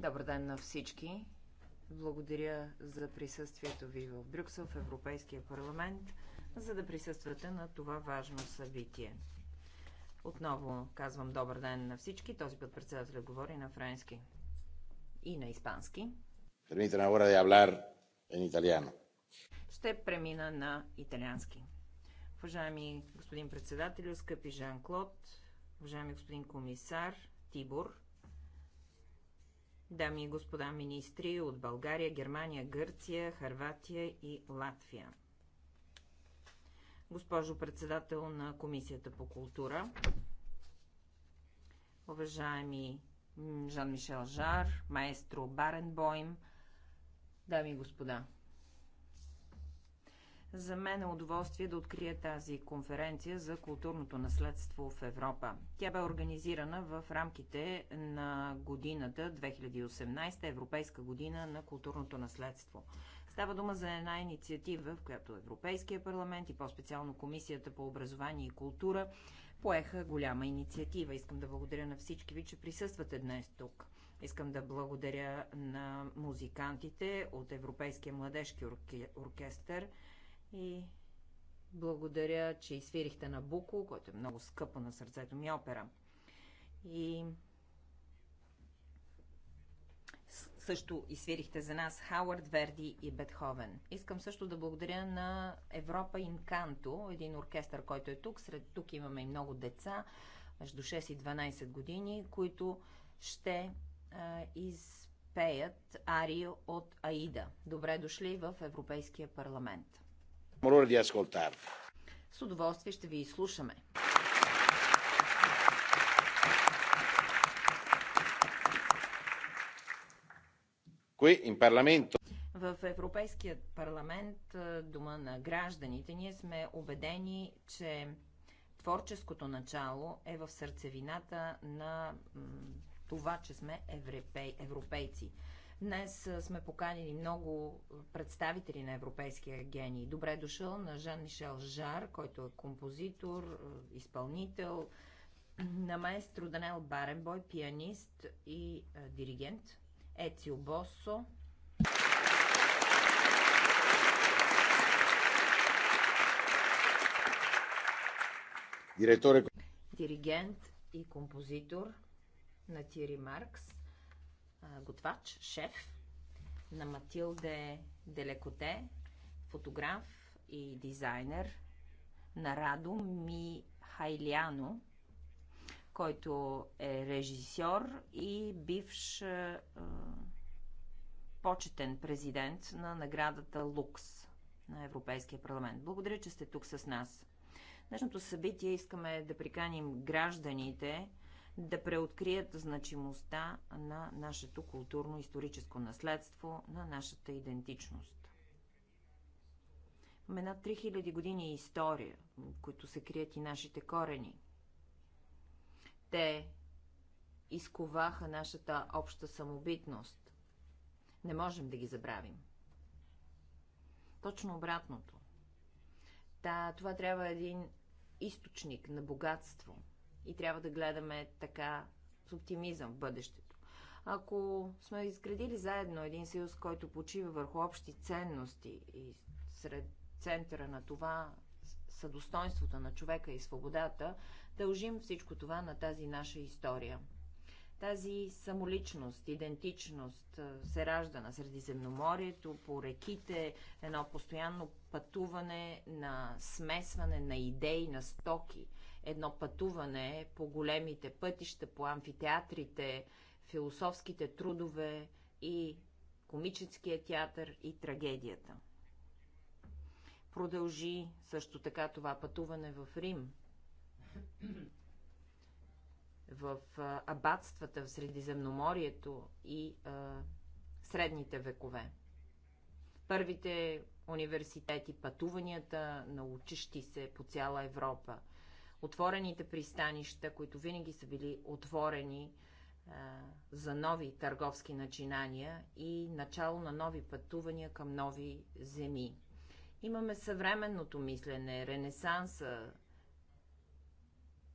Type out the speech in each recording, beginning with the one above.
Добър ден на всички. Благодаря за присъствието ви в Брюксел, в Европейския парламент, за да присъствате на това важно събитие. Отново казвам добър ден на всички. Този път председателят говори на френски и на испански. Permítame ahora de hablar en italiano. Ще премина на италиански. Уважаеми господин председател, скъпи Жан-Клод, уважаеми господин комисар Тибор, дами и господа министри от България, Германия, Гърция, Харватия и Латвия. Госпожо председател на Комисията по култура, уважаеми Жан-Мишел Жар, маестро Баренбойм, дами и господа, за мен е удоволствие да открия тази конференция за културното наследство в Европа. Тя бе организирана в рамките на годината 2018, Европейска година на културното наследство. Става дума за една инициатива, в която Европейския парламент и по-специално Комисията по образование и култура поеха голяма инициатива. Искам да благодаря на всички ви, че присъствате днес тук. Искам да благодаря на музикантите от Европейския младежки оркестър, и благодаря, че изфирихте на Буко, който е много скъпо на сърцето ми опера. И също изсвирихте за нас Хауърд, Верди и Бетховен. Искам също да благодаря на Европа Инканто, един оркестър, който е тук. Сред тук имаме и много деца, между 6 и 12 години, които ще а, изпеят арио от Аида. Добре дошли в Европейския парламент. Моля да ascoltarvi. С удоволствие ще ви изслушаме. Qui in Parlamento в Европейския парламент, е, дума на гражданите, ние сме убедени, че творческото начало е в сърцевината на това, че сме европей, европейци. Днес сме поканили много представители на европейския гений. Добре дошъл на Жан-Мишел Жар, който е композитор, изпълнител, на маестро Данел Баренбой, пианист и диригент, Ецио Босо, Директор... Диригент и композитор на Тири Маркс – готвач, шеф на Матилде Делекоте, фотограф и дизайнер на Радо Ми Хайляно, който е режисьор и бивш е, почетен президент на наградата Лукс на Европейския парламент. Благодаря, че сте тук с нас. Днешното събитие искаме да приканим гражданите да преоткрият значимостта на нашето културно-историческо наследство, на нашата идентичност. Имаме над 3000 години история, в които се крият и нашите корени. Те изковаха нашата обща самобитност. Не можем да ги забравим. Точно обратното. Та, това трябва един източник на богатство – и трябва да гледаме така с оптимизъм в бъдещето. Ако сме изградили заедно един съюз, който почива върху общи ценности и сред центъра на това са достоинството на човека и свободата, дължим всичко това на тази наша история. Тази самоличност, идентичност се ражда на Средиземноморието, по реките, едно постоянно пътуване на смесване на идеи, на стоки – едно пътуване по големите пътища, по амфитеатрите, философските трудове и комическия театър и трагедията. Продължи също така това пътуване в Рим, в абатствата в Средиземноморието и а, средните векове. Първите университети, пътуванията на учещи се по цяла Европа – отворените пристанища, които винаги са били отворени а, за нови търговски начинания и начало на нови пътувания към нови земи. Имаме съвременното мислене, ренесанса,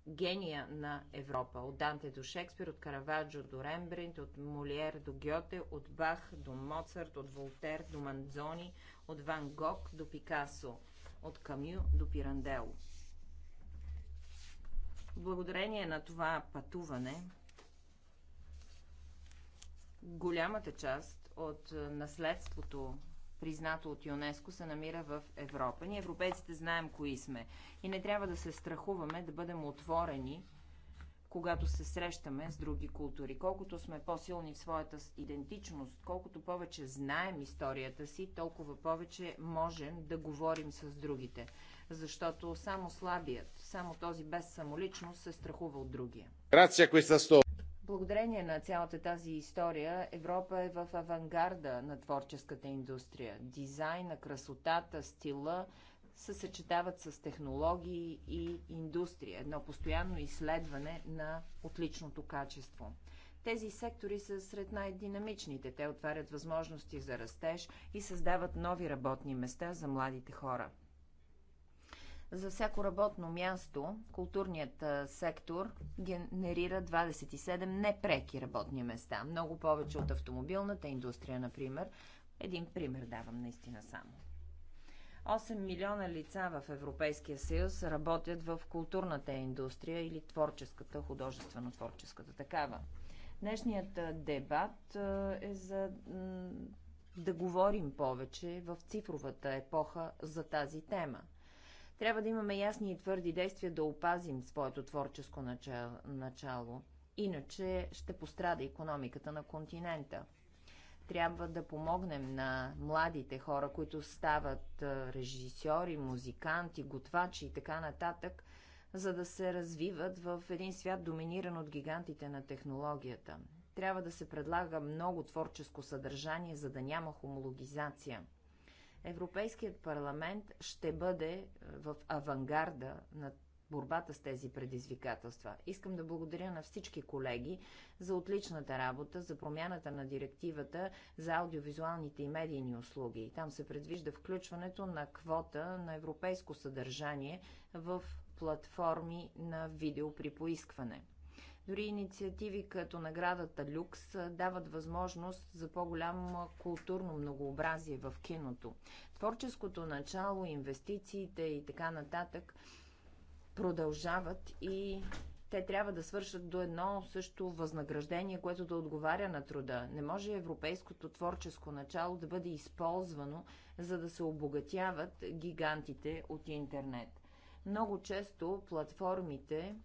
гения на Европа. От Данте до Шекспир, от Караваджо до Рембринт, от Молиер до Гьоте, от Бах до Моцарт, от Волтер до Манзони, от Ван Гог до Пикасо, от Камю до Пирандел. Благодарение на това пътуване, голямата част от е, наследството, признато от ЮНЕСКО, се намира в Европа. Ние, европейците, знаем кои сме и не трябва да се страхуваме да бъдем отворени, когато се срещаме с други култури. Колкото сме по-силни в своята идентичност, колкото повече знаем историята си, толкова повече можем да говорим с другите защото само слабият, само този без самоличност се страхува от другия. Благодарение на цялата тази история, Европа е в авангарда на творческата индустрия. Дизайна, красотата, стила се съчетават с технологии и индустрия. Едно постоянно изследване на отличното качество. Тези сектори са сред най-динамичните. Те отварят възможности за растеж и създават нови работни места за младите хора. За всяко работно място културният сектор генерира 27 непреки работни места. Много повече от автомобилната индустрия, например. Един пример давам наистина само. 8 милиона лица в Европейския съюз работят в културната индустрия или творческата, художествено-творческата такава. Днешният дебат е за да говорим повече в цифровата епоха за тази тема – трябва да имаме ясни и твърди действия да опазим своето творческо начало. Иначе ще пострада економиката на континента. Трябва да помогнем на младите хора, които стават режисьори, музиканти, готвачи и така нататък, за да се развиват в един свят доминиран от гигантите на технологията. Трябва да се предлага много творческо съдържание, за да няма хомологизация – Европейският парламент ще бъде е, в авангарда на борбата с тези предизвикателства. Искам да благодаря на всички колеги за отличната работа, за промяната на директивата за аудиовизуалните и медийни услуги. Там се предвижда включването на квота на европейско съдържание в платформи на видео при поискване. Дори инициативи като наградата Люкс дават възможност за по-голямо културно многообразие в киното. Творческото начало, инвестициите и така нататък продължават и те трябва да свършат до едно също възнаграждение, което да отговаря на труда. Не може европейското творческо начало да бъде използвано, за да се обогатяват гигантите от интернет. Много често платформите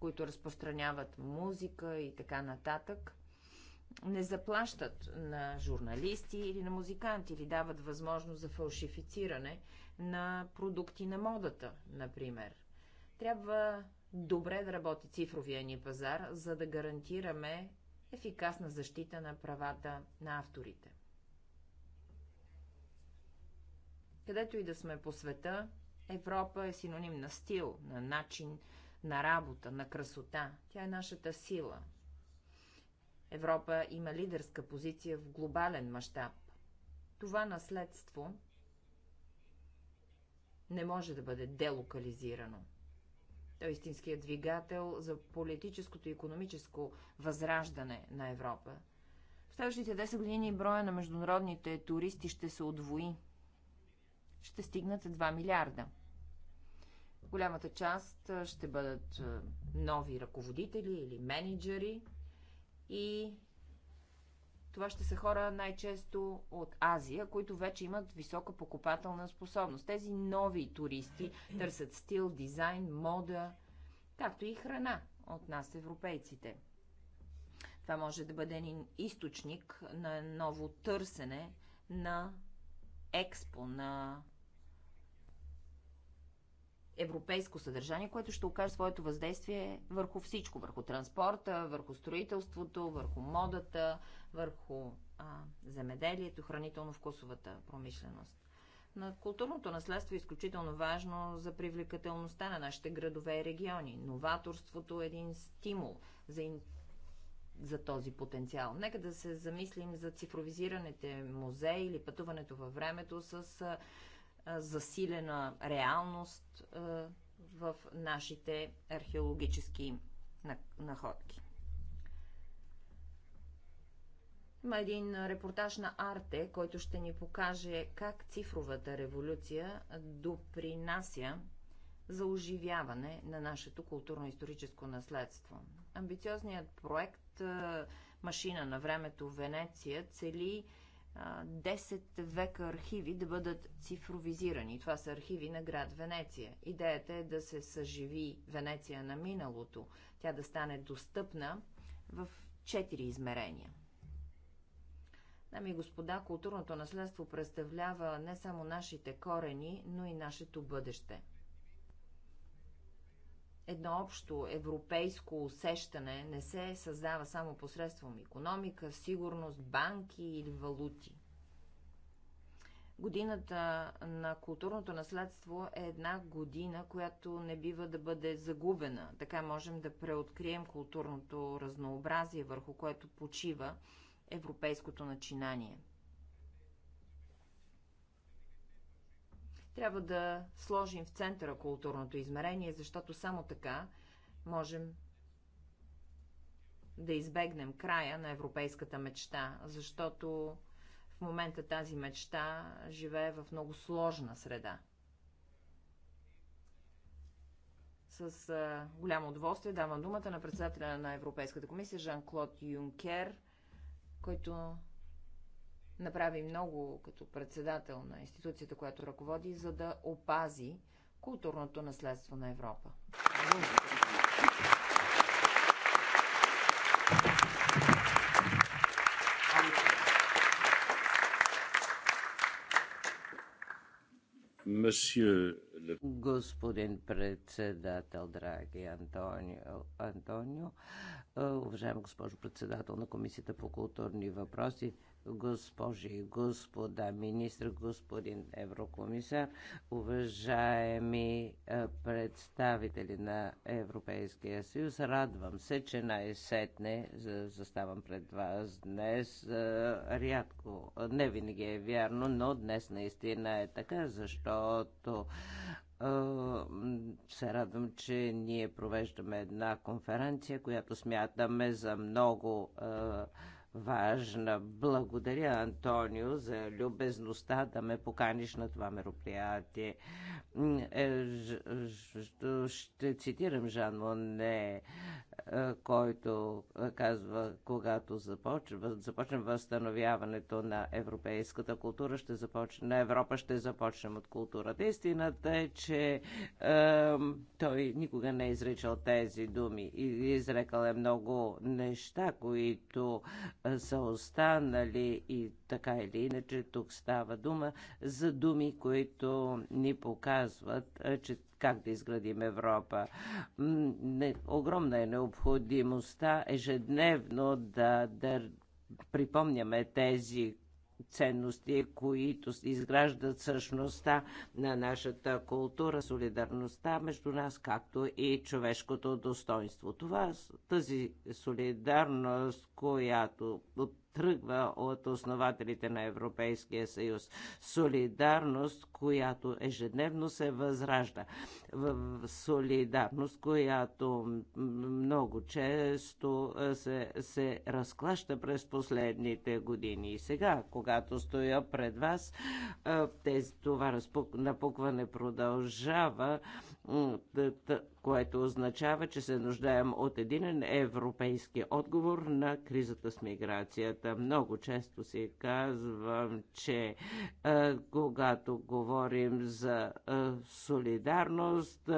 които разпространяват музика и така нататък, не заплащат на журналисти или на музиканти, или дават възможност за фалшифициране на продукти на модата, например. Трябва добре да работи цифровия ни пазар, за да гарантираме ефикасна защита на правата на авторите. Където и да сме по света, Европа е синоним на стил, на начин на работа, на красота. Тя е нашата сила. Европа има лидерска позиция в глобален мащаб. Това наследство не може да бъде делокализирано. Той е истинският двигател за политическото и економическо възраждане на Европа. В следващите 10 години броя на международните туристи ще се удвои. Ще стигнат 2 милиарда – Голямата част ще бъдат нови ръководители или менеджери и това ще са хора най-често от Азия, които вече имат висока покупателна способност. Тези нови туристи търсят стил, дизайн, мода, както и храна от нас, европейците. Това може да бъде един източник на ново търсене на експо, на европейско съдържание, което ще окаже своето въздействие върху всичко. Върху транспорта, върху строителството, върху модата, върху а, земеделието, хранително-вкусовата промишленост. На културното наследство е изключително важно за привлекателността на нашите градове и региони. Новаторството е един стимул за, ин... за този потенциал. Нека да се замислим за цифровизираните музеи или пътуването във времето с засилена реалност в нашите археологически находки. Има един репортаж на Арте, който ще ни покаже как цифровата революция допринася за оживяване на нашето културно-историческо наследство. Амбициозният проект Машина на времето Венеция цели 10 века архиви да бъдат цифровизирани. Това са архиви на град Венеция. Идеята е да се съживи Венеция на миналото, тя да стане достъпна в 4 измерения. Дами и господа, културното наследство представлява не само нашите корени, но и нашето бъдеще – едно общо европейско усещане не се създава само посредством економика, сигурност, банки или валути. Годината на културното наследство е една година, която не бива да бъде загубена. Така можем да преоткрием културното разнообразие, върху което почива европейското начинание – Трябва да сложим в центъра културното измерение, защото само така можем да избегнем края на европейската мечта, защото в момента тази мечта живее в много сложна среда. С голямо удоволствие давам думата на председателя на Европейската комисия Жан-Клод Юнкер, който направи много като председател на институцията, която ръководи, за да опази културното наследство на Европа. Господин председател, драги Антонио, Антонио уважаема госпожо председател на Комисията по културни въпроси, госпожи и господа министр, господин еврокомисар, уважаеми е, представители на Европейския съюз. Радвам се, че най-сетне заставам пред вас днес. Е, рядко, не винаги е вярно, но днес наистина е така, защото е, се радвам, че ние провеждаме една конференция, която смятаме за много важна. Благодаря, Антонио, за любезността да ме поканиш на това мероприятие. Е, ще цитирам Жан Моне, е, който е, казва, когато започне, започне възстановяването на европейската култура, ще започне, на Европа ще започнем от културата. Истината е, че е, той никога не е изричал тези думи и изрекал е много неща, които са останали и така или иначе тук става дума за думи, които ни показват, че как да изградим Европа. Не, огромна е необходимостта ежедневно да, да припомняме тези ценности, които изграждат същността на нашата култура, солидарността между нас, както и човешкото достоинство. Това, тази солидарност, която тръгва от основателите на Европейския съюз. Солидарност, която ежедневно се възражда. В солидарност, която много често се, се разклаща през последните години. И сега, когато стоя пред вас, тези, това напукване продължава което означава, че се нуждаем от един европейски отговор на кризата с миграцията. Много често си казвам, че когато говорим за солидарност,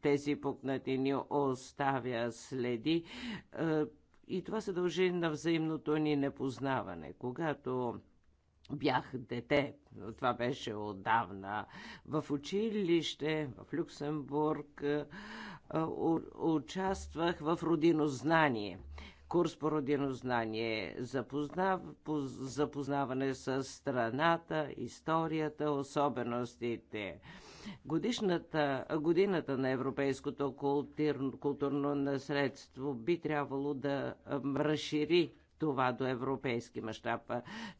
тези тези ни оставя следи. И това се дължи на взаимното ни непознаване. Когато Бях дете, това беше отдавна. В училище, в Люксембург, е, участвах в родинознание курс по родинознание, запознав, запознаване с страната, историята, особеностите. Годишната, годината на европейското културно, културно наследство би трябвало да разшири това до европейски мащаб.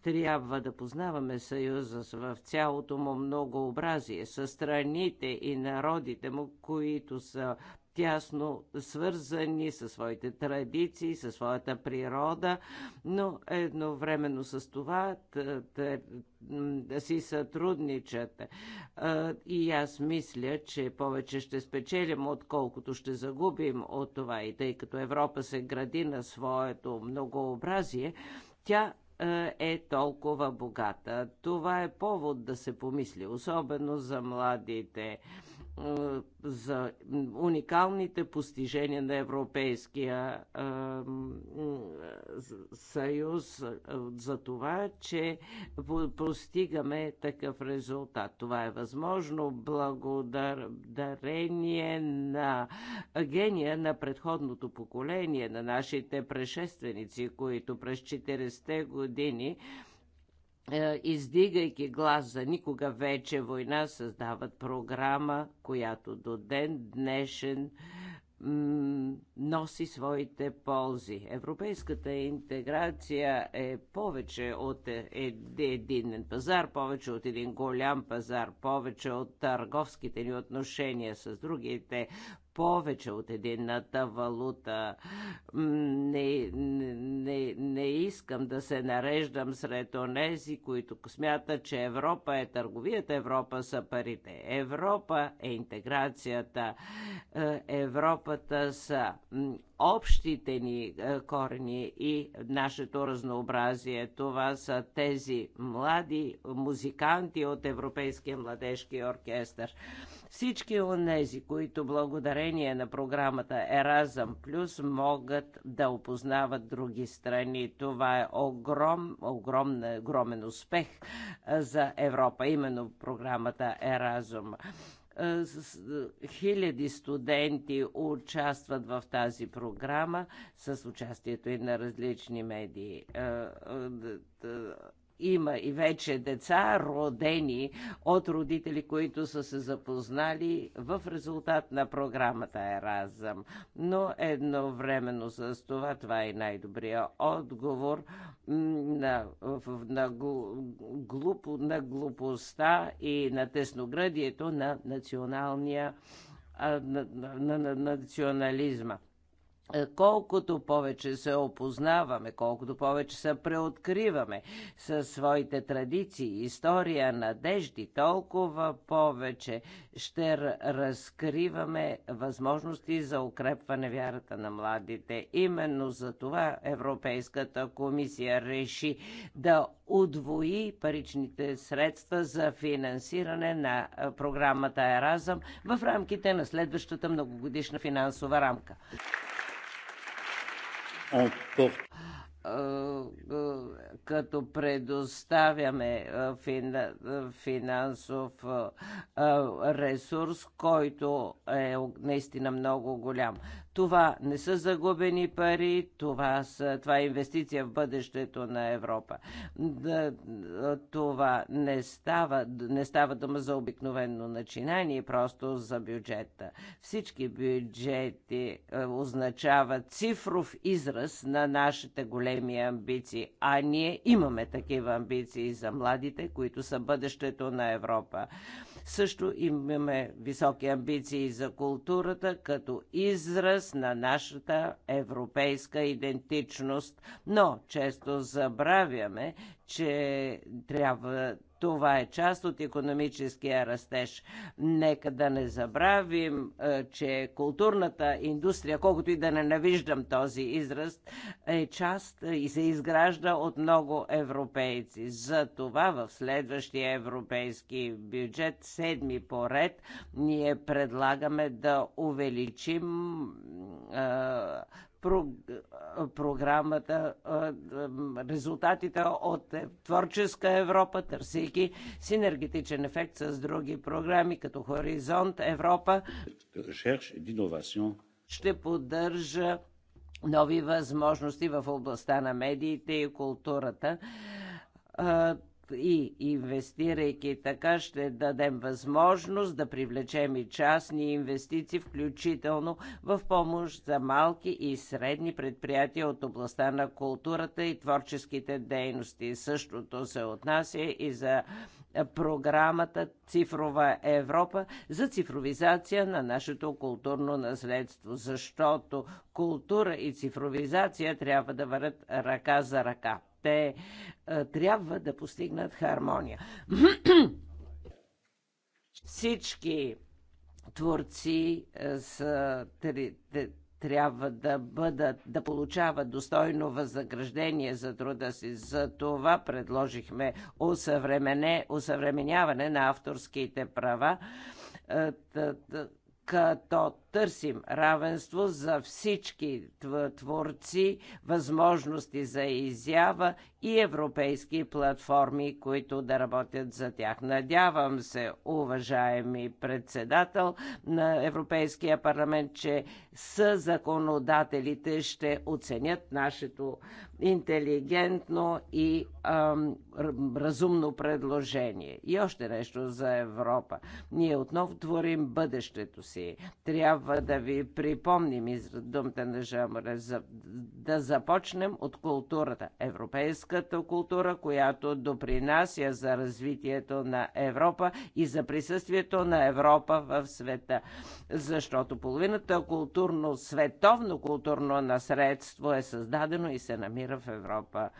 Трябва да познаваме Съюза в цялото му многообразие, със страните и народите му, които са тясно свързани със своите традиции, със своята природа, но едновременно с това да, да си сътрудничат. И аз мисля, че повече ще спечелим, отколкото ще загубим от това. И тъй като Европа се гради на своето многообразие, тя е толкова богата. Това е повод да се помисли, особено за младите за уникалните постижения на Европейския съюз за това, че постигаме такъв резултат. Това е възможно благодарение на гения на предходното поколение, на нашите предшественици, които през 40-те години е, издигайки глас за никога вече война, създават програма, която до ден днешен носи своите ползи. Европейската интеграция е повече от е, един пазар, повече от един голям пазар, повече от търговските ни отношения с другите, повече от единната валута. Не, не, не искам да се нареждам сред онези, които смятат, че Европа е търговията, Европа са парите. Европа е интеграцията. Е, Европата са общите ни е, корени и нашето разнообразие. Това са тези млади музиканти от Европейския младежки оркестър. Всички онези, които благодарение на програмата Еразъм Плюс могат да опознават други страни. Това е огром, огром, огромен успех за Европа, именно програмата Еразъм хиляди студенти участват в тази програма с участието и на различни медии. Има и вече деца, родени от родители, които са се запознали в резултат на програмата Еразъм. Но едновременно с това, това е най-добрия отговор на, на, глупо, на глупостта и на тесноградието на националния на, на, на, на национализма. Е, колкото повече се опознаваме, колкото повече се преоткриваме със своите традиции, история, надежди, толкова повече ще разкриваме възможности за укрепване вярата на младите. Именно за това Европейската комисия реши да удвои паричните средства за финансиране на е, програмата Еразъм в рамките на следващата многогодишна финансова рамка. Е, е, като предоставяме е, финансов ресурс, който е наистина много голям. Това не са загубени пари, това, са, това е инвестиция в бъдещето на Европа. Това не става, не става дума за обикновено начинание, просто за бюджета. Всички бюджети означават цифров израз на нашите големи амбиции, а ние имаме такива амбиции за младите, които са бъдещето на Европа. Също имаме високи амбиции за културата като израз на нашата европейска идентичност. Но често забравяме, че трябва това е част от економическия растеж. Нека да не забравим, е, че културната индустрия, колкото и да ненавиждам този израз, е част е, и се изгражда от много европейци. За това в следващия европейски бюджет, седми поред, ние предлагаме да увеличим е, програмата, резултатите от е, Творческа Европа, търсейки синергетичен ефект с други програми, като Хоризонт Европа. Ще поддържа нови възможности в областта на медиите и културата и инвестирайки така ще дадем възможност да привлечем и частни инвестиции, включително в помощ за малки и средни предприятия от областта на културата и творческите дейности. Същото се отнася и за програмата Цифрова Европа за цифровизация на нашето културно наследство, защото култура и цифровизация трябва да върят ръка за ръка те е, трябва да постигнат хармония. Всички творци е, са трябва да бъдат, да получават достойно възнаграждение за труда си. За това предложихме усъвременяване на авторските права, е, като търсим равенство за всички творци, възможности за изява и европейски платформи, които да работят за тях. Надявам се, уважаеми председател на Европейския парламент, че с законодателите ще оценят нашето интелигентно и ам, разумно предложение. И още нещо за Европа. Ние отново творим бъдещето си. Трябва трябва да ви припомним из думата на Жамре, за, да започнем от културата. Европейската култура, която допринася за развитието на Европа и за присъствието на Европа в света. Защото половината културно, световно културно насредство е създадено и се намира в Европа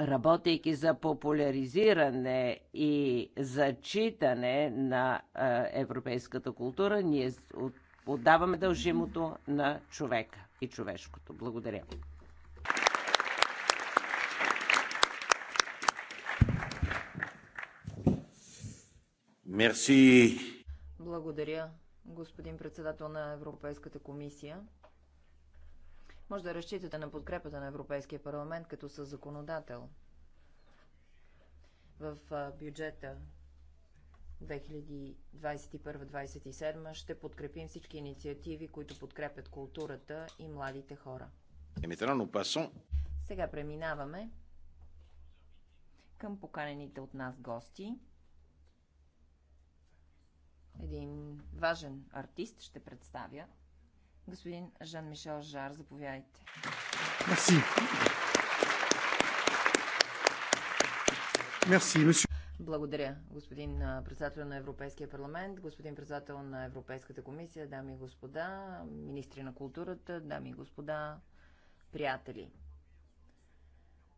работейки за популяризиране и зачитане на европейската култура, ние от отдаваме дължимото на човека и човешкото. Благодаря. Мерси. Благодаря, господин председател на Европейската комисия. Може да разчитате на подкрепата на Европейския парламент като със законодател. В бюджета 2021-2027 ще подкрепим всички инициативи, които подкрепят културата и младите хора. Сега преминаваме към поканените от нас гости. Един важен артист ще представя. Господин Жан-Мишел Жар, заповядайте. Мерси. Мерси, месье. Благодаря, господин председател на Европейския парламент, господин председател на Европейската комисия, дами и господа, министри на културата, дами и господа, приятели.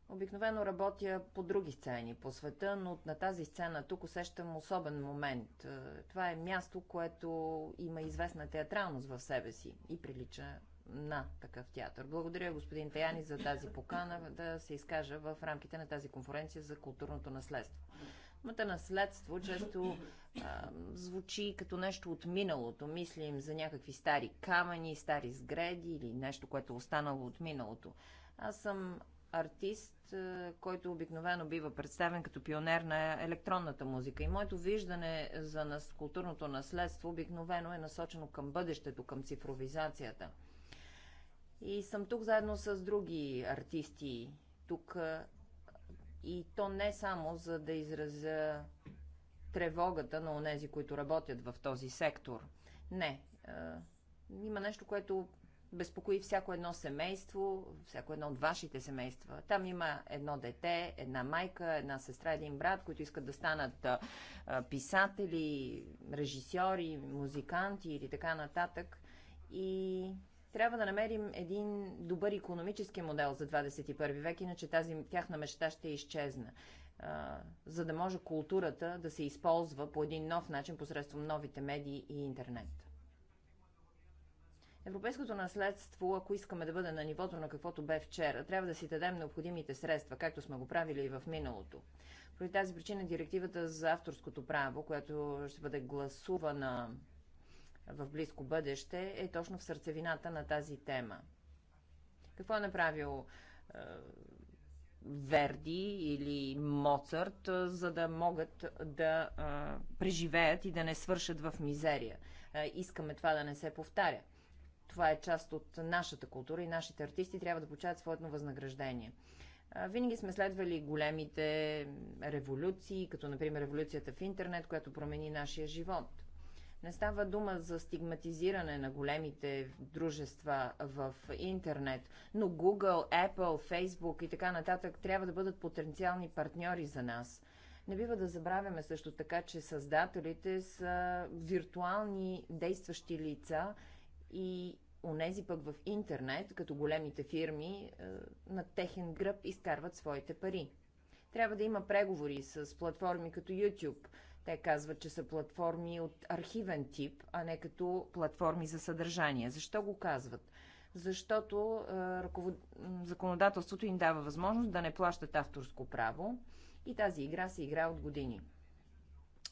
Обикновено работя по други сцени по света, но на тази сцена тук усещам особен момент. Това е място, което има известна театралност в себе си и прилича на такъв театър. Благодаря господин Таяни за тази покана да се изкажа в рамките на тази конференция за културното наследство. Думата наследство често а, звучи като нещо от миналото. Мислим за някакви стари камъни, стари сгреди или нещо, което е останало от миналото. Аз съм артист, който обикновено бива представен като пионер на електронната музика. И моето виждане за нас, културното наследство обикновено е насочено към бъдещето, към цифровизацията. И съм тук заедно с други артисти тук и то не само за да изразя тревогата на онези, които работят в този сектор. Не. Има нещо, което безпокои всяко едно семейство, всяко едно от вашите семейства. Там има едно дете, една майка, една сестра, един брат, които искат да станат писатели, режисьори, музиканти или така нататък. И трябва да намерим един добър економически модел за 21 век, иначе тази тяхна мечта ще изчезне за да може културата да се използва по един нов начин посредством новите медии и интернет. Европейското наследство, ако искаме да бъде на нивото на каквото бе вчера, трябва да си дадем необходимите средства, както сме го правили и в миналото. По тази причина директивата за авторското право, която ще бъде гласувана в близко бъдеще е точно в сърцевината на тази тема. Какво е направил е, Верди или Моцарт, е, за да могат да е, преживеят и да не свършат в мизерия? Е, искаме това да не се повтаря. Това е част от нашата култура и нашите артисти трябва да получават своето възнаграждение. Е, винаги сме следвали големите революции, като например революцията в интернет, която промени нашия живот – не става дума за стигматизиране на големите дружества в интернет, но Google, Apple, Facebook и така нататък трябва да бъдат потенциални партньори за нас. Не бива да забравяме също така, че създателите са виртуални действащи лица и онези пък в интернет, като големите фирми, е, на техен гръб изкарват своите пари. Трябва да има преговори с платформи като YouTube, те казват, че са платформи от архивен тип, а не като платформи за съдържание. Защо го казват? Защото е, ръковод... законодателството им дава възможност да не плащат авторско право и тази игра се игра от години.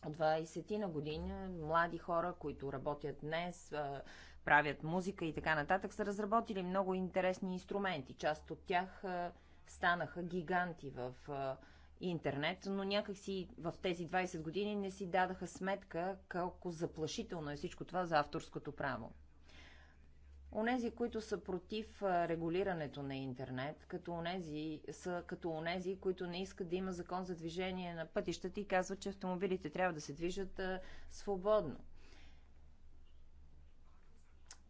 От 20 на години млади хора, които работят днес, е, правят музика и така нататък, са разработили много интересни инструменти. Част от тях е, станаха гиганти в интернет, но някакси в тези 20 години не си дадаха сметка колко заплашително е всичко това за авторското право. Онези, които са против регулирането на интернет, като онези, са като онези, които не искат да има закон за движение на пътищата и казват, че автомобилите трябва да се движат свободно.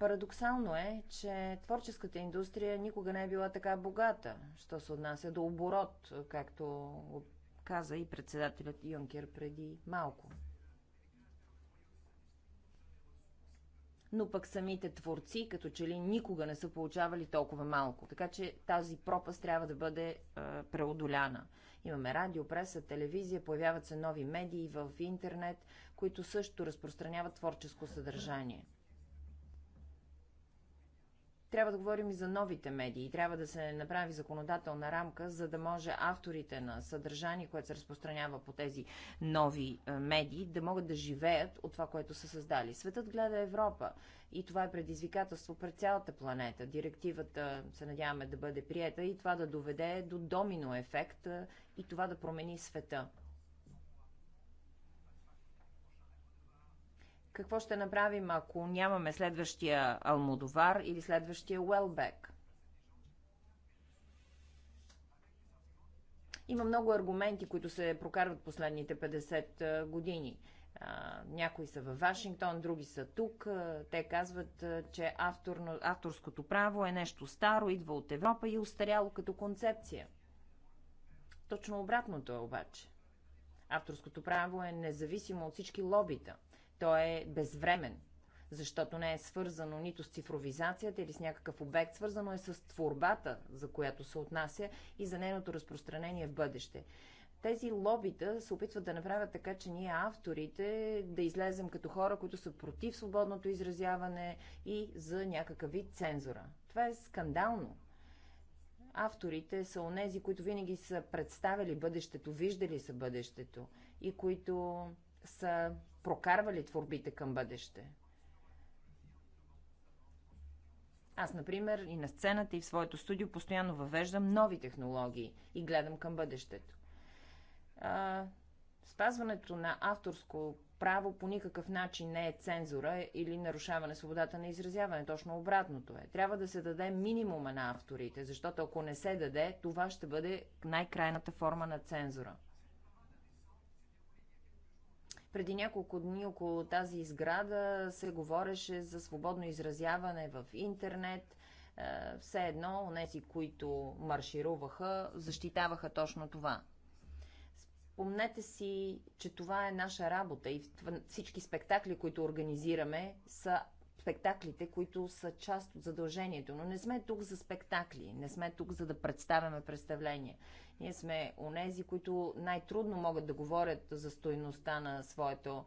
Парадоксално е, че творческата индустрия никога не е била така богата, що се отнася до оборот, както каза и председателят Юнкер преди малко. но пък самите творци, като че ли никога не са получавали толкова малко. Така че тази пропаст трябва да бъде е, преодоляна. Имаме радио, преса, телевизия, появяват се нови медии в интернет, които също разпространяват творческо съдържание. Трябва да говорим и за новите медии. Трябва да се направи законодателна рамка, за да може авторите на съдържание, което се разпространява по тези нови е, медии, да могат да живеят от това, което са създали. Светът гледа Европа и това е предизвикателство пред цялата планета. Директивата се надяваме да бъде приета и това да доведе до домино ефект е, и това да промени света. Какво ще направим, ако нямаме следващия Алмодовар или следващия Уелбек? Има много аргументи, които се прокарват последните 50 години. Някои са във Вашингтон, други са тук. Те казват, че авторно, авторското право е нещо старо, идва от Европа и е устаряло като концепция. Точно обратното е обаче. Авторското право е независимо от всички лобита – той е безвремен, защото не е свързано нито с цифровизацията или с някакъв обект, свързано е с творбата, за която се отнася и за нейното разпространение в бъдеще тези лобита се опитват да направят така, че ние авторите да излезем като хора, които са против свободното изразяване и за някакъв вид цензура. Това е скандално. Авторите са онези, които винаги са представили бъдещето, виждали са бъдещето и които са прокарвали творбите към бъдеще. Аз, например, и на сцената, и в своето студио постоянно въвеждам нови технологии и гледам към бъдещето. А, спазването на авторско право по никакъв начин не е цензура или нарушаване свободата на изразяване. Точно обратното е. Трябва да се даде минимума на авторите, защото ако не се даде, това ще бъде най-крайната форма на цензура. Преди няколко дни около тази изграда се говореше за свободно изразяване в интернет. Е, все едно, онези, които маршируваха, защитаваха точно това. Спомнете си, че това е наша работа и всички спектакли, които организираме, са спектаклите, които са част от задължението. Но не сме тук за спектакли, не сме тук за да представяме представления. Ние сме онези, които най-трудно могат да говорят за стойността на своето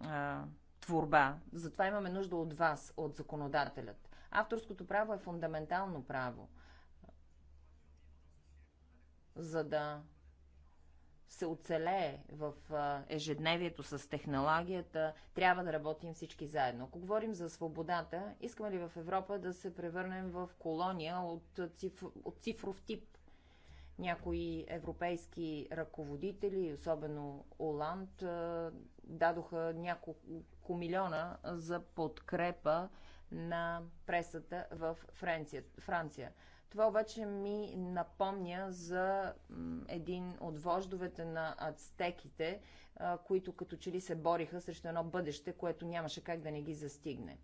а, творба. Затова имаме нужда от вас, от законодателят. Авторското право е фундаментално право. За да се оцелее в ежедневието с технологията, трябва да работим всички заедно. Ако говорим за свободата, искаме ли в Европа да се превърнем в колония от, циф... от цифров тип? Някои европейски ръководители, особено Оланд, дадоха няколко милиона за подкрепа на пресата в Франция. Франция. Това обаче ми напомня за един от вождовете на ацтеките, които като че ли се бориха срещу едно бъдеще, което нямаше как да не ги застигне.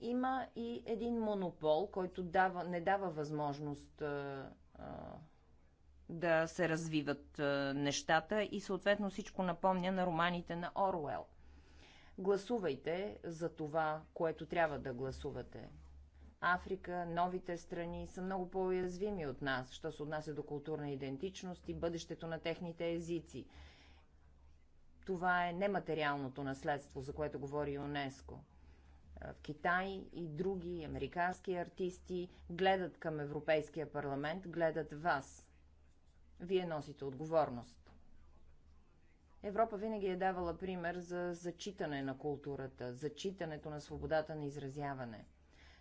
Има и един монопол, който дава, не дава възможност да се развиват нещата и съответно всичко напомня на романите на Оруел. Гласувайте за това, което трябва да гласувате. Африка, новите страни са много по-уязвими от нас, що се отнася до културна идентичност и бъдещето на техните езици. Това е нематериалното наследство, за което говори ЮНЕСКО в Китай и други американски артисти гледат към Европейския парламент, гледат вас. Вие носите отговорност. Европа винаги е давала пример за зачитане на културата, зачитането на свободата на изразяване.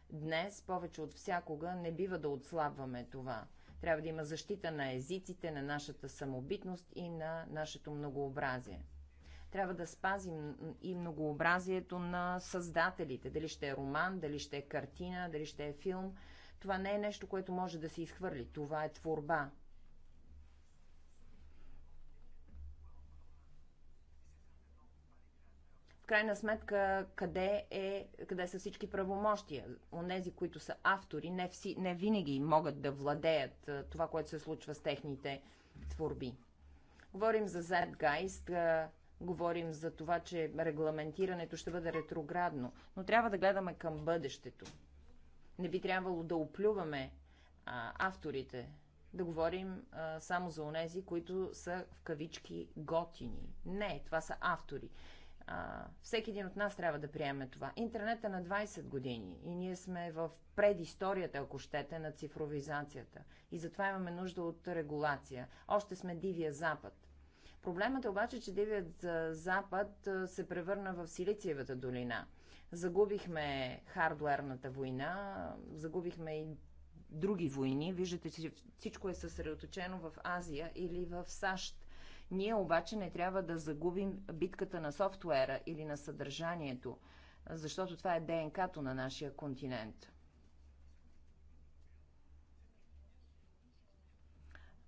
Днес, повече от всякога, не бива да отслабваме това. Трябва да има защита на езиците, на нашата самобитност и на нашето многообразие. Трябва да спазим и многообразието на създателите. Дали ще е роман, дали ще е картина, дали ще е филм. Това не е нещо, което може да се изхвърли. Това е творба. В крайна сметка, къде, е, къде са всички правомощия? Онези, които са автори, не, вси, не винаги могат да владеят това, което се случва с техните творби. Говорим за Zeitgeist, говорим за това, че регламентирането ще бъде ретроградно, но трябва да гледаме към бъдещето. Не би трябвало да оплюваме а, авторите, да говорим а, само за онези, които са в кавички готини. Не, това са автори. А, всеки един от нас трябва да приеме това. Интернет е на 20 години и ние сме в предисторията, ако щете, на цифровизацията. И затова имаме нужда от регулация. Още сме дивия запад. Проблемът е обаче, че Дивият Запад се превърна в Силициевата долина. Загубихме хардуерната война, загубихме и други войни. Виждате, че всичко е съсредоточено в Азия или в САЩ. Ние обаче не трябва да загубим битката на софтуера или на съдържанието, защото това е ДНК-то на нашия континент.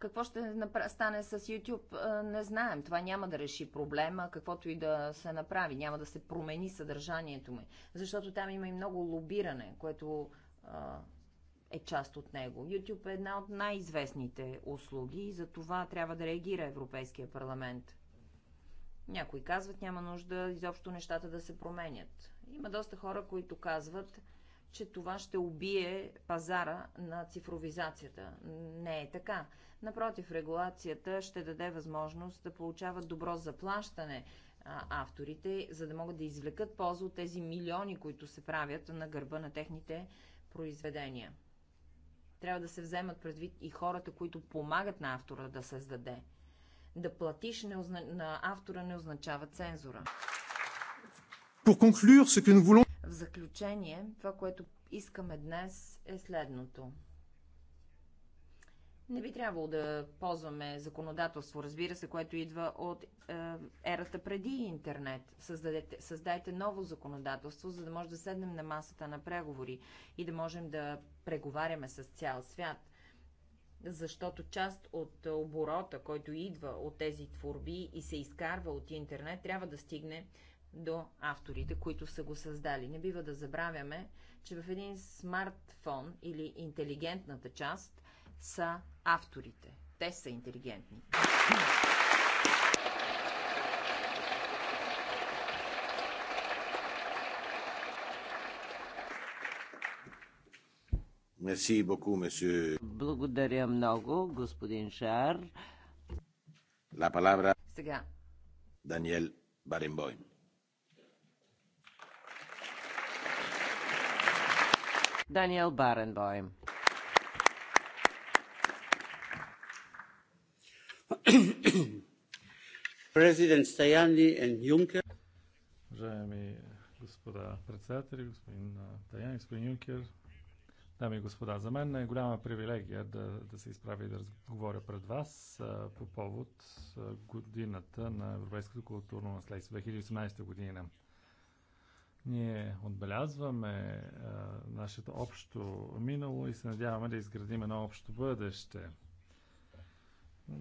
Какво ще стане с YouTube, не знаем. Това няма да реши проблема, каквото и да се направи. Няма да се промени съдържанието ми. Защото там има и много лобиране, което е част от него. YouTube е една от най-известните услуги и за това трябва да реагира Европейския парламент. Някои казват, няма нужда изобщо нещата да се променят. Има доста хора, които казват, че това ще убие пазара на цифровизацията. Не е така. Напротив, регулацията ще даде възможност да получават добро заплащане авторите, за да могат да извлекат полза от тези милиони, които се правят на гърба на техните произведения. Трябва да се вземат предвид и хората, които помагат на автора да създаде. Да платиш на автора не означава цензура. Pour conclure, ce que nous voulons... В заключение, това, което искаме днес е следното. Не би трябвало да ползваме законодателство, разбира се, което идва от е, ерата преди интернет. Създадете, създайте ново законодателство, за да може да седнем на масата на преговори и да можем да преговаряме с цял свят. Защото част от оборота, който идва от тези творби и се изкарва от интернет, трябва да стигне до авторите, които са го създали. Не бива да забравяме, че в един смартфон или интелигентната част са авторите. Те са интелигентни. Merci beaucoup, monsieur. Благодаря много, господин Шар. La palabra. Сега. Даниел Баренбойм. Даниел Баренбойм. Президент Стаяни и Юнкер. Уважаеми господа председатели, господин Таяни, господин Юнкер, дами и господа, за мен е голяма привилегия да, да се изправя и да говоря пред вас а, по повод а, годината на Европейското културно наследство 2018 година. Ние отбелязваме а, нашето общо минало и се надяваме да изградим едно общо бъдеще.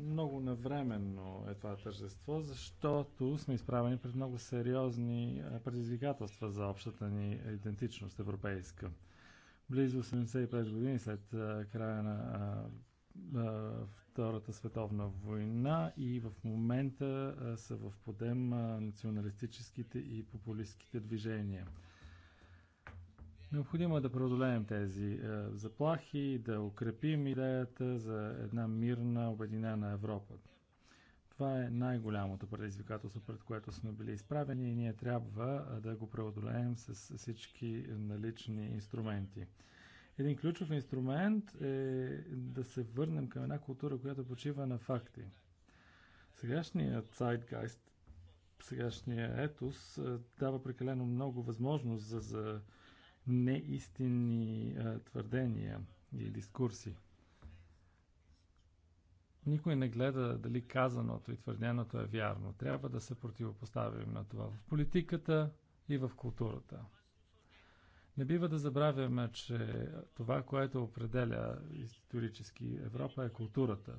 Много навременно е това тържество, защото сме изправени пред много сериозни предизвикателства за общата ни идентичност европейска. Близо 85 години след края на Втората световна война и в момента са в подем националистическите и популистските движения. Необходимо е да преодолеем тези заплахи, да укрепим идеята за една мирна, обединена Европа. Това е най-голямото предизвикателство, пред което сме били изправени и ние трябва да го преодолеем с всички налични инструменти. Един ключов инструмент е да се върнем към една култура, която почива на факти. Сегашният Zeitgeist, сегашния етос, е, дава прекалено много възможност за, за неистинни а, е, твърдения и дискурси. Никой не гледа дали казаното и твърденото е вярно. Трябва да се противопоставим на това в политиката и в културата. Не бива да забравяме, че това, което определя исторически Европа е културата.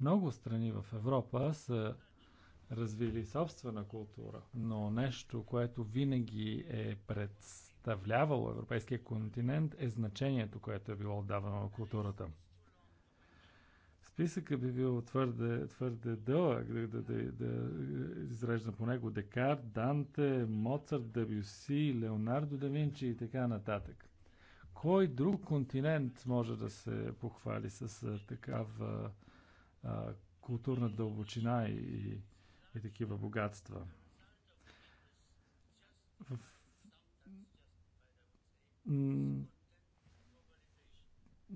Много страни в Европа са развили собствена култура, но нещо, което винаги е представлявало европейския континент е значението, което е било отдавано на културата. Списъка би бил твърде, твърде дълъг да, да, да, да изрежда по него Декарт, Данте, Моцарт, Дебюси, Леонардо да Винчи и така нататък. Кой друг континент може да се похвали с такава а, културна дълбочина и, и, и такива богатства? В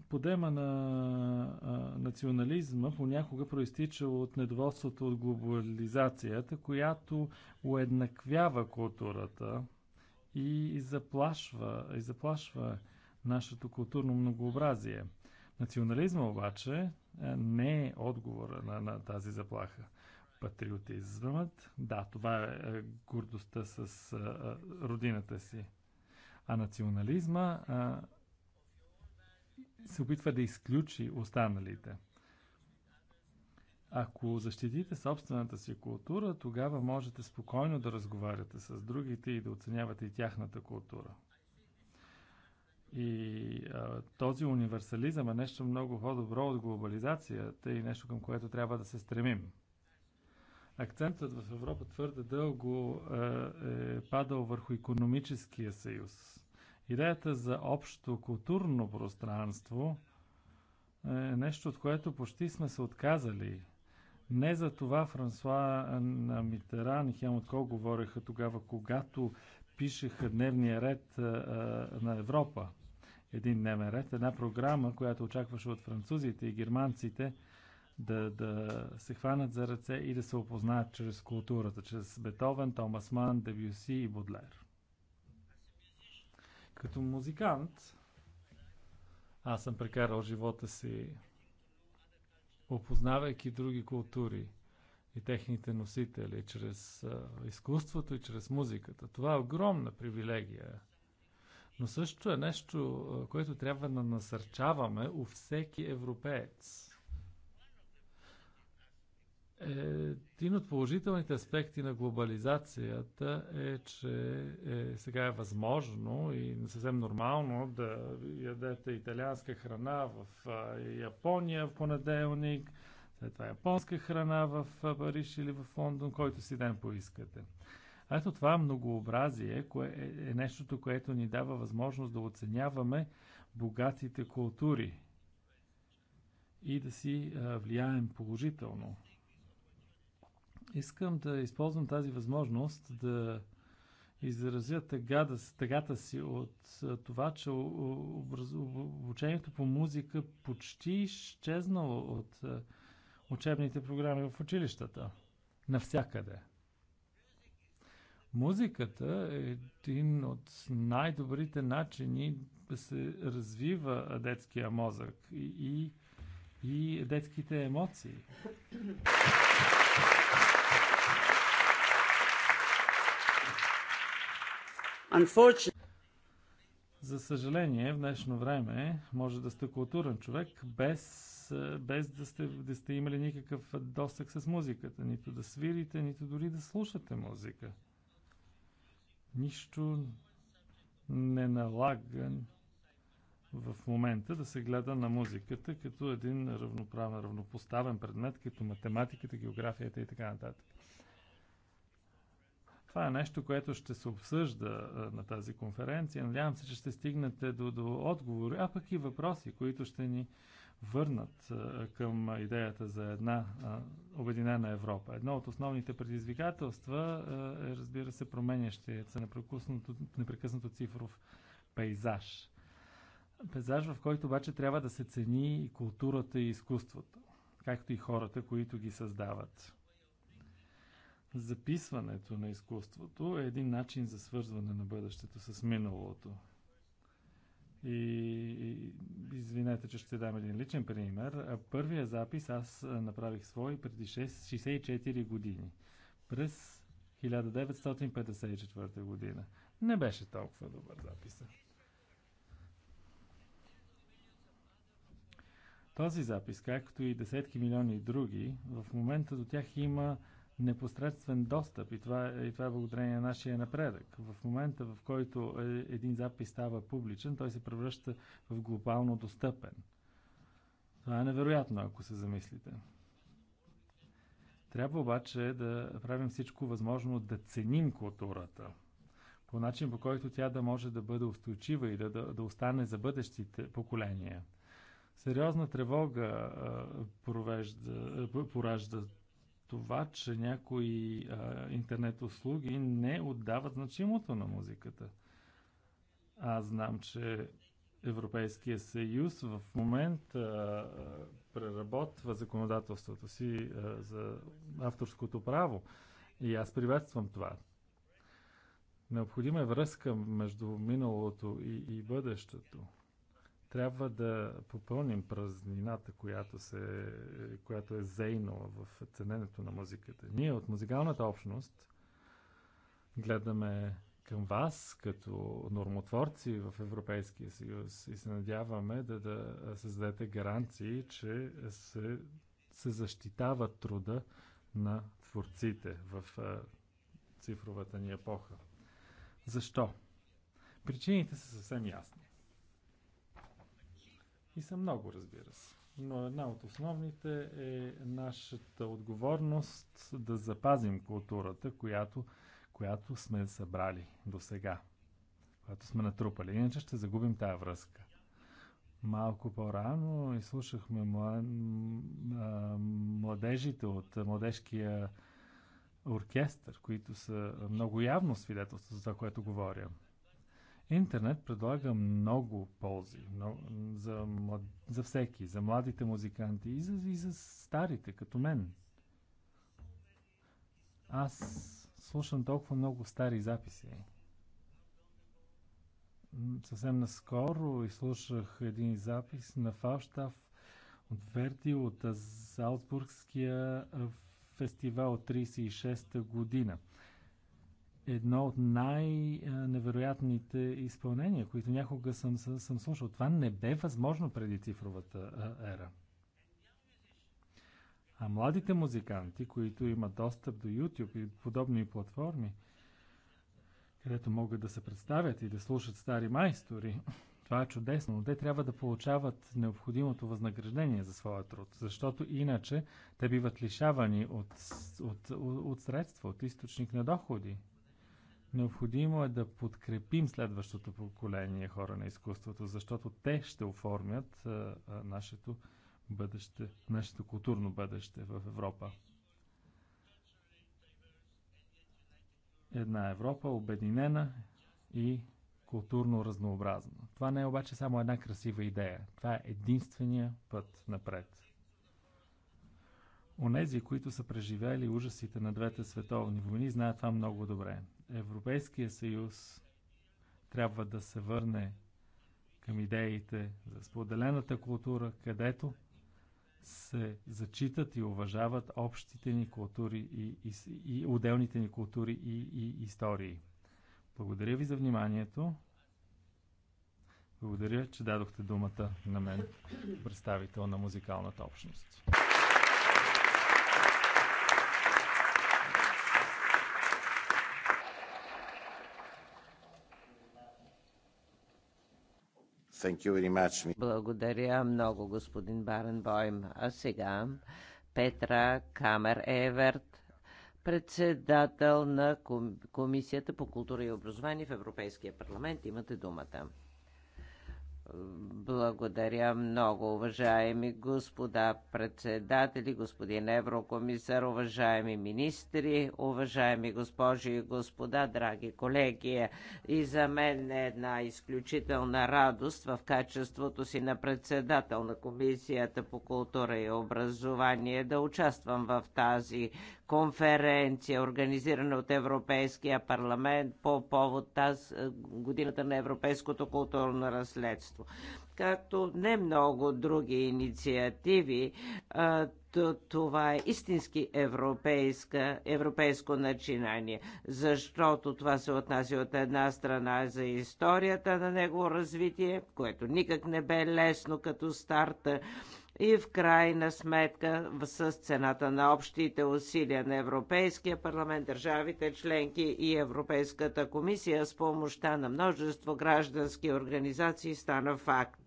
подема на а, национализма понякога проистича от недоволството от глобализацията, която уеднаквява културата и заплашва, и заплашва нашето културно многообразие. Национализма обаче е, не е отговора на, на тази заплаха. Патриотизмът, да, това е, е гордостта с родината си. А национализма а, се опитва да изключи останалите. Ако защитите собствената си култура, тогава можете спокойно да разговаряте с другите и да оценявате и тяхната култура. И а, този универсализъм е нещо много по-добро от глобализацията и нещо към което трябва да се стремим. Акцентът в Европа твърде дълго е, е падал върху економическия съюз Идеята за общо културно пространство е нещо, от което почти сме се отказали. Не за това Франсуа Митеран и Хелмут Кол говореха тогава, когато пишеха дневния ред на Европа. Един дневен ред, една програма, която очакваше от французите и германците да, да се хванат за ръце и да се опознаят чрез културата, чрез Бетовен, Томас Ман, Дебюси и Бодлер. Като музикант, аз съм прекарал живота си опознавайки други култури и техните носители чрез изкуството и чрез музиката. Това е огромна привилегия. Но също е нещо, което трябва да насърчаваме у всеки европеец. Е, един от положителните аспекти на глобализацията е, че е, сега е възможно и съвсем нормално да ядете италианска храна в Япония в понеделник, след това японска храна в Париж или в Лондон, който си ден поискате. А ето това многообразие кое е, е нещото, което ни дава възможност да оценяваме богатите култури и да си влияем положително Искам да използвам тази възможност да изразя тъгата, тъгата си от това, че обучението по музика почти изчезнало от учебните програми в училищата. Навсякъде. Музиката е един от най-добрите начини да се развива детския мозък и, и, и детските емоции. За съжаление, в днешно време може да сте културен човек без е, без да сте, да сте имали никакъв досек с музиката, нито да свирите, нито дори да слушате музика. Нищо не налага в момента да се гледа на музиката като един равноправен, равнопоставен предмет, като математиката, географията и така нататък. Това е нещо, което ще се обсъжда на тази конференция. Надявам се, че ще стигнете до, до отговори, а пък и въпроси, които ще ни върнат към идеята за една обединена Европа. Едно от основните предизвикателства е, разбира се, променящият се непрекъснато, непрекъснато цифров пейзаж. Пейзаж, в който обаче трябва да се цени и културата и изкуството, както и хората, които ги създават. Записването на изкуството е един начин за свързване на бъдещето с миналото. И, и извинете, че ще дам един личен пример. Първия запис аз направих свой преди 6, 64 години. През 1954 година. Не беше толкова добър запис. Този запис, както и десетки милиони други, в момента до тях има непосредствен достъп и това, и това е благодарение на нашия напредък. В момента, в който е, един запис става публичен, той се превръща в глобално достъпен. Това е невероятно, ако се замислите. Трябва обаче да правим всичко възможно да ценим културата по начин, по който тя да може да бъде устойчива и да, да, да остане за бъдещите поколения. Сериозна тревога а, провежда, а, поражда това, че някои а, интернет услуги не отдават значимото на музиката. Аз знам, че Европейския съюз в момента преработва законодателството си а, за авторското право и аз приветствам това. Необходима е връзка между миналото и, и бъдещето. Трябва да попълним празнината, която, се, която е зейнала в цененето на музиката. Ние от музикалната общност гледаме към вас като нормотворци в Европейския съюз и се надяваме да, да създадете гаранции, че се, се защитава труда на творците в цифровата ни епоха. Защо? Причините са съвсем ясни. И са много, разбира се. Но една от основните е нашата отговорност да запазим културата, която, която сме събрали до сега, която сме натрупали. Иначе ще загубим тая връзка. Малко по-рано изслушахме младежите от младежкия оркестър, които са много явно свидетелство за това, което говоря. Интернет предлага много ползи много, за, млад, за всеки, за младите музиканти и за, и за старите, като мен. Аз слушам толкова много стари записи. Съвсем наскоро изслушах един запис на Фалштаф от Верди от Залцбургския фестивал от 36-та година едно от най-невероятните изпълнения, които някога съм, съм слушал. Това не бе възможно преди цифровата ера. А младите музиканти, които имат достъп до YouTube и подобни платформи, където могат да се представят и да слушат стари майстори, това е чудесно, но те трябва да получават необходимото възнаграждение за своя труд, защото иначе те биват лишавани от, от, от, от средства, от източник на доходи. Необходимо е да подкрепим следващото поколение хора на изкуството, защото те ще оформят а, а, нашето бъдеще, нашето културно бъдеще в Европа. Една Европа обединена и културно разнообразна. Това не е обаче само една красива идея. Това е единствения път напред. Онези, които са преживели ужасите на двете световни войни, знаят това много добре. Европейския съюз трябва да се върне към идеите за споделената култура, където се зачитат и уважават общите ни култури и, и, и отделните ни култури и, и истории. Благодаря ви за вниманието. Благодаря, че дадохте думата на мен, представител на музикалната общност. Thank you very much. Благодаря много, господин Баренбойм. А сега Петра Камер Еверт, председател на Комисията по култура и образование в Европейския парламент. Имате думата. Благодаря много, уважаеми господа председатели, господин еврокомисар, уважаеми министри, уважаеми госпожи и господа, драги колеги. И за мен е една изключителна радост в качеството си на председател на Комисията по култура и образование да участвам в тази конференция, организирана от Европейския парламент по повод тази е, годината на европейското културно наследство. Както не много други инициативи, е, това е истински европейска, европейско начинание, защото това се отнася от една страна за историята на негово развитие, което никак не бе лесно като старта, и в крайна сметка с цената на общите усилия на Европейския парламент, държавите членки и Европейската комисия с помощта на множество граждански организации стана факт.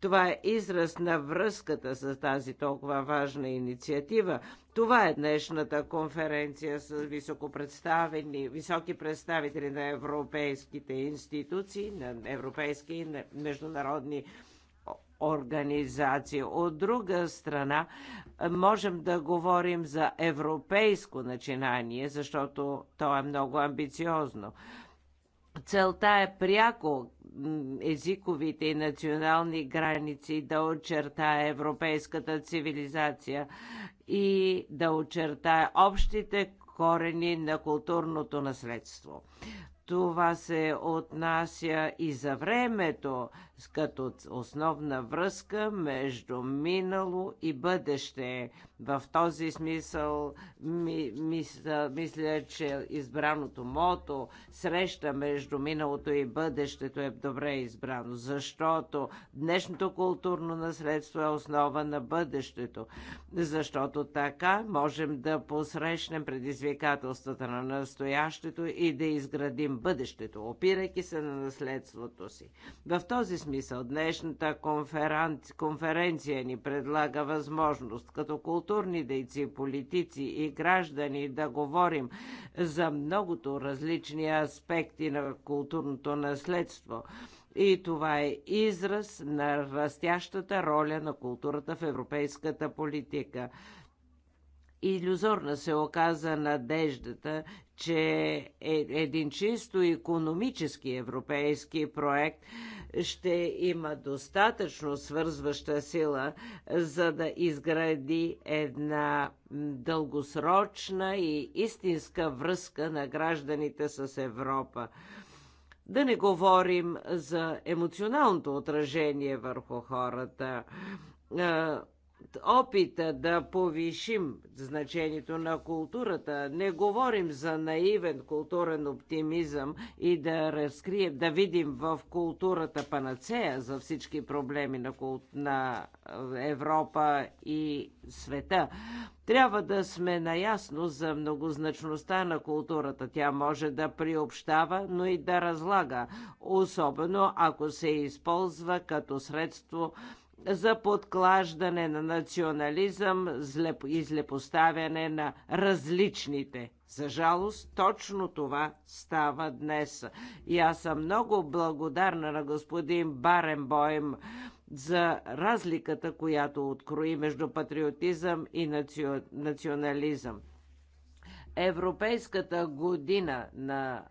Това е израз на връзката с тази толкова важна инициатива. Това е днешната конференция с представени, високи представители на европейските институции, на европейски и международни институции Организация. От друга страна, можем да говорим за европейско начинание, защото то е много амбициозно. Целта е пряко езиковите и национални граници да очертае европейската цивилизация и да очертае общите корени на културното наследство. Това се отнася и за времето, като основна връзка между минало и бъдеще. В този смисъл ми, мисля, мисля, че избраното мото среща между миналото и бъдещето е добре избрано, защото днешното културно наследство е основа на бъдещето, защото така можем да посрещнем предизвикателствата на настоящето и да изградим бъдещето, опирайки се на наследството си. В този смисъл днешната конференция ни предлага възможност като културно културни дейци, политици и граждани да говорим за многото различни аспекти на културното наследство. И това е израз на растящата роля на културата в европейската политика. Иллюзорна се оказа надеждата, че е един чисто економически европейски проект ще има достатъчно свързваща сила, за да изгради една дългосрочна и истинска връзка на гражданите с Европа. Да не говорим за емоционалното отражение върху хората опита да повишим значението на културата. Не говорим за наивен културен оптимизъм и да разкрием, да видим в културата панацея за всички проблеми на, кул... на е, Европа и света. Трябва да сме наясно за многозначността на културата. Тя може да приобщава, но и да разлага, особено ако се използва като средство за подклаждане на национализъм и злепоставяне на различните. За жалост, точно това става днес. И аз съм много благодарна на господин Баренбойм за разликата, която открои между патриотизъм и наци... национализъм. Европейската година на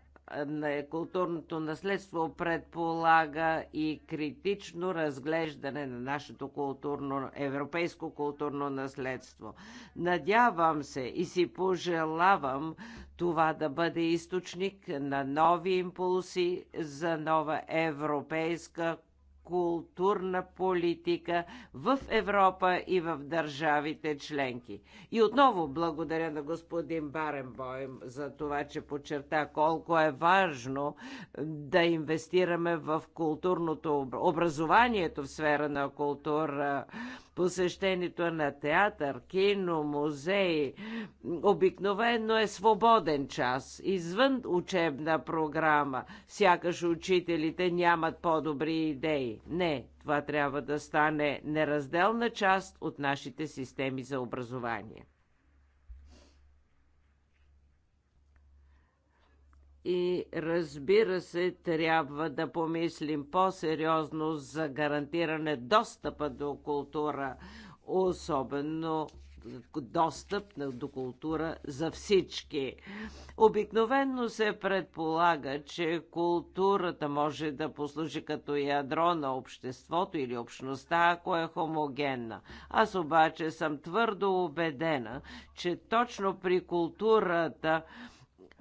на културното наследство предполага и критично разглеждане на нашето културно, европейско културно наследство. Надявам се и си пожелавам това да бъде източник на нови импулси за нова европейска културна политика в Европа и в държавите членки. И отново благодаря на господин Баренбойм за това, че подчерта колко е важно да инвестираме в културното образованието в сфера на култура, посещението на театър, кино, музеи. Обикновено е свободен час, извън учебна програма. Сякаш учителите нямат по-добри идеи. Не, това трябва да стане неразделна част от нашите системи за образование. И разбира се, трябва да помислим по-сериозно за гарантиране достъпа до култура, особено достъп до култура за всички. Обикновенно се предполага, че културата може да послужи като ядро на обществото или общността, ако е хомогенна. Аз обаче съм твърдо убедена, че точно при културата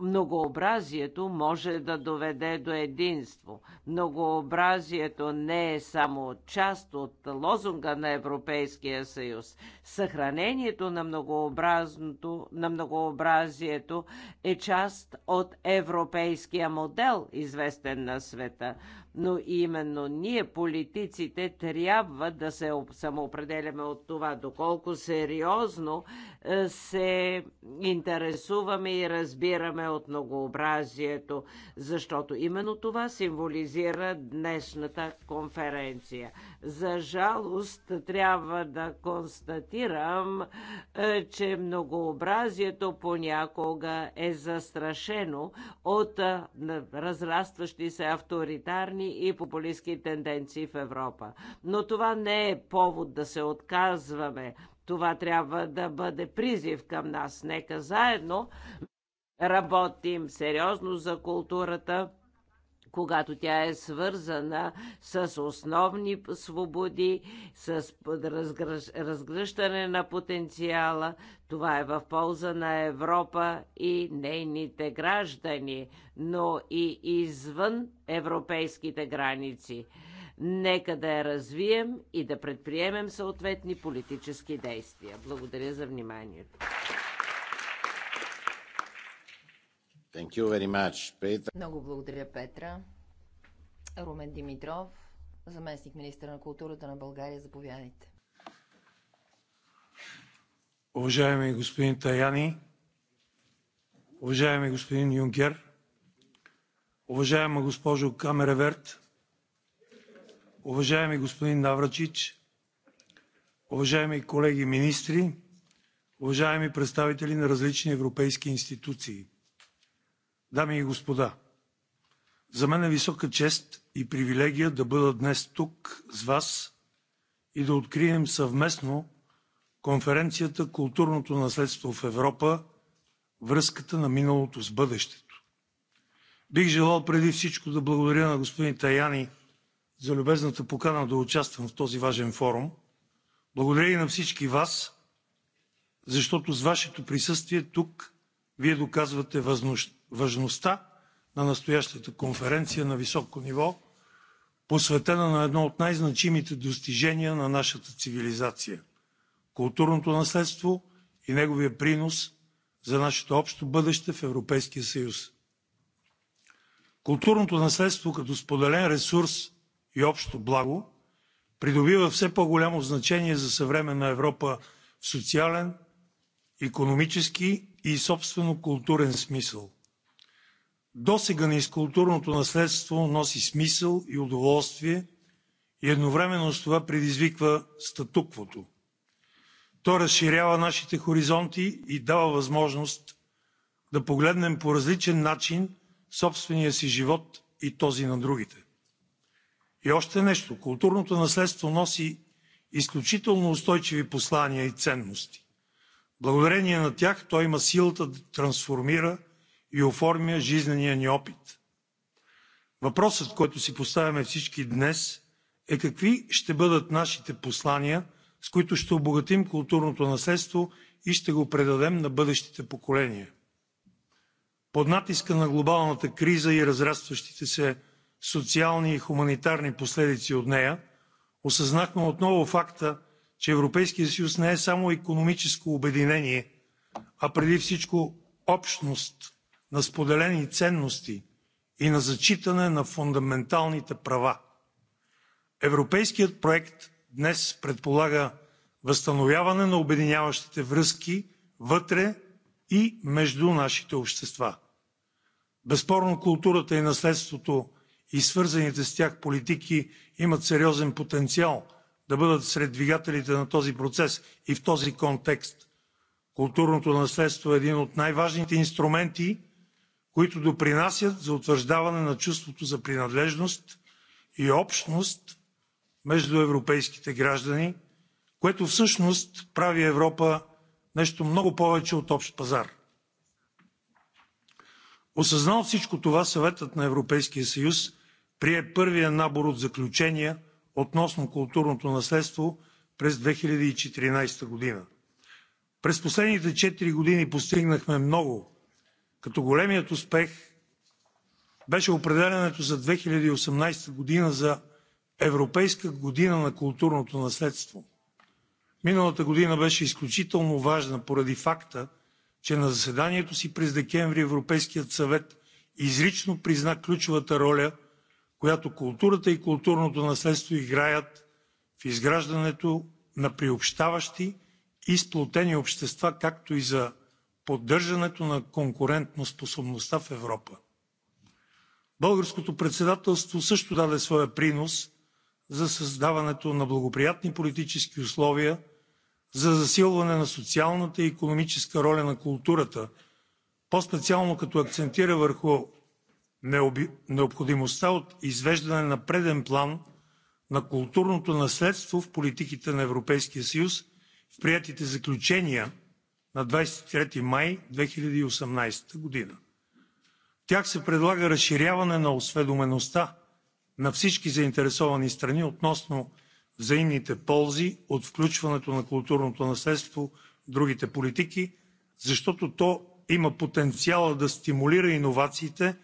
Многообразието може да доведе до единство. Многообразието не е само част от лозунга на Европейския съюз. Съхранението на, многообразното, на многообразието е част от европейския модел, известен на света но именно ние, политиците, трябва да се самоопределяме от това, доколко сериозно е, се интересуваме и разбираме от многообразието, защото именно това символизира днешната конференция. За жалост, трябва да констатирам, е, че многообразието понякога е застрашено от е, разрастващи се авторитарни национални и популистски тенденции в Европа. Но това не е повод да се отказваме. Това трябва да бъде призив към нас. Нека заедно работим сериозно за културата когато тя е свързана с основни свободи, с разгръщане на потенциала. Това е в полза на Европа и нейните граждани, но и извън европейските граници. Нека да я развием и да предприемем съответни политически действия. Благодаря за вниманието. Thank you very much, Petra. Много благодаря, Петра. Румен Димитров, заместник министър на културата на България, заповядайте. Уважаеми господин Таяни, уважаеми господин Юнкер, уважаема госпожо Камереверт, уважаеми господин Наврачич, уважаеми колеги министри, уважаеми представители на различни европейски институции – дами и господа! За мен е висока чест и привилегия да бъда днес тук с вас и да открием съвместно конференцията Културното наследство в Европа връзката на миналото с бъдещето. Бих желал преди всичко да благодаря на господин Таяни за любезната покана да участвам в този важен форум. Благодаря и на всички вас, защото с вашето присъствие тук вие доказвате възможност важността на настоящата конференция на високо ниво, посветена на едно от най-значимите достижения на нашата цивилизация – културното наследство и неговия принос за нашето общо бъдеще в Европейския съюз. Културното наследство като споделен ресурс и общо благо придобива все по-голямо значение за съвременна Европа в социален, економически и собствено културен смисъл досега ни изкултурното наследство носи смисъл и удоволствие и едновременно с това предизвиква статуквото. То разширява нашите хоризонти и дава възможност да погледнем по различен начин собствения си живот и този на другите. И още нещо. Културното наследство носи изключително устойчиви послания и ценности. Благодарение на тях той има силата да трансформира и оформя жизнения ни опит. Въпросът, който си поставяме всички днес, е какви ще бъдат нашите послания, с които ще обогатим културното наследство и ще го предадем на бъдещите поколения. Под натиска на глобалната криза и разрастващите се социални и хуманитарни последици от нея, осъзнахме отново факта, че Европейския съюз не е само економическо обединение, а преди всичко общност на споделени ценности и на зачитане на фундаменталните права. Европейският проект днес предполага възстановяване на обединяващите връзки вътре и между нашите общества. Безспорно културата и наследството и свързаните с тях политики имат сериозен потенциал да бъдат сред двигателите на този процес и в този контекст. Културното наследство е един от най-важните инструменти които допринасят за утвърждаване на чувството за принадлежност и общност между европейските граждани, което всъщност прави Европа нещо много повече от общ пазар. Осъзнал всичко това, Съветът на Европейския съюз прие първия набор от заключения относно културното наследство през 2014 година. През последните 4 години постигнахме много като големият успех беше определенето за 2018 година за Европейска година на културното наследство. Миналата година беше изключително важна поради факта, че на заседанието си през декември Европейският съвет изрично призна ключовата роля, която културата и културното наследство играят в изграждането на приобщаващи и сплотени общества, както и за поддържането на конкурентоспособността в Европа. Българското председателство също даде своя принос за създаването на благоприятни политически условия за засилване на социалната и економическа роля на културата, по-специално като акцентира върху необходимостта от извеждане на преден план на културното наследство в политиките на Европейския съюз в приятите заключения на 23 май 2018 година. В тях се предлага разширяване на осведомеността на всички заинтересовани страни относно взаимните ползи от включването на културното наследство в другите политики, защото то има потенциала да стимулира иновациите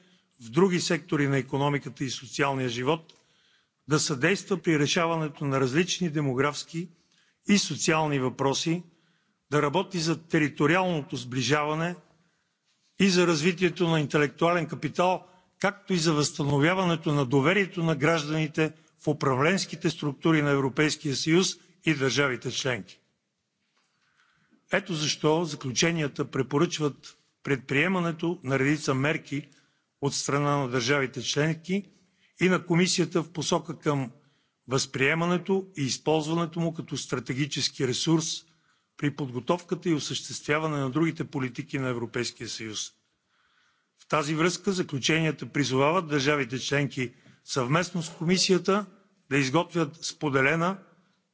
в други сектори на економиката и социалния живот, да съдейства при решаването на различни демографски и социални въпроси, да работи за териториалното сближаване и за развитието на интелектуален капитал, както и за възстановяването на доверието на гражданите в управленските структури на Европейския съюз и държавите членки. Ето защо заключенията препоръчват предприемането на редица мерки от страна на държавите членки и на Комисията в посока към възприемането и използването му като стратегически ресурс при подготовката и осъществяване на другите политики на Европейския съюз. В тази връзка заключенията призовават държавите членки съвместно с Комисията да изготвят споделена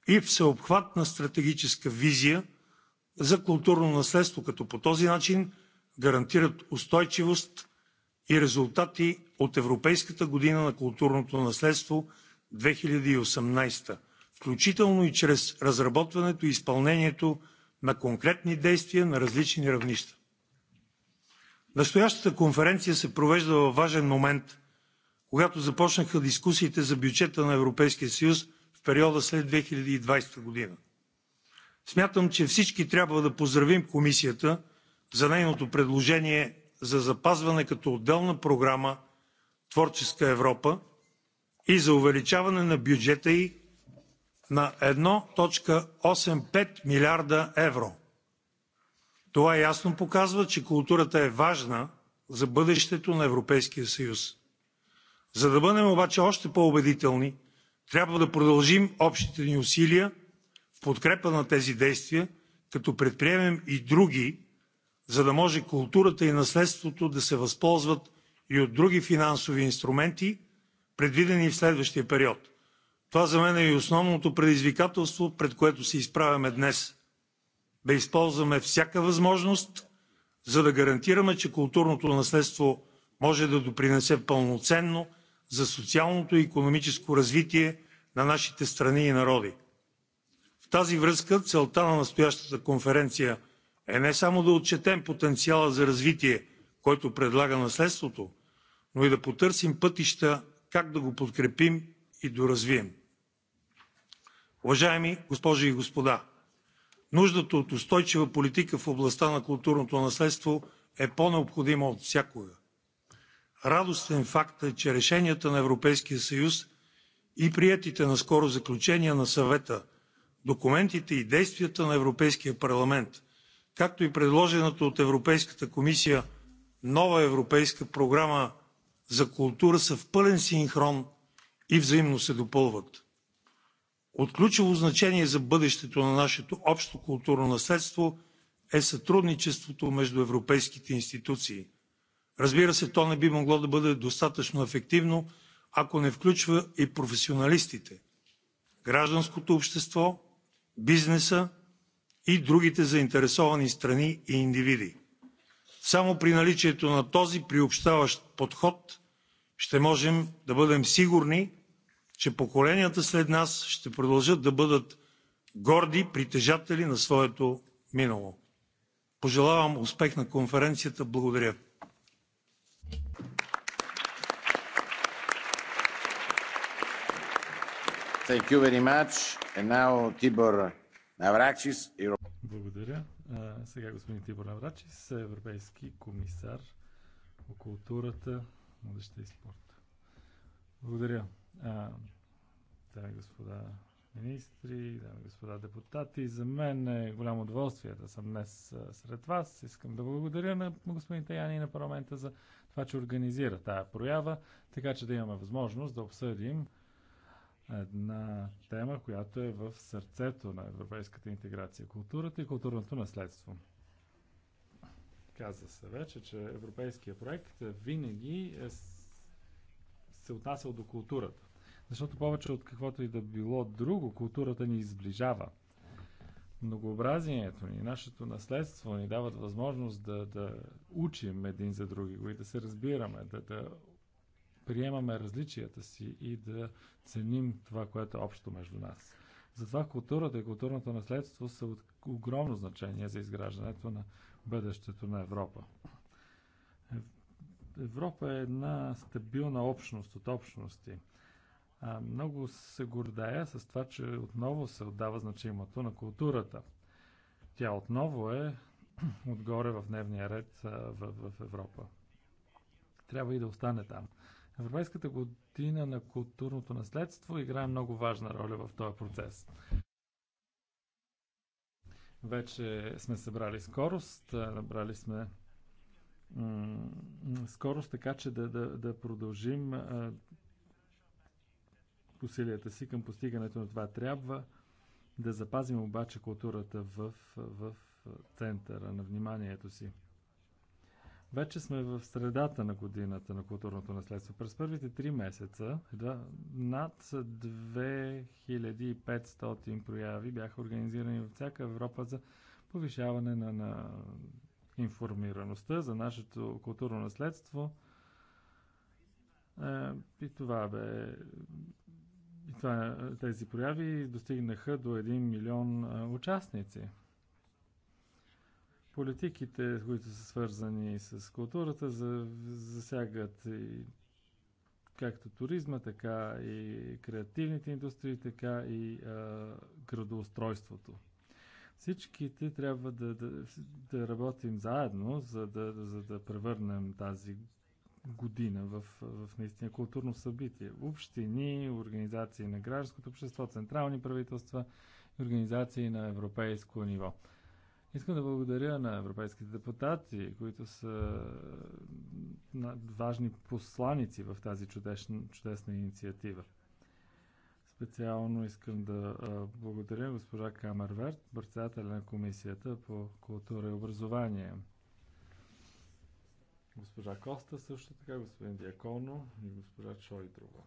и всеобхватна стратегическа визия за културно наследство, като по този начин гарантират устойчивост и резултати от Европейската година на културното наследство 2018, включително и чрез разработването и изпълнението на конкретни действия на различни равнища. Настоящата конференция се провежда във важен момент, когато започнаха дискусиите за бюджета на Европейския съюз в периода след 2020 година. Смятам, че всички трябва да поздравим комисията за нейното предложение за запазване като отделна програма Творческа Европа и за увеличаване на бюджета й на 1.85 милиарда евро. Това ясно показва, че културата е важна за бъдещето на Европейския съюз. За да бъдем обаче още по-убедителни, трябва да продължим общите ни усилия в подкрепа на тези действия, като предприемем и други, за да може културата и наследството да се възползват и от други финансови инструменти, предвидени в следващия период. Това за мен е и основното предизвикателство, пред което се изправяме днес. Да използваме всяка възможност, за да гарантираме, че културното наследство може да допринесе пълноценно за социалното и економическо развитие на нашите страни и народи. В тази връзка целта на настоящата конференция е не само да отчетем потенциала за развитие, който предлага наследството, но и да потърсим пътища как да го подкрепим и доразвием. Уважаеми госпожи и господа, нуждата от устойчива политика в областта на културното наследство е по-необходима от всякога. Радостен факт е, че решенията на Европейския съюз и на наскоро заключения на съвета, документите и действията на Европейския парламент, както и предложената от Европейската комисия нова европейска програма за култура са в пълен синхрон и взаимно се допълват. От ключово значение за бъдещето на нашето общо културно наследство е сътрудничеството между европейските институции. Разбира се, то не би могло да бъде достатъчно ефективно, ако не включва и професионалистите, гражданското общество, бизнеса и другите заинтересовани страни и индивиди. Само при наличието на този приобщаващ подход ще можем да бъдем сигурни, че поколенията след нас ще продължат да бъдат горди притежатели на своето минало. Пожелавам успех на конференцията. Благодаря. Now, Благодаря. Сега господин Тибор Наврачис, европейски комисар по културата, младеща и спорта. Благодаря дами господа министри, да господа депутати, за мен е голямо удоволствие да съм днес сред вас. Искам да благодаря на господин Таяни и на парламента за това, че организира тая проява, така че да имаме възможност да обсъдим една тема, която е в сърцето на европейската интеграция културата и културното наследство. Каза се вече, че европейския проект винаги е, се отнасял до културата. Защото повече от каквото и да било друго, културата ни изближава. Многообразието ни, нашето наследство ни дават възможност да, да учим един за други и да се разбираме, да, да приемаме различията си и да ценим това, което е общо между нас. Затова културата и културното наследство са от огромно значение за изграждането на бъдещето на Европа. Европа е една стабилна общност от общности – много се гордая с това, че отново се отдава значимото на културата. Тя отново е отгоре в дневния ред в, в Европа. Трябва и да остане там. Европейската година на културното наследство играе много важна роля в този процес. Вече сме събрали скорост, набрали сме скорост така, че да, да, да продължим усилията си към постигането на това. Трябва да запазим обаче културата в, в центъра на вниманието си. Вече сме в средата на годината на културното наследство. През първите три месеца да, над 2500 прояви бяха организирани във всяка Европа за повишаване на, на информираността за нашето културно наследство. Е, и това бе това, тези прояви достигнаха до 1 милион участници. Политиките, които са свързани с културата, засягат и както туризма, така и креативните индустрии, така и а, градоустройството. Всичките трябва да, да, да работим заедно, за да, за да превърнем тази година в, в наистина културно събитие. Общини, организации на гражданското общество, централни правителства, организации на европейско ниво. Искам да благодаря на европейските депутати, които са важни посланици в тази чудесна, чудесна инициатива. Специално искам да благодаря госпожа Камерверт, председателя на Комисията по култура и образование – госпожа Коста, също така господин Диаконо и госпожа Чойдрова.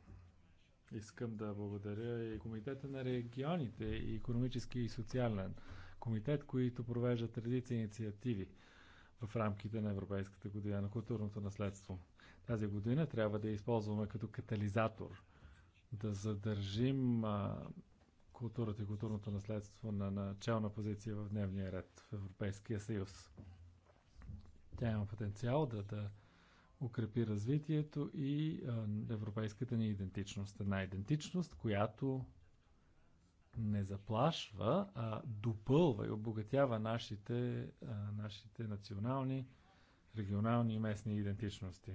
Искам да благодаря и Комитета на регионите и економически и социален комитет, които провеждат редица инициативи в рамките на Европейската година на културното наследство. Тази година трябва да я използваме като катализатор, да задържим а, културата и културното наследство на начална позиция в дневния ред в Европейския съюз. Тя има потенциал да, да укрепи развитието и а, европейската ни идентичност. Една идентичност, която не заплашва, а допълва и обогатява нашите, а, нашите национални, регионални и местни идентичности.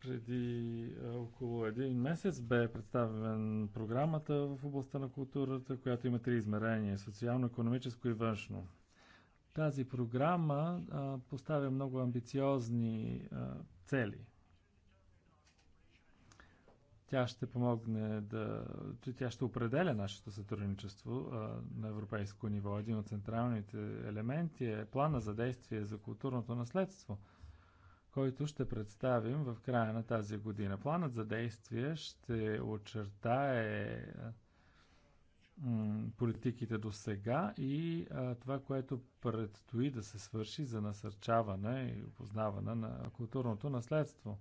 Преди а, около един месец бе представен програмата в областта на културата, която има три измерения социално, економическо и външно тази програма а, поставя много амбициозни а, цели. Тя ще помогне да. Тя ще определя нашето сътрудничество а, на европейско ниво. Един от централните елементи е плана за действие за културното наследство, който ще представим в края на тази година. Планът за действие ще очертае политиките до сега и а, това, което предстои да се свърши за насърчаване и опознаване на културното наследство.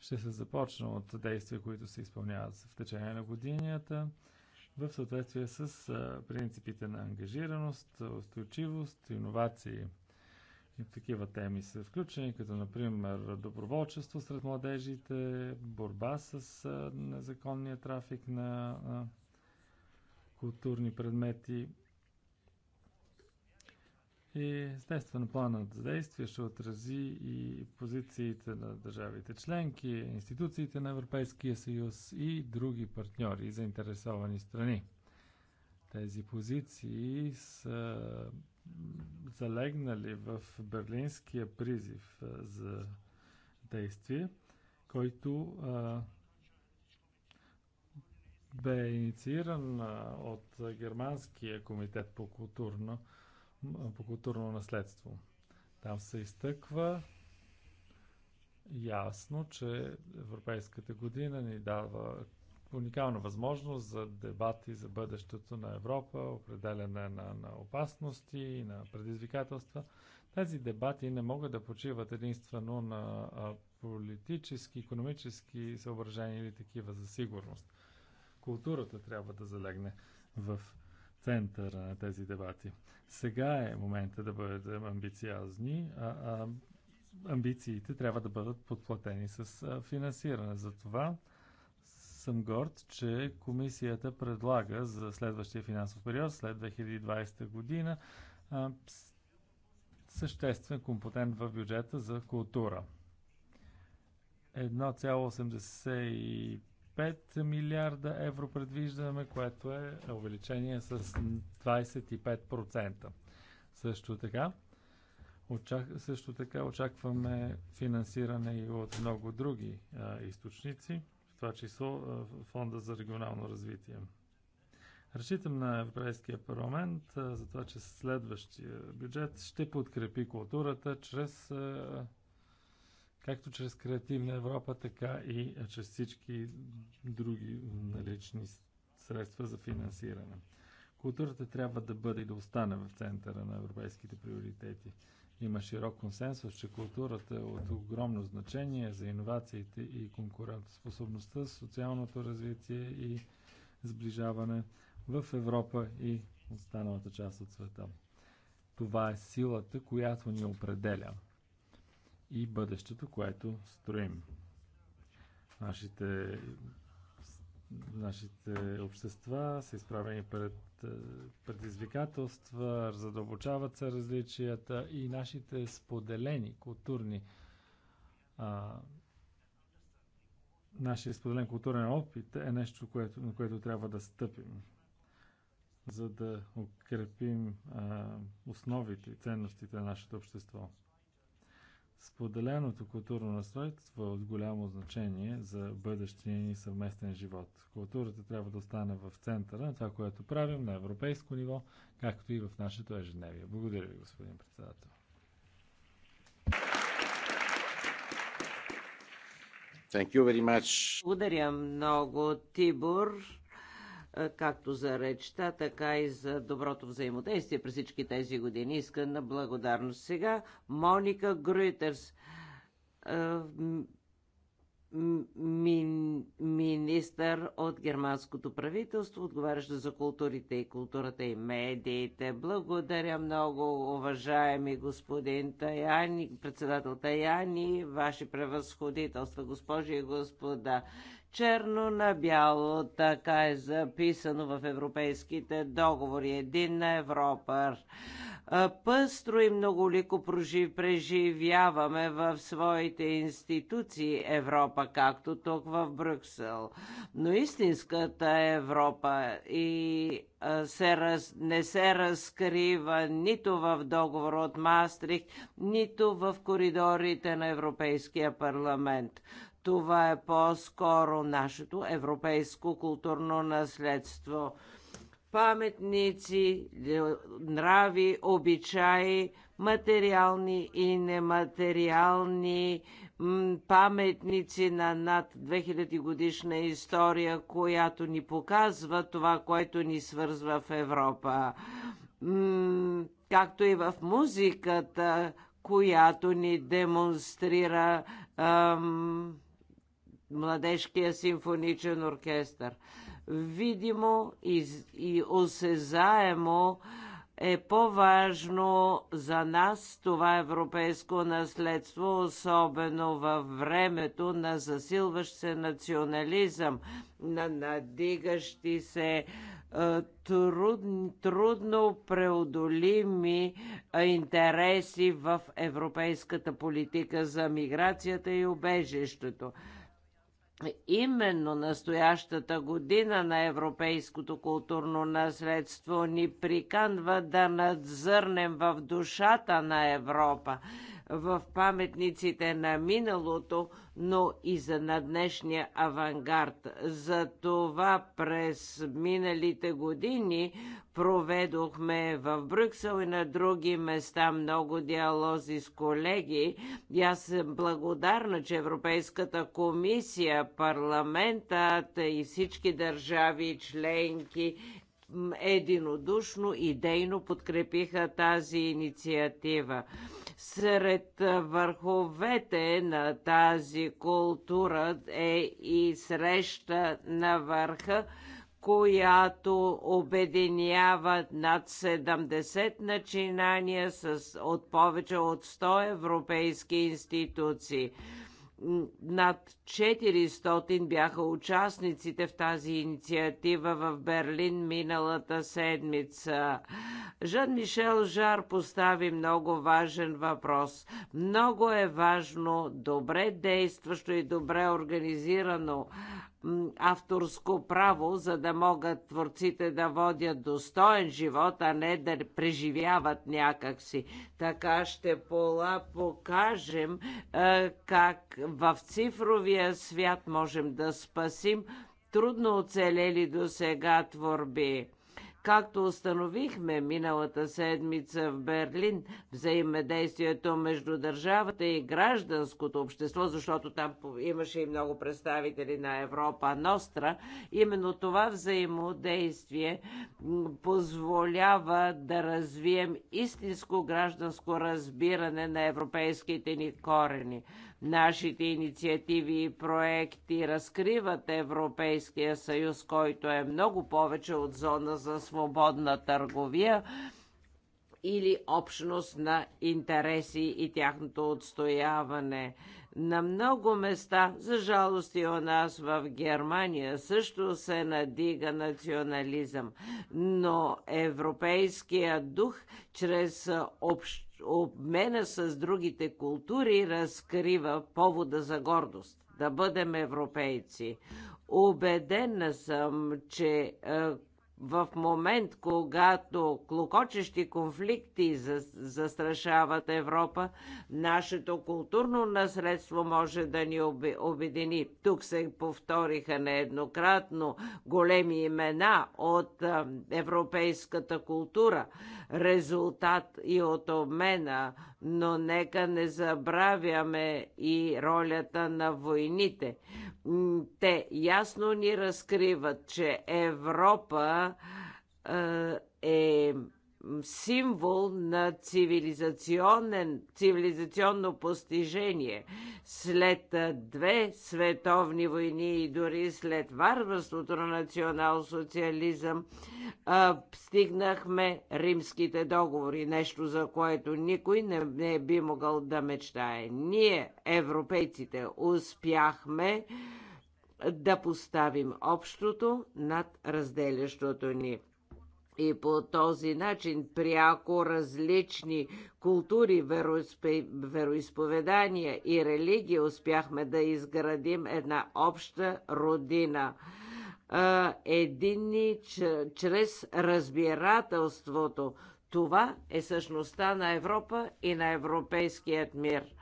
Ще се започне от действия, които се изпълняват в течение на годинята, в съответствие с а, принципите на ангажираност, устойчивост, иновации. И такива теми са включени, като например доброволчество сред младежите, борба с а, незаконния трафик на а, културни предмети. И естествено планът за действие ще отрази и позициите на държавите членки, институциите на Европейския съюз и други партньори и заинтересовани страни. Тези позиции са залегнали в берлинския призив за действие, който бе иницииран от Германския комитет по културно, по културно наследство. Там се изтъква ясно, че Европейската година ни дава уникална възможност за дебати за бъдещето на Европа, определяне на, на опасности и на предизвикателства. Тези дебати не могат да почиват единствено на политически, економически съображения или такива за сигурност културата трябва да залегне в центъра на тези дебати. Сега е момента да бъдем амбициозни, а, а амбициите трябва да бъдат подплатени с а, финансиране. Затова съм горд, че комисията предлага за следващия финансов период, след 2020 година, а, съществен компонент в бюджета за култура. 1,85 5 милиарда евро предвиждаме, което е увеличение с 25%. Също така, очак, също така очакваме финансиране и от много други а, източници, в това число а, Фонда за регионално развитие. Разчитам на Европейския парламент а, за това, че следващия бюджет ще подкрепи културата чрез а, както чрез Креативна Европа, така и чрез всички други налични средства за финансиране. Културата трябва да бъде и да остане в центъра на европейските приоритети. Има широк консенсус, че културата е от огромно значение за иновациите и конкурентоспособността, социалното развитие и сближаване в Европа и останалата част от света. Това е силата, която ни определя – и бъдещето, което строим. Нашите, нашите общества са изправени пред е, предизвикателства, задълбочават се различията и нашите споделени културни а, нашия споделен културен опит е нещо, което, на което трябва да стъпим, за да укрепим а, основите и ценностите на нашето общество. Споделеното културно наследство е от голямо значение за бъдещия ни съвместен живот. Културата трябва да остане в центъра на това, което правим на европейско ниво, както и в нашето ежедневие. Благодаря ви, господин председател. Thank you very much. Благодаря много, Тибор както за речта, така и за доброто взаимодействие през всички тези години. Искам на благодарност. Сега Моника Груйтерс мин, министър от германското правителство, отговаряща за културите и културата и медиите. Благодаря много, уважаеми господин Таяни, председател Таяни, ваши превъзходителства, госпожи и господа. Черно на бяло, така е записано в европейските договори. Един на Европа пъстро и многолико преживяваме в своите институции Европа, както тук в Брюксел. Но истинската Европа и се раз, не се разкрива нито в договор от Мастрих, нито в коридорите на Европейския парламент. Това е по-скоро нашето европейско културно наследство паметници, е, нрави, обичаи, материални и нематериални паметници на над 2000 годишна история, която ни показва това, което ни свързва в Европа. Както и в музиката, която ни демонстрира ам, Младежкия симфоничен оркестър видимо и, и осезаемо е по-важно за нас това европейско наследство, особено във времето на засилващ се национализъм, на надигащи се е, труд, трудно преодолими е, интереси в европейската политика за миграцията и убежището. Именно настоящата година на европейското културно наследство ни приканва да надзърнем в душата на Европа, в паметниците на миналото, но и за на днешния авангард. За това през миналите години проведохме в Брюксел и на други места много диалози с колеги. И аз съм благодарна, че Европейската комисия, парламентът и всички държави членки единодушно и дейно подкрепиха тази инициатива. Сред върховете на тази култура е и среща на върха, която обединява над 70 начинания с, от повече от 100 европейски институции над 400 бяха участниците в тази инициатива в Берлин миналата седмица. Жан Мишел Жар постави много важен въпрос. Много е важно добре действащо и добре организирано авторско право, за да могат творците да водят достоен живот, а не да преживяват някакси. Така ще пола покажем е, как в цифровия свят можем да спасим трудно оцелели до сега творби Както установихме миналата седмица в Берлин, взаимодействието между държавата и гражданското общество, защото там имаше и много представители на Европа Ностра, именно това взаимодействие позволява да развием истинско гражданско разбиране на европейските ни корени. Нашите инициативи и проекти разкриват Европейския съюз, който е много повече от зона за свободна търговия или общност на интереси и тяхното отстояване. На много места, за жалост и у нас в Германия, също се надига национализъм, но европейския дух чрез общ обмена с другите култури разкрива повода за гордост да бъдем европейци. Обедена съм, че е, в момент, когато клокочещи конфликти застрашават Европа, нашето културно наследство може да ни обедини. Тук се повториха нееднократно големи имена от европейската култура, резултат и от обмена но нека не забравяме и ролята на войните. Те ясно ни разкриват, че Европа е символ на цивилизационен, цивилизационно постижение. След две световни войни и дори след варварството на национал-социализъм стигнахме римските договори, нещо за което никой не, не би могъл да мечтае. Ние, европейците, успяхме да поставим общото над разделящото ни. И по този начин пряко различни култури, вероисповедания и религии успяхме да изградим една обща родина единни чрез разбирателството. Това е същността на Европа и на европейският мир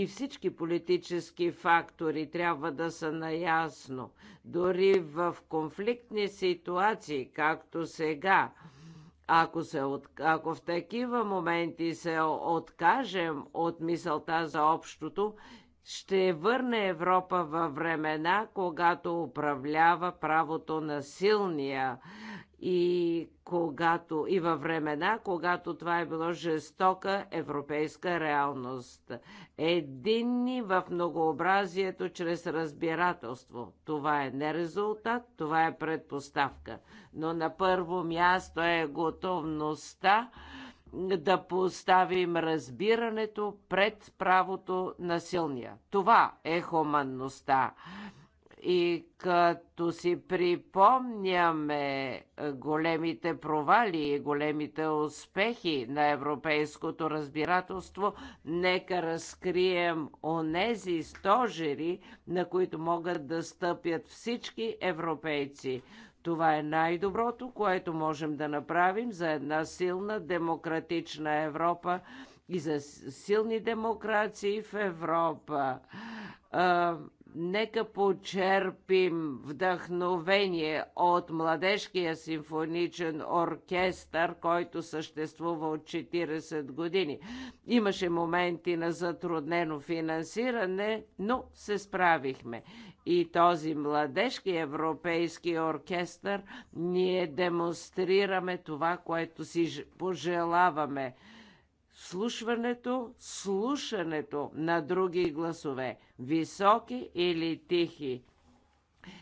и всички политически фактори трябва да са наясно. Дори в конфликтни ситуации, както сега, ако, се, ако в такива моменти се откажем от мисълта за общото, ще върне Европа във времена, когато управлява правото на силния, и, когато, и във времена, когато това е било жестока европейска реалност. Единни в многообразието чрез разбирателство. Това е не резултат, това е предпоставка. Но на първо място е готовността да поставим разбирането пред правото на силния. Това е хуманността. И като си припомняме е, големите провали и големите успехи на европейското разбирателство, нека разкрием онези стожери, на които могат да стъпят всички европейци. Това е най-доброто, което можем да направим за една силна демократична Европа и за силни демокрации в Европа. Нека почерпим вдъхновение от Младежкия симфоничен оркестър, който съществува от 40 години. Имаше моменти на затруднено финансиране, но се справихме. И този младежки европейски оркестър ние демонстрираме това, което си пожелаваме – слушването, слушането на други гласове, високи или тихи,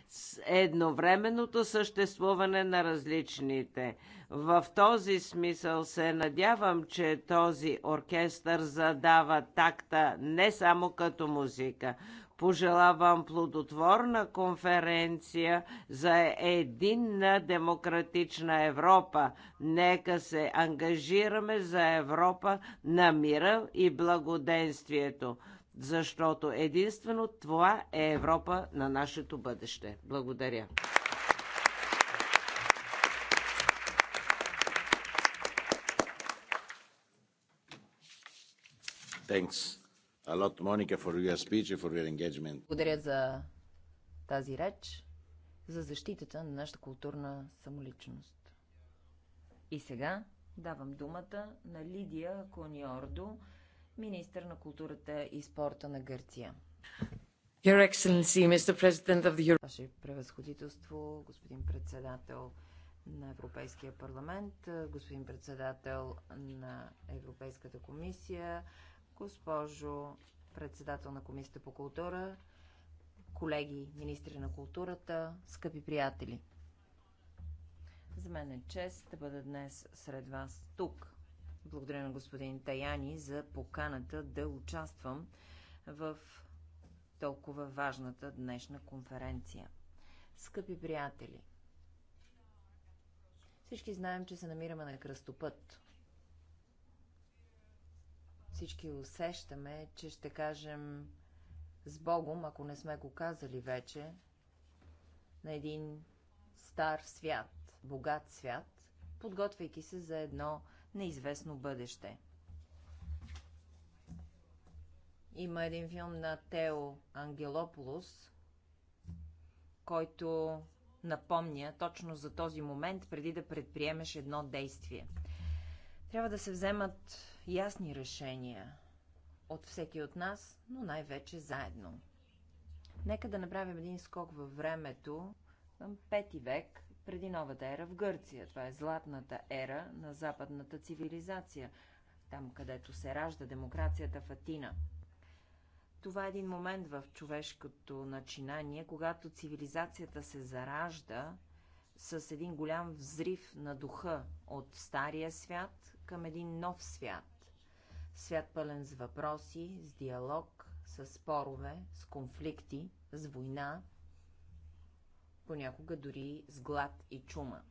с едновременното съществуване на различните. В този смисъл се надявам, че този оркестър задава такта не само като музика. Пожелавам плодотворна конференция за единна демократична Европа. Нека се ангажираме за Европа на мира и благоденствието, защото единствено това е Европа на нашето бъдеще. Благодаря. Thanks. Lot, Monica, Благодаря за тази реч, за защитата на нашата културна самоличност. И сега давам думата на Лидия Кониордо, министър на културата и спорта на Гърция. Your Excellency, Mr. President of the Euro... Ваше превъзходителство, господин председател на Европейския парламент, господин председател на Европейската комисия, госпожо председател на Комисията по култура, колеги министри на културата, скъпи приятели. За мен е чест да бъда днес сред вас тук. Благодаря на господин Таяни за поканата да участвам в толкова важната днешна конференция. Скъпи приятели, всички знаем, че се намираме на кръстопът. Всички усещаме, че ще кажем с Богом, ако не сме го казали вече, на един стар свят, богат свят, подготвяйки се за едно неизвестно бъдеще. Има един филм на Тео Ангелополос, който напомня точно за този момент, преди да предприемеш едно действие – трябва да се вземат ясни решения от всеки от нас, но най-вече заедно. Нека да направим един скок във времето към пети век преди новата ера в Гърция. Това е златната ера на западната цивилизация, там където се ражда демокрацията в Атина. Това е един момент в човешкото начинание, когато цивилизацията се заражда с един голям взрив на духа от стария свят към един нов свят. Свят пълен с въпроси, с диалог, с спорове, с конфликти, с война, понякога дори с глад и чума.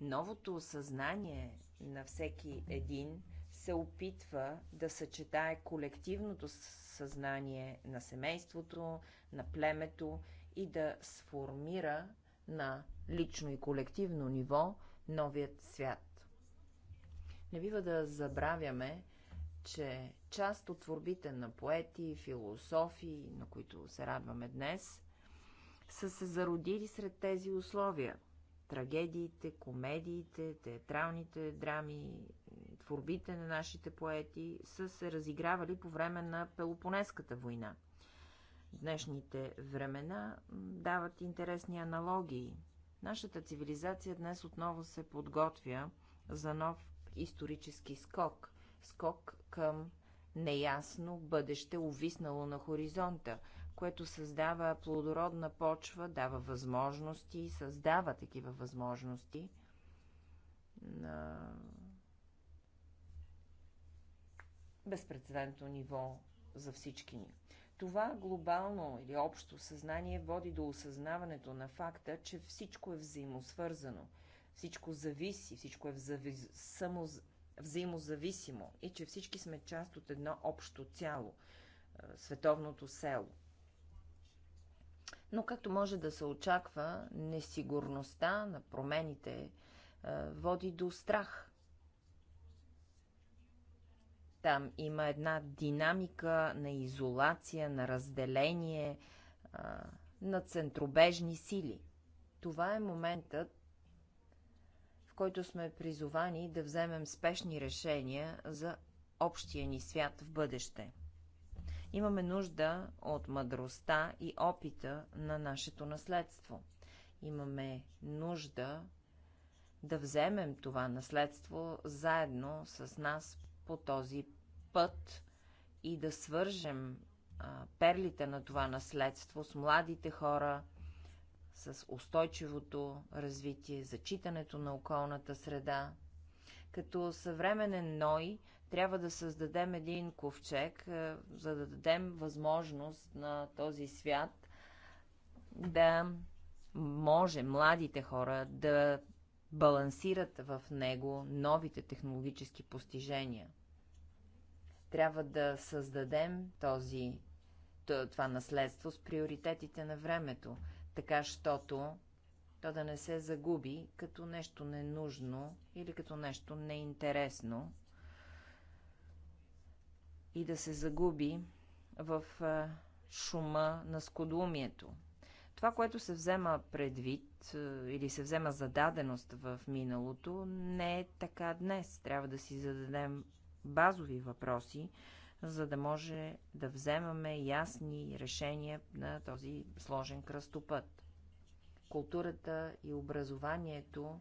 Новото съзнание на всеки един се опитва да съчетае колективното съзнание на семейството, на племето и да сформира на лично и колективно ниво новият свят. Не бива да забравяме, че част от творбите на поети, философи, на които се радваме днес, са се зародили сред тези условия. Трагедиите, комедиите, театралните драми, творбите на нашите поети са се разигравали по време на Пелопонеската война – днешните времена дават интересни аналогии. Нашата цивилизация днес отново се подготвя за нов исторически скок. Скок към неясно бъдеще, увиснало на хоризонта, което създава плодородна почва, дава възможности, създава такива възможности на безпредседентно ниво за всички ни. Това глобално или общо съзнание води до осъзнаването на факта, че всичко е взаимосвързано, всичко зависи, всичко е взави... само... взаимозависимо и че всички сме част от едно общо цяло е, – световното село. Но както може да се очаква, несигурността на промените е, води до страх – там има една динамика на изолация, на разделение, а, на центробежни сили. Това е моментът, в който сме призовани да вземем спешни решения за общия ни свят в бъдеще. Имаме нужда от мъдростта и опита на нашето наследство. Имаме нужда да вземем това наследство заедно с нас по този път и да свържем а, перлите на това наследство с младите хора, с устойчивото развитие, зачитането на околната среда. Като съвременен Ной трябва да създадем един ковчег, за да дадем възможност на този свят да може младите хора да балансират в него новите технологически постижения. Трябва да създадем този, това наследство с приоритетите на времето, така щото то да не се загуби като нещо ненужно или като нещо неинтересно и да се загуби в шума на скудумието. Това, което се взема предвид или се взема за даденост в миналото, не е така днес. Трябва да си зададем базови въпроси, за да може да вземаме ясни решения на този сложен кръстопът. Културата и образованието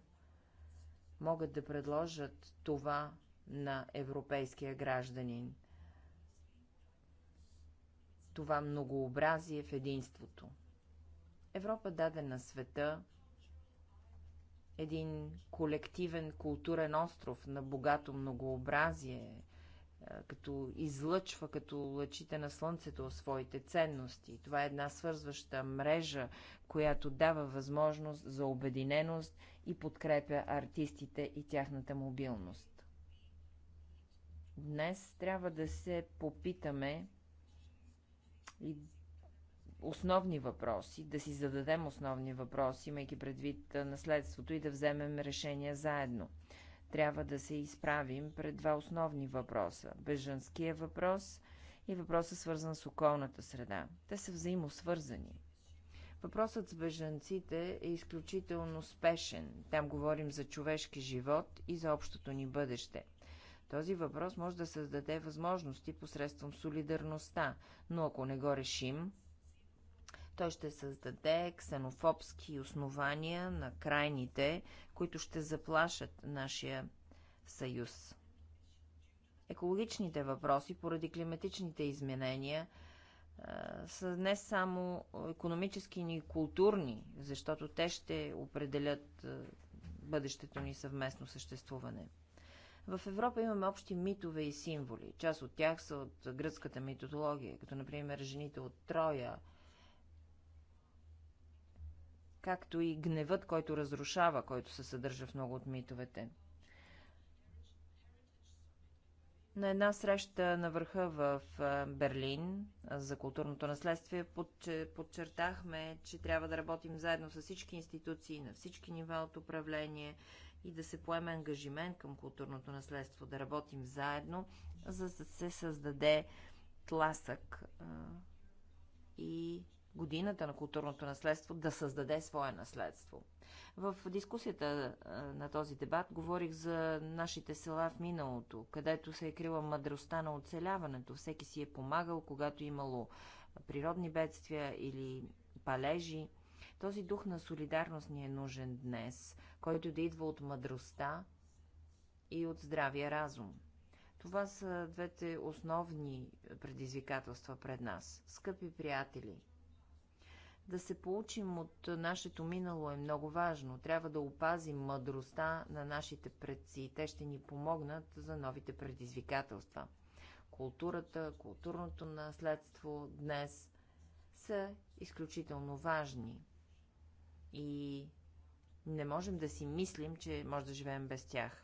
могат да предложат това на европейския гражданин. Това многообразие в единството. Европа даде на света един колективен културен остров на богато многообразие, е, като излъчва като лъчите на слънцето своите ценности. Това е една свързваща мрежа, която дава възможност за обединеност и подкрепя артистите и тяхната мобилност. Днес трябва да се попитаме и основни въпроси, да си зададем основни въпроси, имайки предвид наследството и да вземем решения заедно. Трябва да се изправим пред два основни въпроса – бежанския въпрос и въпроса свързан с околната среда. Те са взаимосвързани. Въпросът с бежанците е изключително спешен. Там говорим за човешки живот и за общото ни бъдеще – този въпрос може да създаде възможности посредством солидарността, но ако не го решим, той ще създаде ксенофобски основания на крайните, които ще заплашат нашия съюз. Екологичните въпроси поради климатичните изменения са не само економически, но и културни, защото те ще определят бъдещето ни съвместно съществуване. В Европа имаме общи митове и символи. Част от тях са от гръцката митология, като например жените от Троя – както и гневът, който разрушава, който се съдържа в много от митовете. На една среща на върха в Берлин за културното наследствие подчертахме, че трябва да работим заедно с всички институции на всички нива от управление и да се поеме ангажимент към културното наследство, да работим заедно, за да се създаде тласък и годината на културното наследство да създаде свое наследство. В дискусията на този дебат говорих за нашите села в миналото, където се е крила мъдростта на оцеляването. Всеки си е помагал, когато имало природни бедствия или палежи. Този дух на солидарност ни е нужен днес, който да идва от мъдростта и от здравия разум. Това са двете основни предизвикателства пред нас. Скъпи приятели, да се получим от нашето минало е много важно. Трябва да опазим мъдростта на нашите предци и те ще ни помогнат за новите предизвикателства. Културата, културното наследство днес са изключително важни. И не можем да си мислим, че може да живеем без тях.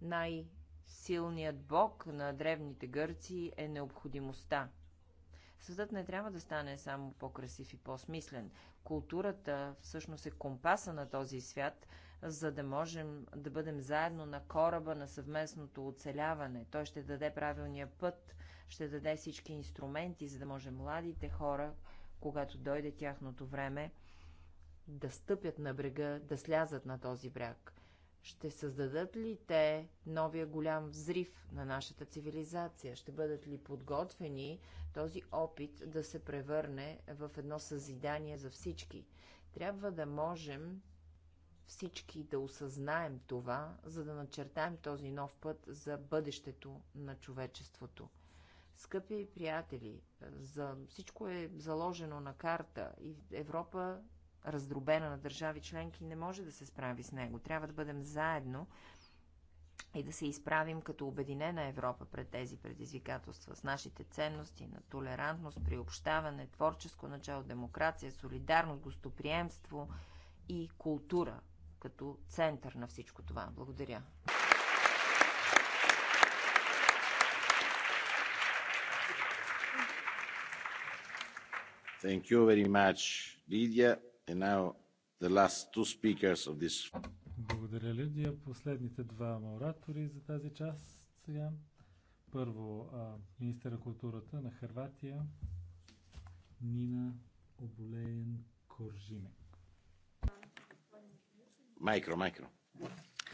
Най-силният бог на древните гърци е необходимостта. Светът не трябва да стане само по-красив и по-смислен. Културата всъщност е компаса на този свят, за да можем да бъдем заедно на кораба на съвместното оцеляване. Той ще даде правилния път, ще даде всички инструменти, за да може младите хора, когато дойде тяхното време, да стъпят на брега, да слязат на този бряг. Ще създадат ли те новия голям взрив на нашата цивилизация? Ще бъдат ли подготвени този опит да се превърне в едно съзидание за всички? Трябва да можем всички да осъзнаем това, за да начертаем този нов път за бъдещето на човечеството. Скъпи приятели, за всичко е заложено на карта и Европа раздробена на държави членки, не може да се справи с него. Трябва да бъдем заедно и да се изправим като обединена Европа пред тези предизвикателства с нашите ценности на толерантност, приобщаване, творческо начало, демокрация, солидарност, гостоприемство и култура като център на всичко това. Благодаря. Thank you very much, Lydia. This... Благодаря, Лидия. Последните два оратори за тази част сега. Първо, министър на културата на Харватия Нина Оболеен Коржиме. Майкро, майкро.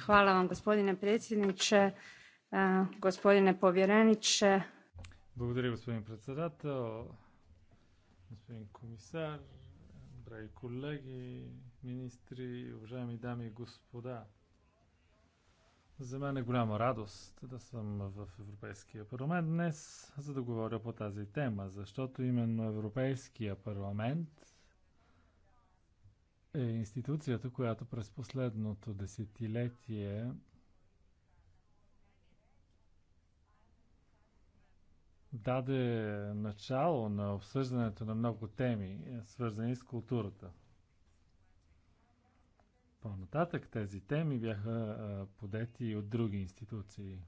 Hvala vam gospodine predsjedniče, gospodine povjereniče. Благодаря господин председател, господин комисар, драги колеги, министри, уважаеми дами и господа. За мен е голяма радост да съм в Европейския парламент днес, за да говоря по тази тема, защото именно Европейския парламент е институцията, която през последното десетилетие даде начало на обсъждането на много теми, свързани с културата. По-нататък тези теми бяха подети от други институции.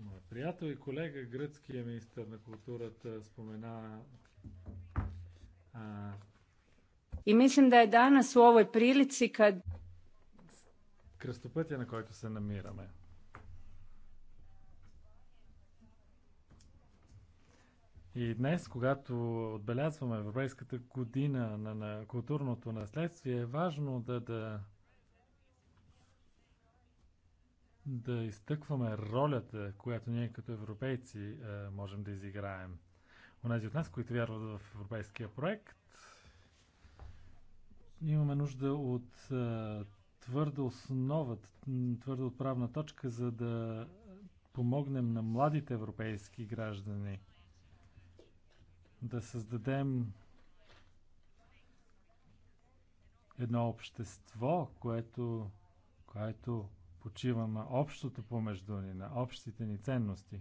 Моя приятел и колега, гръцкия министр на културата, спомена а, И mislim да е danas u ovoj прилици, kad... Кръстопътя, на който се намираме. И днес, когато отбелязваме Европейската година на, на културното наследствие, е важно да, да, да изтъкваме ролята, която ние като европейци е, можем да изиграем. Онези от нас, които вярват в европейския проект, имаме нужда от е, твърда основа, твърда отправна точка, за да помогнем на младите европейски граждани – да създадем едно общество, което, което почива на общото помежду ни, на общите ни ценности.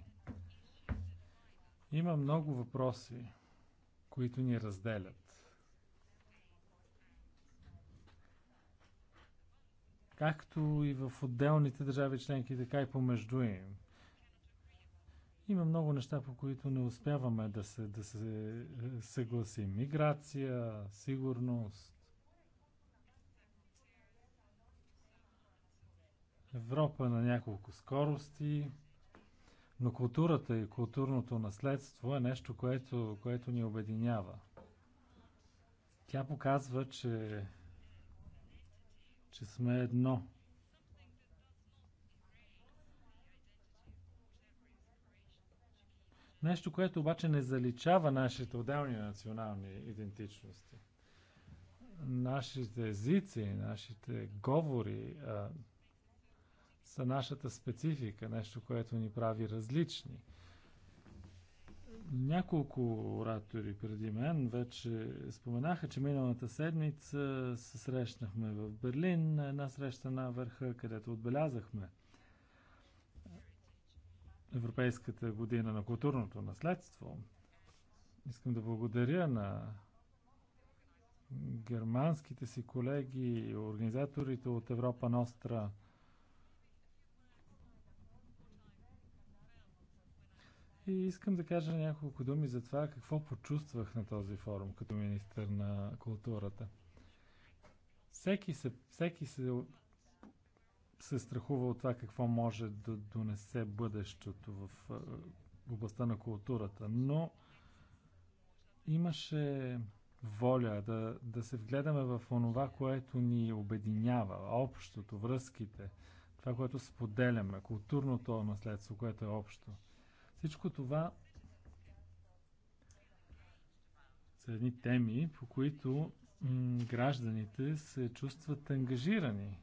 Има много въпроси, които ни разделят. Както и в отделните държави членки, така и помежду им. Има много неща, по които не успяваме да се, да се е, съгласим. Миграция, сигурност. Европа на няколко скорости. Но културата и културното наследство е нещо, което, което ни обединява. Тя показва, че, че сме едно – Нещо, което обаче не заличава нашите отделни национални идентичности. Нашите езици, нашите говори а, са нашата специфика, нещо, което ни прави различни. Няколко оратори преди мен вече споменаха, че миналата седмица се срещнахме в Берлин на една среща на върха, където отбелязахме – Европейската година на културното наследство, искам да благодаря на германските си колеги, организаторите от Европа Ностра. И искам да кажа няколко думи за това какво почувствах на този форум като министър на културата. Всеки се, всеки се се страхува от това какво може да донесе бъдещето в областта на културата. Но имаше воля да, да се вгледаме в онова, което ни обединява, общото, връзките, това, което споделяме, културното наследство, което е общо. Всичко това са едни теми, по които гражданите се чувстват ангажирани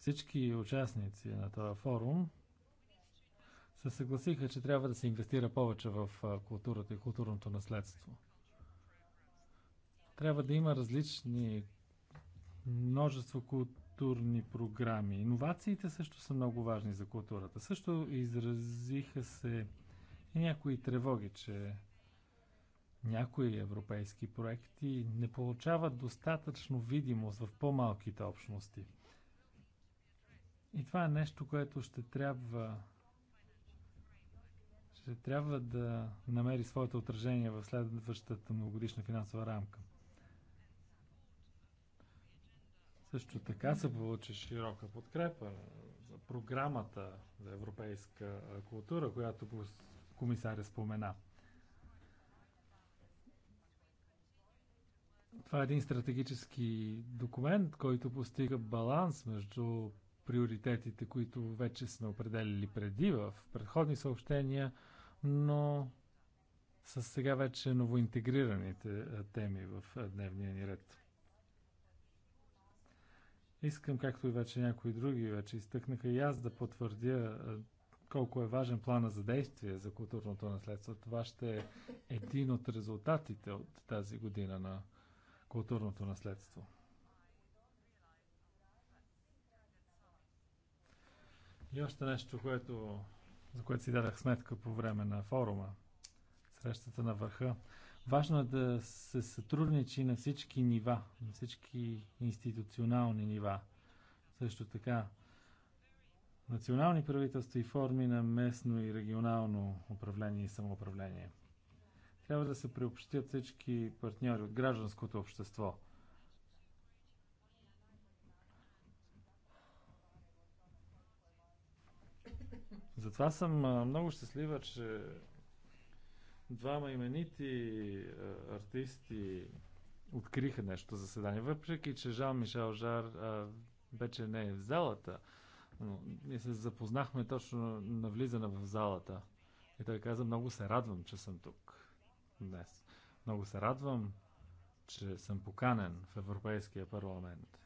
Всички участници на този форум се съгласиха, че трябва да се инвестира повече в културата и културното наследство. Трябва да има различни множество културни програми. Иновациите също са много важни за културата. Също изразиха се и някои тревоги, че някои европейски проекти не получават достатъчно видимост в по-малките общности – и това е нещо, което ще трябва ще трябва да намери своето отражение в следващата многогодишна финансова рамка. Също така се получи широка подкрепа за програмата за европейска култура, която комисаря спомена. Това е един стратегически документ, който постига баланс между приоритетите, които вече сме определили преди в предходни съобщения, но с сега вече новоинтегрираните е, теми в е, дневния ни ред. Искам, както и вече някои други вече изтъкнаха и аз да потвърдя е, колко е важен плана за действие за културното наследство. Това ще е един от резултатите от тази година на културното наследство. И още нещо, което, за което си дадах сметка по време на форума, срещата на върха. Важно е да се сътрудничи на всички нива, на всички институционални нива. Също така, национални правителства и форми на местно и регионално управление и самоуправление. Трябва да се приобщят всички партньори от гражданското общество – Затова съм много щастлива, че двама именити артисти откриха нещо заседание, въпреки че Жан Мишел Жар а, вече не е в залата, но ние се запознахме точно на влизане в залата. И той каза, много се радвам, че съм тук днес. Много се радвам, че съм поканен в Европейския парламент.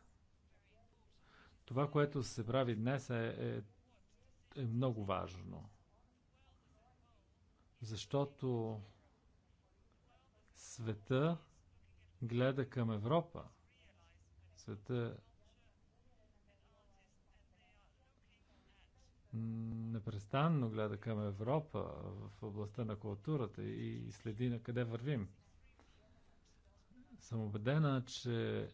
Това, което се прави днес е, е е много важно. Защото света гледа към Европа. Света непрестанно гледа към Европа в областта на културата и следи на къде вървим. Съм убедена, че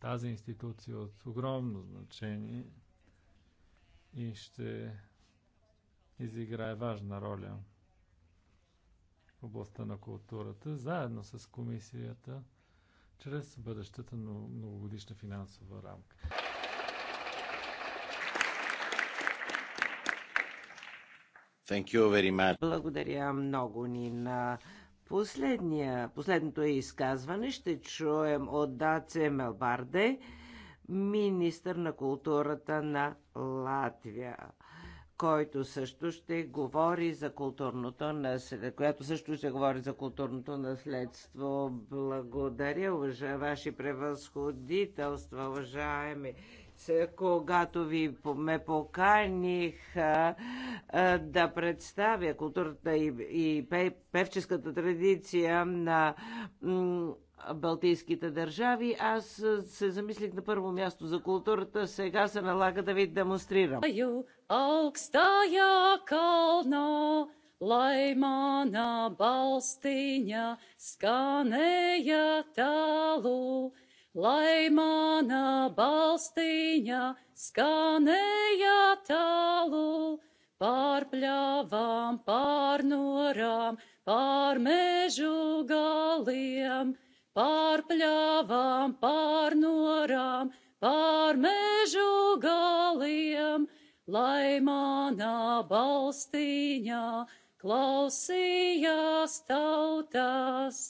тази институция е от огромно значение – и ще изиграе важна роля в областта на културата, заедно с комисията, чрез бъдещата многогодишна финансова рамка. Thank you very much. Благодаря много ни на последния, последното е изказване. Ще чуем от Даце Мелбарде министър на културата на Латвия който също ще говори за културното наследство, която също ще говори за културното наследство. Благодаря, уважа, ваши превъзходителства, уважаеми когато ви ме а, да представя културата и, и певческата традиция на Балтийските държави. Аз се замислих на първо място за културата. Сега се налага да ви демонстрирам. Лаймана Балстиня, сканея талу. Лайма на Балстиня, сканея талу. Пар плявам, пар галиям pār pļāvām, pār norām, pār mežu galiem, lai manā balstīņā klausījās tautas.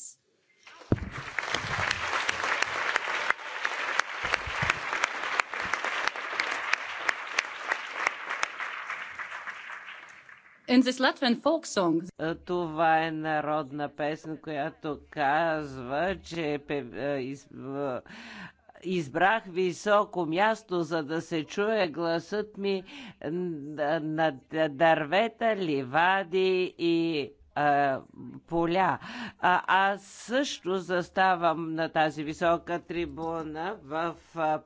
In this Latvian folk song. Това е народна песен, която казва, че е, е, избрах високо място, за да се чуе гласът ми на дървета, ливади и поля. А, аз също заставам на тази висока трибуна в а,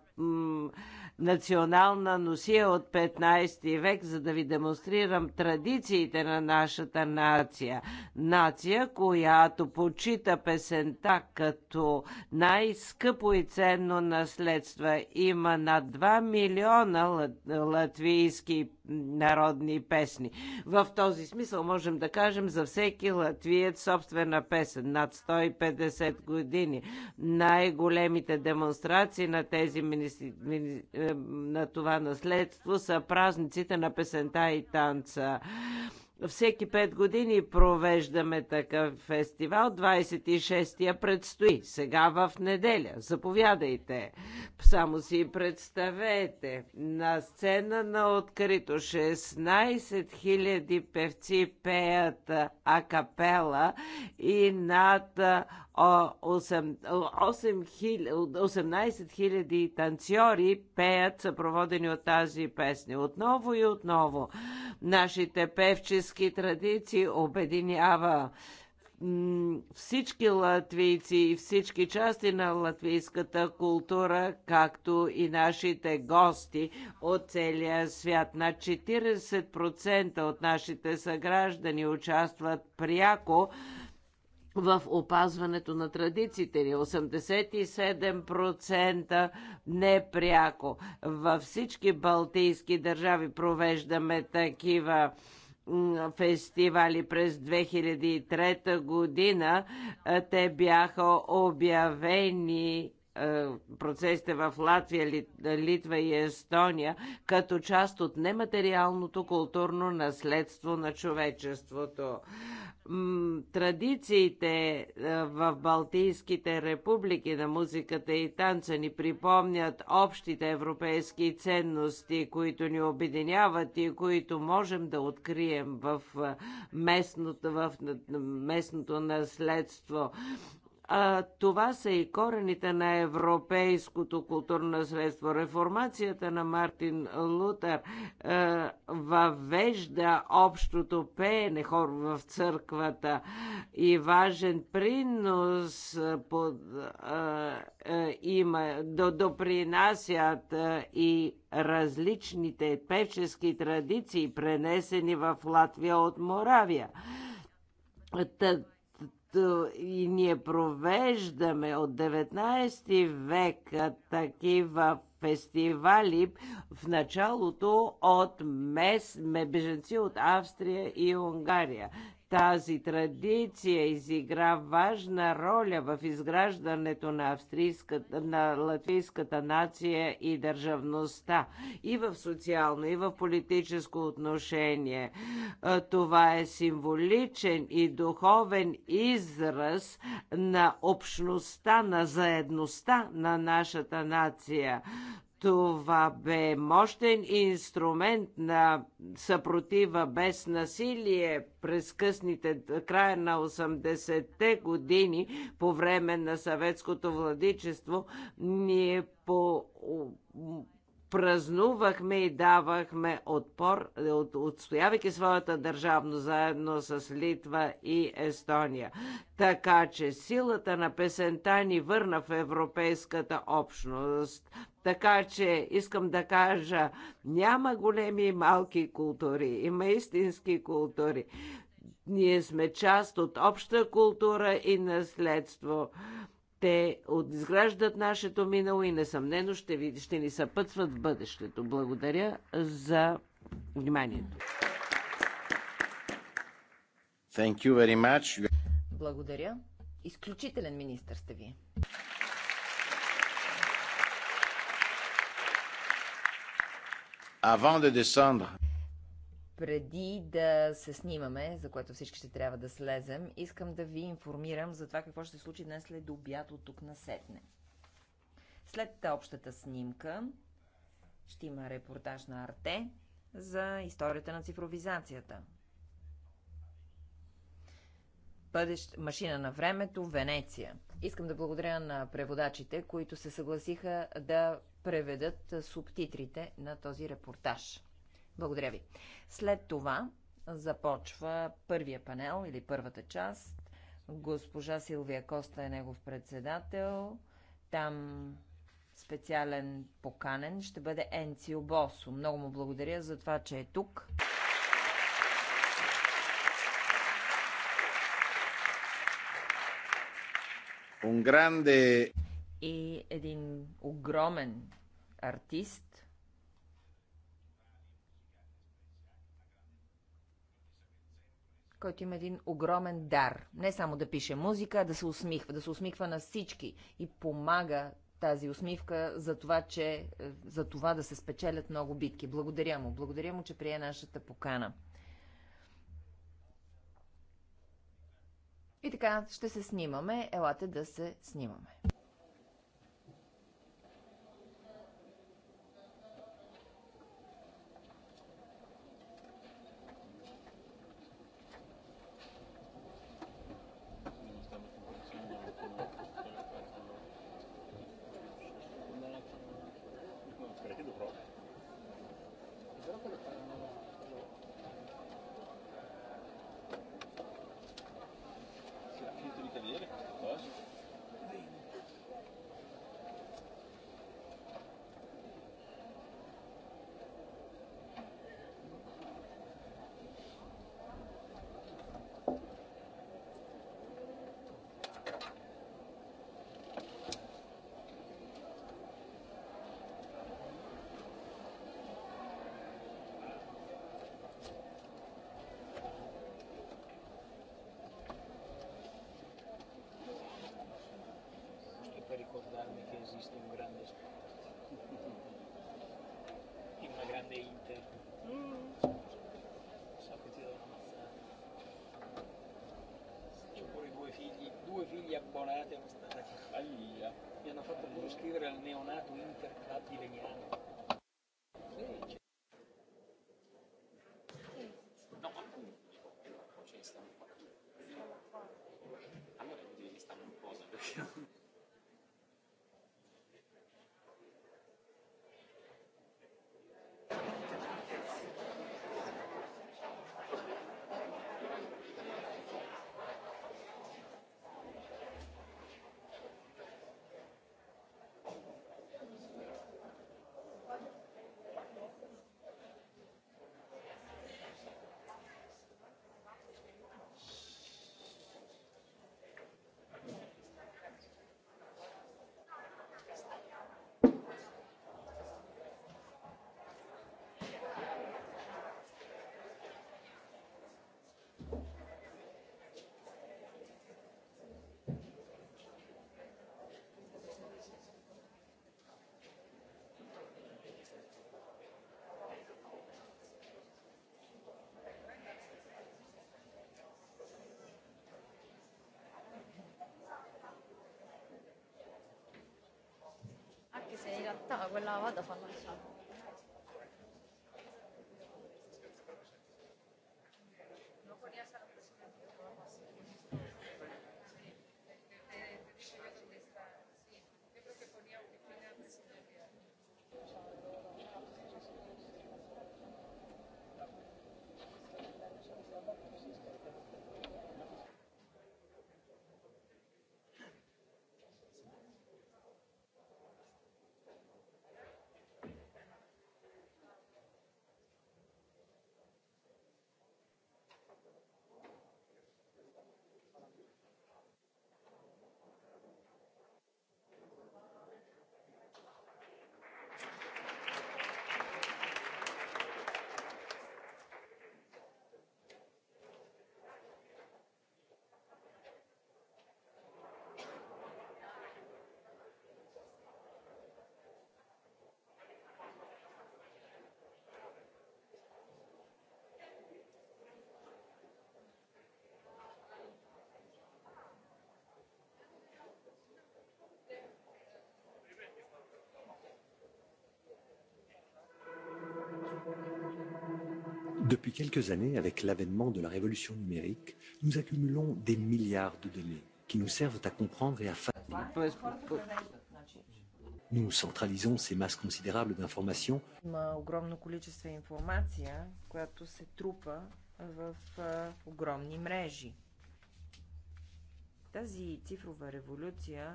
национална носия от 15 век, за да ви демонстрирам традициите на нашата нация. Нация, която почита песента като най-скъпо и ценно наследство. Има над 2 милиона латвийски народни песни. В този смисъл можем да кажем за всеки латвиец собствена песен. Над 150 години най-големите демонстрации на тези мини... Мини... Е, на това наследство са празниците на песента и танца. Всеки 5 години провеждаме такъв фестивал. 26-я предстои. Сега в неделя. Заповядайте. Само си представете. На сцена на открито 16 000 певци пеят акапела и над 18 хиляди танцори пеят съпроводени от тази песни. Отново и отново нашите певчески традиции обединява всички латвийци и всички части на латвийската култура, както и нашите гости от целия свят. На 40% от нашите съграждани участват пряко в опазването на традициите ни. 87% непряко. Във всички балтийски държави провеждаме такива фестивали през 2003 година. Те бяха обявени е, процесите в Латвия, Литва и Естония като част от нематериалното културно наследство на човечеството. Традициите е, в Балтийските републики на музиката и танца ни припомнят общите европейски ценности, които ни обединяват и които можем да открием в е, местното, в местното наследство. А, това са и корените на европейското културно наследство. Реформацията на Мартин Лутер е, въвежда общото пеене хор в църквата и важен принос под, а, е, а, е, има, до, допринасят а, и различните певчески традиции, пренесени в Латвия от Моравия и ние провеждаме от 19 век такива фестивали в началото от мес, беженци от Австрия и Унгария. Тази традиция изигра важна роля в изграждането на, австрийската, на латвийската нация и държавността и в социално, и в политическо отношение. Това е символичен и духовен израз на общността, на заедността на нашата нация. Това бе мощен инструмент на съпротива без насилие през късните края на 80-те години по време на съветското владичество. Ние по празнувахме и давахме отпор, от, отстоявайки своята държавно заедно с Литва и Естония. Така че силата на песента ни върна в европейската общност. Така че искам да кажа, няма големи и малки култури, има истински култури. Ние сме част от обща култура и наследство. Те отизграждат нашето минало и несъмнено ще, ви, ще ни съпътстват в бъдещето. Благодаря за вниманието. Thank you very much. Благодаря. Изключителен министр сте вие. Avant de descendre преди да се снимаме, за което всички ще трябва да слезем, искам да ви информирам за това какво ще се случи днес след обяд от тук на сетне. След общата снимка ще има репортаж на Арте за историята на цифровизацията. Бъдещ, машина на времето, Венеция. Искам да благодаря на преводачите, които се съгласиха да преведат субтитрите на този репортаж. Благодаря ви. След това започва първия панел или първата част. Госпожа Силвия Коста е негов председател. Там специален поканен ще бъде Енцио Босо. Много му благодаря за това, че е тук. Un grande... И един огромен артист, който има един огромен дар. Не само да пише музика, а да се усмихва, да се усмихва на всички и помага тази усмивка за това, че, е, за това да се спечелят много битки. Благодаря му. Благодаря му, че прие нашата покана. И така, ще се снимаме. Елате да се снимаме. realtà quella vado a farla Depuis quelques années, avec l'avènement de la révolution numérique, nous accumulons des milliards de données qui nous servent à comprendre et à... Nous centralisons ces masses considérables d'informations. Тази цифрова революция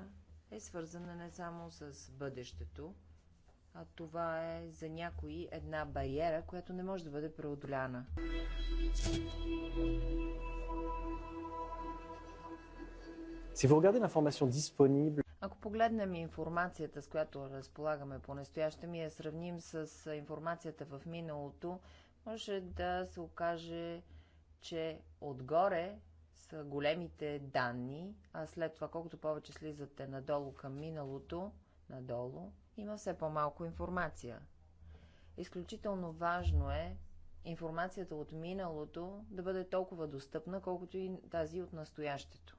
е свързана не само с бъдещето, а това е за някои една бариера, която не може да бъде преодоляна. Ако погледнем информацията, с която разполагаме по-настоящем ми я сравним с информацията в миналото, може да се окаже, че отгоре са големите данни, а след това колкото повече слизате надолу към миналото, надолу, има все по-малко информация. Изключително важно е информацията от миналото да бъде толкова достъпна, колкото и тази от настоящето.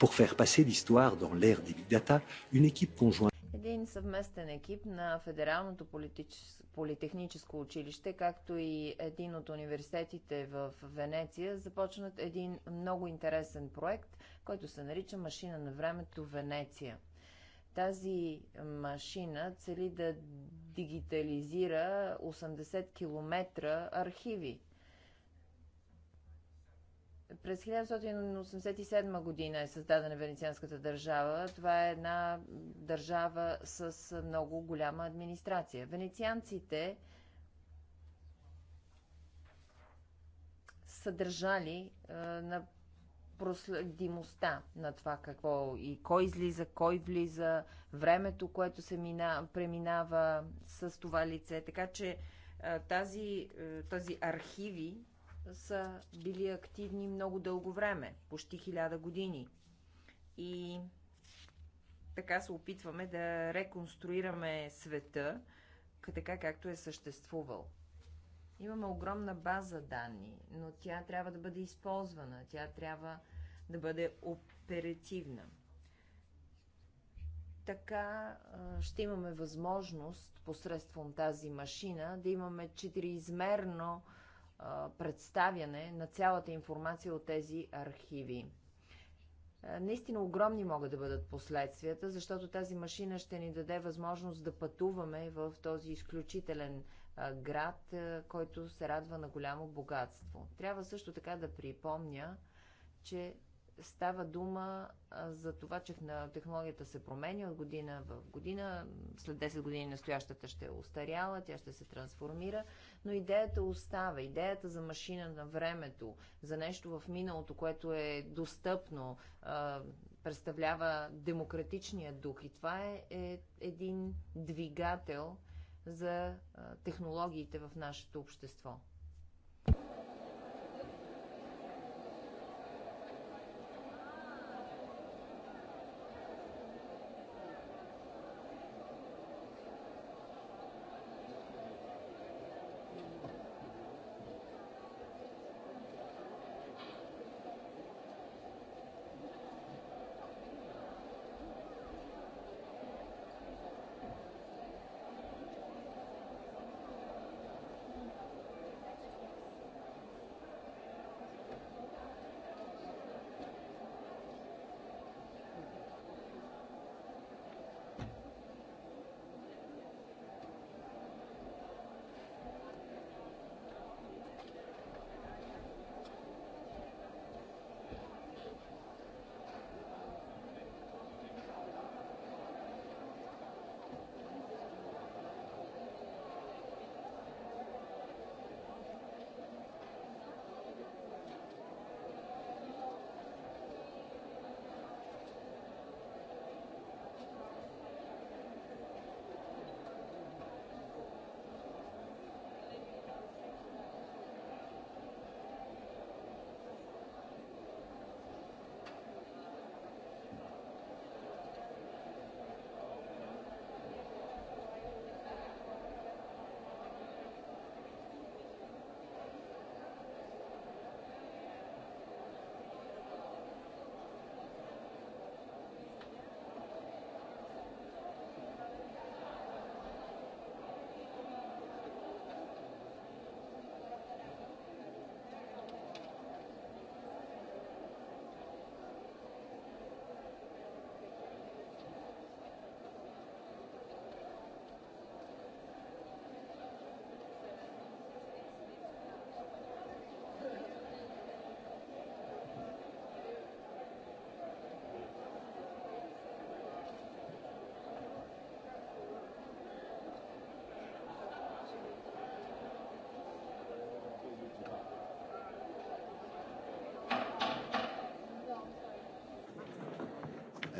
Pour faire passer l'histoire dans l'ère des big data, une équipe conjointe един съвместен екип на Федералното политич... политехническо училище, както и един от университетите в Венеция, започнат един много интересен проект, който се нарича Машина на времето Венеция. Тази машина цели да дигитализира 80 км архиви през 1987 година е създадена Венецианската държава. Това е една държава с много голяма администрация. Венецианците са държали е, на проследимостта на това какво и кой излиза, кой влиза, времето, което се мина, преминава с това лице. Така че тази, тази архиви са били активни много дълго време, почти хиляда години. И така се опитваме да реконструираме света, така както е съществувал. Имаме огромна база данни, но тя трябва да бъде използвана, тя трябва да бъде оперативна. Така ще имаме възможност посредством тази машина да имаме четириизмерно представяне на цялата информация от тези архиви. Наистина огромни могат да бъдат последствията, защото тази машина ще ни даде възможност да пътуваме в този изключителен град, който се радва на голямо богатство. Трябва също така да припомня, че става дума за това, че технологията се променя от година в година. След 10 години настоящата ще е устаряла, тя ще се трансформира, но идеята остава. Идеята за машина на времето, за нещо в миналото, което е достъпно, представлява демократичния дух. И това е, е един двигател за технологиите в нашето общество.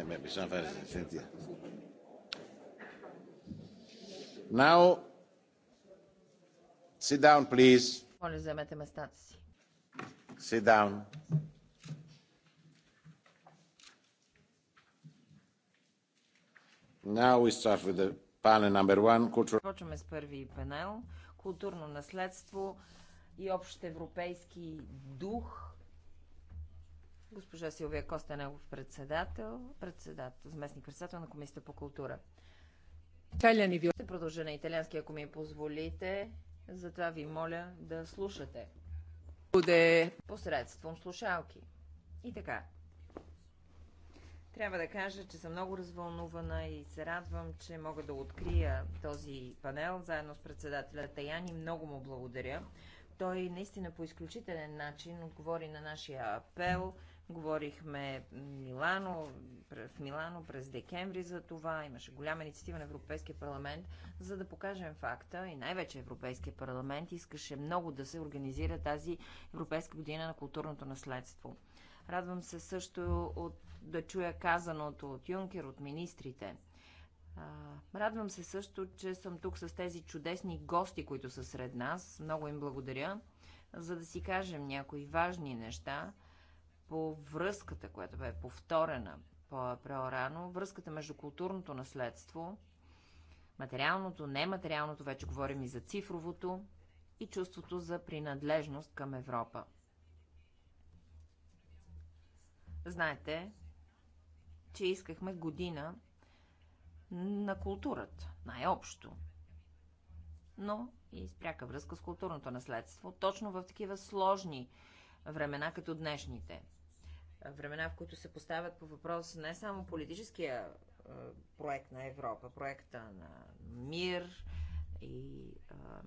eh beh, bisogna fare sentire. Now, sit down, please. Моля, вземете местата си. Sit down. Now we start with the panel number one, cultural... Почваме с първи панел. Културно наследство и общ европейски дух госпожа Силвия Коста, е негов председател, председател, заместник председател на Комисията по култура. Ще продължа на италиански, ако ми позволите. Затова ви моля да слушате. Посредством слушалки. И така. Трябва да кажа, че съм много развълнувана и се радвам, че мога да открия този панел заедно с председателя Таяни. Много му благодаря. Той наистина по изключителен начин отговори на нашия апел Говорихме Милано, в Милано през декември за това. Имаше голяма инициатива на Европейския парламент, за да покажем факта и най-вече Европейския парламент искаше много да се организира тази Европейска година на културното наследство. Радвам се също от, да чуя казаното от Юнкер, от министрите. А, радвам се също, че съм тук с тези чудесни гости, които са сред нас. Много им благодаря, за да си кажем някои важни неща по връзката, която бе повторена по-рано, връзката между културното наследство, материалното, нематериалното, вече говорим и за цифровото, и чувството за принадлежност към Европа. Знаете, че искахме година на културата, най-общо, но и спряка връзка с културното наследство, точно в такива сложни времена като днешните – времена, в които се поставят по въпрос не само политическия е, проект на Европа, проекта на мир и а, е,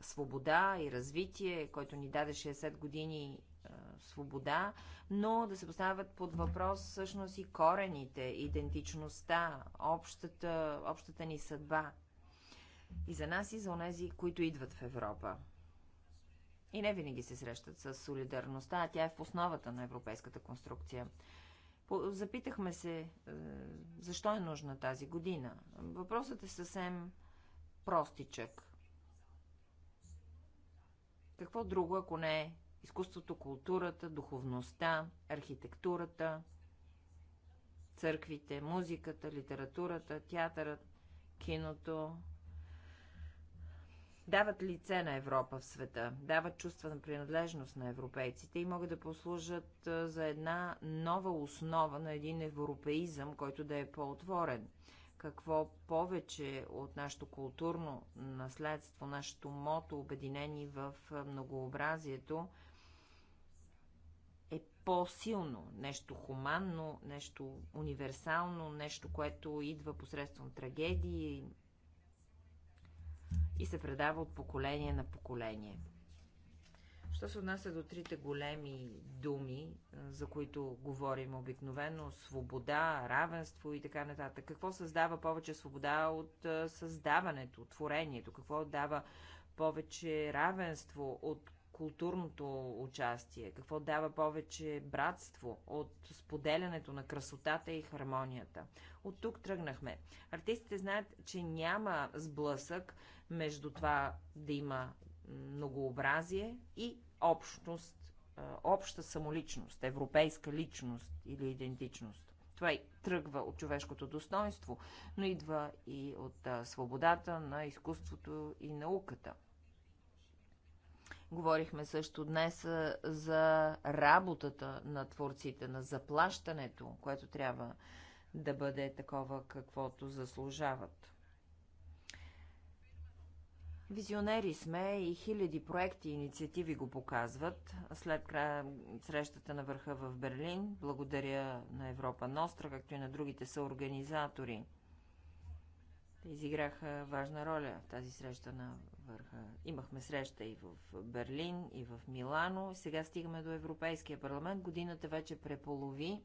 свобода и развитие, който ни даде 60 години а, е, свобода, но да се поставят под въпрос всъщност и корените, идентичността, общата, общата ни съдба. И за нас, и за онези, които идват в Европа и не винаги се срещат с солидарността, а тя е в основата на европейската конструкция. Запитахме се, е, защо е нужна тази година. Въпросът е съвсем простичък. Какво друго, ако не е изкуството, културата, духовността, архитектурата, църквите, музиката, литературата, театърът, киното, дават лице на Европа в света, дават чувства на принадлежност на европейците и могат да послужат за една нова основа на един европеизъм, който да е по-отворен. Какво повече от нашето културно наследство, нашето мото, обединени в многообразието, е по-силно, нещо хуманно, нещо универсално, нещо, което идва посредством трагедии, и се предава от поколение на поколение. Що се отнася до трите големи думи, за които говорим обикновено свобода, равенство и така нататък, какво създава повече свобода от създаването, от творението? Какво дава повече равенство от културното участие, какво дава повече братство от споделянето на красотата и хармонията. От тук тръгнахме. Артистите знаят, че няма сблъсък между това да има многообразие и общност, обща самоличност, европейска личност или идентичност. Това и тръгва от човешкото достоинство, но идва и от свободата на изкуството и науката – Говорихме също днес за работата на творците, на заплащането, което трябва да бъде такова, каквото заслужават. Визионери сме и хиляди проекти и инициативи го показват. След края срещата на върха в Берлин, благодаря на Европа Ностра, както и на другите съорганизатори. Те изиграха важна роля в тази среща на върха. Имахме среща и в Берлин, и в Милано. Сега стигаме до Европейския парламент. Годината вече преполови.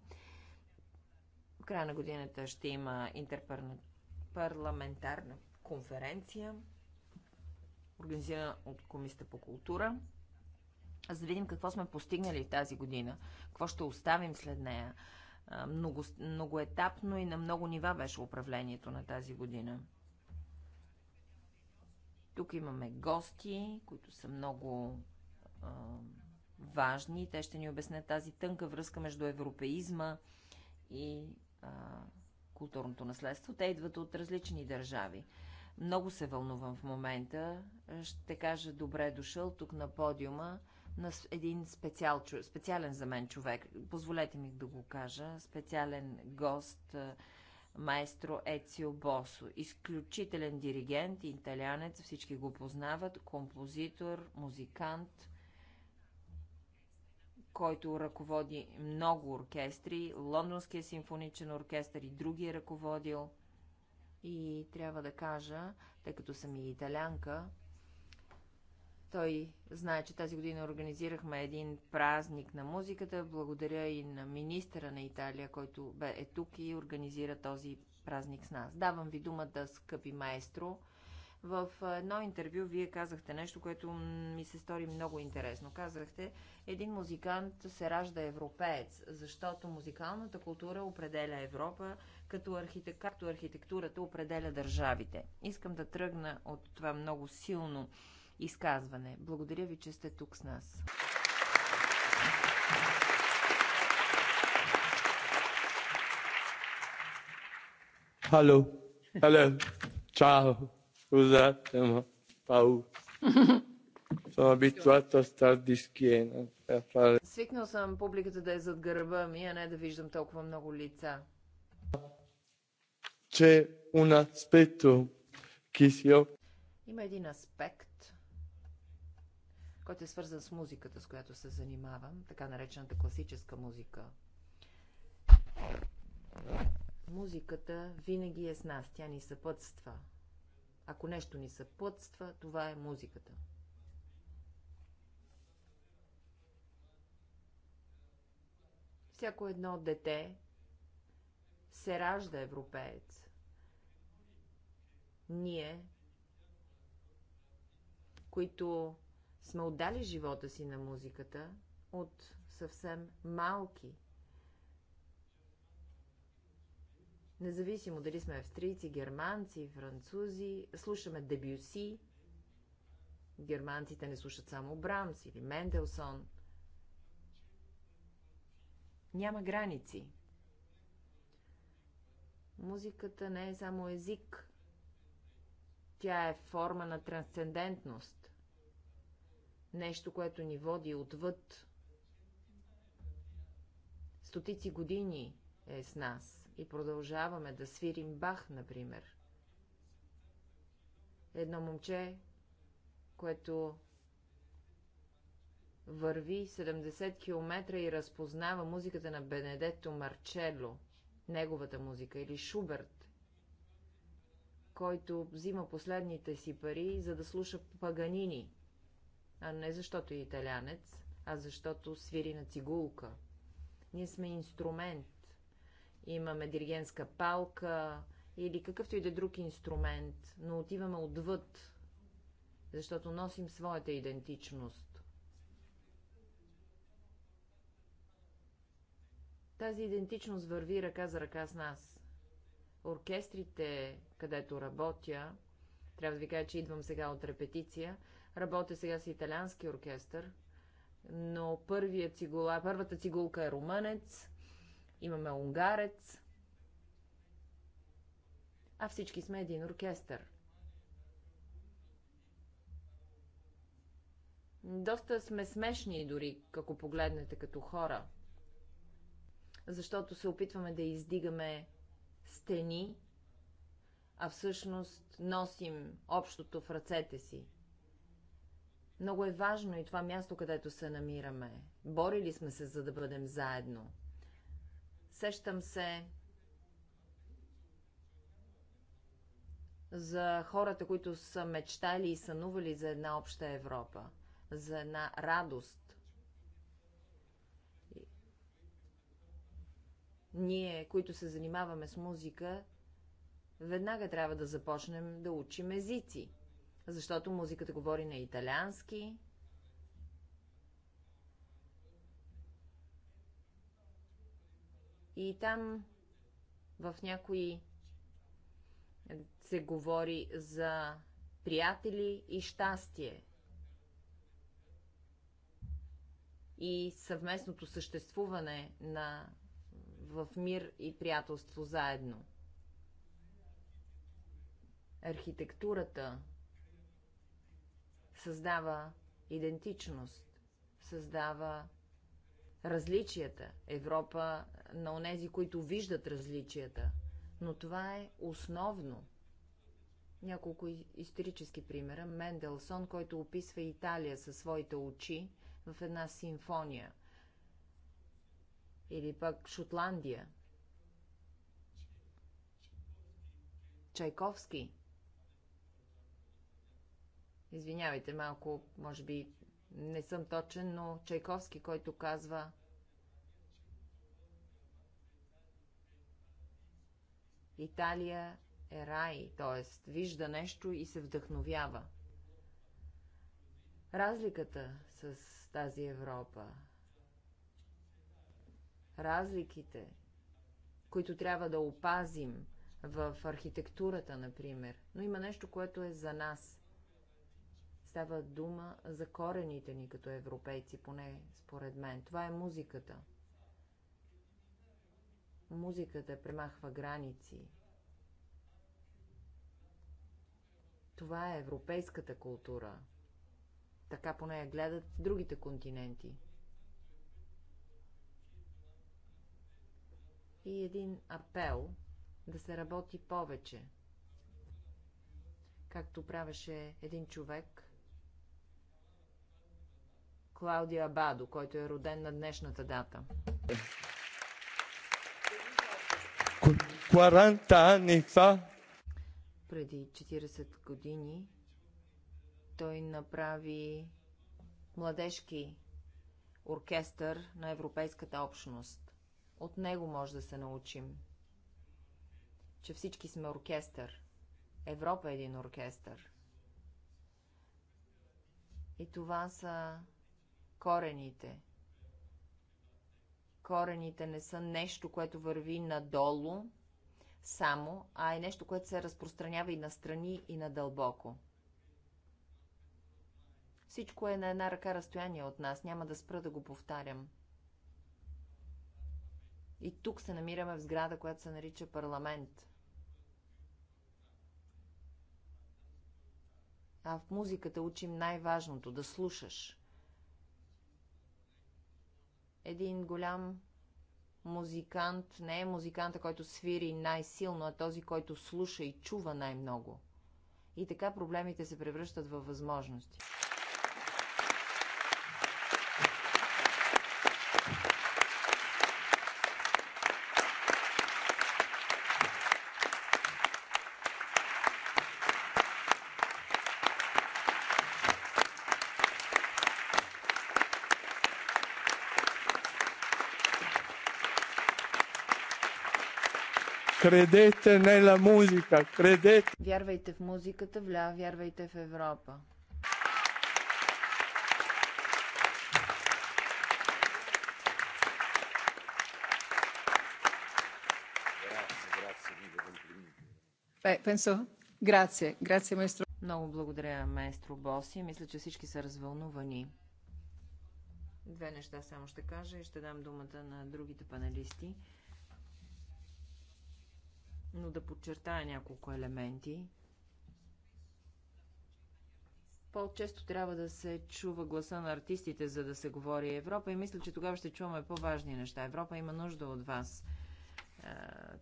В края на годината ще има интерпарламентарна конференция, организирана от Комисията по култура, за да видим какво сме постигнали тази година, какво ще оставим след нея. Много, многоетапно и на много нива беше управлението на тази година. Тук имаме гости, които са много а, важни. Те ще ни обяснят тази тънка връзка между европеизма и а, културното наследство. Те идват от различни държави. Много се вълнувам в момента. Ще кажа добре дошъл тук на подиума на един специал, специален за мен човек. Позволете ми да го кажа. Специален гост майстро Ецио Босо. Изключителен диригент, италянец, всички го познават, композитор, музикант, който ръководи много оркестри. Лондонския симфоничен оркестър и други е ръководил. И трябва да кажа, тъй като съм и италянка, той знае, че тази година организирахме един празник на музиката. Благодаря и на министъра на Италия, който е тук и организира този празник с нас. Давам ви думата, скъпи маестро. В едно интервю вие казахте нещо, което ми се стори много интересно. Казахте, един музикант се ражда европеец, защото музикалната култура определя Европа, като архитек... както архитектурата определя държавите. Искам да тръгна от това много силно изказване. Благодаря ви, че сте тук с нас. Hello. Hello. Ciao. Scusate, ma paura. Sono abituato a star di schiena. E fare... Свикнал съм публиката да е зад гърба ми, а не да виждам толкова много лица. C'è un aspetto Има един аспект, който е свързан с музиката, с която се занимавам, така наречената класическа музика. Музиката винаги е с нас, тя ни съпътства. Ако нещо ни съпътства, това е музиката. Всяко едно дете се ражда европеец. Ние, които сме отдали живота си на музиката от съвсем малки. Независимо дали сме австрийци, германци, французи, слушаме Дебюси. Германците не слушат само Брамс или Менделсон. Няма граници. Музиката не е само език. Тя е форма на трансцендентност нещо, което ни води отвъд стотици години е с нас и продължаваме да свирим Бах, например. Едно момче, което върви 70 км и разпознава музиката на Бенедетто Марчело, неговата музика, или Шуберт, който взима последните си пари, за да слуша Паганини а не защото е италянец, а защото свири на цигулка. Ние сме инструмент. Имаме диригентска палка или какъвто и да е друг инструмент, но отиваме отвъд, защото носим своята идентичност. Тази идентичност върви ръка за ръка с нас. Оркестрите, където работя, трябва да ви кажа, че идвам сега от репетиция, Работя сега с италиански оркестър, но първия цигула, първата цигулка е румънец, имаме унгарец, а всички сме един оркестър. Доста сме смешни дори, ако погледнете като хора, защото се опитваме да издигаме стени, а всъщност носим общото в ръцете си – много е важно и това място, където се намираме. Борили сме се, за да бъдем заедно. Сещам се за хората, които са мечтали и сънували за една обща Европа, за една радост. Ние, които се занимаваме с музика, веднага трябва да започнем да учим езици – защото музиката говори на италиански. И там в някои се говори за приятели и щастие. И съвместното съществуване на, в мир и приятелство заедно. Архитектурата създава идентичност, създава различията. Европа на онези, които виждат различията. Но това е основно. Няколко исторически примера. Менделсон, който описва Италия със своите очи в една симфония. Или пък Шотландия. Чайковски – Извинявайте, малко, може би не съм точен, но Чайковски, който казва Италия е рай, т.е. вижда нещо и се вдъхновява. Разликата с тази Европа, разликите, които трябва да опазим в архитектурата, например, но има нещо, което е за нас – Става дума за корените ни като европейци, поне според мен. Това е музиката. Музиката премахва граници. Това е европейската култура. Така поне я гледат другите континенти. И един апел да се работи повече. Както правеше един човек, Клаудия Бадо, който е роден на днешната дата. 40 Преди 40 години той направи младежки оркестър на Европейската общност. От него може да се научим, че всички сме оркестър. Европа е един оркестър. И това са корените. Корените не са нещо, което върви надолу само, а е нещо, което се разпространява и на страни, и на дълбоко. Всичко е на една ръка разстояние от нас, няма да спра да го повтарям. И тук се намираме в сграда, която се нарича парламент. А в музиката учим най-важното – да слушаш един голям музикант не е музиканта, който свири най-силно, а този, който слуша и чува най-много. И така проблемите се превръщат във възможности. Credete nella musica, credete. Вярвайте в музиката, вля, вярвайте в Европа. Е, пенсо, грация, грация, маестро. Много благодаря, маестро Боси. Мисля, че всички са развълнувани. Две неща само ще кажа и ще дам думата на другите панелисти но да подчертая няколко елементи. По-често трябва да се чува гласа на артистите, за да се говори Европа и мисля, че тогава ще чуваме по-важни неща. Европа има нужда от вас.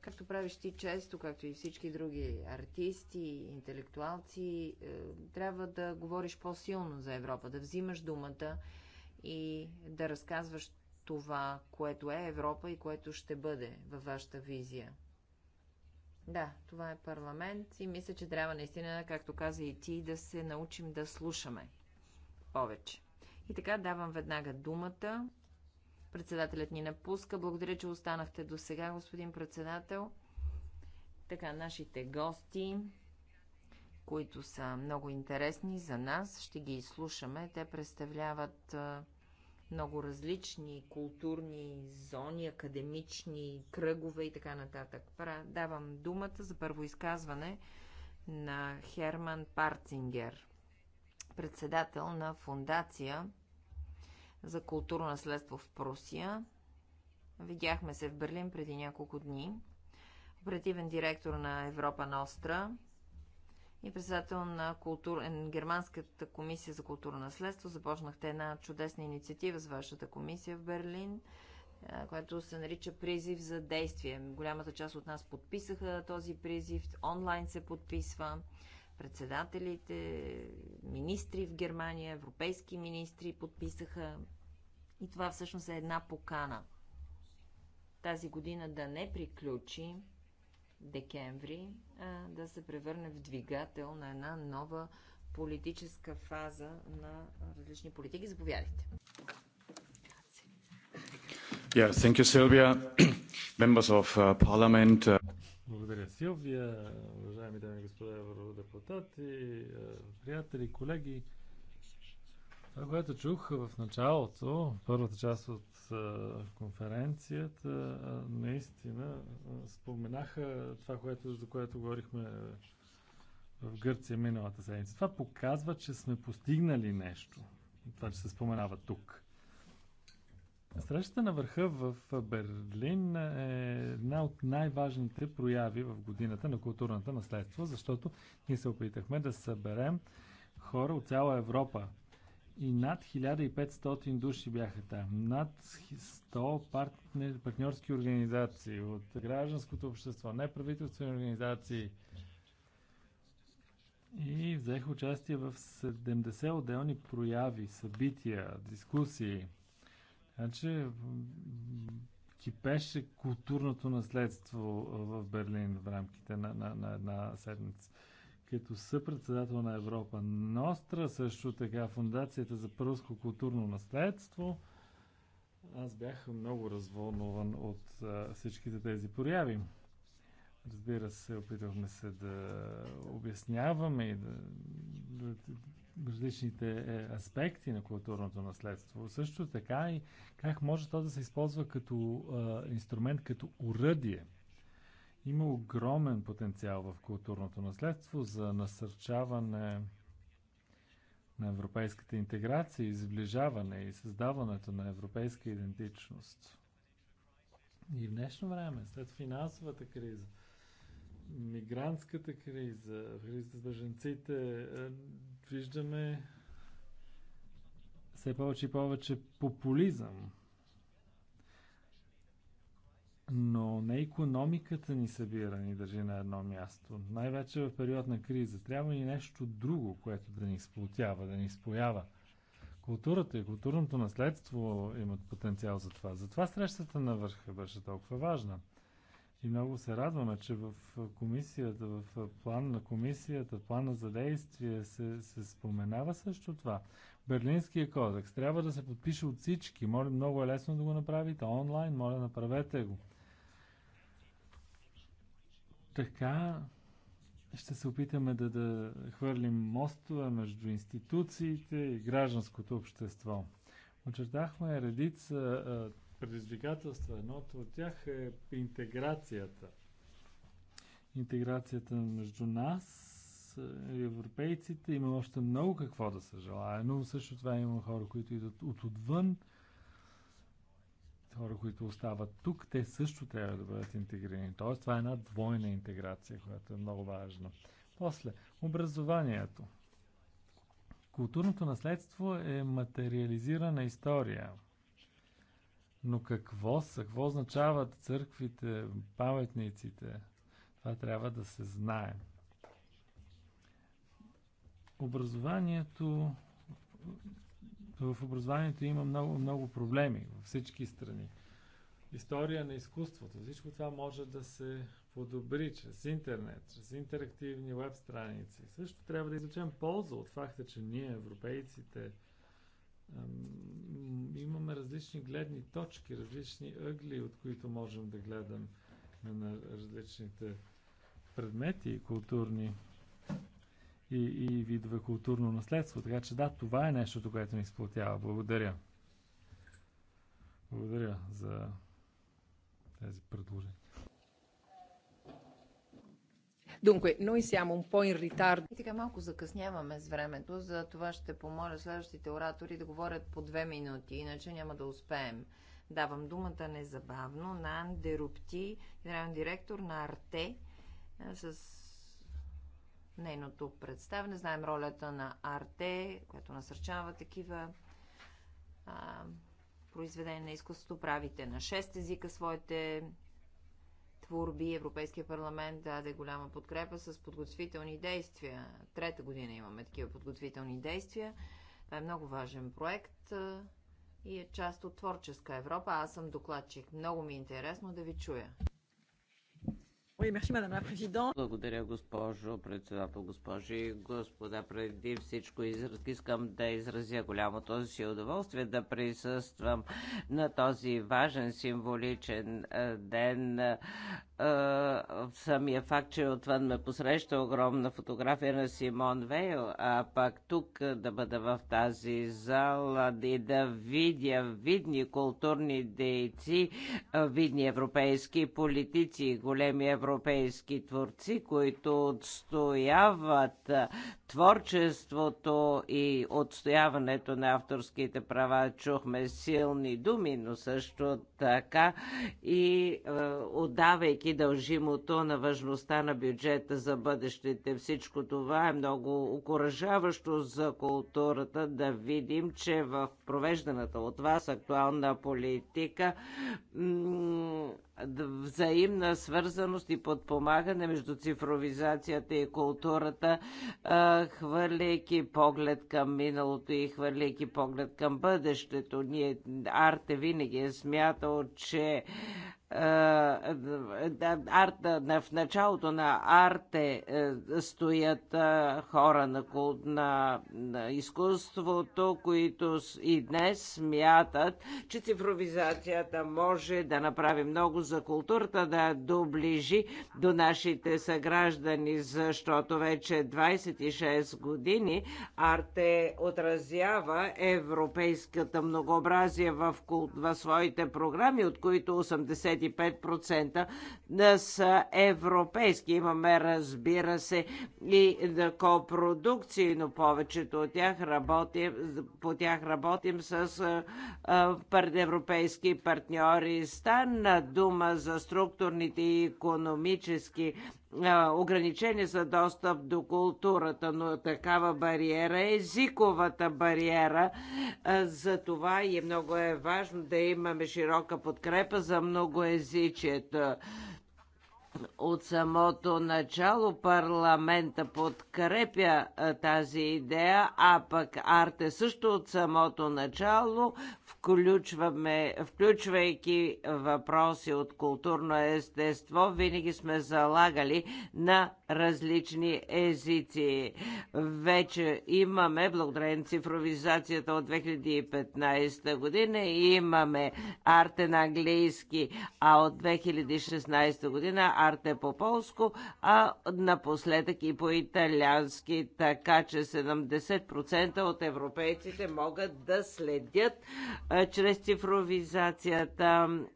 Както правиш ти често, както и всички други артисти, интелектуалци, е, трябва да говориш по-силно за Европа, да взимаш думата и да разказваш това, което е Европа и което ще бъде във вашата визия. Да, това е парламент и мисля, че трябва наистина, както каза и ти, да се научим да слушаме повече. И така давам веднага думата. Председателят ни напуска. Благодаря, че останахте до сега, господин председател. Така, нашите гости, които са много интересни за нас, ще ги изслушаме. Те представляват много различни културни зони, академични кръгове и така нататък. Давам думата за първо изказване на Херман Парцингер, председател на Фундация за културно наследство в Прусия. Видяхме се в Берлин преди няколко дни. Оперативен директор на Европа Ностра и председател на култур... Е, Германската комисия за културно наследство. Започнахте една чудесна инициатива с вашата комисия в Берлин, която се нарича призив за действие. Голямата част от нас подписаха този призив, онлайн се подписва. Председателите, министри в Германия, европейски министри подписаха. И това всъщност е една покана. Тази година да не приключи декември а, да се превърне в двигател на една нова политическа фаза на различни политики. Заповядайте. Yeah, thank you, Sylvia. Members of uh, Parliament. Uh, Благодаря, Силвия, уважаеми дами и господа евродепутати, приятели, колеги. Това, което чух в началото, първата част от конференцията, наистина споменаха това, което, за което говорихме в Гърция миналата седмица. Това показва, че сме постигнали нещо. Това, че се споменава тук. Срещата на върха в Берлин е една от най-важните прояви в годината на културната наследство, защото ние се опитахме да съберем хора от цяла Европа, и над 1500 души бяха там. Над 100 партнер, партньорски организации от гражданското общество, неправителствени организации. И взех участие в 70 отделни прояви, събития, дискусии. Значи кипеше културното наследство в Берлин в рамките на, на, на една седмица като съпредседател на Европа Ностра, също така Фундацията за пръско културно наследство. Аз бях много развълнуван от а, всичките тези прояви. Разбира се, опитахме се да обясняваме и да, да различните е, аспекти на културното наследство. Също така и как може то да се използва като а, инструмент, като уръдие – има огромен потенциал в културното наследство за насърчаване на европейската интеграция, изближаване и създаването на европейска идентичност. И в днешно време, след финансовата криза, мигрантската криза, криза с беженците, е, виждаме все повече и повече популизъм но не економиката ни събира ни държи на едно място. Най-вече в период на криза. Трябва ни нещо друго, което да ни сплотява, да ни споява. Културата и културното наследство имат потенциал за това. Затова срещата на върха беше толкова важна. И много се радваме, че в комисията, в план на комисията, плана за действие се, се споменава също това. Берлинския кодекс трябва да се подпише от всички. Моля, много е лесно да го направите онлайн, моля, направете го така ще се опитаме да, да хвърлим мостове между институциите и гражданското общество. Очертахме редица предизвикателства. Едното от тях е интеграцията. Интеграцията между нас и европейците. Има още много какво да се желая, но също това има хора, които идват от отвън. От хора, които остават тук, те също трябва да бъдат интегрирани. Тоест, това е една двойна интеграция, която е много важна. После, образованието. Културното наследство е материализирана история. Но какво са? Какво означават църквите, паметниците? Това трябва да се знае. Образованието в образованието има много, много проблеми във всички страни. История на изкуството. Всичко това може да се подобри чрез интернет, чрез интерактивни веб страници. Също трябва да изучем полза от факта, че ние, европейците, имаме различни гледни точки, различни ъгли, от които можем да гледам на различните предмети културни и, и видове културно наследство. Така че да, това е нещото, което ни сплотява. Благодаря. Благодаря за тези предложения. Дунко, но и un po' in ritardo. И така малко закъсняваме с времето, за това ще помоля следващите оратори да говорят по две минути, иначе няма да успеем. Давам думата незабавно на андерупти, генерален директор на Арте, с нейното представяне. Знаем ролята на Арте, която насърчава такива а, произведения на изкуството. Правите на шест езика своите творби. Европейския парламент даде голяма подкрепа с подготвителни действия. Трета година имаме такива подготвителни действия. Това е много важен проект и е част от Творческа Европа. Аз съм докладчик. Много ми е интересно да ви чуя. Благодаря, госпожо председател, госпожи и господа. Преди всичко искам да изразя голямото си удоволствие да присъствам на този важен символичен ден е, самия факт, че отвън ме посреща огромна фотография на Симон Вейл, а пак тук е, да бъда в тази зала и да видя видни културни дейци, е, видни европейски политици, големи европейски творци, които отстояват творчеството и отстояването на авторските права. Чухме силни думи, но също така и отдавайки въпреки дължимото на важността на бюджета за бъдещите. Всичко това е много окоръжаващо за културата да видим, че в провежданата от вас актуална политика взаимна свързаност и подпомагане между цифровизацията и културата, хвърляйки поглед към миналото и хвърляйки поглед към бъдещето. Ние, арте винаги е смятал, че арта, в началото на арте е, стоят е, хора на, на, на изкуството, които и днес смятат, че цифровизацията може да направи много за културата, да доближи до нашите съграждани, защото вече 26 години арте отразява европейската многообразие в, в своите програми, от които 80 75% са европейски. Имаме, разбира се, и копродукции, но повечето от тях работим, по тях работим с европейски партньори. Стана дума за структурните и економически ограничени за достъп до културата, но такава бариера е езиковата бариера. За това и е много е важно да имаме широка подкрепа за многоезичието. От самото начало парламента подкрепя тази идея, а пък Арте също от самото начало включваме, включвайки въпроси от културно естество, винаги сме залагали на различни езици. Вече имаме, благодарение цифровизацията от 2015 година, имаме арте на английски, а от 2016 година арте по полско, а напоследък и по италиански, така че 70% от европейците могат да следят а, чрез цифровизацията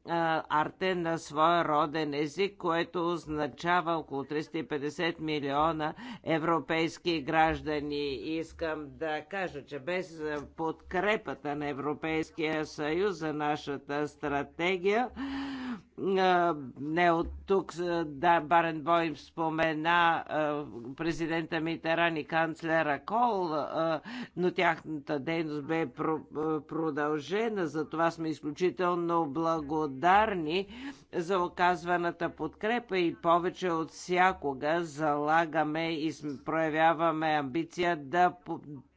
а, арте на своя роден език, което означава около 350 50 милиона европейски граждани. Искам да кажа, че без подкрепата на Европейския съюз за нашата стратегия, не от тук да, Барен Бойм спомена президента Митеран и канцлера Кол, но тяхната дейност бе продължена, за това сме изключително благодарни за оказваната подкрепа и повече от всякога залагаме и проявяваме амбиция да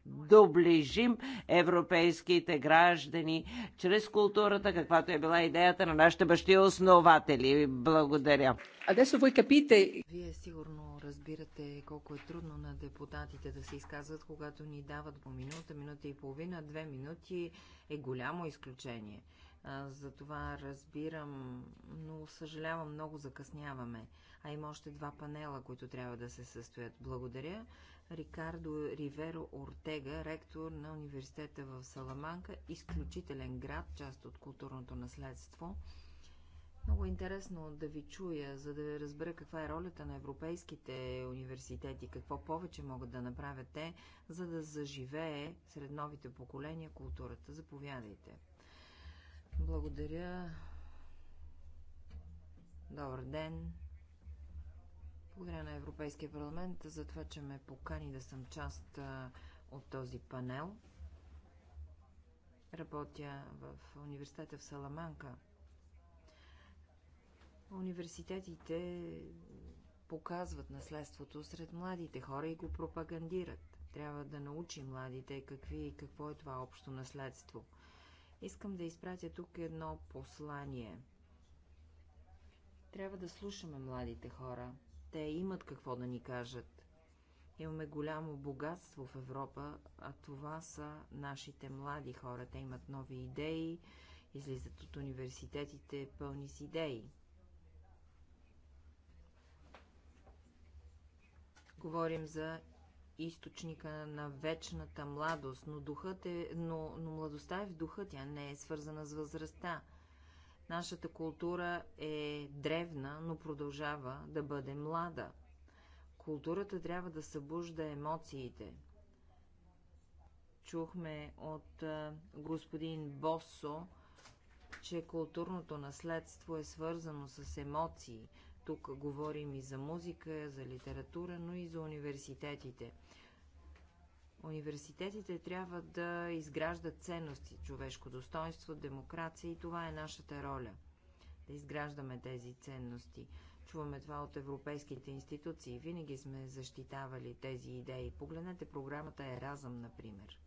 доближим европейските граждани чрез културата, каквато е била идеята на нашите бащи основатели. Благодаря. Адесо voi capite. Вие сигурно разбирате колко е трудно на депутатите да се изказват, когато ни дават по минута, минута и половина, две минути е голямо изключение. За това разбирам, но съжалявам, много закъсняваме. А има още два панела, които трябва да се състоят. Благодаря. Рикардо Риверо Ортега, ректор на университета в Саламанка, изключителен град, част от културното наследство. Много е интересно да ви чуя, за да разбера каква е ролята на европейските университети, какво повече могат да направят те, за да заживее сред новите поколения културата. Заповядайте. Благодаря. Добър ден. Благодаря на Европейския парламент за това, че ме покани да съм част от този панел. Работя в университета в Саламанка. Университетите показват наследството сред младите хора и го пропагандират. Трябва да научи младите какви и какво е това общо наследство. Искам да изпратя тук едно послание. Трябва да слушаме младите хора. Те имат какво да ни кажат. Имаме голямо богатство в Европа, а това са нашите млади хора. Те имат нови идеи, излизат от университетите пълни с идеи. Говорим за източника на вечната младост, но, духът е, но, но младостта е в духа, тя не е свързана с възрастта. Нашата култура е древна, но продължава да бъде млада. Културата трябва да събужда емоциите. Чухме от а, господин Босо, че културното наследство е свързано с емоции. Тук говорим и за музика, за литература, но и за университетите. Университетите трябва да изграждат ценности, човешко достоинство, демокрация и това е нашата роля. Да изграждаме тези ценности. Чуваме това от европейските институции. Винаги сме защитавали тези идеи. Погледнете програмата разъм, например.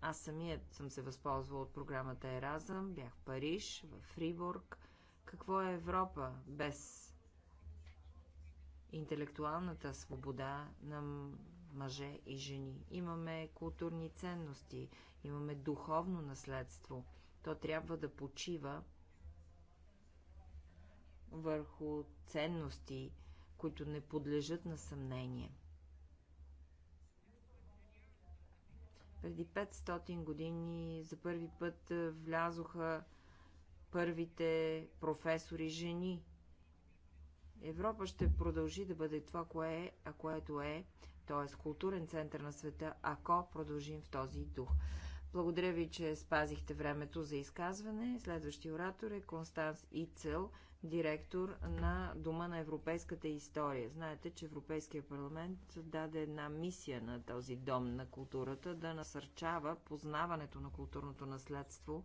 Аз самият съм се възползвал от програмата Еразъм, бях в Париж, в Фрибург. Какво е Европа без интелектуалната свобода на мъже и жени. Имаме културни ценности, имаме духовно наследство. То трябва да почива върху ценности, които не подлежат на съмнение. Преди 500 години за първи път влязоха първите професори жени Европа ще продължи да бъде това, кое е, а което е, т.е. културен център на света, ако продължим в този дух. Благодаря ви, че спазихте времето за изказване. Следващия оратор е Констанс Ицел, директор на Дома на европейската история. Знаете, че Европейския парламент даде една мисия на този дом на културата да насърчава познаването на културното наследство,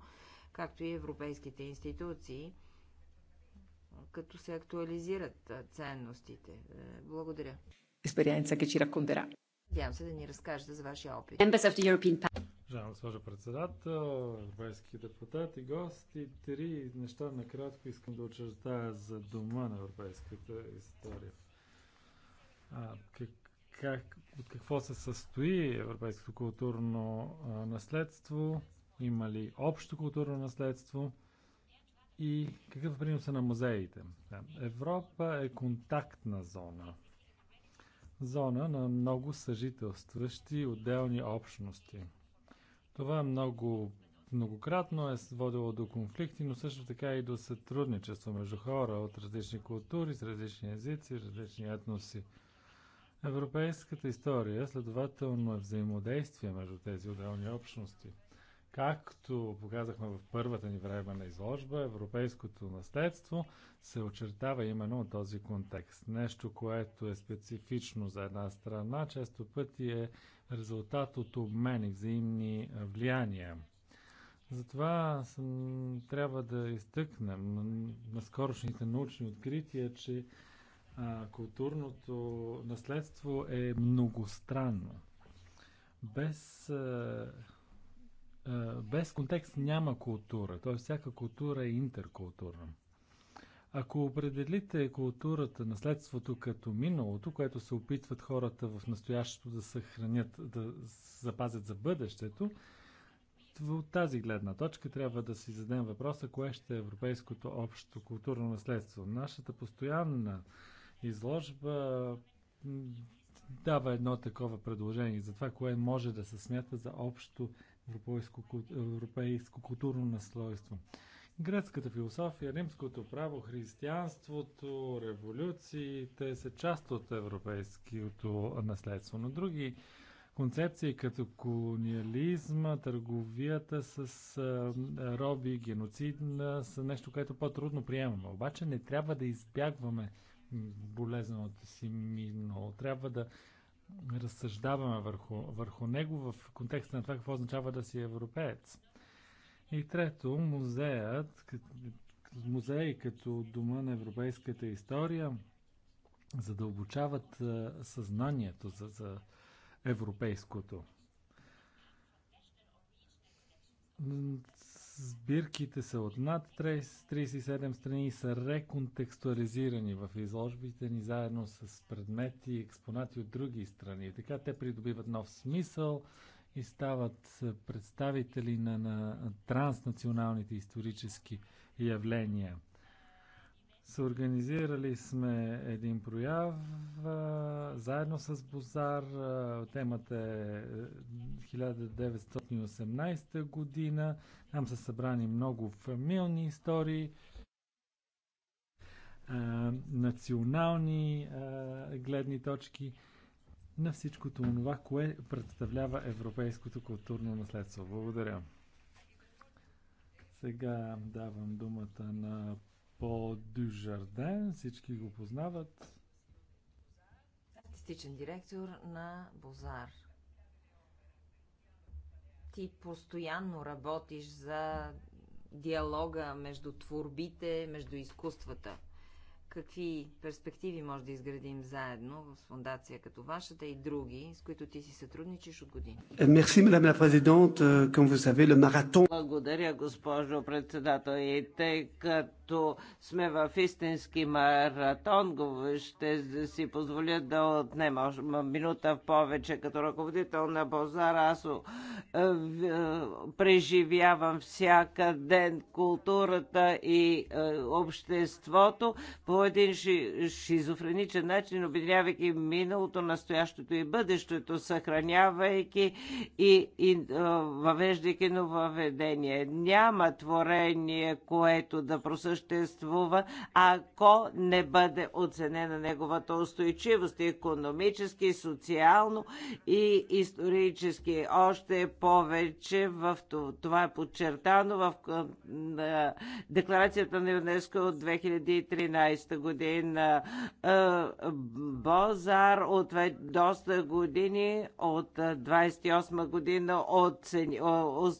както и европейските институции – като се актуализират ценностите. Е, благодаря. Експериенца, че разкондера. Надявам се да ни разкажете за вашия опит. Уважаема госпожо председател, европейски депутати, гости, три неща накратко искам да очертая за дома на европейската история. А, как, как, от какво се състои европейското културно а, наследство? Има ли общо културно наследство? и какъв принос е на музеите? Европа е контактна зона. Зона на много съжителстващи отделни общности. Това е много многократно е водило до конфликти, но също така и до сътрудничество между хора от различни култури, с различни езици, различни етноси. Европейската история следователно е взаимодействие между тези отделни общности – Както показахме в първата ни време на изложба, европейското наследство се очертава именно от този контекст. Нещо, което е специфично за една страна, често пъти е резултат от обмен и взаимни влияния. Затова съм, трябва да изтъкнем на скорошните научни открития, че а, културното наследство е многостранно. Без а, е, без контекст няма култура, т.е. всяка култура е интеркултурна. Ако определите културата, наследството като миналото, което се опитват хората в настоящето да съхранят, да запазят за бъдещето, от тази гледна точка трябва да си зададем въпроса, кое ще е европейското общо културно наследство. Нашата постоянна изложба дава едно такова предложение за това, кое може да се смята за общо европейско, европейско културно наслойство. Гръцката философия, римското право, християнството, революциите са част от европейското наследство. Но други концепции като колониализма, търговията с а, роби, геноцид са нещо, което по-трудно приемаме. Обаче не трябва да избягваме болезненото си минало. Трябва да разсъждаваме върху, върху него в контекста на това какво означава да си европеец. И трето, музеят, музеи като Дома на европейската история задълбочават съзнанието за, за европейското. Сбирките са от над 37 страни и са реконтекстуализирани в изложбите ни заедно с предмети и експонати от други страни. Така те придобиват нов смисъл и стават представители на, на транснационалните исторически явления. Съорганизирали сме един прояв заедно с Бозар. Темата е 1918 е, година. Там са събрани много фамилни истории, национални гледни точки на всичкото това, кое представлява европейското културно наследство. Благодаря. Сега давам думата на по Дюжарден, всички го познават. Артистичен директор на Бозар. Ти постоянно работиш за диалога между творбите, между изкуствата какви перспективи може да изградим заедно в фундация като вашата и други, с които ти си сътрудничиш от години. Мерси, мадам ла президент. Comme vous savez, le marathon... Благодаря, госпожо председател. И тъй като сме в истински маратон, ще си позволя да отнема минута в повече. Като ръководител на Бозар. аз е, е, преживявам всяка ден културата и е, обществото по един ши, шизофреничен начин, обединявайки миналото, настоящото и бъдещето, съхранявайки и, и въвеждайки нововведение. Няма творение, което да просъществува, ако не бъде оценена неговата устойчивост економически, социално и исторически. Още повече в това е подчертано в Декларацията на ЮНЕСКО от 2013 2013 година. Е, Бозар от доста години, от 28 е, година,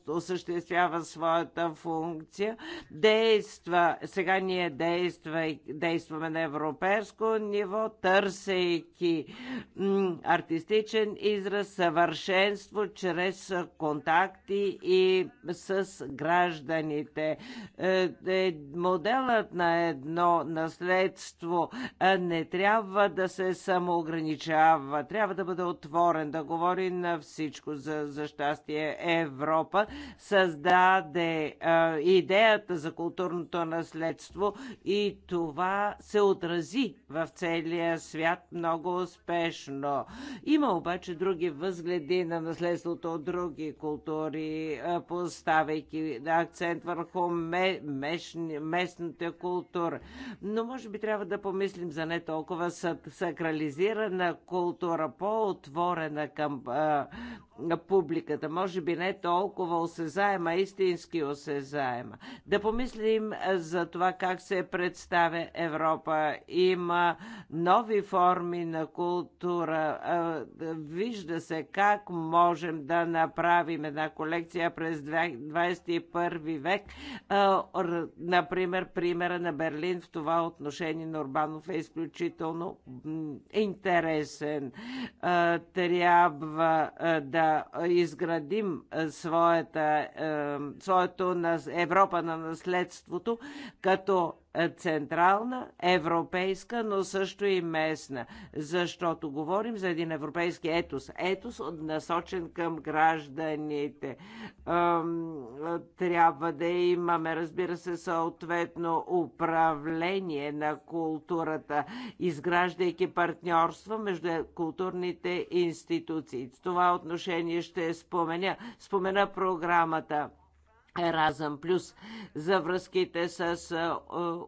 осъществява своята функция. Действа, сега ние действа, действаме на европейско ниво, търсейки артистичен израз, съвършенство чрез контакти и с гражданите. Е, моделът на едно наследство детство не трябва да се самоограничава, трябва да бъде отворен, да говори на всичко. За, за щастие Европа създаде а, идеята за културното наследство и това се отрази в целия свят много успешно. Има обаче други възгледи на наследството от други култури, поставяйки акцент върху местната култура. Но може би би трябва да помислим за не толкова сакрализирана култура, по-отворена към публиката. Може би не толкова осезаема, истински осезаема. Да помислим за това как се представя Европа. Има нови форми на култура. Вижда се как можем да направим една колекция през 21 век. Например, примера на Берлин в това отношение на Урбанов е изключително интересен. Трябва да да изградим е, своята, е, своето на Европа на наследството, като централна, европейска, но също и местна, защото говорим за един европейски етос. Етос насочен към гражданите. Трябва да имаме, разбира се, съответно управление на културата, изграждайки партньорства между културните институции. В това отношение ще споменя, спомена програмата Еразъм Плюс за връзките с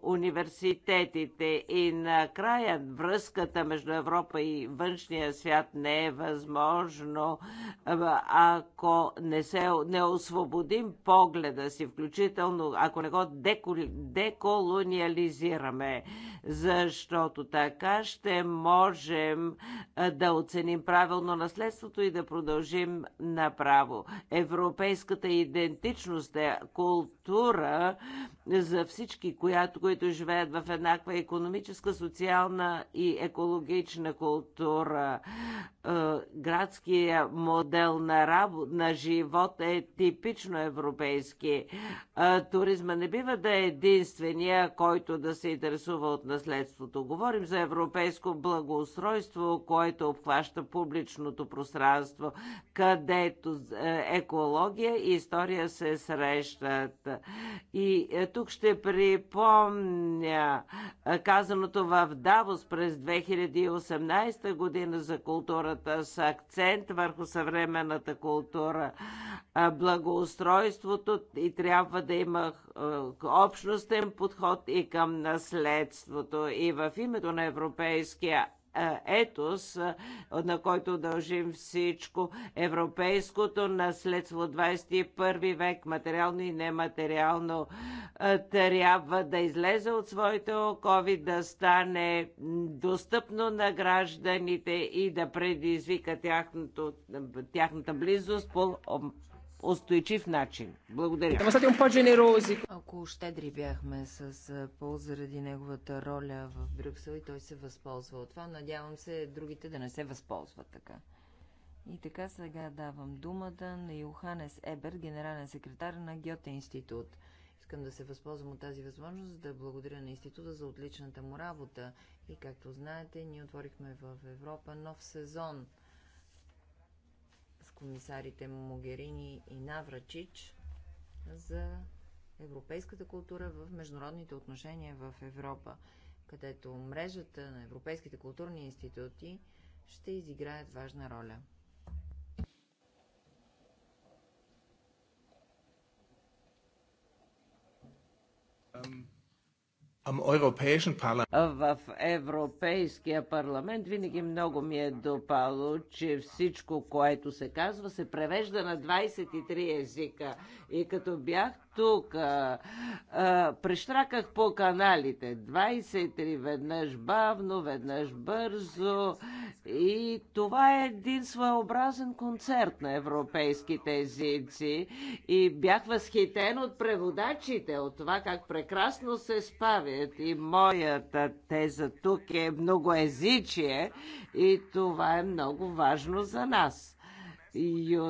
университетите и накрая връзката между Европа и външния свят не е възможно, ако не, се, не освободим погледа си, включително ако не го деколониализираме, защото така ще можем да оценим правилно наследството и да продължим направо. Европейската идентичност култура за всички, която, които живеят в еднаква економическа, социална и екологична култура. Е, градския модел на, работ, на живот е типично европейски. Е, туризма не бива да е единствения, който да се интересува от наследството. Говорим за европейско благоустройство, което обхваща публичното пространство, където е, екология и история се срещат. И тук ще припомня казаното в Давос през 2018 година за културата с акцент върху съвременната култура, благоустройството и трябва да има общностен подход и към наследството. И в името на Европейския е, етос, е, на който дължим всичко. Европейското наследство 21 век, материално и нематериално, е, трябва да излезе от своите окови, да стане достъпно на гражданите и да предизвика тяхното, тяхната близост по устойчив начин. Благодаря. Ако щедри бяхме с Пол заради неговата роля в Брюксел и той се възползва от това, надявам се другите да не се възползват така. И така сега давам думата на Йоханес Ебер, генерален секретар на Гьоте институт. Искам да се възползвам от тази възможност да благодаря на института за отличната му работа. И както знаете, ние отворихме в Европа нов сезон – комисарите Могерини и Наврачич за европейската култура в международните отношения в Европа, където мрежата на европейските културни институти ще изиграят важна роля. Um... В Европейския парламент винаги много ми е допало, че всичко, което се казва, се превежда на 23 езика. И като бях тук. А, а, прещраках по каналите 23 веднъж бавно, веднъж бързо и това е един своеобразен концерт на европейските езици и бях възхитен от преводачите, от това как прекрасно се спавят и моята теза тук е многоезичие и това е много важно за нас. Ю...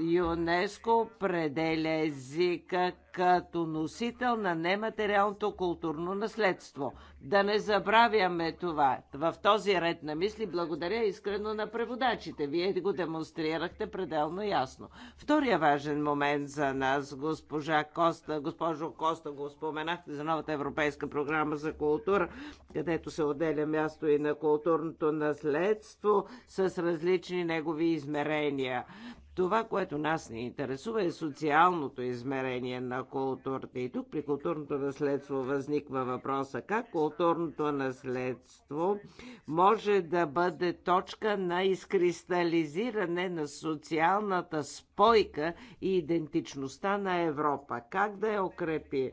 ЮНЕСКО определя езика като носител на нематериалното културно наследство. Да не забравяме това. В този ред на мисли благодаря искрено на преводачите. Вие го демонстрирахте пределно ясно. Втория важен момент за нас, госпожа Коста, госпожо Коста, го споменахте за новата европейска програма за култура, където се отделя място и на културното наследство с различни негови измерения. Това, което нас ни интересува е социалното измерение на културата. И тук при културното наследство възниква въпроса как културното наследство може да бъде точка на изкристализиране на социалната спойка и идентичността на Европа. Как да я укрепи?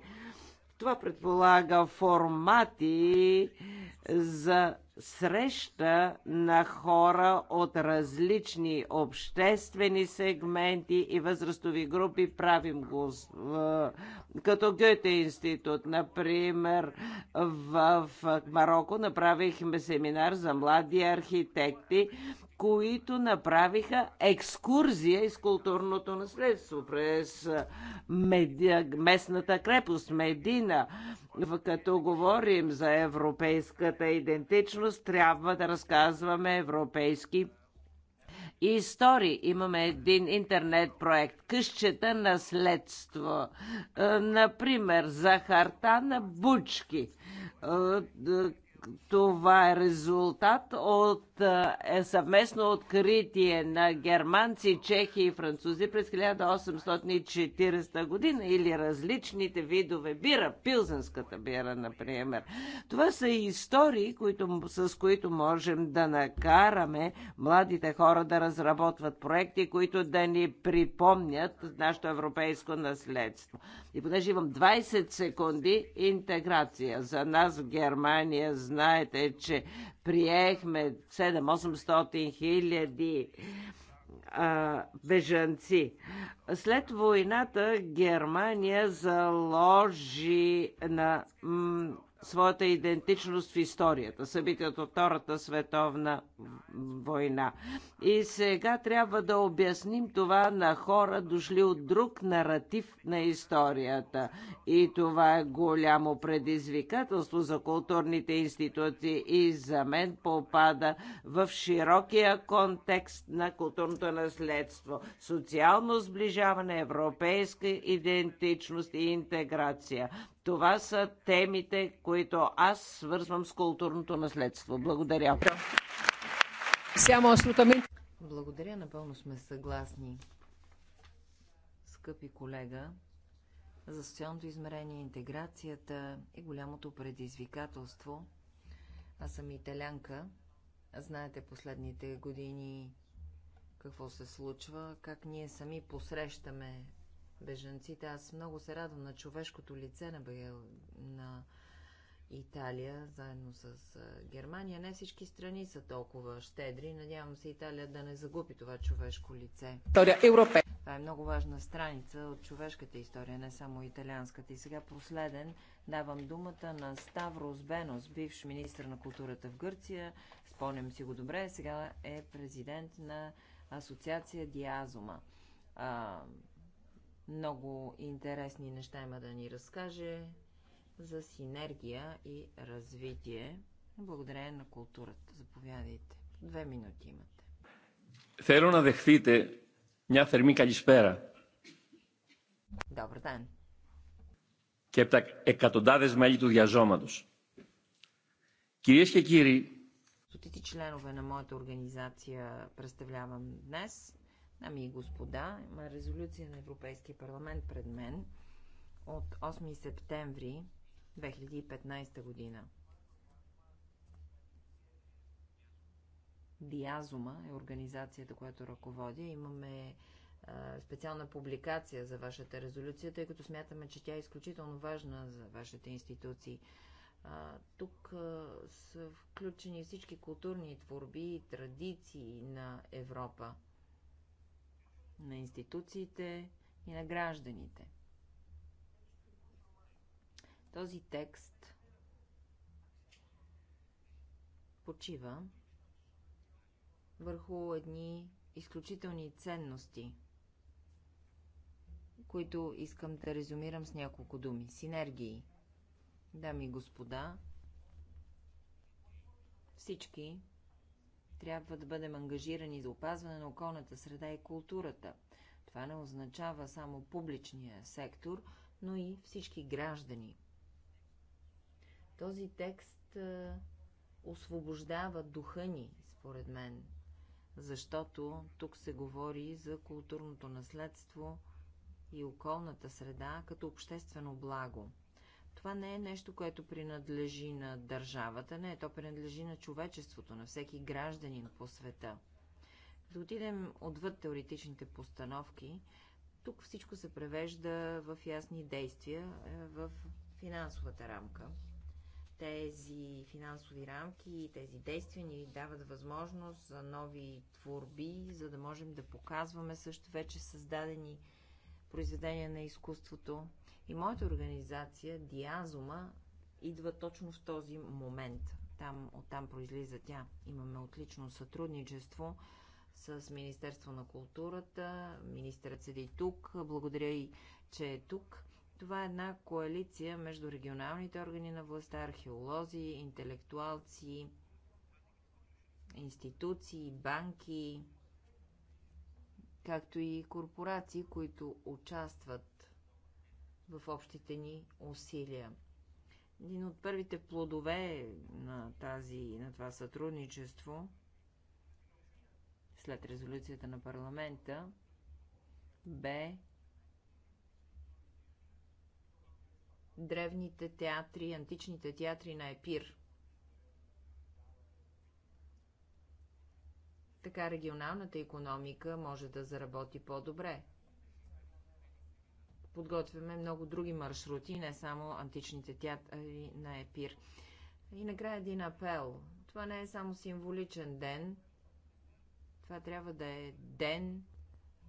Това предполага формати за среща на хора от различни обществени сегменти и възрастови групи. Правим го в, като Гете институт. Например, в, в Марокко направихме семинар за млади архитекти които направиха екскурзия из културното наследство през медиа, местната крепост Медина. Като говорим за европейската идентичност, трябва да разказваме европейски истории. Имаме един интернет проект Къщета наследство. Например, за харта на бучки. Това е резултат от е съвместно откритие на германци, чехи и французи през 1840 година или различните видове бира, пилзенската бира, например. Това са истории, които, с които можем да накараме младите хора да разработват проекти, които да ни припомнят нашето европейско наследство. И понеже имам 20 секунди, интеграция. За нас в Германия знаете, че приехме 7-800 хиляди бежанци. След войната Германия заложи на своята идентичност в историята, събитието от Втората световна война. И сега трябва да обясним това на хора, дошли от друг наратив на историята. И това е голямо предизвикателство за културните институции и за мен попада в широкия контекст на културното наследство. Социално сближаване, европейска идентичност и интеграция. Това са темите, които аз свързвам с културното наследство. Благодаря. Благодаря, напълно сме съгласни, скъпи колега, за социалното измерение, интеграцията и голямото предизвикателство. Аз съм италянка. Знаете последните години какво се случва, как ние сами посрещаме бежанците. Аз много се радвам на човешкото лице на, Бел... на Италия, заедно с Германия. Не всички страни са толкова щедри. Надявам се Италия да не загуби това човешко лице. Това е много важна страница от човешката история, не само италианската. И сега последен давам думата на Ставрос Бенос, бивш министр на културата в Гърция. Спомням си го добре. Сега е президент на Асоциация Диазума. Много интересни неща има да ни разкаже за синергия и развитие благодарение на културата. Заповядайте. Две минути имате. Θέλω να δεχθείτε μια θερμή καλησπέρα. Добър ден. Και από τα εκατοντάδες μέλη του διαζώματος. Κυρίες και κύριοι, Стотици членове на моята организация представлявам днес. Ами и господа, има резолюция на Европейския парламент пред мен от 8 септември 2015 година. Диазума е организацията, която ръководя. Имаме а, специална публикация за вашата резолюция, тъй като смятаме, че тя е изключително важна за вашите институции. А, тук а, са включени всички културни творби и традиции на Европа – на институциите и на гражданите. Този текст почива върху едни изключителни ценности, които искам да резюмирам с няколко думи. Синергии. Дами и господа, всички трябва да бъдем ангажирани за опазване на околната среда и културата. Това не означава само публичния сектор, но и всички граждани. Този текст освобождава духа ни, според мен, защото тук се говори за културното наследство и околната среда като обществено благо. Това не е нещо, което принадлежи на държавата, не, то принадлежи на човечеството, на всеки гражданин по света. Като отидем отвъд теоретичните постановки, тук всичко се превежда в ясни действия е, в финансовата рамка. Тези финансови рамки и тези действия ни дават възможност за нови творби, за да можем да показваме също вече създадени произведения на изкуството. И моята организация, Диазума, идва точно в този момент. Там, оттам произлиза тя. Имаме отлично сътрудничество с Министерство на културата. Министърът седи тук. Благодаря и, че е тук. Това е една коалиция между регионалните органи на властта, археолози, интелектуалци, институции, банки, както и корпорации, които участват в общите ни усилия. Един от първите плодове на, тази, на това сътрудничество след резолюцията на парламента бе древните театри, античните театри на Епир. Така регионалната економика може да заработи по-добре подготвяме много други маршрути, не само античните театри на Епир. И накрая един апел. Това не е само символичен ден. Това трябва да е ден,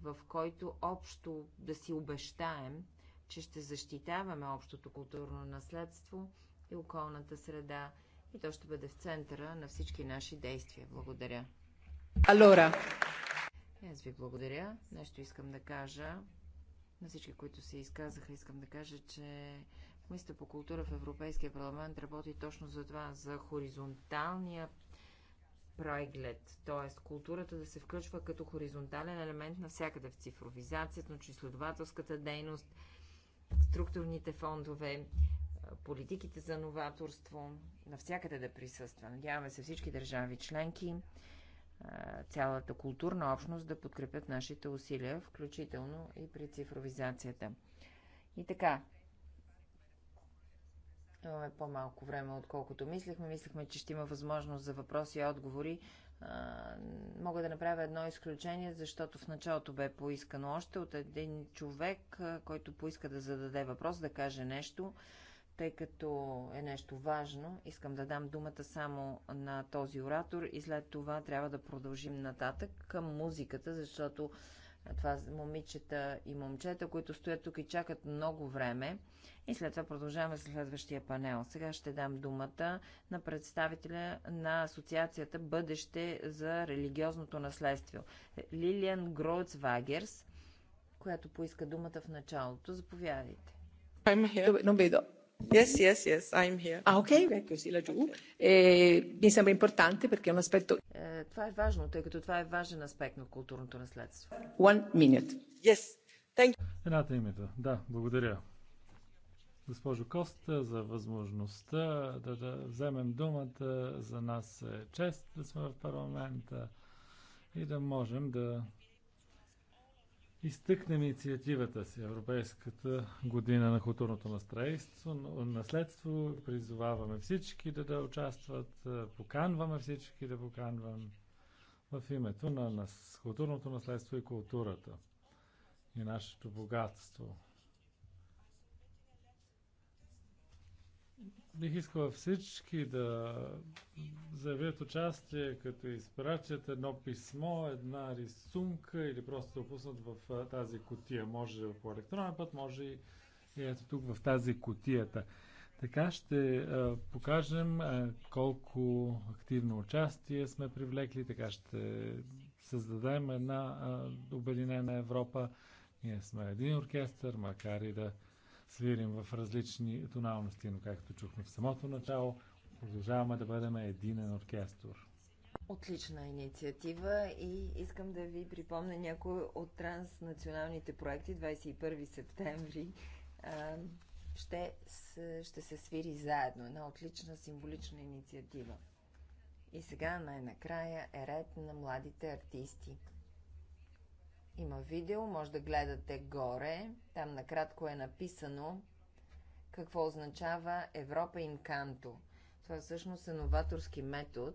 в който общо да си обещаем, че ще защитаваме общото културно наследство и околната среда. И то ще бъде в центъра на всички наши действия. Благодаря. Алора. Аз ви благодаря. Нещо искам да кажа на всички, които се изказаха, искам да кажа, че Комисията по култура в Европейския парламент работи точно за това, за хоризонталния преглед, т.е. културата да се включва като хоризонтален елемент навсякъде в цифровизацията, но изследователската дейност, структурните фондове, политиките за новаторство, навсякъде да присъства. Надяваме се всички държави членки цялата културна общност да подкрепят нашите усилия, включително и при цифровизацията. И така, имаме по-малко време, отколкото мислехме. Мислехме, че ще има възможност за въпроси и отговори. Мога да направя едно изключение, защото в началото бе поискано още от един човек, който поиска да зададе въпрос, да каже нещо тъй като е нещо важно, искам да дам думата само на този оратор и след това трябва да продължим нататък към музиката, защото това момичета и момчета, които стоят тук и чакат много време. И след това продължаваме с следващия панел. Сега ще дам думата на представителя на Асоциацията Бъдеще за религиозното наследство. Лилиан Гроцвагерс, която поиска думата в началото. Заповядайте. I'm here. Yes, yes, yes, I'm here. Ah, ok, ecco, okay, laggiù. Okay. Eh, e, mi sembra importante perché è un aspetto... Eh, това е важно, тъй като това е важен аспект на културното наследство. One minute. Yes, thank you. Едната името. Да, благодаря. Госпожо Коста, за възможността да, да вземем думата. За нас е чест да сме в парламента и да можем да изтъкнем инициативата си, Европейската година на културното наследство. Призоваваме всички да, да участват, поканваме всички да поканваме в името на, на културното наследство и културата и нашето богатство. Бих искал всички да заявят участие, като изпратят едно писмо, една рисунка или просто да опуснат в тази котия. Може по електронен път, може и, и ето тук в тази котията. Така ще а, покажем а, колко активно участие сме привлекли, така ще създадем една а, обединена Европа. Ние сме един оркестър, макар и да свирим в различни тоналности, но както чухме в самото начало, продължаваме да бъдем единен оркестър. Отлична инициатива и искам да ви припомня някои от транснационалните проекти 21 септември. Ще, ще се свири заедно. Една отлична символична инициатива. И сега най-накрая е ред на младите артисти – има видео, може да гледате горе. Там накратко е написано какво означава Европа Инканто. Това всъщност е новаторски метод.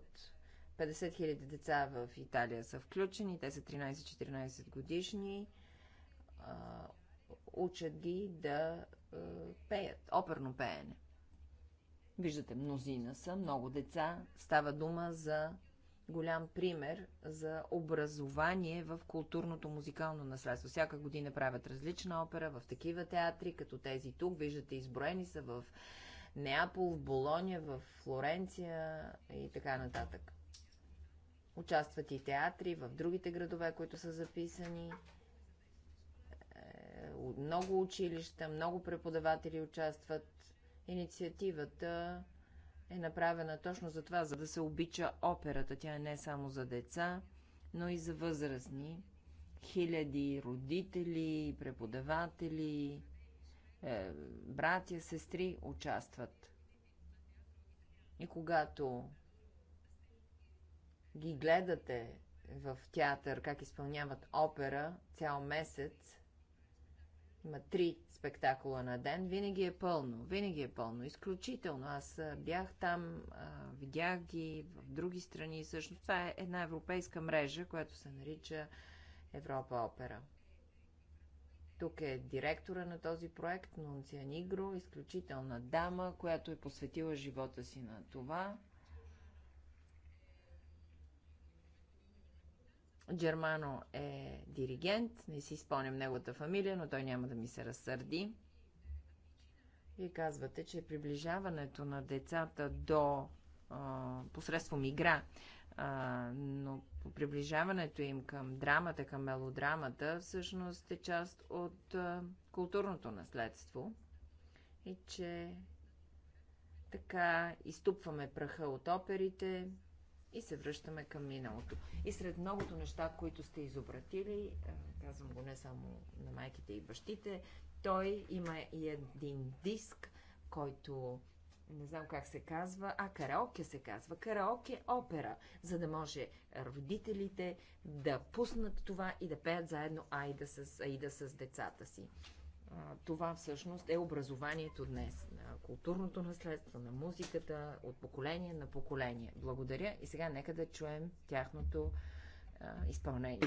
50 000 деца в Италия са включени, те са 13-14 годишни. Учат ги да пеят, оперно пеене. Виждате, мнозина са, много деца. Става дума за голям пример за образование в културното музикално наследство. Всяка година правят различна опера в такива театри, като тези тук. Виждате, изброени са в Неапол, в Болония, в Флоренция и така нататък. Участват и театри в другите градове, които са записани. Е, много училища, много преподаватели участват. Инициативата е направена точно за това, за да се обича операта. Тя е не само за деца, но и за възрастни. Хиляди родители, преподаватели, е, братя, сестри участват. И когато ги гледате в театър, как изпълняват опера цял месец, има три спектакула на ден, винаги е пълно, винаги е пълно, изключително. Аз бях там, видях ги в други страни. Също това е една европейска мрежа, която се нарича Европа Опера. Тук е директора на този проект, Нунция Нигро, изключителна дама, която е посветила живота си на това. Джермано е диригент, не си спомням неговата фамилия, но той няма да ми се разсърди. Вие казвате, че приближаването на децата до а, посредством игра, а, но приближаването им към драмата, към мелодрамата, всъщност е част от а, културното наследство и че така изтупваме праха от оперите, и се връщаме към миналото. И сред многото неща, които сте изобратили, е, казвам го не само на майките и бащите, той има и един диск, който не знам как се казва, а караоке се казва, караоке опера, за да може родителите да пуснат това и да пеят заедно Айда с, Аида с децата си това всъщност е образованието днес. На културното наследство, на музиката, от поколение на поколение. Благодаря и сега нека да чуем тяхното а, изпълнение.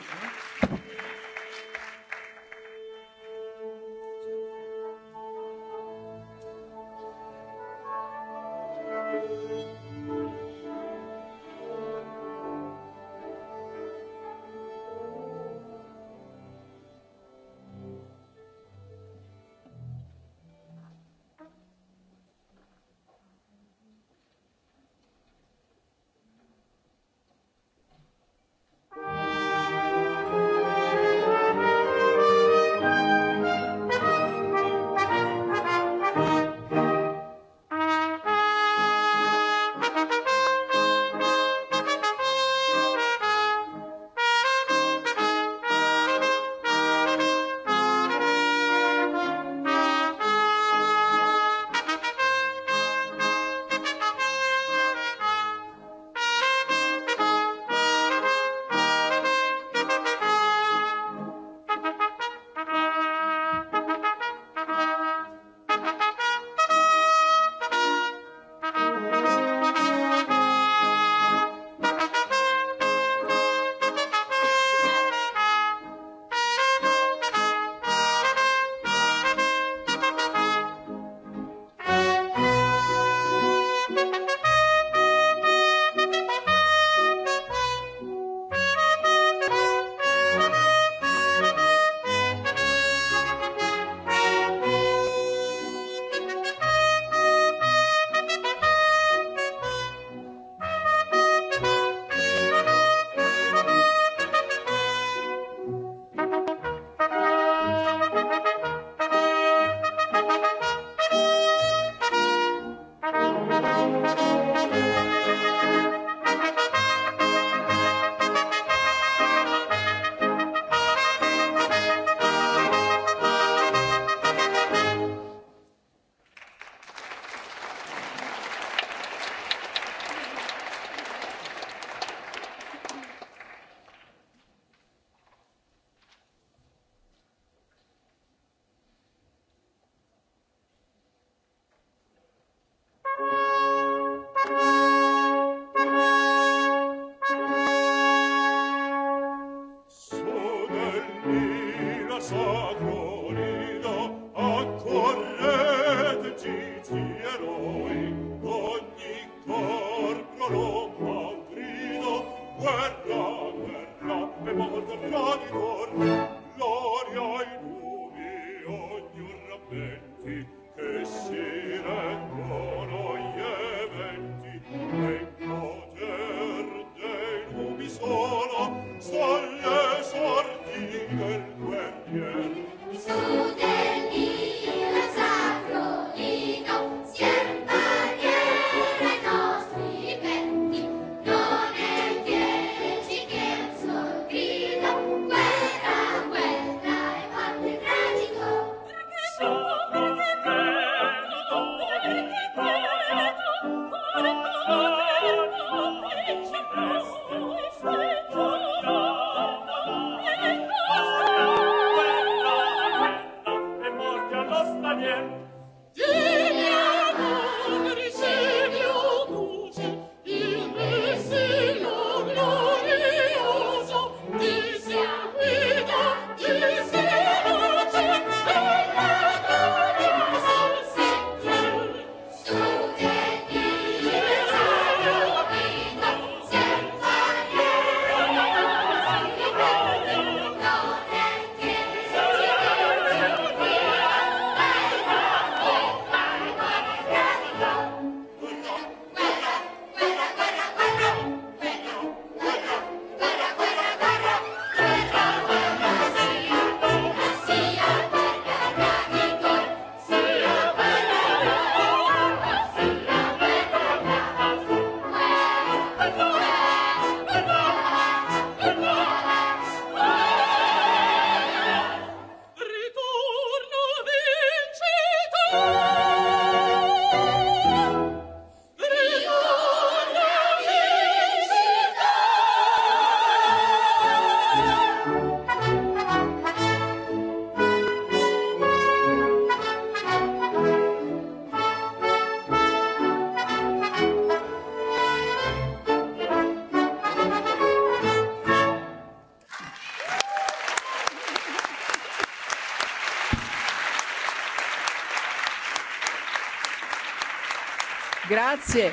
Grazie.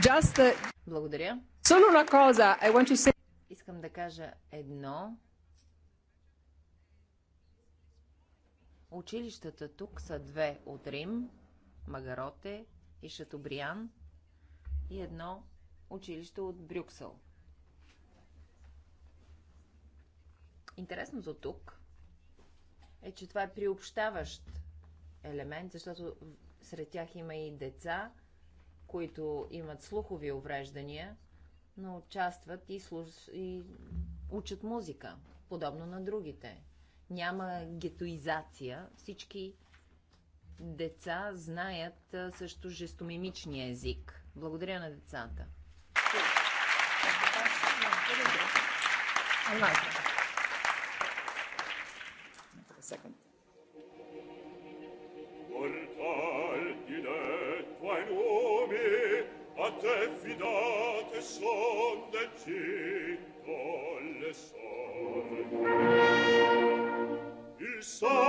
Just... Благодаря. Solo una cosa, I want to say... Искам да кажа едно. Училищата тук са две от Рим, Магароте и Шатобриан и едно училище от Брюксел. Интересното тук е, че това е приобщаващ елемент, защото сред тях има и деца, които имат слухови увреждания, но участват и, служ... и учат музика, подобно на другите. Няма гетоизация. Всички деца знаят също жестомимичния език. Благодаря на децата. Second. Sole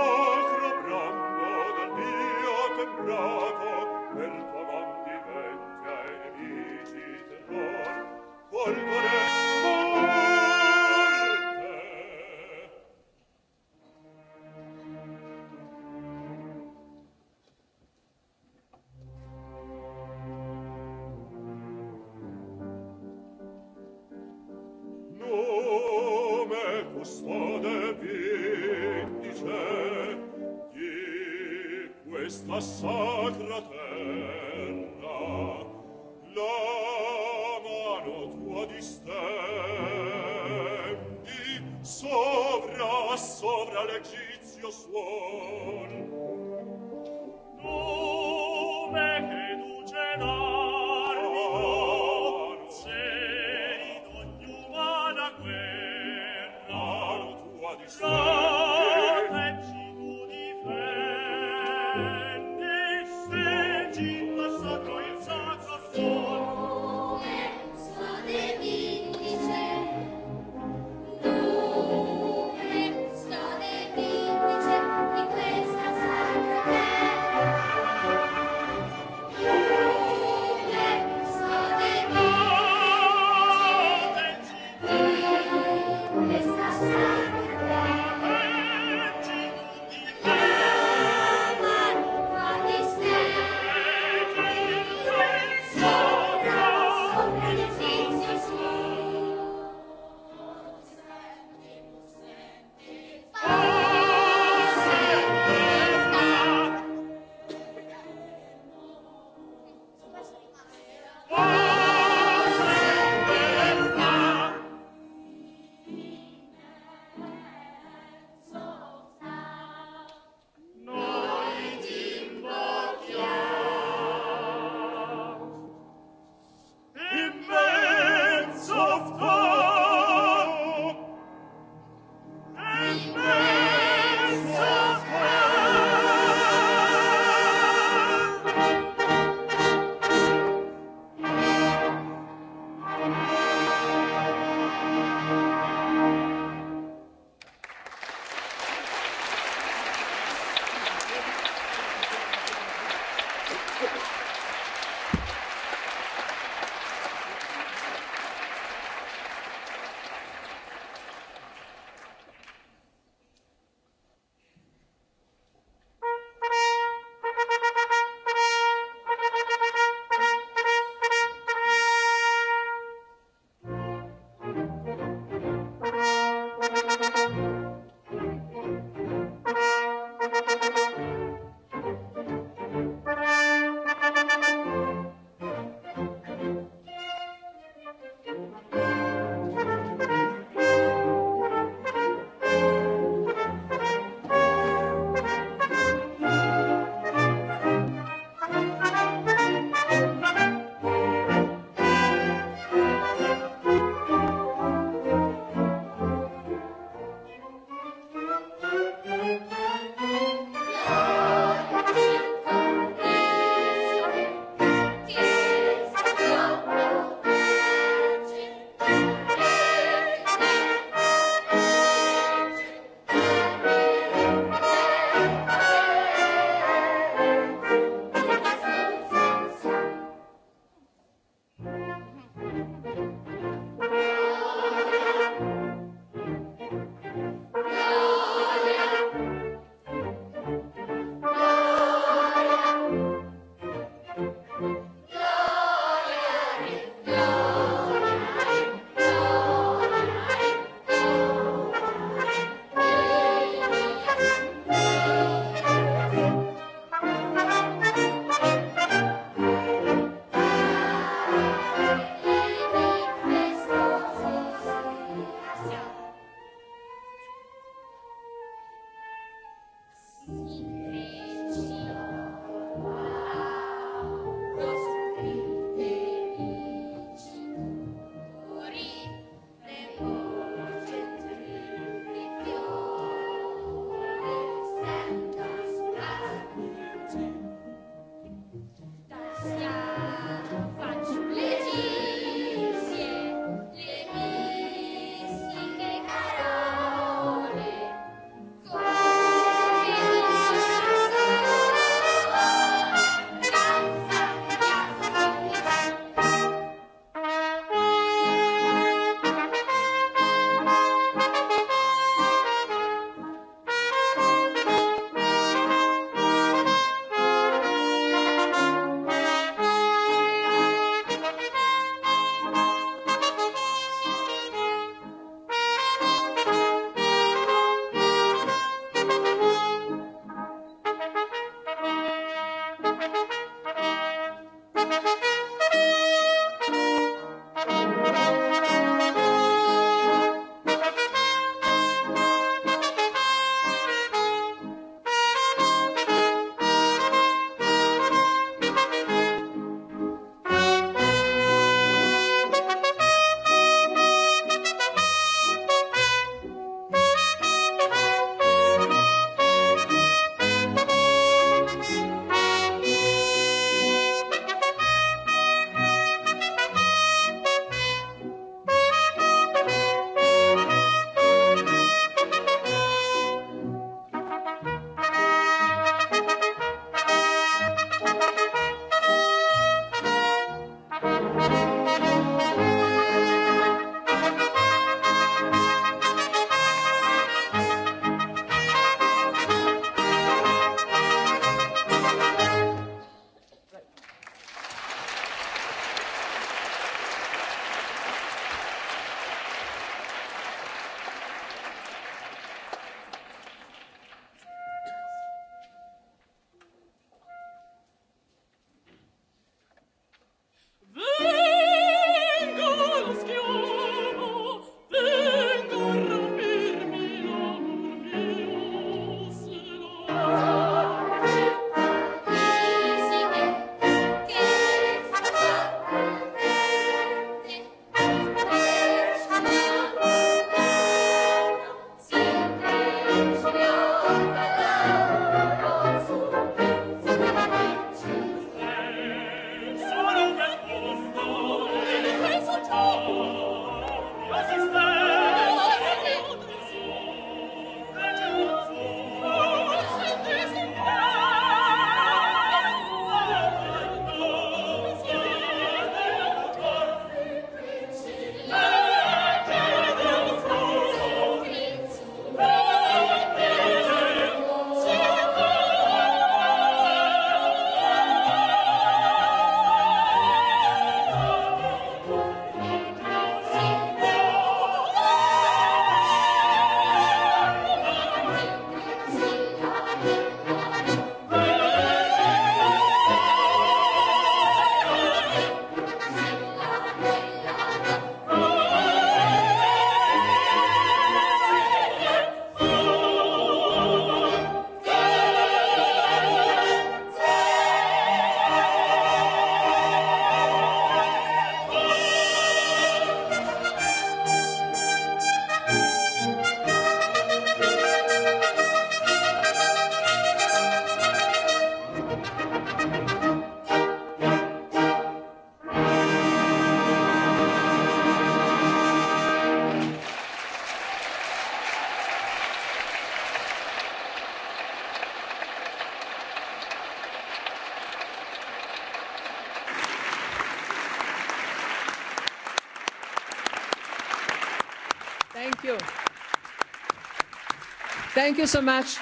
Thank you so much.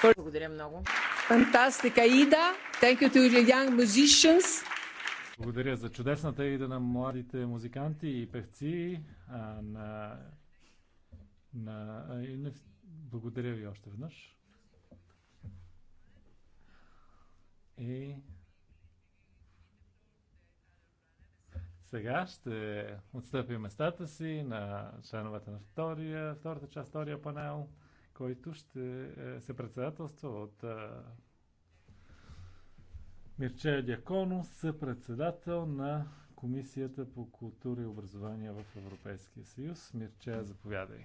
For... Благодаря много. Фантастика Ида. Thank you to the young musicians. Благодаря за чудесната ида на младите музиканти и певци. А, на, на, и не, благодаря ви още веднъж. И сега ще отстъпим местата си на членовете на втория, втората част, втория панел който ще е, се председателства от е, Мирчея Дяконо, съпредседател на Комисията по култура и образование в Европейския съюз. Мирчея, заповядай.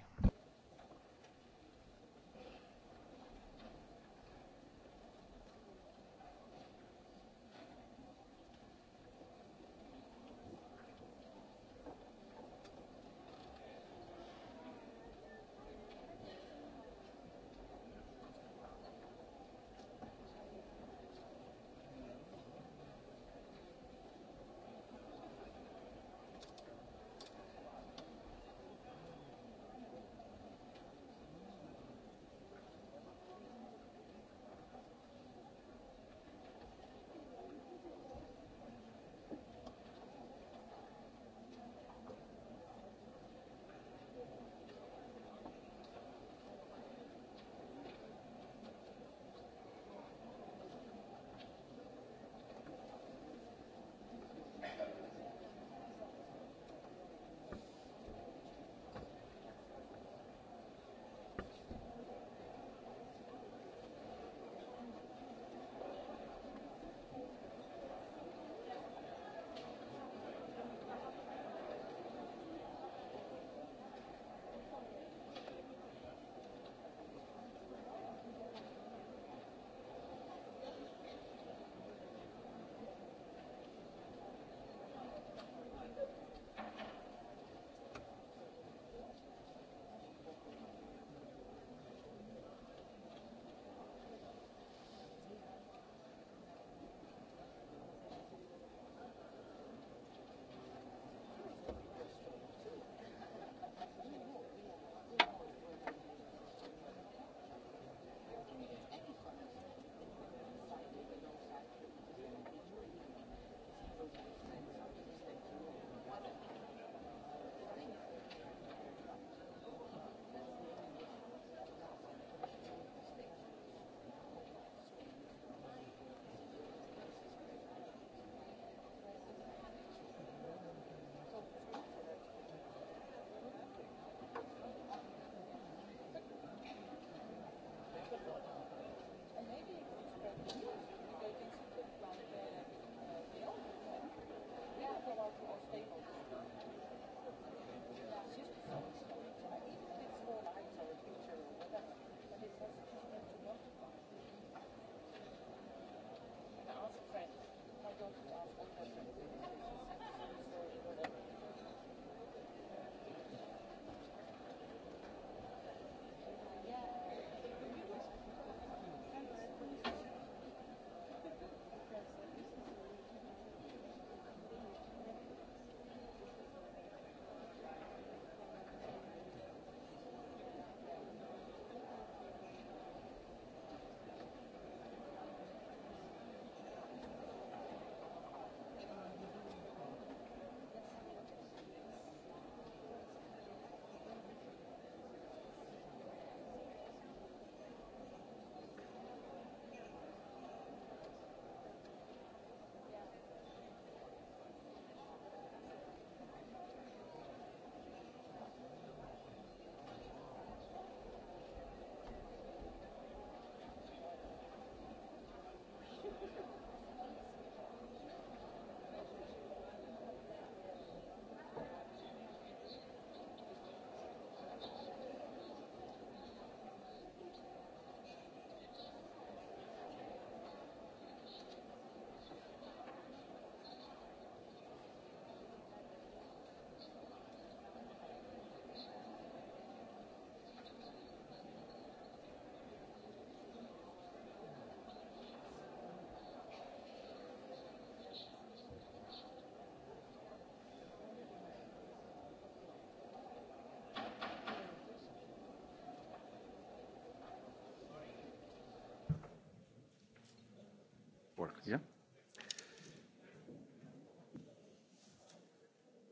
work, yeah?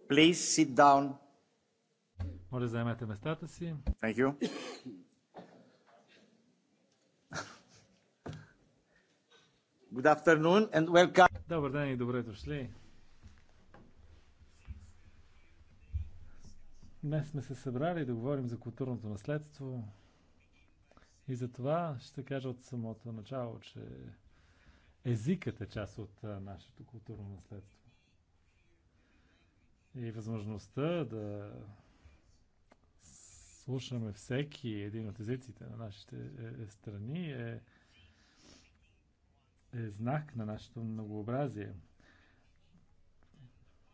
Please sit down. Моля, заемете местата си. Thank you. Good afternoon and welcome. Добър ден и добре дошли. Днес сме се събрали да говорим за културното наследство. И за това ще кажа от самото начало, че Езикът е част от нашето културно наследство. И възможността да слушаме всеки един от езиците на нашите е, е, страни е, е знак на нашето многообразие.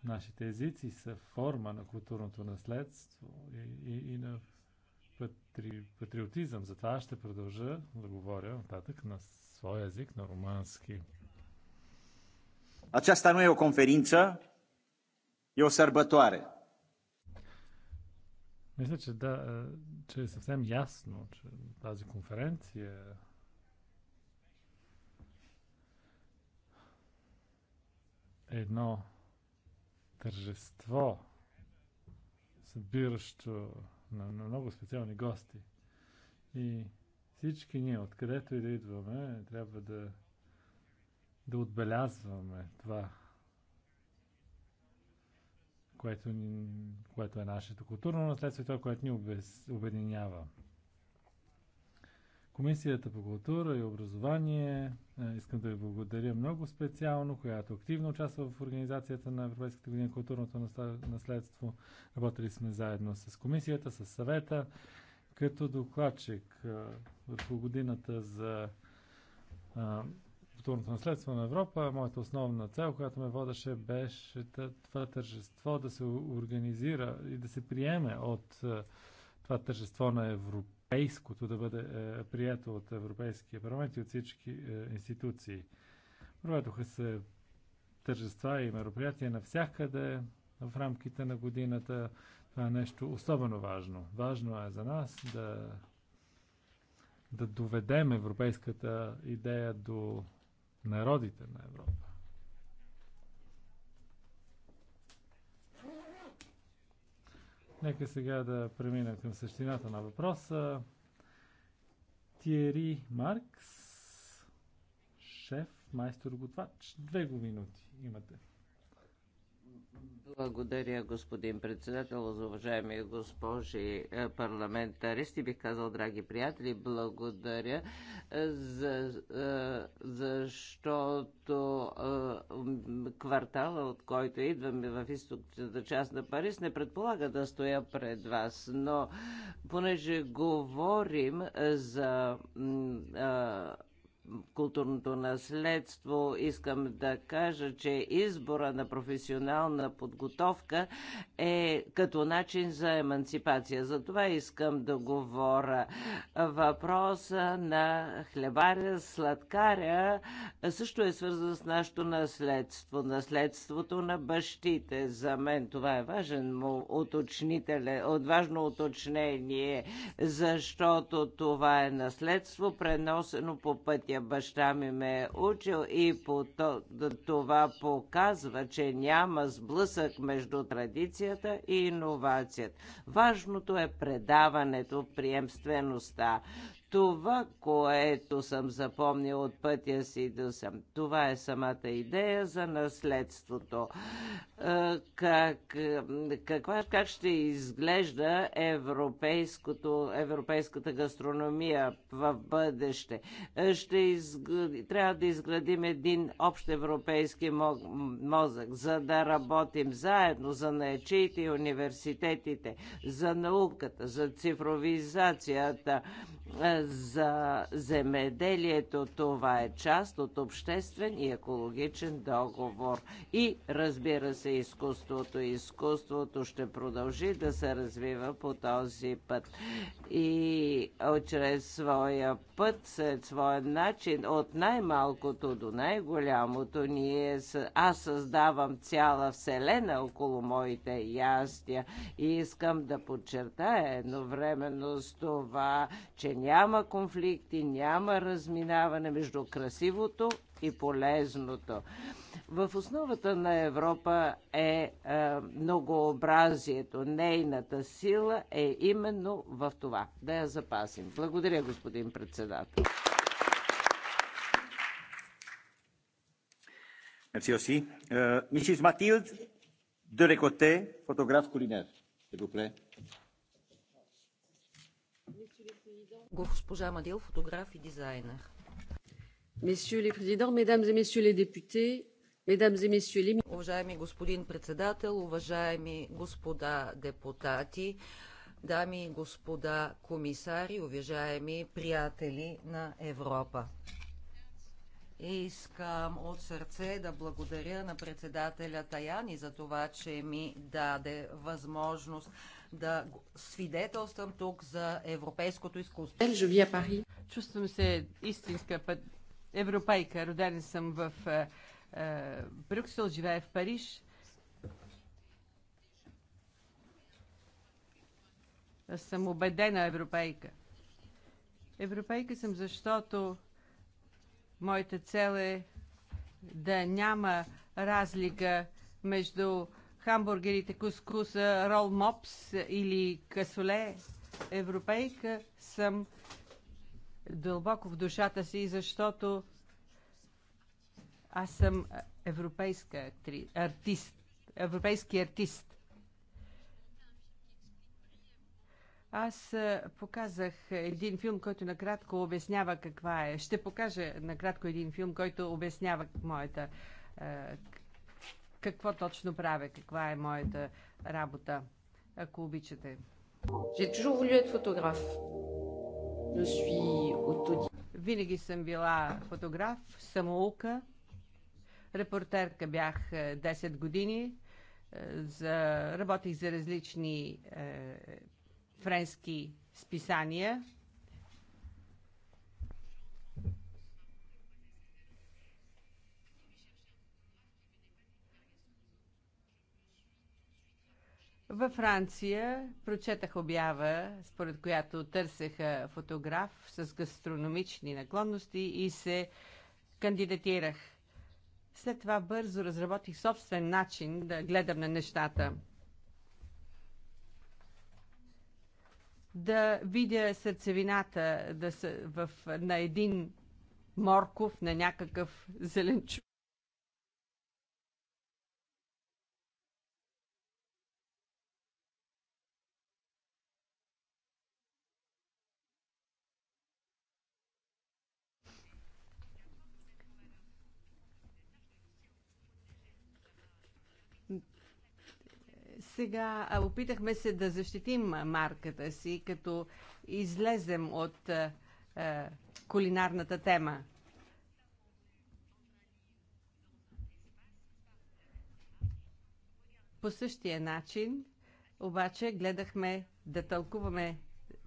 Нашите езици са форма на културното наследство и, и, и на патри, патриотизъм. Затова ще продължа да говоря нататък на своя език на румански. Aceasta nu e o conferință, e o sărbătoare. Мисля, че да, е, че е съвсем ясно, че тази конференция е едно тържество, събиращо на, на много специални гости. И всички ние, откъдето и да идваме, трябва да, да отбелязваме това, което, ни, което е нашето културно наследство и това, което ни обединява. Комисията по култура и образование, е, искам да ви благодаря много специално, която активно участва в организацията на Европейската година културното наследство. Работили сме заедно с комисията, с съвета, като докладчик върху годината за културното наследство на Европа, моята основна цел, която ме водеше, беше това тържество да се организира и да се приеме от това тържество на европейското, да бъде е, прието от Европейския парламент и от всички е, институции. Проведоха се тържества и мероприятия навсякъде в рамките на годината. Това е нещо особено важно. Важно е за нас да, да доведем европейската идея до народите на Европа. Нека сега да преминем към същината на въпроса. Тиери Маркс, шеф, майстор-готвач. Две го минути имате. Благодаря, господин председател, за уважаеми госпожи е, парламентаристи. Бих казал, драги приятели, благодаря, е, за, е, защото квартала, от който идваме в източната част на Париж, не предполага да стоя пред вас, но понеже говорим за културното наследство, искам да кажа, че избора на професионална подготовка е като начин за еманципация. За това искам да говоря. Въпроса на хлебаря, сладкаря също е свързан с нашето наследство. Наследството на бащите. За мен това е важен му уточнителен, важно уточнение, защото това е наследство, преносено по пътя пътя Баща ми ме е учил и по това показва, че няма сблъсък между традицията и иновацията. Важното е предаването, приемствеността. Това, което съм запомнил от пътя си до съм, това е самата идея за наследството. Е, как, е, каква, как ще изглежда европейската гастрономия в бъдеще? Е, ще изгради, трябва да изградим един общ европейски мозък, за да работим заедно за наечиите и университетите, за науката, за цифровизацията, е, за земеделието. Това е част от обществен и екологичен договор. И разбира се, изкуството. Изкуството ще продължи да се развива по този път. И чрез своя път, след своя начин, от най-малкото до най-голямото, ние, аз създавам цяла вселена около моите ястия. И искам да подчертая едновременно с това, че няма конфликти, няма разминаване между красивото и полезното. В основата на Европа е, е многообразието. Нейната сила е именно в това. Да я запасим. Благодаря, господин председател. Merci aussi. Euh, Mrs. Mathilde Delécoté, photographe culinaire, s'il vous plaît. Госпожа Мадил, фотограф и дизайнер. Месье президент, медамс и месье ле депуте, и месье ле... Уважаеми господин председател, уважаеми господа депутати, дами и господа комисари, уважаеми приятели на Европа. Искам от сърце да благодаря на председателя Таяни за това, че ми даде възможност да свидетелствам тук за европейското изкуство. Чувствам се истинска европейка. Роден съм в е, е, Брюксел, живея в Париж. Аз съм убедена европейка. Европейка съм, защото моята цел е да няма разлика между хамбургерите, кускуса, рол мопс или касоле европейка съм дълбоко в душата си, защото аз съм европейска актри... артист, европейски артист. Аз показах един филм, който накратко обяснява каква е. Ще покажа накратко един филм, който обяснява моята е, какво точно правя, каква е моята работа, ако обичате. Винаги съм била фотограф, самоука. Репортерка бях 10 е, години. Е, за, работих за различни е, френски списания Във Франция прочетах обява, според която търсеха фотограф с гастрономични наклонности и се кандидатирах. След това бързо разработих собствен начин да гледам на нещата. Да видя сърцевината да са в, на един морков, на някакъв зеленчук. Сега опитахме се да защитим марката си, като излезем от е, кулинарната тема. По същия начин, обаче, гледахме да тълкуваме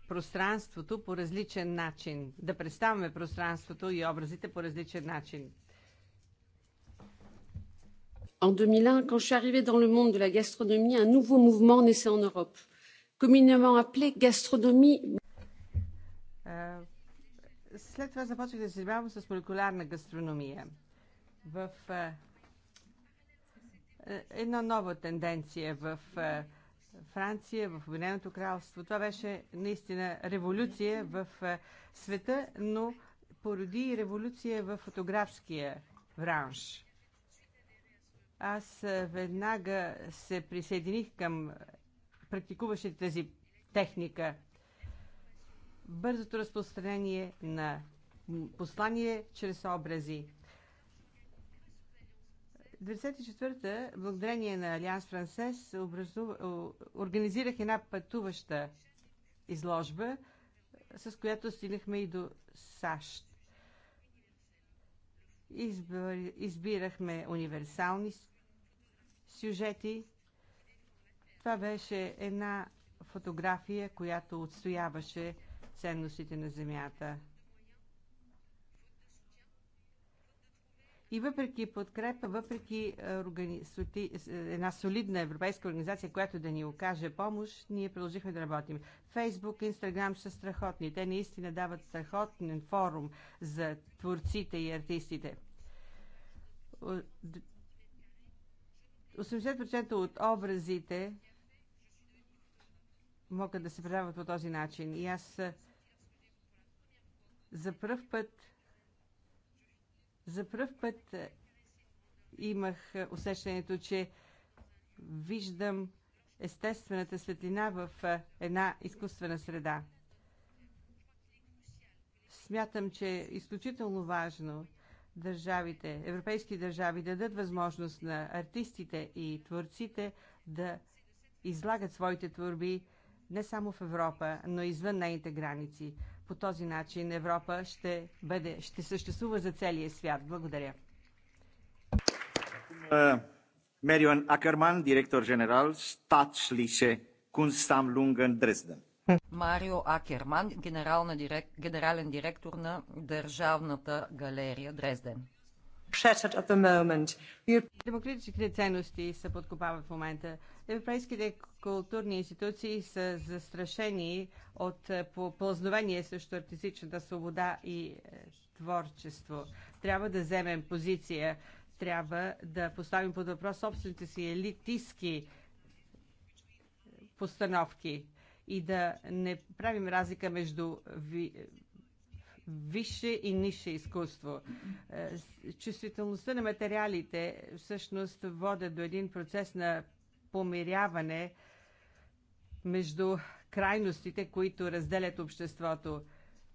пространството по различен начин, да представяме пространството и образите по различен начин en deux mille un quand je suis arrivée dans le monde de la gastronomie un nouveau mouvement naissait en europe communément appelé gastronomie е, след това започнах да се занимавам с молекулярна гастрономия. В е, е една нова тенденция в е, Франция, в Обединеното кралство. Това беше наистина революция в е, света, но породи и революция в фотографския бранш. Аз е, веднага се присъединих към практикуващите тази техника. Бързото разпространение на послание чрез образи. 94-та, благодарение на Алианс Франсес, организирах една пътуваща изложба, с която стигнахме и до САЩ избирахме универсални сюжети. Това беше една фотография, която отстояваше ценностите на Земята. И въпреки подкрепа, въпреки е, е, е, една солидна европейска организация, която да ни окаже помощ, ние продължихме да работим. Фейсбук, Инстаграм са страхотни. Те наистина дават страхотен форум за творците и артистите. 80% от образите могат да се предават по този начин. И аз за първ път за първ път е, имах е, усещането, че виждам естествената светлина в е, една изкуствена среда. Смятам, че е изключително важно държавите, европейски държави да дадат възможност на артистите и творците да излагат своите творби не само в Европа, но и извън нейните граници. По този начин Европа ще, бъде, ще съществува за целия свят. Благодаря. Мерион Акерман, директор генерал, Кунстам Кунстамлунг, Дрезден. Марио Акерман, дирек... генерален директор на Държавната галерия Дрезден. Демократичните ценности се подкопават в момента. Европейските културни институции са застрашени от е, ползновение срещу артистичната свобода и е, творчество. Трябва да вземем позиция, трябва да поставим под въпрос собствените си елитистски постановки и да не правим разлика между ви, е, висше и нише изкуство. Чувствителността на материалите всъщност водят до един процес на помиряване между крайностите, които разделят обществото.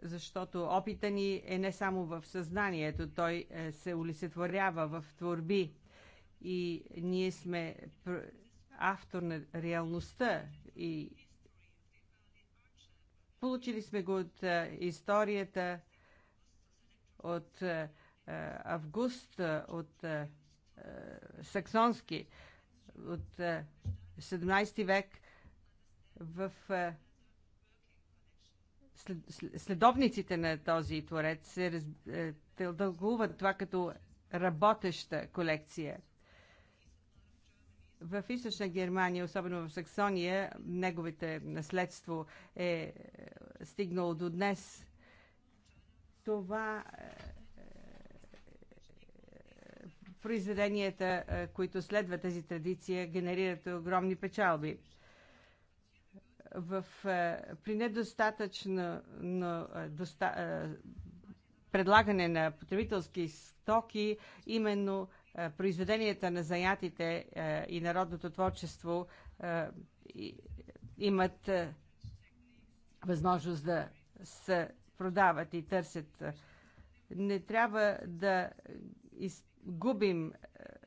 Защото опита ни е не само в съзнанието, той е, се олицетворява в творби. И ние сме автор на реалността и получили сме го от е, историята, от е, август, от саксонски от 17 е, век в е, следовниците на този творец се раз... Е, тълкуват това като работеща колекция. В източна Германия, особено в Саксония, неговите наследство е стигнало до днес. Това произведенията, е, които следват тази традиция, генерират огромни печалби. В, е, при недостатъчно но, е, доста, предлагане на потребителски стоки, именно произведенията на заятите и народното творчество имат възможност да се продават и търсят. Не трябва да из губим е,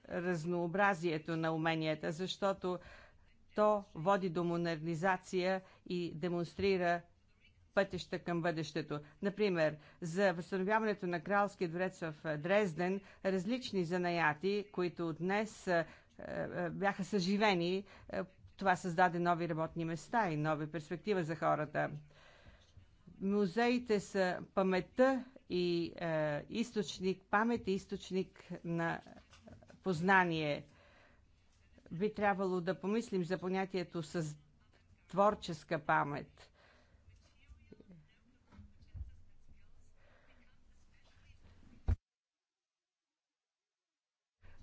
разнообразието на уменията, защото то води до модернизация и демонстрира пътища към бъдещето. Например, за възстановяването на кралския дворец в е, Дрезден, различни занаяти, които днес е, бяха съживени, това създаде нови работни места и нови перспектива за хората. Музеите са паметта и е, източник, памет и източник на познание. Би трябвало да помислим за понятието с творческа памет.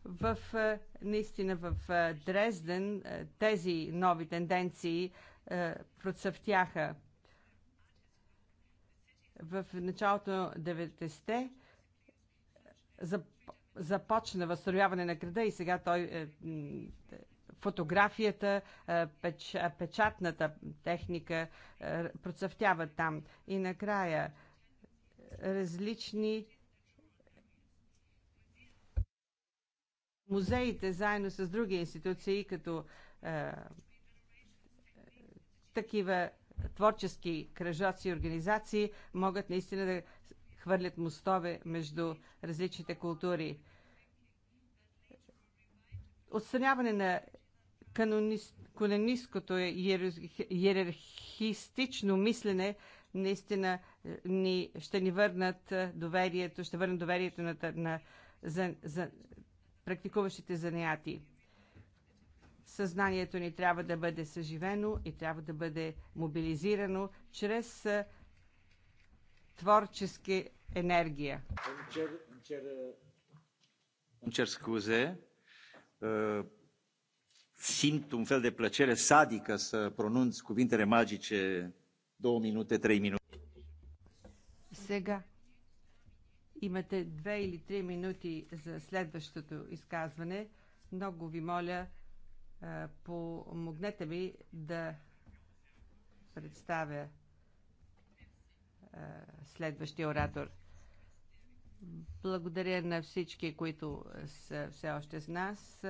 В, е, наистина в е, Дрезден е, тези нови тенденции процъфтяха. В началото на 90-те започна възстановяване на града и сега той е, фотографията, е, печ, печатната техника е, процъфтява там. И накрая различни музеите заедно с други институции, като е, такива творчески кръжоци и организации могат наистина да хвърлят мостове между различните култури. Отстраняване на канонистското иерархистично мислене наистина е, ни, ще ни върнат е, доверието, ще върнат доверието на, на, за, за практикуващите занятия. Съзнанието ни трябва да бъде съживено и трябва да бъде мобилизирано чрез творческа енергия. Încer scuze, simt un fel de plăcere sadică să pronunț cuvintele magice două minute, trei minute. Сега имате две или три минути за следващото изказване. Много ви моля, помогнете ми да представя следващия оратор. Благодаря на всички, които са все още с нас.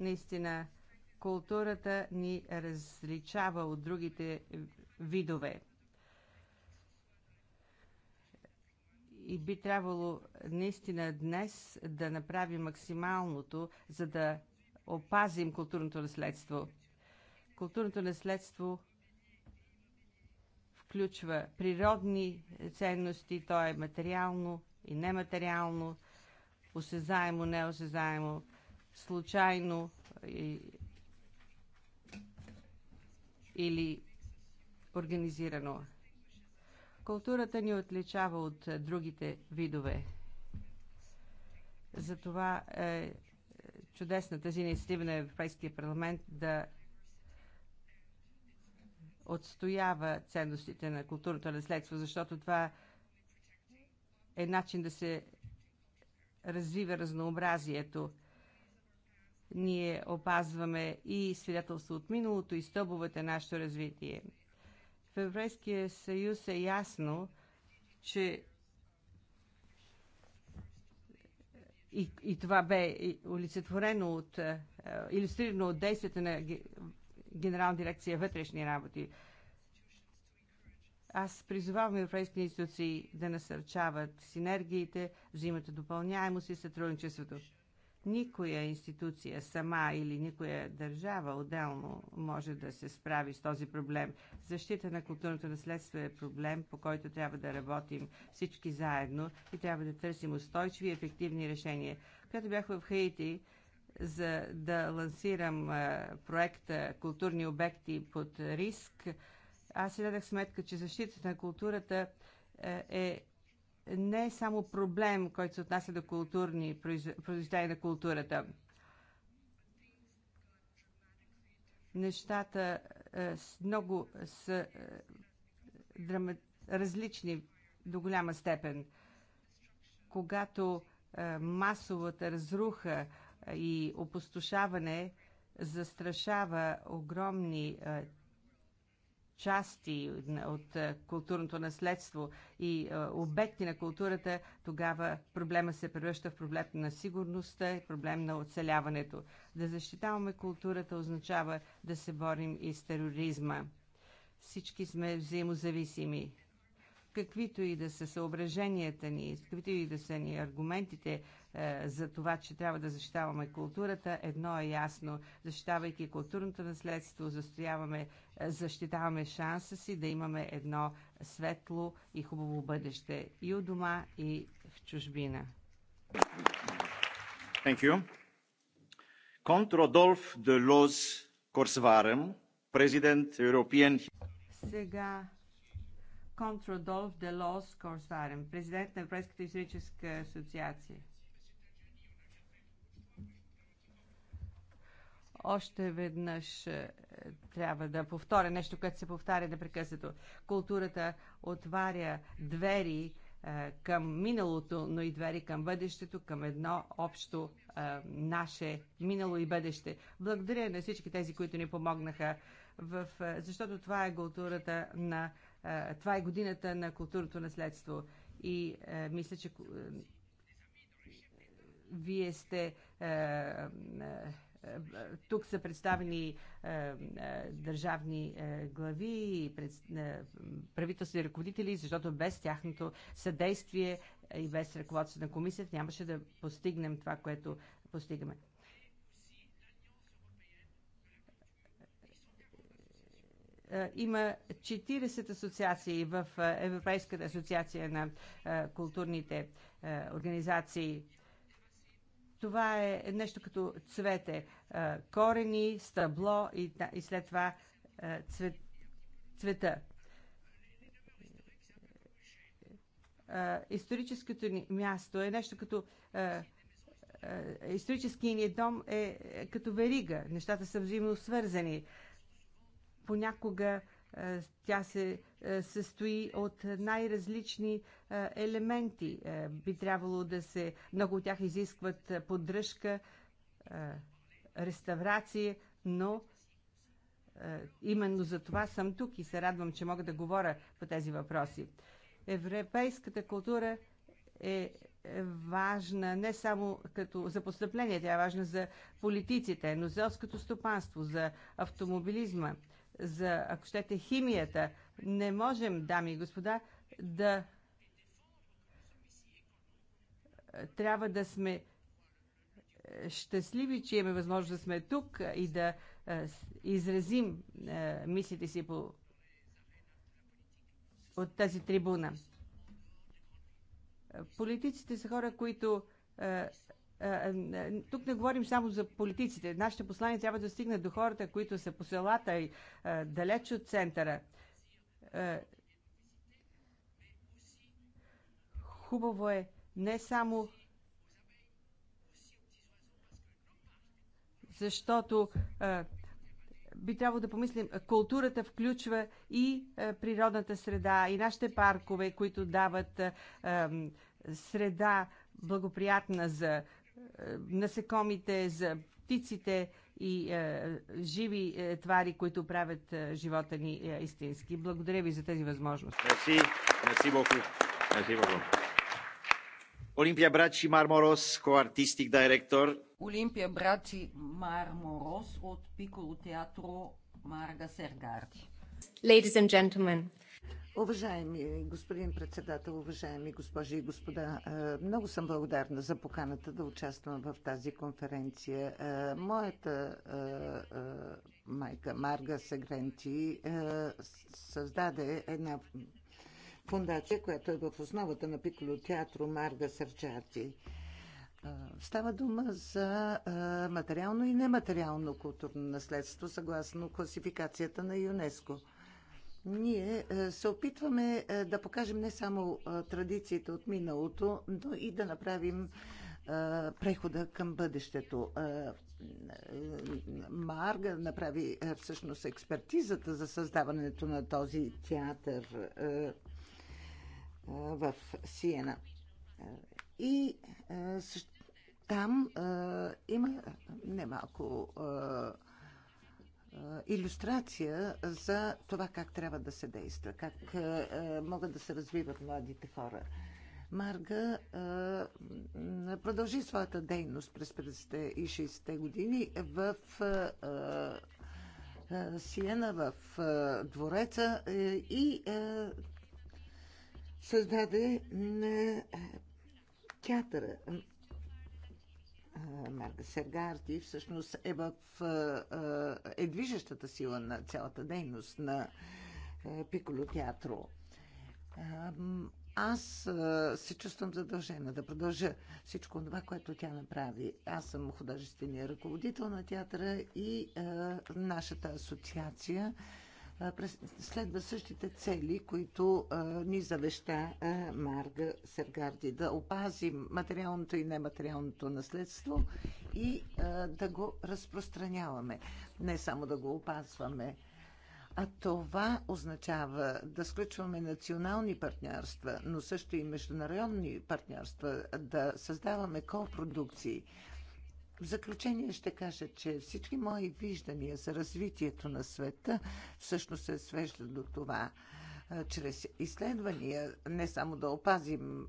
Наистина, културата ни различава от другите видове. И би трябвало наистина днес да направи максималното, за да опазим културното наследство. Културното наследство включва природни ценности, то е материално и нематериално, осезаемо, неосезаемо, случайно и, или организирано. Културата ни отличава от другите видове. Затова е, чудесна тази инициатива на Европейския парламент да отстоява ценностите на културното наследство, защото това е начин да се развива разнообразието. Ние опазваме и свидетелство от миналото, и стълбовете на нашето развитие. В Европейския съюз е ясно, че и, и това бе олицетворено от, е, иллюстрирано от действията на Генерална дирекция вътрешни работи. Аз призовавам европейските институции да насърчават синергиите, взимат допълняемост и сътрудничеството. Никоя институция сама или никоя държава отделно може да се справи с този проблем. Защита на културното наследство е проблем, по който трябва да работим всички заедно и трябва да търсим устойчиви и ефективни решения. Когато бях в Хаити, за да лансирам проекта Културни обекти под риск, аз си дадах сметка, че защитата на културата е не е само проблем, който се отнася до културни произведения на културата. Нещата е, много са е, драма... различни до голяма степен. Когато е, масовата разруха е, и опустошаване застрашава огромни е, части от е, културното наследство и е, обекти на културата, тогава проблема се превръща в проблем на сигурността и проблем на оцеляването. Да защитаваме културата означава да се борим и с тероризма. Всички сме взаимозависими. Каквито и да са съображенията ни, каквито и да са ни аргументите, е, за това, че трябва да защитаваме културата. Едно е ясно. Защитавайки културното наследство, застояваме, е, защитаваме шанса си да имаме едно светло и хубаво бъдеще и у дома, и в чужбина. Thank you. Конт Родолф де Лоз Корсварем, президент European... Сега Конт Родолф де Лоз Корсварем, президент на Европейската историческа асоциация. Още веднъж е, трябва да повторя нещо, което се повтаря непрекъснато. Културата отваря двери е, към миналото, но и двери към бъдещето, към едно общо а, е, наше минало и бъдеще. Благодаря на всички тези, които ни помогнаха, в, защото това е културата на. А, това е годината на културното наследство. И а, мисля, че а, вие сте. А, а, тук са представени е, е, държавни е, глави, и правителствени ръководители, защото без тяхното съдействие и без ръководство на комисията нямаше да постигнем това, което постигаме. има 40 асоциации в Европейската асоциация на културните организации. Това е нещо като цвете. Корени, стъбло и, и след това цвет, цвета. Историческото ни място е нещо като исторически ни дом е, е като верига. Нещата са взаимно свързани. Понякога е, тя се е, състои от най-различни е, елементи. Би трябвало да се... Много от тях изискват поддръжка, реставрация, но именно за това съм тук и се радвам, че мога да говоря по тези въпроси. Европейската култура е важна не само като за постъпление, тя е важна за политиците, но за селското стопанство, за автомобилизма – за, ако щете, химията. Не можем, дами и господа, да трябва да сме е, щастливи, че имаме възможност да сме тук и да е, изразим е, мислите си по, от тази трибуна. Политиците са хора, които е, е, тук не говорим само за политиците. Нашите послания трябва да стигнат до хората, които са по селата и е, далеч от центъра. Хубаво е не само защото би трябвало да помислим, културата включва и природната среда, и нашите паркове, които дават среда благоприятна за насекомите, за птиците и е, живи е, твари, които правят е, живота ни е, истински. Благодаря ви за тази възможност. Мерси, мерси Боку. Мерси Боку. Олимпия Брачи Марморос, коартистик директор. Олимпия Брачи Марморос от Пиколо театро Марга Сергарди. Ladies and gentlemen. Уважаеми господин председател, уважаеми госпожи и господа, много съм благодарна за поканата да участвам в тази конференция. Моята майка Марга Сегренти създаде една фундация, която е в основата на Пиколо театро Марга Сърчарти. Става дума за материално и нематериално културно наследство, съгласно класификацията на ЮНЕСКО. Ние се опитваме да покажем не само традициите от миналото, но и да направим прехода към бъдещето. Марга направи всъщност експертизата за създаването на този театър в Сиена. И също там а, има немалко иллюстрация за това как трябва да се действа, как а, могат да се развиват младите хора. Марга а, продължи своята дейност през 50 и 60-те години в а, а, Сиена, в а, двореца а, е, и а, създаде а, театъра е, Марга Сергарти всъщност е в е, е, е движещата сила на цялата дейност на Пиколо театро. Аз се чувствам задължена да продължа всичко това, което тя направи. Аз съм художествения ръководител на театъра и нашата асоциация следва същите цели, които ни завеща Марга Сергарди. Да опазим материалното и нематериалното наследство и да го разпространяваме. Не само да го опазваме. А това означава да сключваме национални партньорства, но също и международни партньорства, да създаваме копродукции, в заключение ще кажа, че всички мои виждания за развитието на света всъщност се свежда до това, чрез изследвания не само да опазим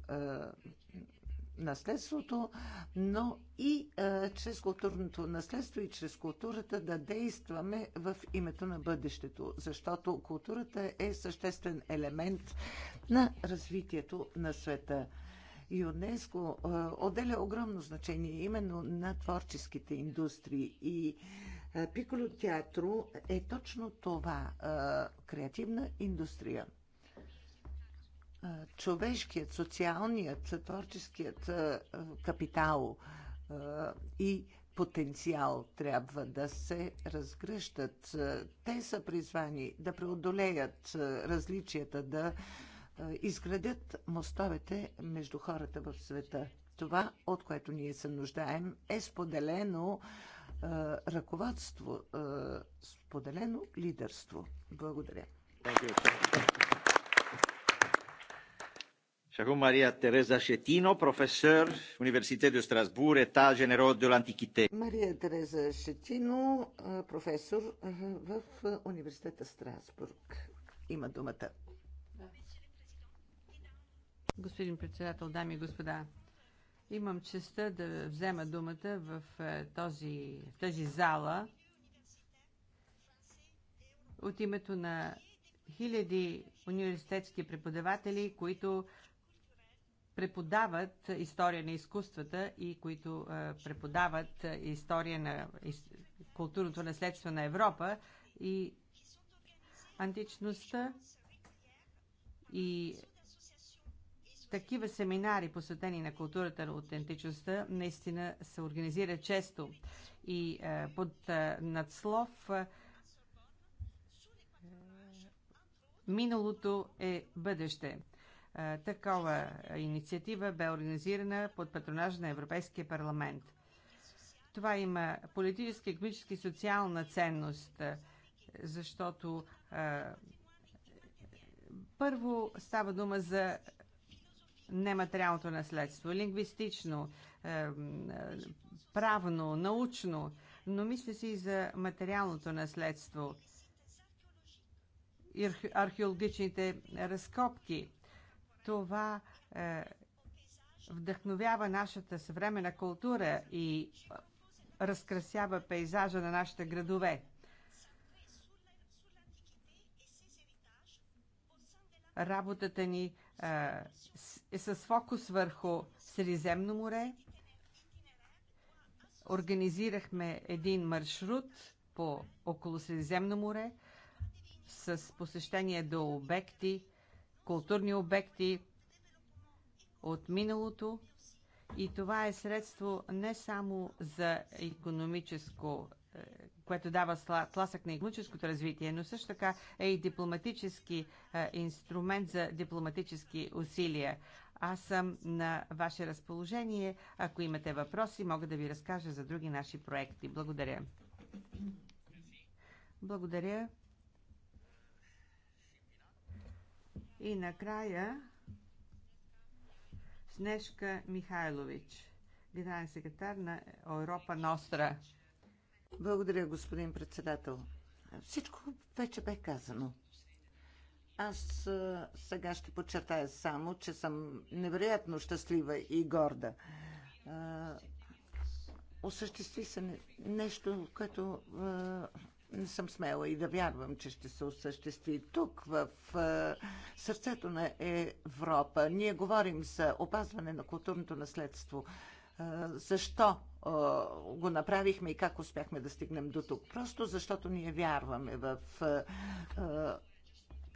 наследството, но и е, чрез културното наследство и чрез културата да действаме в името на бъдещето, защото културата е съществен елемент на развитието на света. ЮНЕСКО отделя огромно значение именно на творческите индустрии и Пиколо театро е точно това креативна индустрия. Човешкият, социалният, творческият капитал и потенциал трябва да се разгръщат. Те са призвани да преодолеят различията, да е, изградят мостовете между хората в света. Това, от което ние се нуждаем, е споделено е, ръководство, е, споделено лидерство. Благодаря. Мария Maria Teresa професор в Университет de Страсбург, État généraux de l'Antiquité. Мария Тереза Шетино, професор в е, Университета Страсбург. Има думата. Господин председател, дами и господа, имам честа да взема думата в, е, този, в тази зала от името на хиляди университетски преподаватели, които преподават история на изкуствата и които е, преподават история на културното наследство на Европа и античността и такива семинари, посветени на културата на аутентичността, наистина се организира често и а, е, под а, е, надслов а, е, Миналото е бъдеще. А, такова инициатива бе организирана под патронаж на Европейския парламент. Това има политическа, економическа и социална ценност, защото а, първо става дума за нематериалното наследство, лингвистично, е, правно, научно, но мисля си и за материалното наследство, археологичните разкопки. Това е, вдъхновява нашата съвременна култура и разкрасява пейзажа на нашите градове. Работата ни с, с фокус върху Средиземно море. Организирахме един маршрут по около Средиземно море с посещение до обекти, културни обекти от миналото. И това е средство не само за економическо е, което дава тласък на економическото развитие, но също така е и дипломатически е, инструмент за дипломатически усилия. Аз съм на ваше разположение. Ако имате въпроси, мога да ви разкажа за други наши проекти. Благодаря. Благодаря. И накрая Снежка Михайлович, генерален секретар на Европа Ностра. Благодаря, господин председател. Всичко вече бе казано. Аз сега ще подчертая само, че съм невероятно щастлива и горда. Осъществи се нещо, което не съм смела и да вярвам, че ще се осъществи тук, в сърцето на Европа. Ние говорим за опазване на културното наследство. Защо го направихме и как успяхме да стигнем до тук? Просто защото ние вярваме в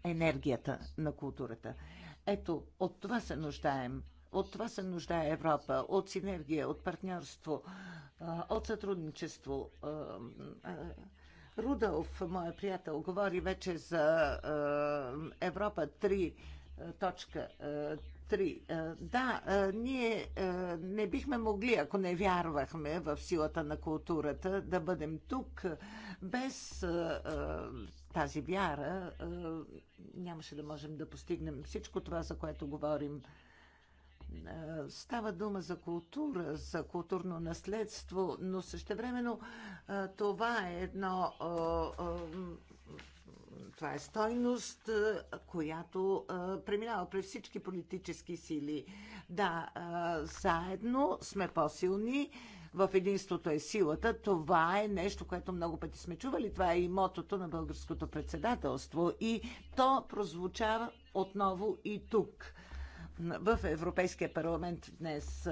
енергията на културата. Ето, от това се нуждаем. От това се нуждае Европа, от синергия, от партньорство, от сътрудничество. Рудолф, моя приятел, говори вече за Европа 3.3 три. Е, да, е, ние е, не бихме могли, ако не вярвахме в силата на културата, да бъдем тук. Без тази вяра нямаше да можем да постигнем всичко това, за което говорим. Става дума за култура, за културно наследство, но същевременно това е едно това е стойност, която преминава през всички политически сили. Да, заедно сме по-силни. В единството е силата. Това е нещо, което много пъти сме чували. Това е и мотото на българското председателство. И то прозвучава отново и тук в Европейския парламент днес.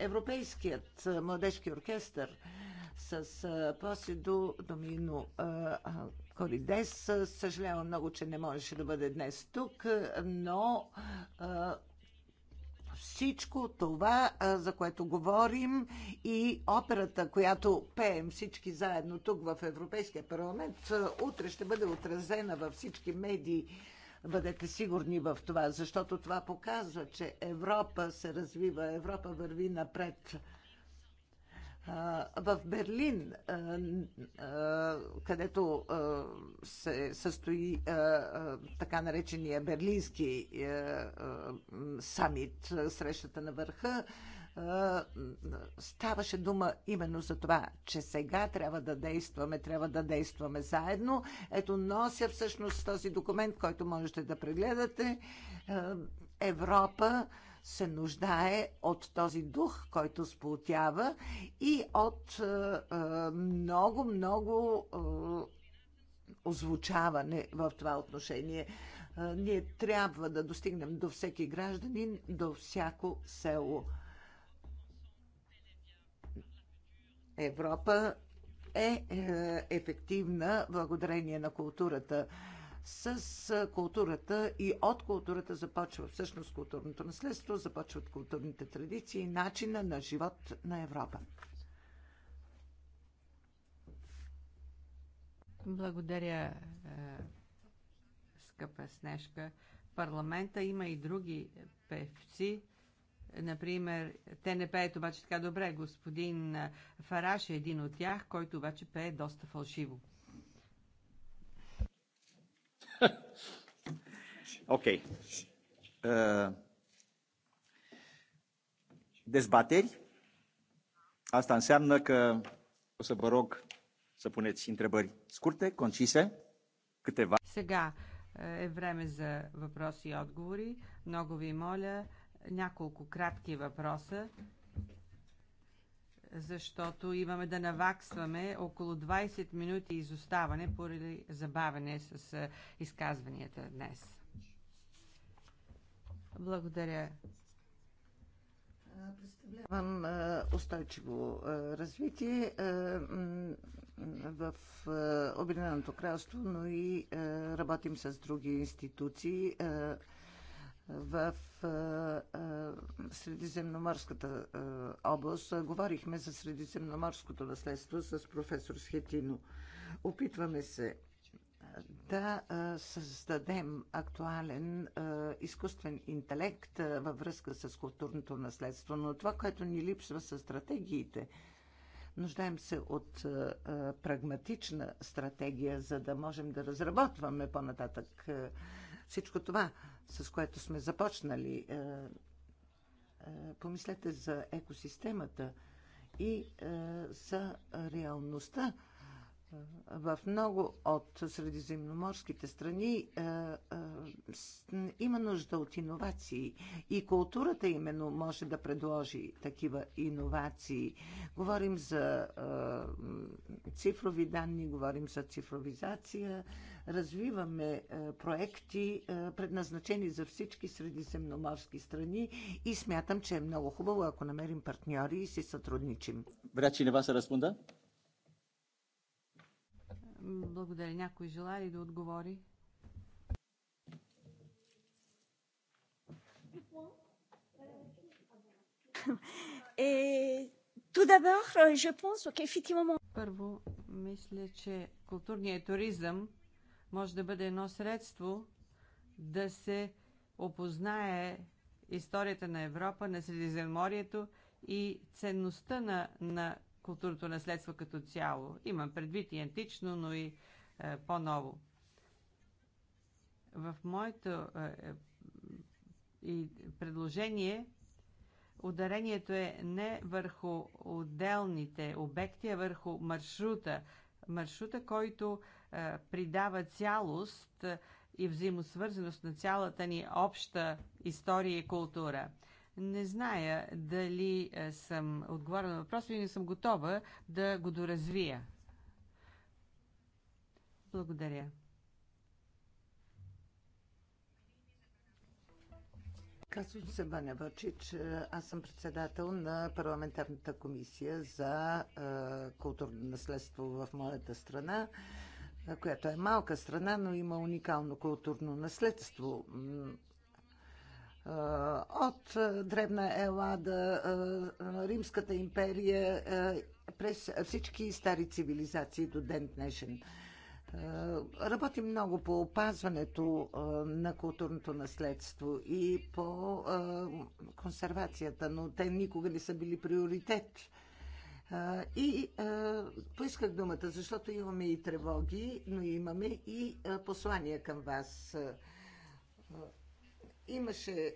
Европейският младежки оркестър с Поседо Домино Коридес. Съжалявам много, че не можеше да бъде днес тук, но всичко това, за което говорим и операта, която пеем всички заедно тук в Европейския парламент, утре ще бъде отразена във всички медии. Бъдете сигурни в това, защото това показва, че Европа се развива, Европа върви напред в Берлин, където се състои така наречения Берлински самит, срещата на върха, ставаше дума именно за това, че сега трябва да действаме, трябва да действаме заедно. Ето нося всъщност този документ, който можете да прегледате. Европа се нуждае от този дух, който сплотява и от много-много е, е, е, озвучаване в това отношение. Ние трябва да достигнем до всеки гражданин, до всяко село. Европа е ефективна благодарение на културата с културата и от културата започва всъщност културното наследство, започват културните традиции, и начина на живот на Европа. Благодаря, е, скъпа Снежка. Парламента има и други певци, Например, те не пеят обаче така добре. Господин Фараш е един от тях, който обаче пее доста фалшиво. Okay. Dezbateri. Asta înseamnă că o să vă rog să puneți întrebări scurte, concise, câteva. Сега е време за въпроси и отговори. Много ви моля, няколко кратки въпроса защото имаме да наваксваме около 20 минути изоставане поради забавене с е, изказванията днес. Благодаря. Представлявам е, устойчиво е, развитие в Обединеното кралство, но и работим с други институции в Средиземноморската област. Говорихме за Средиземноморското наследство с професор Схетино. Опитваме се да създадем актуален изкуствен интелект във връзка с културното наследство, но това, което ни липсва са стратегиите. Нуждаем се от прагматична стратегия, за да можем да разработваме по-нататък всичко това, с което сме започнали. Е, е, помислете за екосистемата и е, за реалността. В много от средиземноморските страни има нужда от иновации и културата именно може да предложи такива иновации. Говорим за цифрови данни, говорим за цифровизация, развиваме е, проекти, е, предназначени за всички средиземноморски страни и смятам, че е много хубаво, ако намерим партньори и си сътрудничим. Врачи на вас разпунда? Благодаря. Някой желая ли да отговори? Euh, Първо, мисля, че културният туризъм може да бъде едно средство да се опознае историята на Европа, на Средиземморието и ценността на, на културното наследство като цяло. Имам предвид и антично, но и е, по-ново. В моето е, е, и предложение ударението е не върху отделните обекти, а върху маршрута. Маршрута, който е, е, придава цялост и взаимосвързаност на цялата ни обща история и култура. Не зная дали е, съм отговорена на въпроса и не съм готова да го доразвия. Благодаря. Казвам се Ваня Вълчич. Е, аз съм председател на парламентарната комисия за културно наследство в моята страна която е малка страна, но има уникално културно наследство. От Древна Елада, Римската империя, през всички стари цивилизации до ден днешен. Работи много по опазването на културното наследство и по консервацията, но те никога не са били приоритет и поисках думата, защото имаме и тревоги, но имаме и послания към вас. Имаше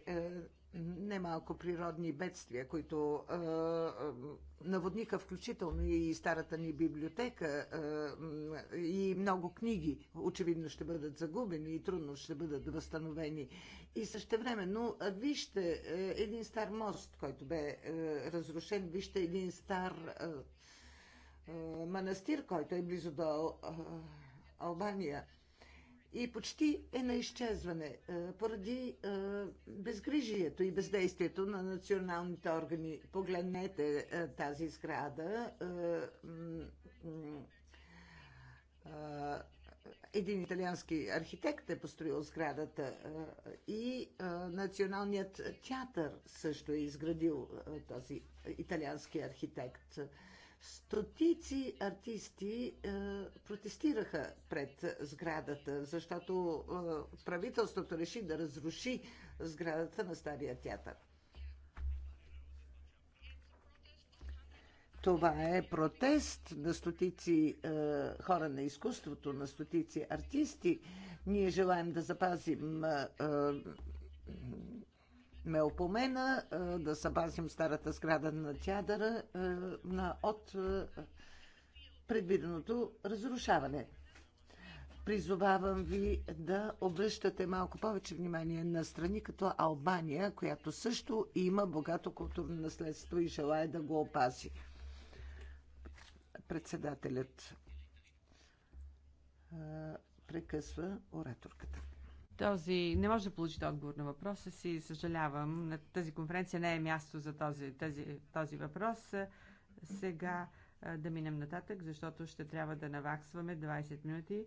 немалко природни бедствия, които наводника а, наводниха включително и старата ни библиотека а, и много книги очевидно ще бъдат загубени и трудно ще бъдат възстановени. И също но вижте е, един стар мост, който бе е, разрушен, вижте един стар е, манастир, който е близо до Албания и почти е на изчезване поради безгрижието и бездействието на националните органи. Погледнете тази сграда един италиански архитект е построил сградата и Националният театър също е изградил този италиански архитект. Стотици артисти протестираха пред сградата, защото правителството реши да разруши сградата на Стария театър. Това е протест на стотици е, хора на изкуството, на стотици артисти. Ние желаем да запазим е, е, Мелпомена, е, да запазим старата сграда на театъра е, на, от е, предвиденото разрушаване. Призовавам ви да обръщате малко повече внимание на страни като Албания, която също има богато културно наследство и желая да го опази. Председателят прекъсва ораторката. Този не може да получи отговор на въпроса си. Съжалявам, на тази конференция не е място за този, този, този въпрос. Сега да минем нататък, защото ще трябва да наваксваме 20 минути.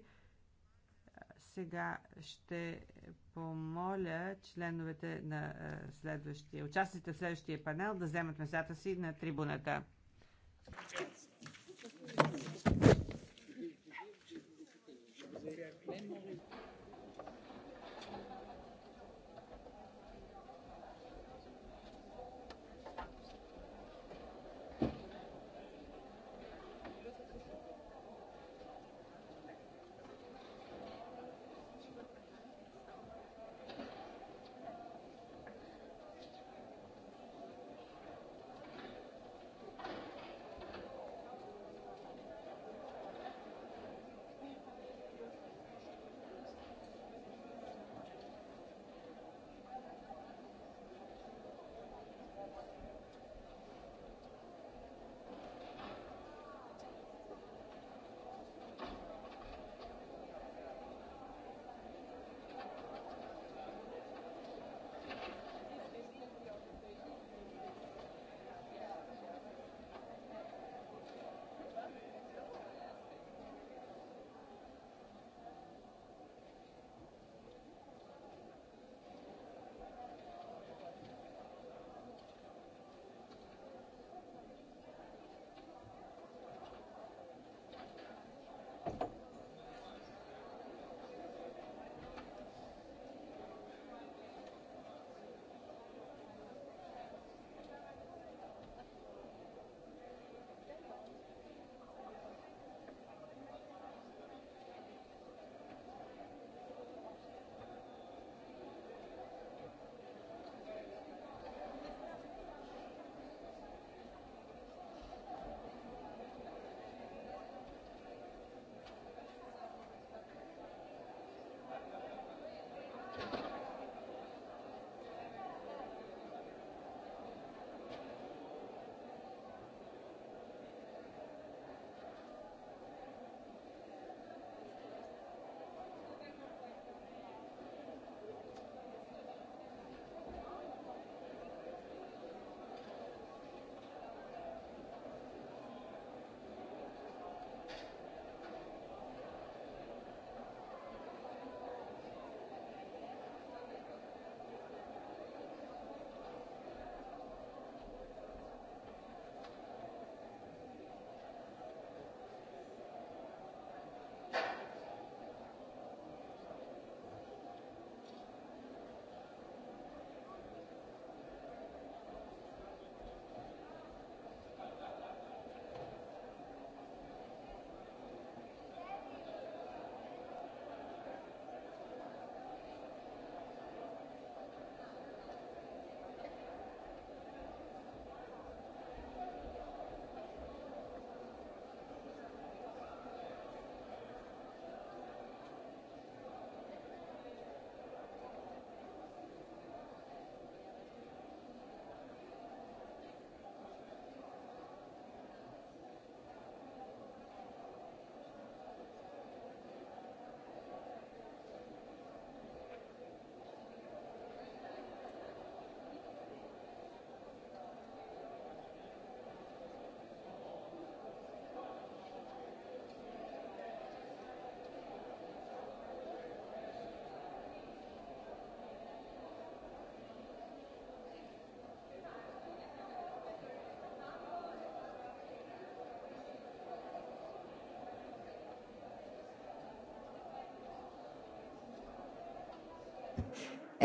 Сега ще помоля членовете на следващия, участниците в следващия панел да вземат местата си на трибуната. Yes.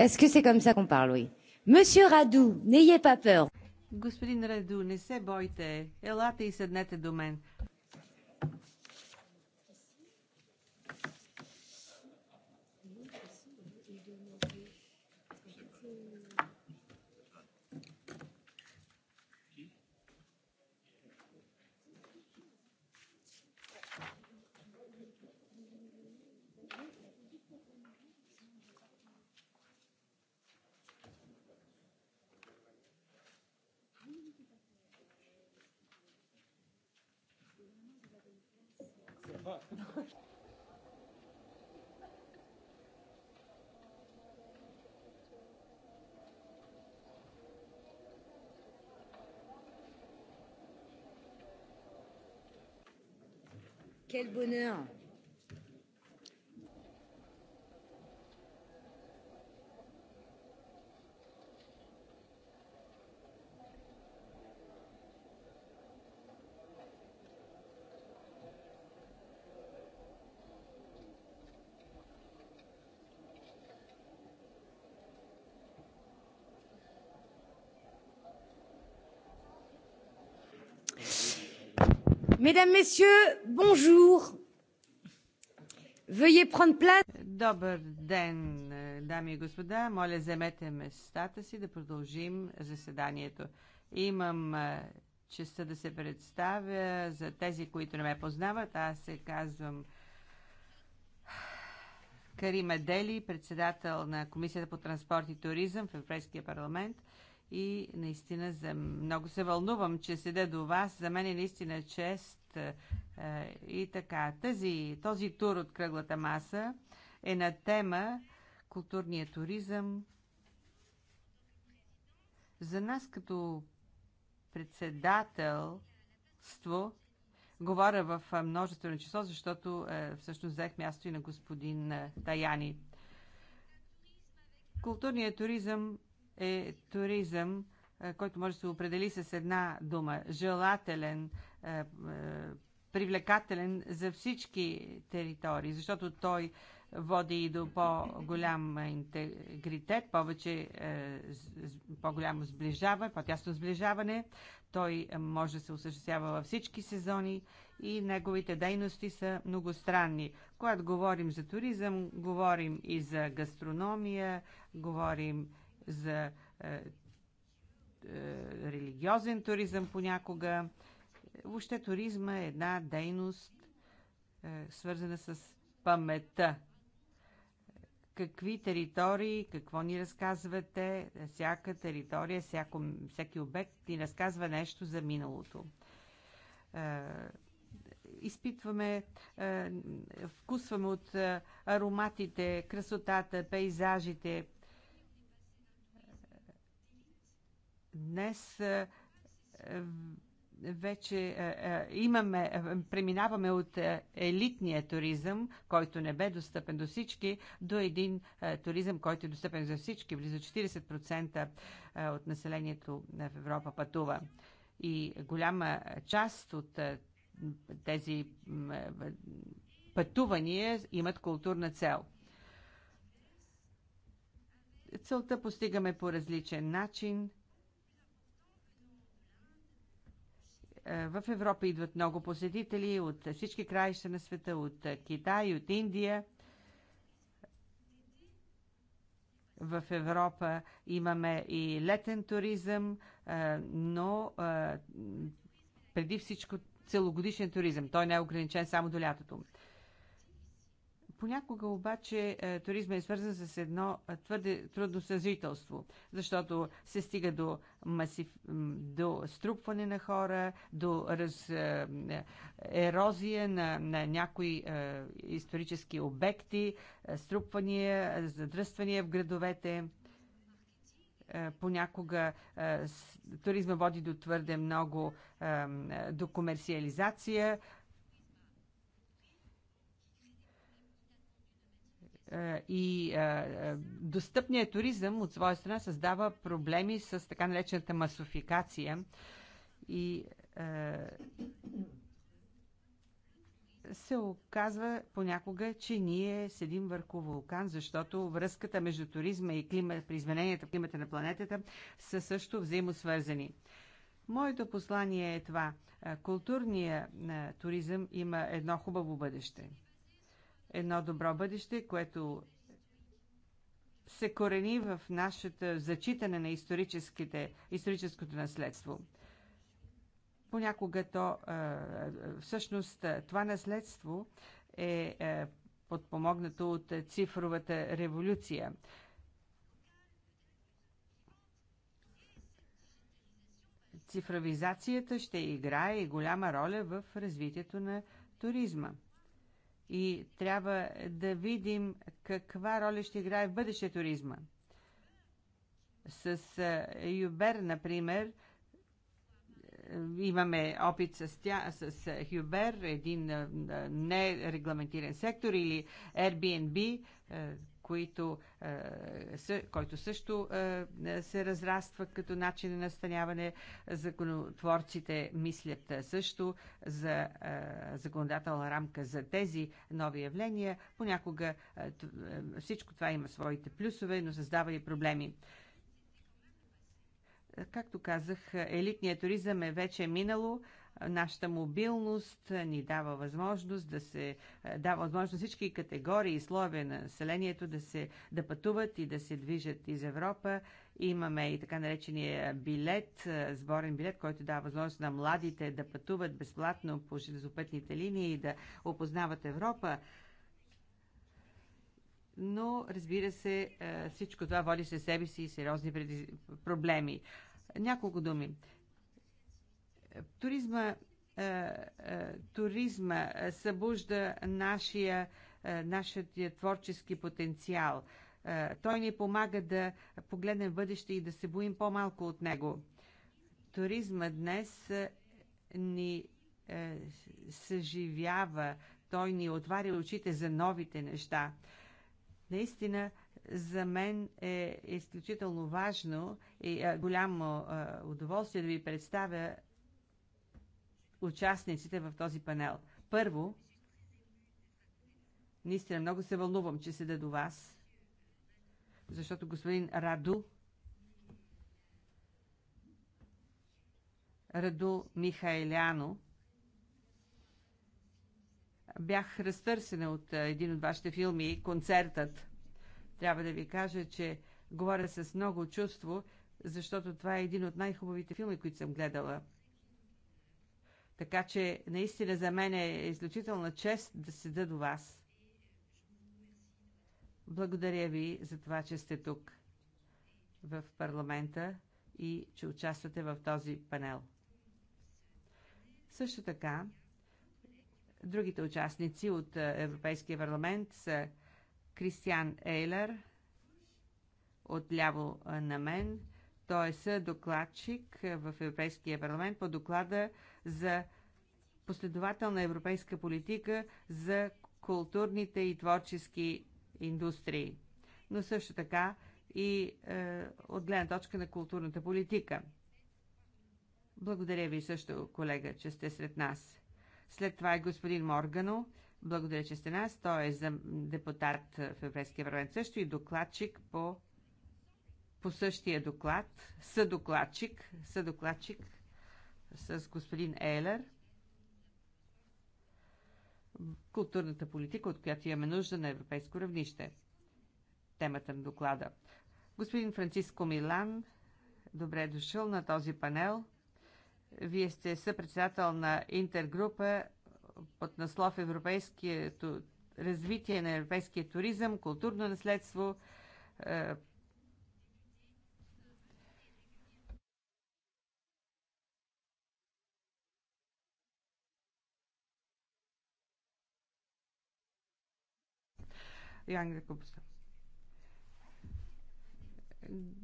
Est-ce que c'est comme ça qu'on parle, oui Monsieur Radou, n'ayez pas peur. Господин Раду, не се бойте. Елате и седнете до мен. Quel bonheur Mesdames, Messieurs, Bonjour. Veuillez prendre place. Добър ден, дами и господа. Моля, вземете местата си да продължим заседанието. Имам честа да се представя за тези, които не ме познават. Аз се казвам Карима Дели, председател на Комисията по транспорт и туризъм в Европейския парламент – и наистина за... много се вълнувам, че седя до вас. За мен е наистина чест е, и така. Тази, този тур от кръглата маса е на тема културния туризъм. За нас като председателство говоря в множество на число, защото е, всъщност взех място и на господин е, Таяни. Културният туризъм е туризъм, е, който може да се определи с една дума желателен, е, е, привлекателен за всички територии, защото той води и до по-голям интегритет, повече, по-голямо сближаване, по-тясно сближаване. Той може да се осъществява във всички сезони и неговите дейности са многостранни. Когато говорим за туризъм, говорим и за гастрономия, говорим за е, е, религиозен туризъм понякога. Въобще туризма е една дейност, е, свързана с паметта. Какви територии, какво ни разказвате, всяка територия, всяко, всеки обект ни разказва нещо за миналото. Изпитваме, вкусваме от ароматите, красотата, пейзажите, Днес е, е, вече е, имаме, преминаваме от елитния туризъм, който не бе достъпен до всички, до един туризъм, който е достъпен за всички. Близо 40% от населението в Европа пътува. И голяма част от тези пътувания имат културна цел. Целта постигаме по различен начин – Е, в Европа идват много посетители от всички краища на света, от е, Китай, от Индия. В Европа имаме и летен туризъм, е, но преди всичко целогодишен туризъм. Той не е ограничен само до лятото. Понякога обаче е, туризма е свързан с едно е, твърде трудно съзрителство, защото се стига до, масив, до струпване на хора, до раз, е, ерозия на, на някои исторически обекти, струпвания, задръствания в градовете понякога туризма води до твърде много до комерциализация, Е, и е, е, достъпният туризъм от своя страна създава проблеми с така наречената масофикация и се оказва понякога, че ние седим върху вулкан, защото връзката между туризма и климата, при измененията в климата на планетата са също взаимосвързани. Моето послание е това. Културният туризъм има едно хубаво бъдеще едно добро бъдеще, което се корени в нашата зачитане на историческите, историческото наследство. Понякога то, всъщност, това наследство е, е подпомогнато от цифровата революция. Цифровизацията ще играе и голяма роля в развитието на туризма и трябва да видим каква роля ще играе в бъдеще туризма. С Юбер, например, имаме опит с, тя, с ЮБЕР, един нерегламентиран сектор или Airbnb, които, е, който също е, се разраства като начин на настаняване. Законотворците мислят също за е, законодателна рамка за тези нови явления. Понякога всичко това има своите плюсове, но създава и проблеми както казах, елитният туризъм е вече минало. Нашата мобилност ни дава възможност да се е, дава възможност всички категории и слове на населението да, се, да пътуват и да се движат из Европа. Имаме и така наречения билет, е, сборен билет, който дава възможност на младите да пътуват безплатно по железопътните линии и да опознават Европа но разбира се, е, всичко това води със себе си и сериозни проблеми. Няколко думи. Туризма, е, е, туризма събужда нашия, е, нашия творчески потенциал. Той ни помага да погледнем бъдеще и да се боим по-малко от него. Туризма днес ни съживява, той ни отваря очите за новите неща. Наистина, за мен е изключително важно и голямо удоволствие да ви представя участниците в този панел. Първо, наистина много се вълнувам, че седа до вас, защото господин Раду Раду Михайляно. Бях разтърсена от един от вашите филми, концертът. Трябва да ви кажа, че говоря с много чувство, защото това е един от най-хубавите филми, които съм гледала – така че наистина за мен е изключителна чест да седа до вас. Благодаря ви за това, че сте тук в парламента и че участвате в този панел. Също така, другите участници от Европейския парламент са Кристиан Ейлер от ляво на мен. Той е докладчик в Европейския парламент по доклада за последователна европейска политика за културните и творчески индустрии, но също така и е, от гледна точка на културната политика. Благодаря ви също, колега, че сте сред нас. След това е господин Моргано. Благодаря, че сте нас. Той е за депутат в Европейския парламент също и докладчик по, по същия доклад. Съдокладчик. Съдокладчик с господин Елер. Културната политика, от която имаме нужда на европейско равнище. Темата на доклада. Господин Франциско Милан, добре е дошъл на този панел. Вие сте съпредседател на интергрупа под наслов Европейския развитие на европейския туризъм, културно наследство, е, Ян Купса.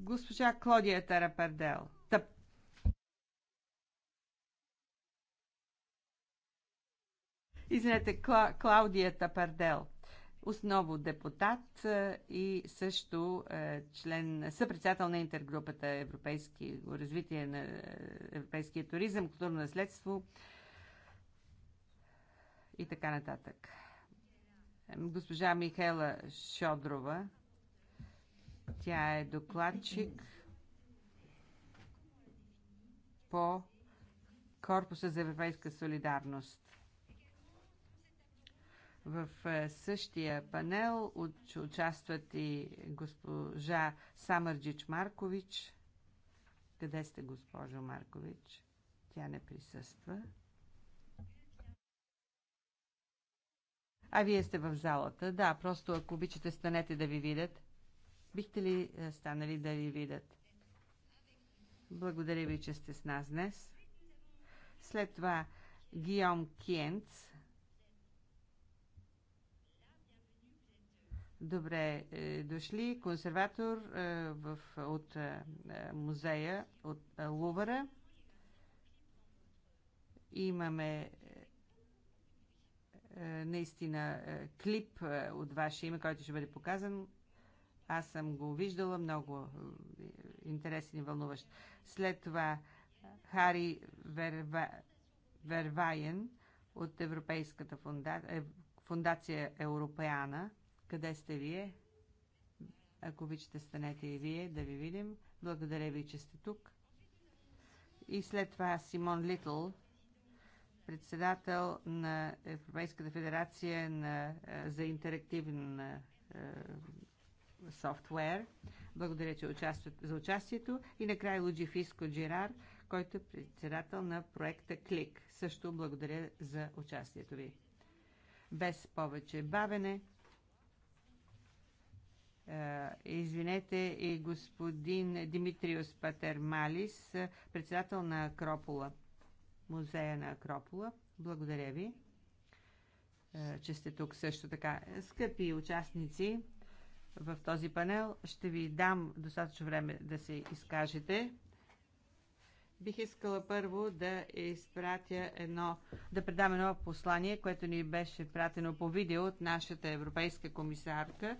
Госпожа Клодия Терапердел. Извинете, Кла, Клаудия Тапардел основно депутат е, и също е, член, съпредседател на интергрупата Европейски развитие на е, европейския туризъм, културно наследство и така нататък госпожа Михела Шодрова. Тя е докладчик по Корпуса за европейска солидарност. В е, същия панел участват и госпожа Самърджич Маркович. Къде сте, госпожо Маркович? Тя не присъства. А вие сте в залата. Да, просто ако обичате, станете да ви видят. Бихте ли е, станали да ви видят? Благодаря ви, че сте с нас днес. След това Гиом Киенц. Добре е, дошли, консерватор е, в, от е, е музея от е, Лувъра. Имаме е, наистина е, клип е, от ваше име, който ще бъде показан. Аз съм го виждала, много интересен и вълнуващ. След това Хари Верва... Вервайен от Европейската фунда... фундация Европеана. Къде сте вие? Ако обичате, станете и вие да ви видим. Благодаря ви, че сте тук. И след това Симон Литл председател на Европейската федерация на, е, за интерактивен е, е, софтуер. Благодаря че участват, за участието. И накрая Луджи Фиско Джирар, който е председател на проекта Клик. Също благодаря за участието ви. Без повече бавене. Е, извинете и господин Димитриос Патермалис, председател на Акропола музея на Акропола. Благодаря ви, е, че сте тук също така. Скъпи участници в този панел, ще ви дам достатъчно време да се изкажете. Бих искала първо да изпратя едно, да предам едно послание, което ни беше пратено по видео от нашата европейска комисарка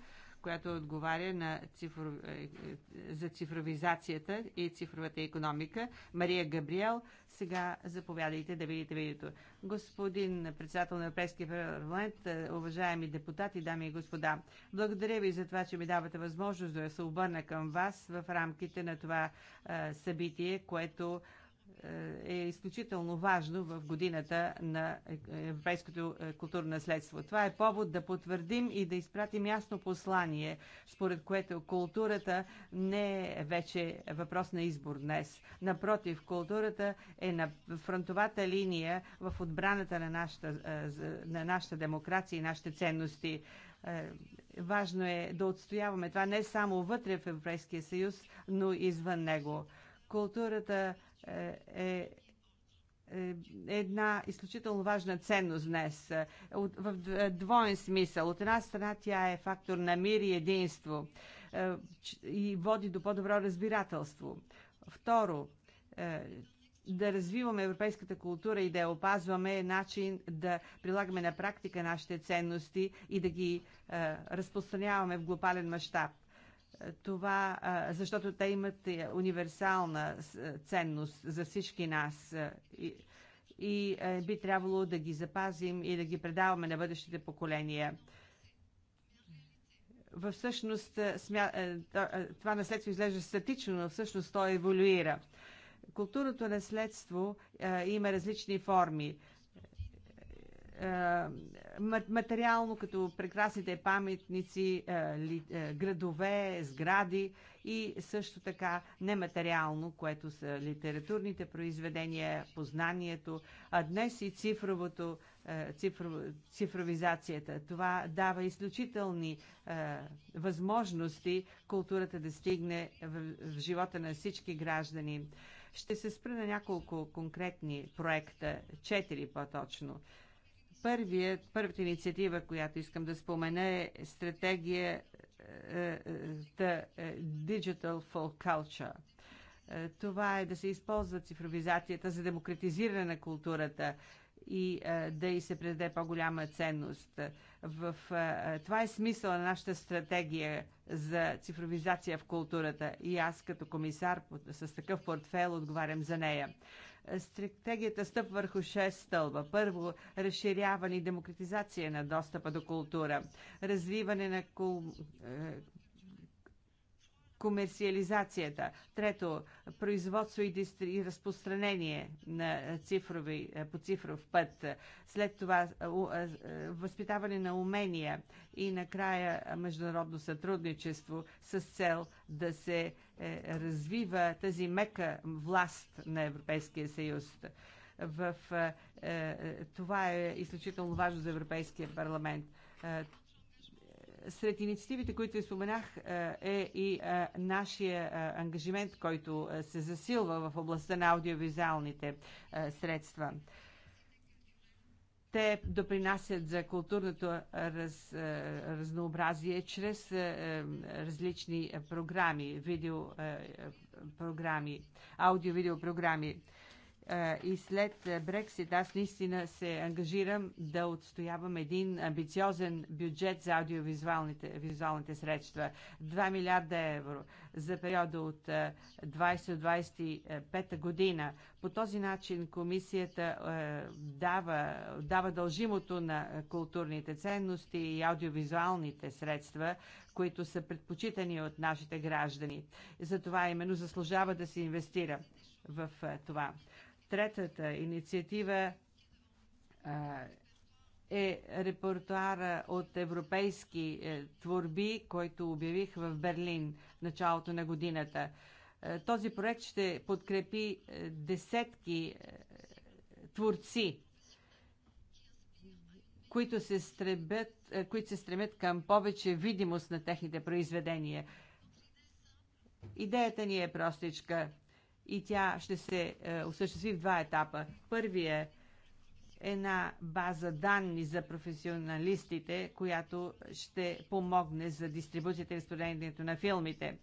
която отговаря на цифров... Е, е, за цифровизацията и цифровата економика. Мария Габриел, сега заповядайте да видите видеото. Господин председател на Европейския парламент, е, уважаеми депутати, дами и господа, благодаря ви за това, че ми давате възможност да се обърна към вас в рамките на това събитие, което е изключително важно в годината на европейското е, културно наследство. Това е повод да потвърдим и да изпратим ясно послание, според което културата не е вече въпрос на избор днес. Напротив, културата е на фронтовата линия в отбраната на нашата, е, на нашата демокрация и нашите ценности. Е, важно е да отстояваме това не само вътре в Европейския съюз, но и извън него. Културата е, е, е една изключително важна ценност днес. В е, двоен смисъл. От една страна тя е фактор на мир и единство и води до по-добро разбирателство. Второ, да развиваме европейската култура и да я опазваме е начин да прилагаме на практика нашите ценности и да ги разпространяваме в глобален мащаб това, защото те имат универсална ценност за всички нас и е, би трябвало да ги запазим и да ги предаваме на бъдещите поколения. Във всъщност това наследство изглежда статично, но всъщност то еволюира. Културното наследство има различни форми материално, като прекрасните паметници, е, е, градове, сгради и също така нематериално, което са литературните произведения, познанието, а днес и цифровото, е, цифров, цифровизацията. Това дава изключителни възможности културата да стигне в, в живота на всички граждани. Ще се спра на няколко конкретни проекта, четири по-точно първия, първата инициатива, която искам да спомена е стратегия е, е, е, Digital for Culture. Това е да се използва цифровизацията за демократизиране на културата и да й се предаде по-голяма ценност. В, това е смисъл на нашата стратегия за цифровизация в културата и аз като комисар с такъв портфел отговарям за нея. Стратегията стъп върху 6 стълба. Първо, разширяване и демократизация на достъпа до култура, развиване на кул... Е, комерциализацията. Трето, производство и, дистри... и разпространение на цифрови, по цифров път. След това възпитаване на умения и накрая международно сътрудничество с цел да се е, развива тази мека власт на Европейския съюз в... Е, е, това е изключително важно за Европейския парламент. Сред инициативите, които ви споменах, е, е и е, нашия е, ангажимент, който се засилва в областта на аудиовизуалните средства. Те допринасят за културното раз, разнообразие чрез различни програми, видеопрограми, аудио видеопрограми и след Брексит аз наистина се ангажирам да отстоявам един амбициозен бюджет за аудиовизуалните визуалните средства. 2 милиарда евро за периода от 20-25 година. По този начин комисията дава, дава дължимото на културните ценности и аудиовизуалните средства, които са предпочитани от нашите граждани. Затова именно заслужава да се инвестира в това. Третата инициатива е репертуара от европейски е, творби, който обявих в Берлин в началото на годината. Този проект ще подкрепи е, десетки е, творци, които се, стребят, които се стремят към повече видимост на техните произведения. Идеята ни е простичка – и тя ще се е, осъществи в два етапа. Първият е една база данни за професионалистите, която ще помогне за дистрибуцията и разпределението на филмите.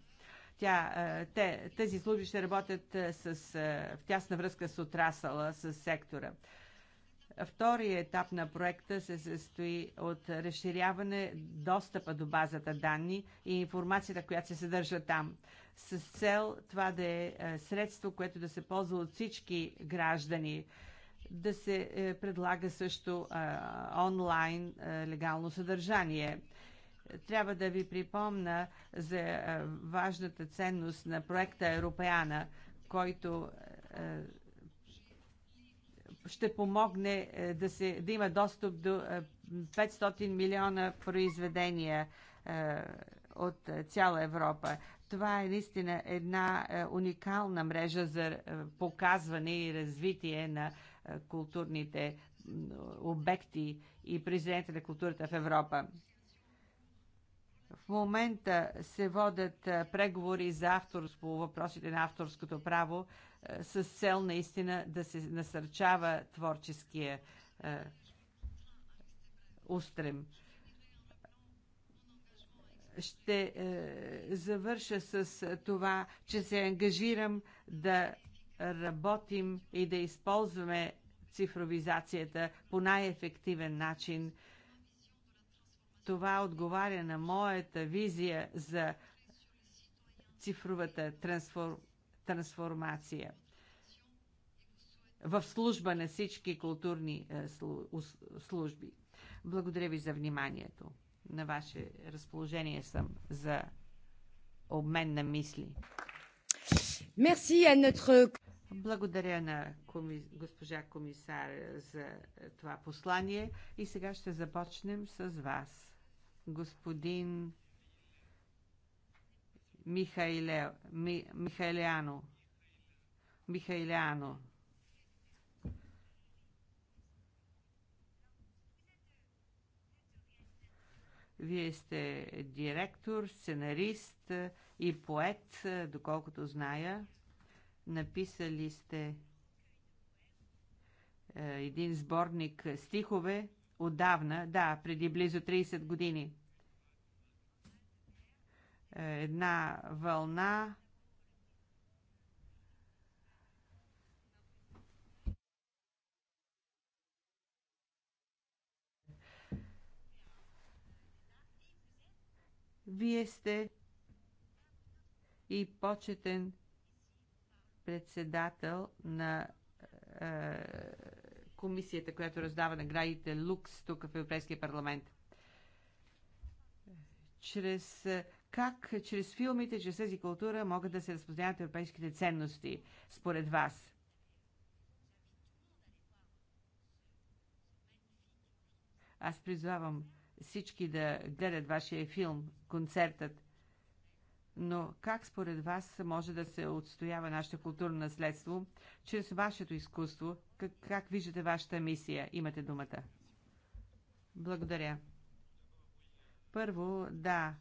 Тя, е, те, тези служби ще работят с, в тясна връзка с отрасъла, с сектора. Втория етап на проекта се състои от разширяване достъпа до базата данни и информацията, която се съдържа там, с цел това да е, е средство, което да се ползва от всички граждани, да се е, предлага също е, онлайн легално съдържание трябва да ви припомна за важната ценност на проекта Европеана, който ще помогне е, да, се, да има достъп до 500 е, милиона произведения е, от цяла Европа. Това е наистина една уникална мрежа за показване и развитие на културните обекти и президента на културата в Европа. В момента се водят преговори за авторство, въпросите на авторското право с цел наистина да се насърчава творческия е, устрем. Ще е, завърша с това, че се ангажирам да работим и да използваме цифровизацията по най-ефективен начин. Това отговаря на моята визия за цифровата трансформация трансформация в служба на всички културни е, служби. Благодаря ви за вниманието. На ваше разположение съм за обмен на мисли. Merci à notre... Благодаря на коми... госпожа комисар за това послание и сега ще започнем с вас. Господин Михайле, Ми, Михайляно. Михайляно. Вие сте директор, сценарист и поет, доколкото зная. Написали сте е, един сборник стихове отдавна, да, преди близо 30 години една вълна Вие сте и почетен председател на е, комисията, която раздава наградите Лукс тук в Европейския парламент. Чрез е, как чрез филмите, чрез тази култура могат да се разпознават европейските ценности, според вас? Аз призвавам всички да гледат вашия филм, концертът. Но как според вас може да се отстоява нашето културно наследство чрез вашето изкуство? Как, как виждате вашата мисия? Имате думата. Благодаря. Първо, да,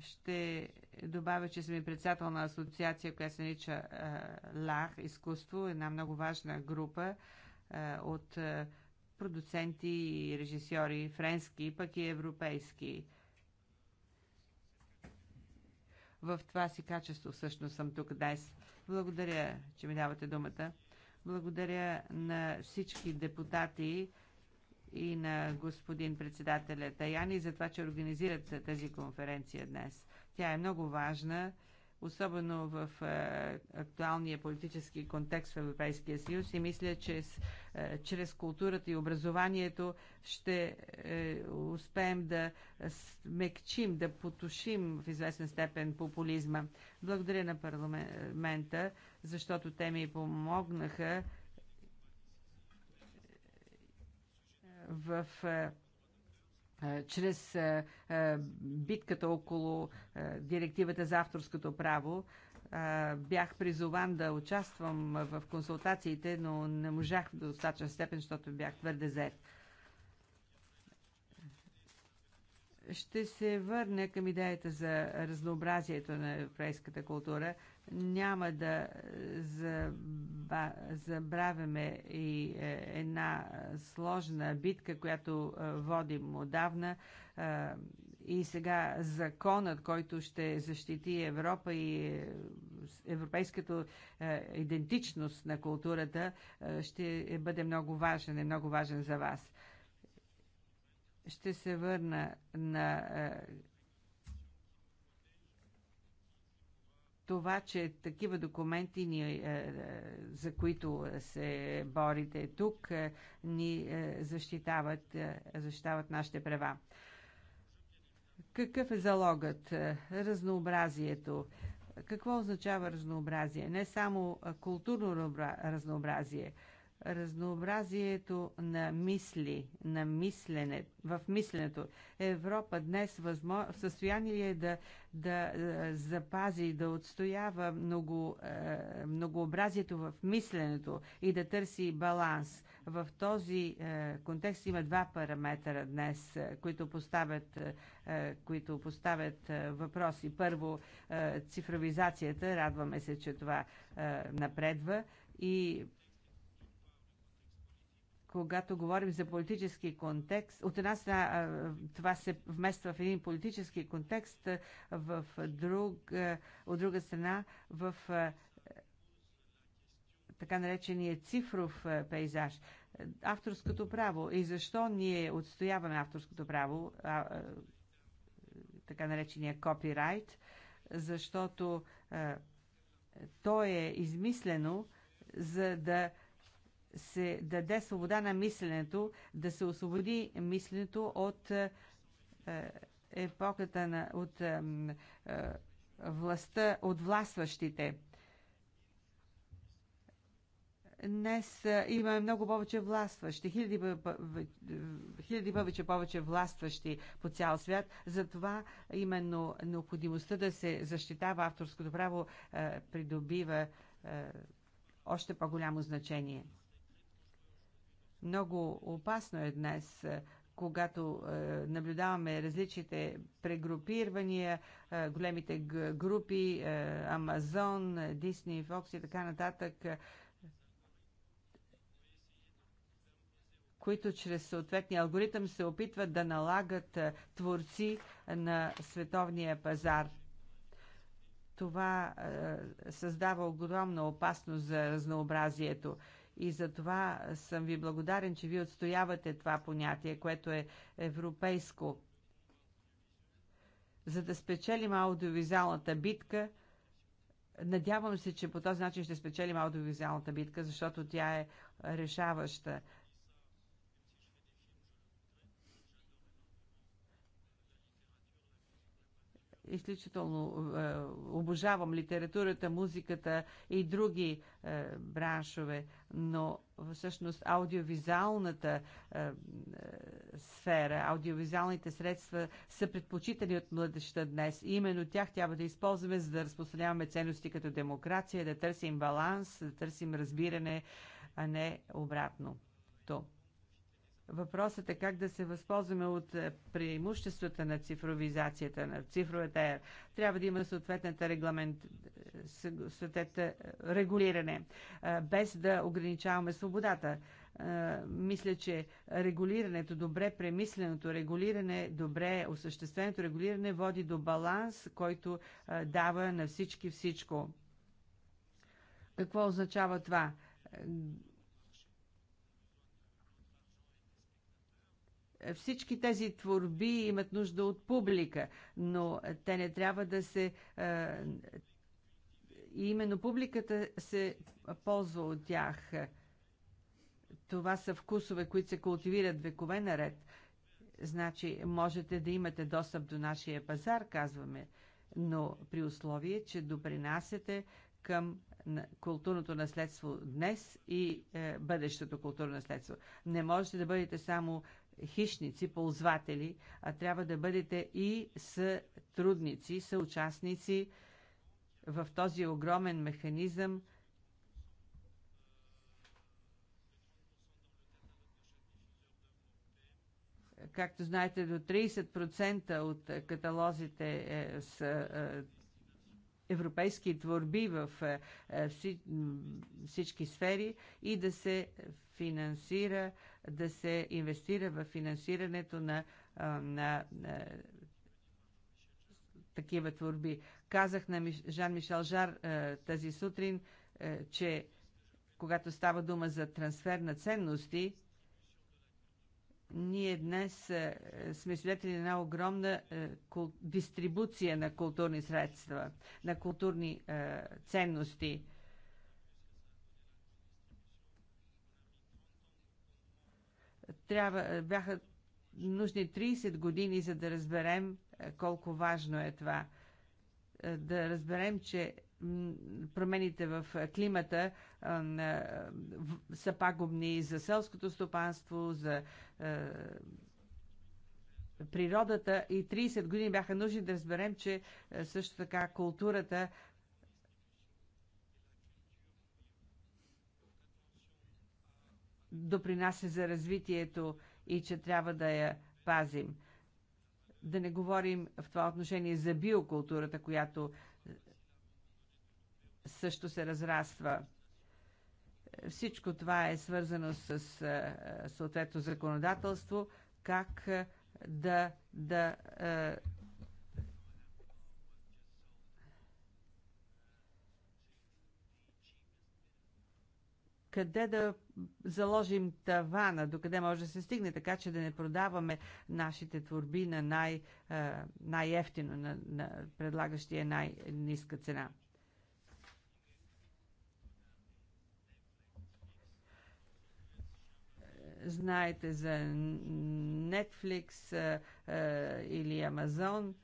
ще добавя, че съм и председател на асоциация, която се нарича ЛАХ изкуство, една много важна група от продуценти и режисьори, френски, пък и европейски. В това си качество всъщност съм тук днес. Благодаря, че ми давате думата. Благодаря на всички депутати, и на господин председателя Таяни за това, че организират тази конференция днес. Тя е много важна, особено в е, актуалния политически контекст в Европейския съюз и мисля, че с, е, чрез културата и образованието ще е, успеем да смекчим, да потушим в известен степен популизма. Благодаря на парламента, защото те ми помогнаха в е, е, чрез е, битката около директивата за авторското право. Бях призован да участвам в консултациите, но не можах в достатъчна степен, защото бях твърде заед. Ще се върне към идеята за разнообразието на европейската култура. Няма да е, забравяме и е, една сложна битка, която е, водим отдавна. И сега законът, който ще защити Европа и европейската идентичност на културата, ще бъде много важен, и много важен за вас. Ще се върна на е, това, че такива документи, ни, е, е, за които се борите тук, ни защитават, защитават нашите права. Какъв е залогът? Разнообразието. Какво означава разнообразие? Не само културно разнообразие, разнообразието на мисли, на мислене, в мисленето. Европа днес възмо... в състояние ли е да, да, е, запази, да отстоява много, е, многообразието в мисленето и да търси баланс. В този е, контекст има два параметра днес, които поставят, които поставят въпроси. Първо, е, цифровизацията, радваме се, че това напредва и когато говорим за политически контекст, от една страна това се вмества в един политически контекст, в друг, от друга страна в така наречения цифров пейзаж. Авторското право. И защо ние отстояваме авторското право, така наречения копирайт? Защото то е измислено, за да се даде свобода на мисленето, да се освободи мисленето от е, е, епоката на, от е, властта, от властващите. Днес има много повече властващи, хиляди, хиляди повече, повече властващи по цял свят. Затова именно необходимостта да се защитава авторското право придобива още по-голямо значение. Много опасно е днес е, когато е, наблюдаваме различните прегрупирвания, е, големите групи, Амазон, Дисни, Фокс и така нататък, които чрез съответния алгоритъм се опитват да налагат творци на световния пазар. Това е, създава огромна опасност за разнообразието. И за това съм ви благодарен, че ви отстоявате това понятие, което е европейско. За да спечелим аудиовизуалната битка, надявам се, че по този начин ще спечелим аудиовизуалната битка, защото тя е решаваща. изключително е, обожавам литературата, музиката и други е, браншове, но всъщност аудиовизуалната е, е, сфера, аудиовизуалните средства са предпочитани от младеща днес. И именно тях трябва да използваме, за да разпространяваме ценности като демокрация, да търсим баланс, да търсим разбиране, а не обратно. това. Въпросът е как да се възползваме от е, преимуществата на цифровизацията, на цифровата ера. Трябва да има съответната регламент, е, съответната е, регулиране, без да ограничаваме свободата. Мисля, че регулирането, добре премисленото регулиране, добре осъщественото регулиране води до баланс, който дава на всички всичко. Какво означава това? Всички тези творби имат нужда от публика, но те не трябва да се. И именно публиката се ползва от тях. Това са вкусове, които се култивират векове наред. Значи, можете да имате достъп до нашия пазар, казваме, но при условие, че допринасяте към културното наследство днес и е, бъдещото културно наследство. Не можете да бъдете само хищници, ползватели, а трябва да бъдете и сътрудници, съучастници в този огромен механизъм, Както знаете, до 30% от каталозите е, с е, европейски творби в е, всички сфери и да се финансира да се инвестира в финансирането на, на, на такива творби. Казах на Жан Мишел Жар тази сутрин, че когато става дума за трансфер на ценности, ние днес сме свидетели на една огромна дистрибуция на културни средства, на културни ценности – Трябва, бяха нужни 30 години, за да разберем е, колко важно е това. Е, да разберем, че промените в климата е, са пагубни за селското стопанство, за природата и 30 години бяха нужни да разберем, че също така културата допринася за развитието и че трябва да я пазим. Да не говорим в това отношение за биокултурата, която също се разраства. Всичко това е свързано с съответно законодателство, как да, да къде да заложим тавана, докъде може да се стигне, така че да не продаваме нашите творби на най, най-ефтино, на, на предлагащия най-ниска цена. Знаете за Netflix или Amazon –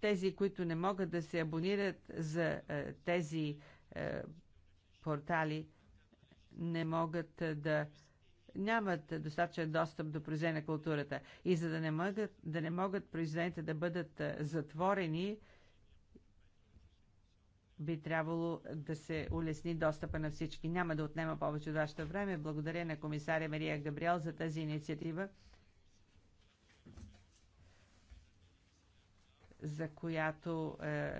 Тези, които не могат да се абонират за е, тези е, портали, не могат е, да нямат достатъчен достъп до произведения на културата. И за да не могат, да не могат произведените да бъдат затворени, би трябвало да се улесни достъпа на всички. Няма да отнема повече от вашето време. Благодаря на комисаря Мария Габриел за тази инициатива. за която е,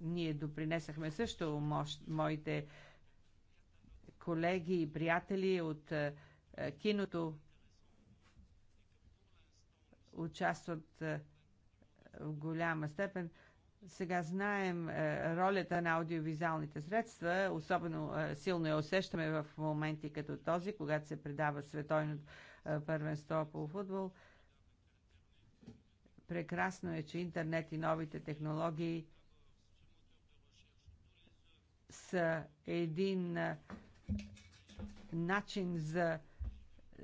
ние допринесахме също мощ, моите колеги и приятели от е, киното участват е, в голяма степен. Сега знаем е, ролята на аудиовизуалните средства, особено е, силно я усещаме в моменти като този, когато се предава световното е, първенство по футбол. Е, Прекрасно е, че интернет и новите технологии са един начин за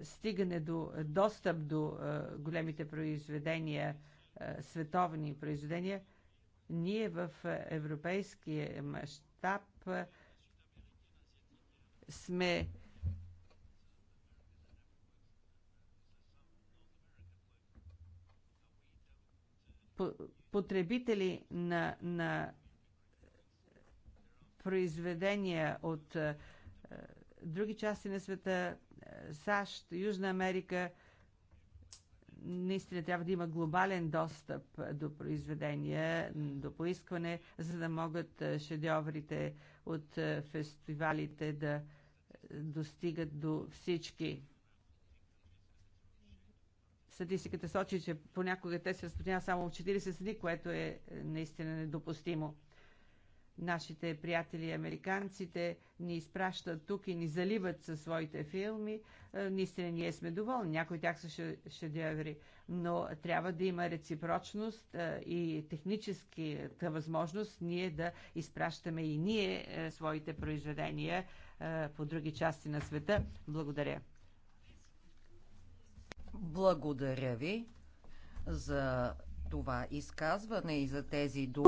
стигане до достъп до големите произведения, световни произведения, ние в европейския мащаб сме потребители на, на произведения от е, други части на света, е, САЩ, Южна Америка, наистина трябва да има глобален достъп до произведения, до поискване, за да могат е, шедьоврите от е, фестивалите да достигат до всички. Статистиката сочи, че понякога те се разпространяват само в 40 дни, което е, е наистина недопустимо. Нашите приятели американците ни изпращат тук и ни заливат със своите филми. Е, наистина ние сме доволни. Някои тях са шедеври. Но трябва да има реципрочност е, и техническата възможност ние да изпращаме и ние своите произведения по други части на света. Благодаря. Благодаря ви за това изказване и за тези думи.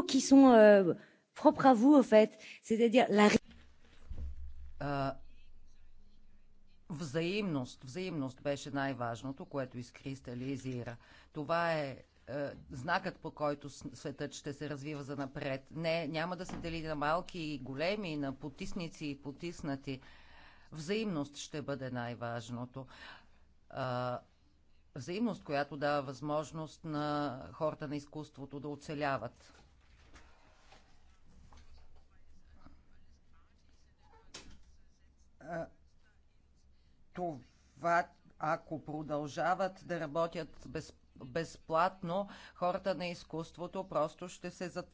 Euh, взаимност, взаимност беше най-важното, което изкристализира. Това е, е знакът по който светът ще се развива за напред. Не, няма да се дели на малки и големи, на потисници и потиснати. Взаимност ще бъде най-важното взаимност, която дава възможност на хората на изкуството да оцеляват. Това, ако продължават да работят без, безплатно, хората на изкуството просто ще се затворят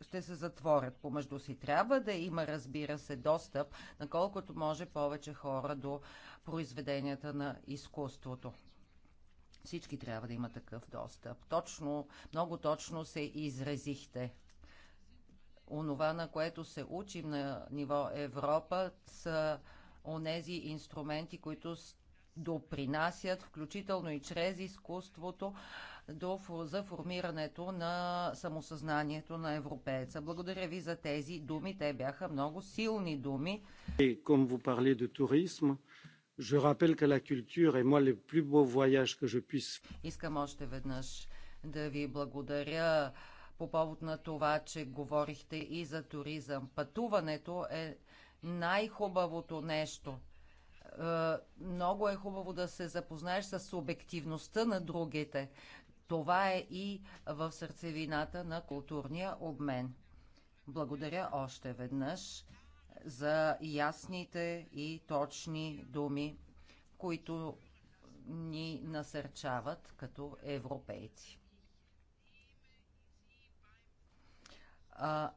ще се затворят помежду си. Трябва да има, разбира се, достъп на колкото може повече хора до произведенията на изкуството. Всички трябва да има такъв достъп. Точно, много точно се изразихте. Онова, на което се учим на ниво Европа, са онези инструменти, които допринасят, включително и чрез изкуството, до, за формирането на самосъзнанието на европееца. Благодаря ви за тези думи. Те бяха много силни думи. И, comme vous parlez Je rappelle que la culture est moi le plus beau voyage que je puisse. Искам още веднъж да ви благодаря по повод на това, че говорихте и за туризъм. Пътуването е най-хубавото нещо. Е, много е хубаво да се запознаеш с субективността на другите. Това е и в сърцевината на културния обмен. Благодаря още веднъж за ясните и точни думи, които ни насърчават като европейци. А,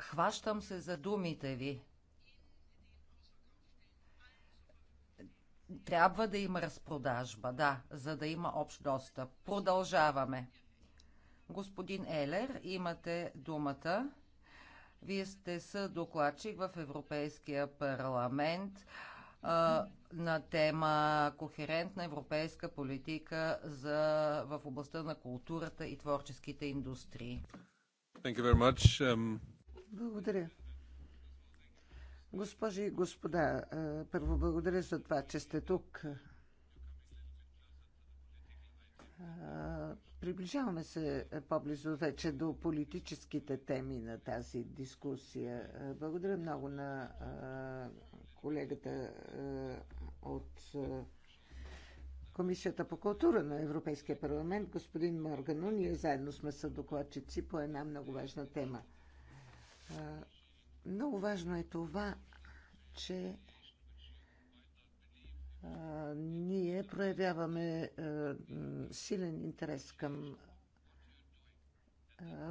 хващам се за думите ви. Трябва да има разпродажба, да, за да има общ достъп. Продължаваме. Господин Елер, имате думата. Вие сте съдокладчик в Европейския парламент а, на тема Кохерентна европейска политика за, в областта на културата и творческите индустрии. Um... Благодаря. Госпожи и господа, първо благодаря за това, че сте тук Приближаваме се е, по-близо вече до политическите теми на тази дискусия. Е, благодаря много на е, колегата от Комисията по култура на Европейския парламент, господин Моргано. Ние заедно сме са докладчици по една много важна тема. Много важно е това, че ние проявяваме силен интерес към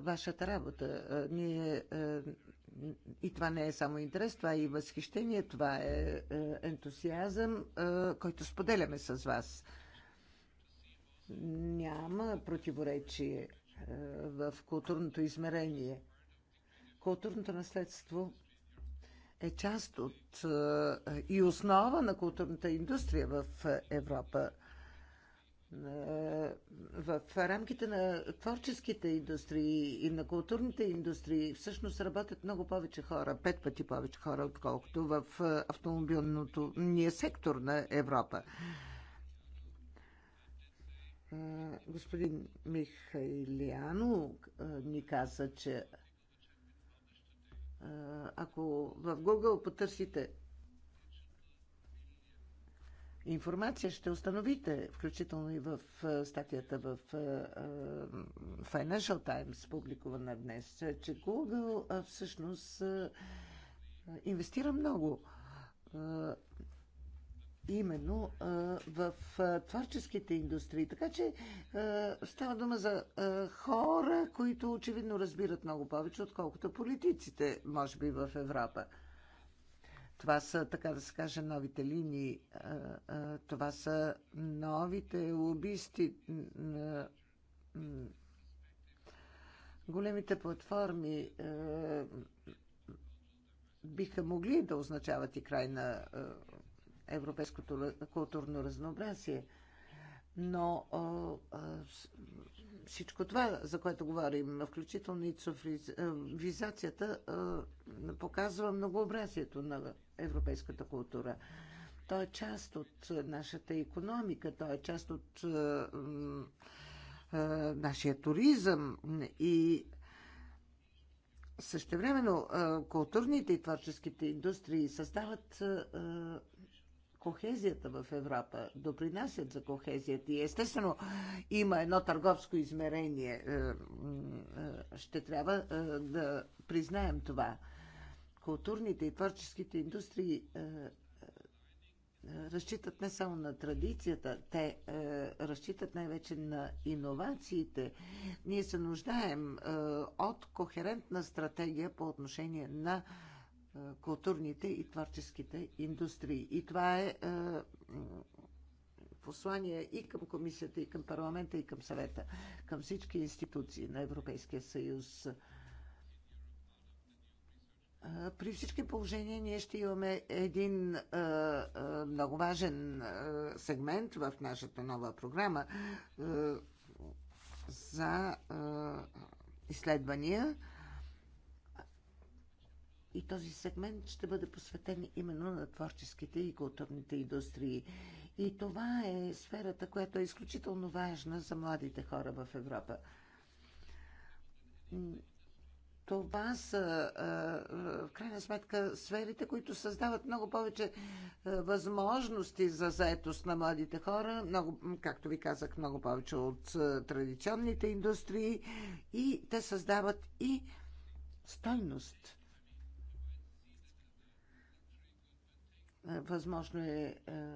вашата работа. Ние, и това не е само интерес, това е и възхищение, това е ентусиазъм, който споделяме с вас. Няма противоречие в културното измерение. Културното наследство – е част от е, е, и основа на културната индустрия в Европа. Е, в рамките на творческите индустрии и на културните индустрии всъщност работят много повече хора, пет пъти повече хора, отколкото в автомобилното ние сектор на Европа. Господин Михайлиано ни каза, че ако в Google потърсите информация, ще установите, включително и в статията в Financial Times, публикувана днес, че Google всъщност инвестира много именно в творческите индустрии. Така че става дума за хора, които очевидно разбират много повече, отколкото политиците, може би, в Европа. Това са, така да се каже, новите линии. Това са новите лобисти. Големите платформи биха могли да означават и край на европейското културно разнообразие. Но а, а, всичко това, за което говорим, включително и цифровизацията, показва многообразието на европейската култура. Той е част от нашата економика, той е част от а, а, нашия туризъм и Същевременно културните и творческите индустрии създават кохезията в Европа, допринасят за кохезията и естествено има едно търговско измерение. Е, е, ще трябва е, да признаем това. Културните и творческите индустрии разчитат не само на традицията, те разчитат най-вече на иновациите. Ние се нуждаем от кохерентна стратегия по отношение на културните и творческите индустрии. И това е послание и към комисията, и към парламента, и към съвета, към всички институции на Европейския съюз. При всички положения ние ще имаме един а, а, много важен а, сегмент в нашата нова програма а, за а, изследвания и този сегмент ще бъде посветен именно на творческите и културните индустрии. И това е сферата, която е изключително важна за младите хора в Европа. Това са, в крайна сметка, сферите, които създават много повече възможности за заетост на младите хора, много, както ви казах, много повече от традиционните индустрии и те създават и стойност. Е, възможно е, е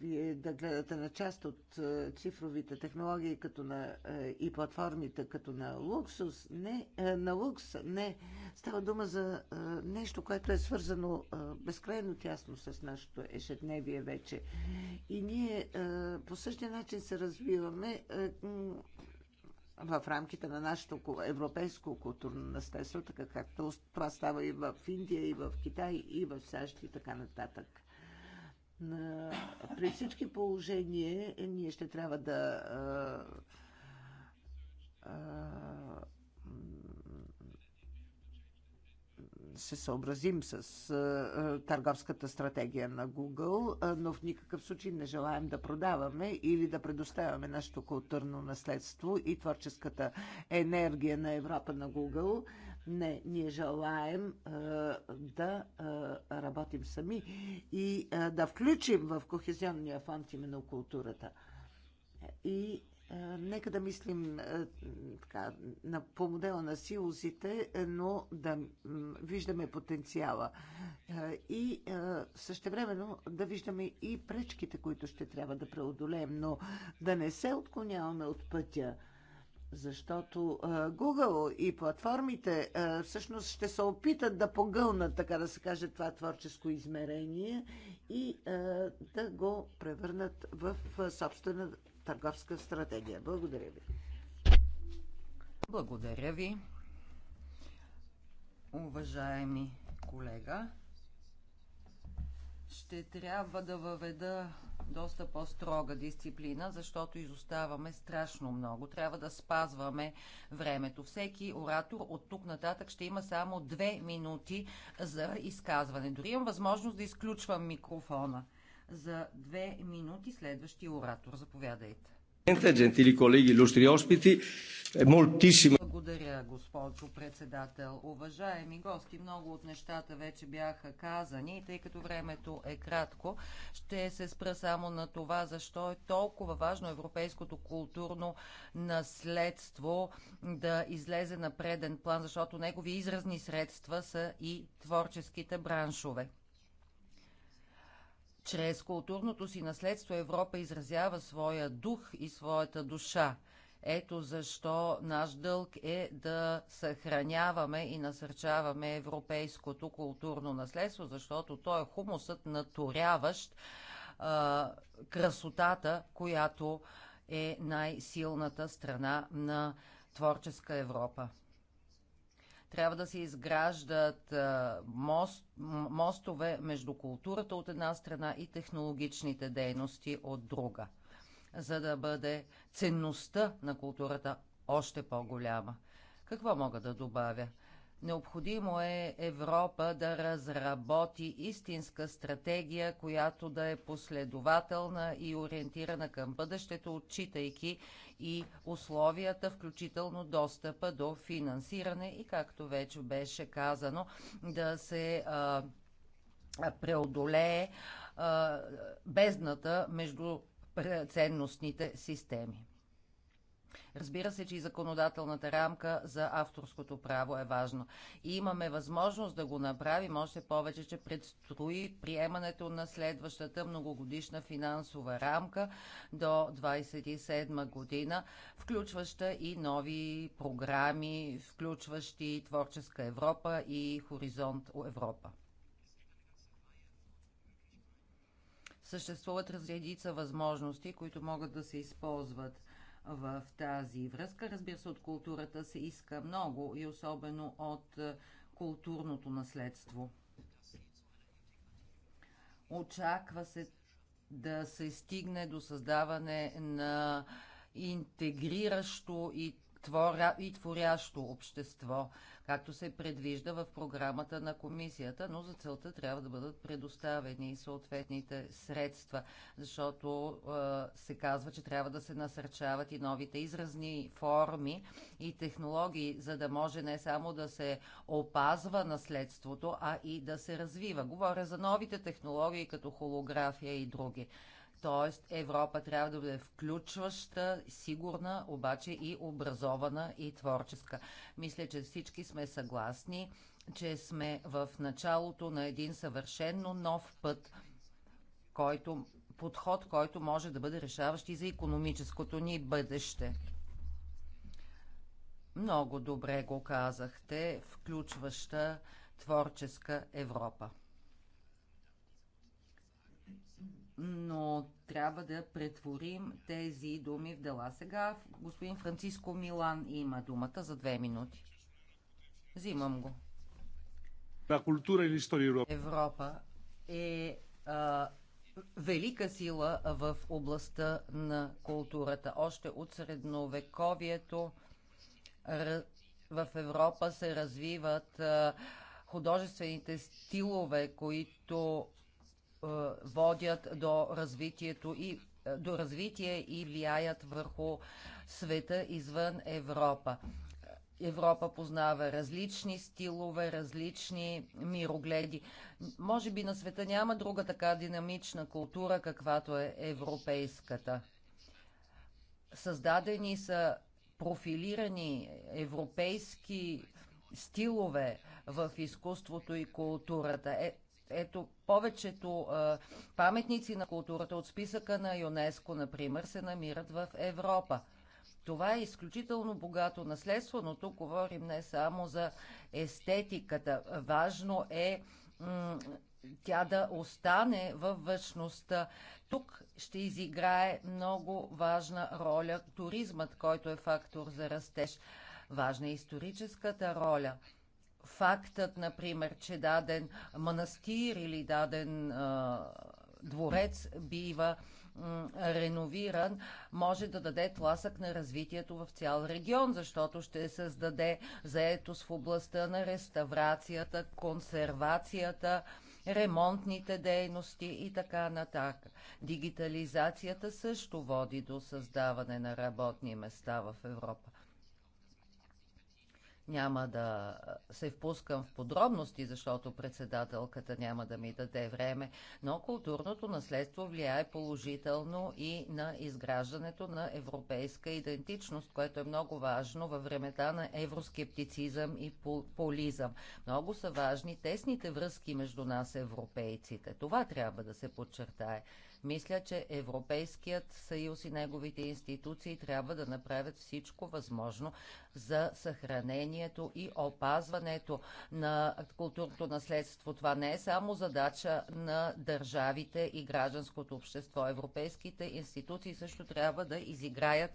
вие да гледате на част от е, цифровите технологии като на, и платформите като на луксус. Не, на лукс, не. Става дума за нещо, което е свързано безкрайно тясно с нашето ежедневие вече. И ние по същия начин се развиваме в рамките на нашето европейско културно наследство, така както това става и в Индия, и в Китай, и в САЩ, и така нататък. при всички положения е, ние ще трябва да а, а, се съобразим с търговската стратегия на Google, но в никакъв случай не желаем да продаваме или да предоставяме нашето културно наследство и творческата енергия на Европа на Google. Не, ние желаем а, да а, работим сами и а, да включим в Кохезионния фонд именно културата. И е, нека да мислим е, така, на, по модела на силозите, е, но да виждаме потенциала. И същевременно да виждаме и пречките, които ще трябва да преодолеем, но да не се отклоняваме от пътя. Защото Google и платформите всъщност ще се опитат да погълнат, така да се каже, това творческо измерение и да го превърнат в собствена търговска стратегия. Благодаря ви. Благодаря ви, уважаеми колега. Ще трябва да въведа доста по-строга дисциплина, защото изоставаме страшно много. Трябва да спазваме времето. Всеки оратор от тук нататък ще има само две минути за изказване. Дори имам възможност да изключвам микрофона за две минути следващия оратор. Заповядайте. джентили, колеги, иллюстри оспити, е Молтисимо. Благодаря, госпожо председател. Уважаеми гости, много от нещата вече бяха казани и тъй като времето е кратко, ще се спра само на това, защо е толкова важно европейското културно наследство да излезе на преден план, защото негови изразни средства са и творческите браншове. Чрез културното си наследство Европа изразява своя дух и своята душа. Ето защо наш дълг е да съхраняваме и насърчаваме европейското културно наследство, защото то е хумусът наторяващ а, красотата, която е най-силната страна на творческа Европа. Трябва да се изграждат мост, мостове между културата от една страна и технологичните дейности от друга, за да бъде ценността на културата още по-голяма. Какво мога да добавя? Необходимо е Европа да разработи истинска стратегия, която да е последователна и ориентирана към бъдещето, отчитайки и условията, включително достъпа до финансиране и, както вече беше казано, да се а, преодолее а, бездната между ценностните системи. Разбира се, че и законодателната рамка за авторското право е важно. И имаме възможност да го направим, още повече, че предстои приемането на следващата многогодишна финансова рамка до 27 година, включваща и нови програми, включващи Творческа Европа и Хоризонт Европа. Съществуват разредица възможности, които могат да се използват в тази връзка. Разбира се, от културата се иска много и особено от е, културното наследство. Очаква се да се стигне до създаване на интегриращо и, и творящо общество както се предвижда в програмата на комисията, но за целта трябва да бъдат предоставени съответните средства, защото се казва, че трябва да се насърчават и новите изразни форми и технологии, за да може не само да се опазва наследството, а и да се развива. Говоря за новите технологии, като холография и други. Тоест Европа трябва да бъде включваща, сигурна, обаче и образована и творческа. Мисля, че всички сме съгласни, че сме в началото на един съвършенно нов път, който, подход, който може да бъде решаващ и за економическото ни бъдеще. Много добре го казахте, включваща творческа Европа. но трябва да претворим тези думи в дела. Сега господин Франциско Милан има думата за две минути. Взимам го. На култура и история Европа е а, велика сила в областта на културата. Още от средновековието в Европа се развиват а, художествените стилове, които е, водят до развитието и е, до развитие и влияят върху света извън Европа. Европа познава различни стилове, различни мирогледи. Може би на света няма друга така динамична култура, каквато е европейската. Създадени са профилирани европейски стилове в изкуството и културата. Е, ето повечето а, паметници на културата от списъка на ЮНЕСКО, например, се намират в Европа. Това е изключително богато наследство, но тук говорим не само за естетиката. Важно е тя да остане във външността. Тук ще изиграе много важна роля туризмът, който е фактор за растеж. Важна е историческата роля – фактът, например, че даден манастир или даден а, дворец бива реновиран, може да даде тласък на развитието в цял регион, защото ще създаде заетост в областта на реставрацията, консервацията, ремонтните дейности и така нататък. Дигитализацията също води до създаване на работни места в Европа. Няма да се впускам в подробности, защото председателката няма да ми даде време, но културното наследство влияе положително и на изграждането на европейска идентичност, което е много важно във времета на евроскептицизъм и полизъм. Много са важни тесните връзки между нас, европейците. Това трябва да се подчертае. Мисля, че Европейският съюз и неговите институции трябва да направят всичко възможно за съхранението и опазването на културното наследство. Това не е само задача на държавите и гражданското общество. Европейските институции също трябва да изиграят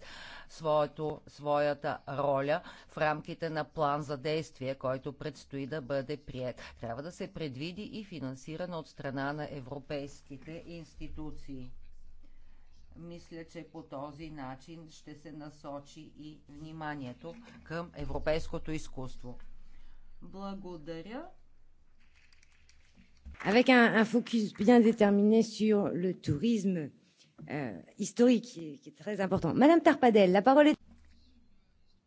своето, своята роля в рамките на план за действие, който предстои да бъде прият. Трябва да се предвиди и финансиране от страна на европейските институции. Мисля, че по този начин ще се насочи и вниманието към европейското изкуство. Благодаря. Avec un, un focus bien déterminé sur le tourisme euh, historique, qui est, qui est très important. Madame Tarpadel, la parole est.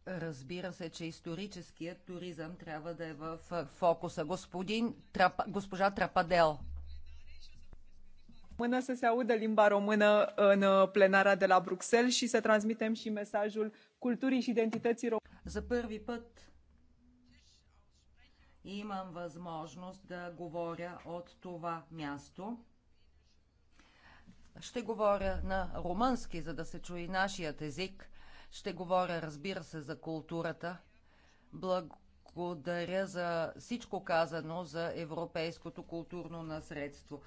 Разбира се, че историческият туризъм трябва да е в фокуса. Господин, Трап, госпожа Трападел. Mână să se audă limba română în пленара uh, de la Bruxelles și să transmitem și mesajul култури и идентитети За първи път имам възможност да говоря от това място. Ще говоря на румънски, за да се чуи нашият език. Ще говоря, разбира се, за културата. Благодаря за всичко казано за европейското културно насредство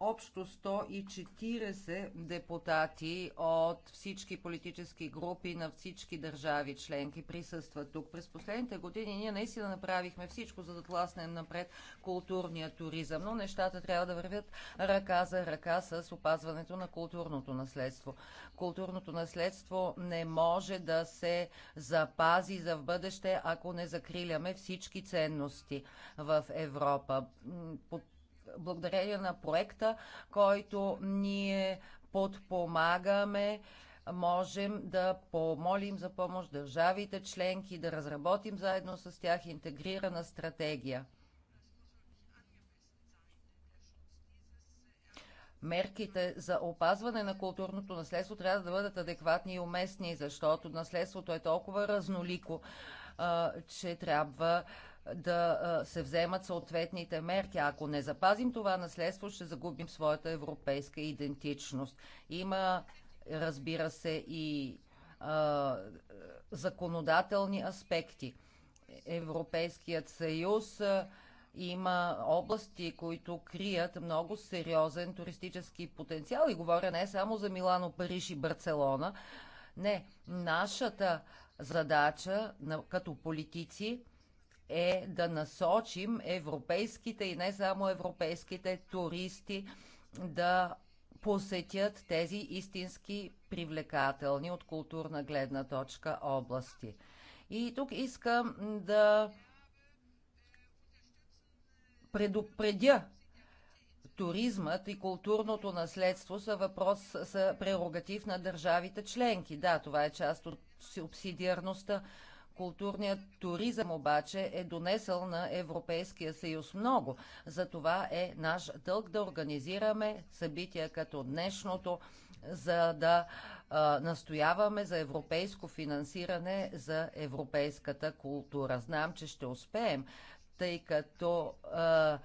общо 140 депутати от всички политически групи на всички държави членки присъстват тук. През последните години ние наистина направихме всичко, за да тласнем напред културния туризъм, но нещата трябва да вървят ръка за ръка с опазването на културното наследство. Културното наследство не може да се запази за в бъдеще, ако не закриляме всички ценности в Европа. Под благодарение на проекта, който ние подпомагаме, можем да помолим за помощ държавите членки, да разработим заедно с тях интегрирана стратегия. мерките за опазване на културното наследство трябва да бъдат адекватни и уместни, защото наследството е толкова разнолико, че трябва да се вземат съответните мерки. Ако не запазим това наследство, ще загубим своята европейска идентичност. Има, разбира се, и а, законодателни аспекти. Европейският съюз има области, които крият много сериозен туристически потенциал. И говоря не само за Милано, Париж и Барселона. Не, нашата задача на, като политици е да насочим европейските и не само европейските туристи да посетят тези истински привлекателни от културна гледна точка области. И тук искам да предупредя туризмът и културното наследство са въпрос са прерогатив на държавите членки. Да, това е част от субсидиарността, Културният туризъм обаче е донесъл на Европейския съюз много. Затова е наш дълг да организираме събития като днешното, за да а, настояваме за европейско финансиране за европейската култура. Знам, че ще успеем, тъй като е,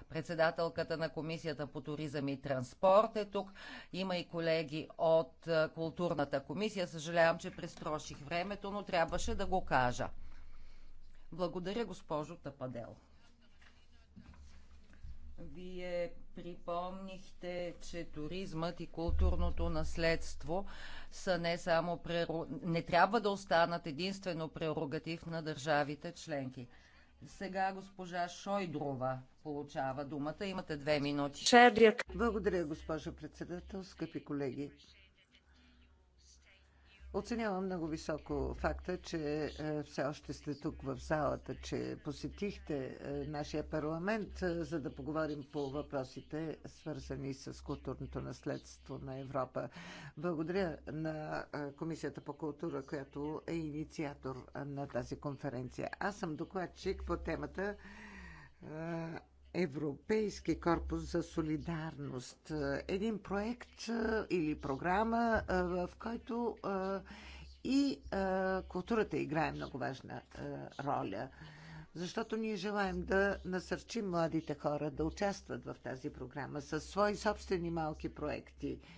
председателката на Комисията по туризъм и транспорт е тук. Има и колеги от е, Културната комисия. Съжалявам, че престроших времето, но трябваше да го кажа. Благодаря, госпожо Тападел. Вие припомнихте, че туризмът и културното наследство са не само преру... не трябва да останат единствено прерогатив на държавите членки. Сега госпожа Шойдрова получава думата. Имате две минути. Благодаря, госпожа председател, скъпи колеги. Оценявам много високо факта, че е, все още сте тук в залата, че посетихте е, нашия парламент, е, за да поговорим по въпросите, свързани с културното наследство на Европа. Благодаря на Комисията по култура, която е инициатор на тази конференция. Аз съм докладчик по темата Европейски корпус за солидарност. Е, един проект е, или програма, е, в който и културата играе много важна роля. Защото ние желаем да насърчим младите хора да участват в тази програма със свои собствени малки проекти –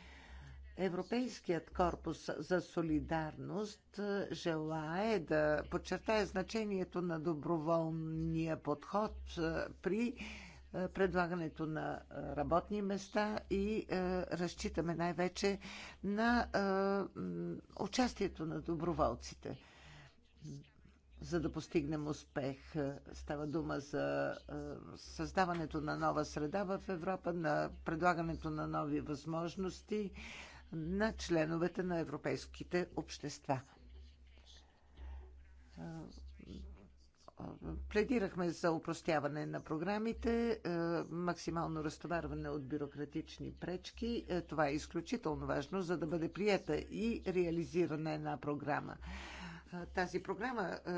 Европейският корпус за солидарност е, желае да подчертае значението на доброволния подход е, при е, предлагането на работни места и разчитаме най-вече на участието на доброволците. За да постигнем успех, става дума за създаването на нова среда в Европа, на предлагането на нови възможности, на членовете на европейските общества. Пледирахме за упростяване на програмите, максимално разтоварване от бюрократични пречки. Това е изключително важно, за да бъде приета и реализирана една програма. Тази програма е,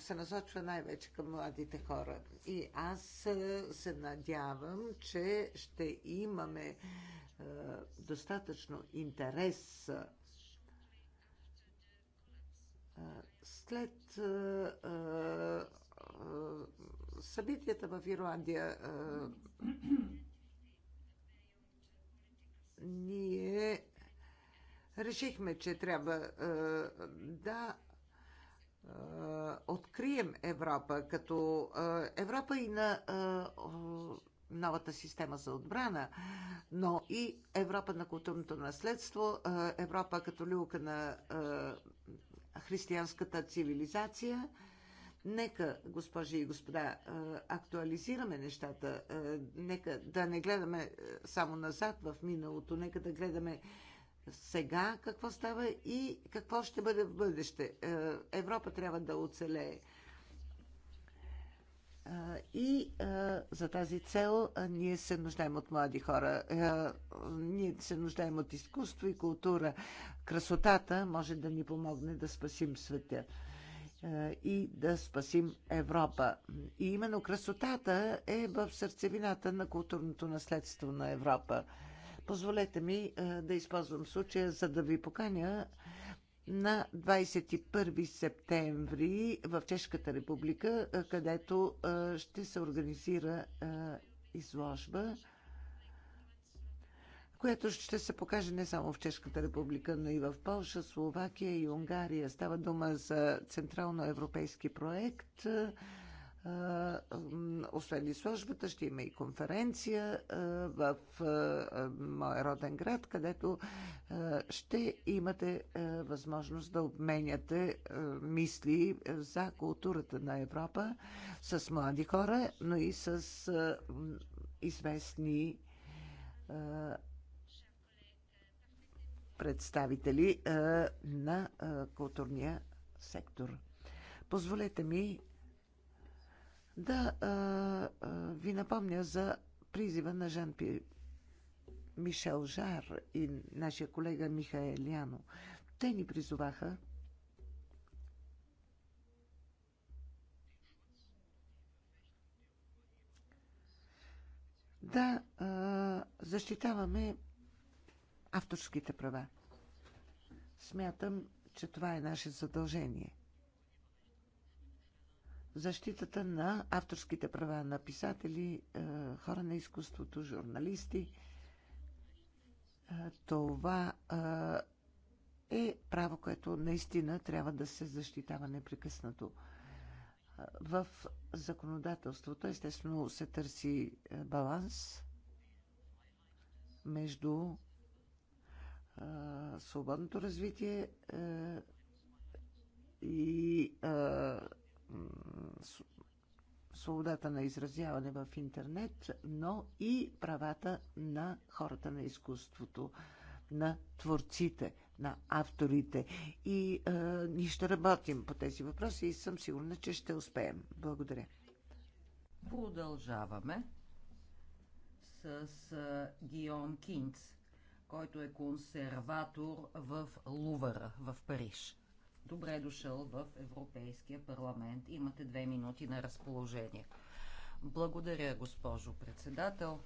се насочва най-вече към младите хора. И аз е, се надявам, че ще имаме е, достатъчно интерес е, след е, събитията в Ирландия ние решихме, че трябва да открием Европа, като Европа и на новата система за отбрана, но и Европа на културното наследство, Европа като люлка на християнската цивилизация. Нека, госпожи и господа, актуализираме нещата. Нека да не гледаме само назад в миналото, нека да гледаме сега какво става и какво ще бъде в бъдеще. Европа трябва да оцелее. И за тази цел ние се нуждаем от млади хора. Ние се нуждаем от изкуство и култура. Красотата може да ни помогне да спасим света и да спасим Европа. И именно красотата е в сърцевината на културното наследство на Европа. Позволете ми да използвам случая, за да ви поканя на 21 септември в Чешката република, където ще се организира изложба, която ще се покаже не само в Чешката република, но и в Польша, Словакия и Унгария. Става дума за централноевропейски проект – освен и службата, ще има и конференция в моя роден град, където ще имате възможност да обменяте мисли за културата на Европа с млади хора, но и с известни представители на културния сектор. Позволете ми да а, а, ви напомня за призива на Жан Пи... Мишел Жар и нашия колега Яно. Те ни призоваха да а, защитаваме авторските права. Смятам, че това е наше задължение защитата на авторските права на писатели, е, хора на изкуството, журналисти. Е, това е, е право, което наистина трябва да се защитава непрекъснато. В законодателството естествено се търси баланс между свободното развитие и свободата на изразяване в интернет, но и правата на хората на изкуството, на творците, на авторите. И е, ние ще работим по тези въпроси и съм сигурна, че ще успеем. Благодаря. Продължаваме с Гион Кинц, който е консерватор в Лувъра в Париж. Добре е дошъл в Европейския парламент. Имате две минути на разположение. Благодаря, госпожо председател.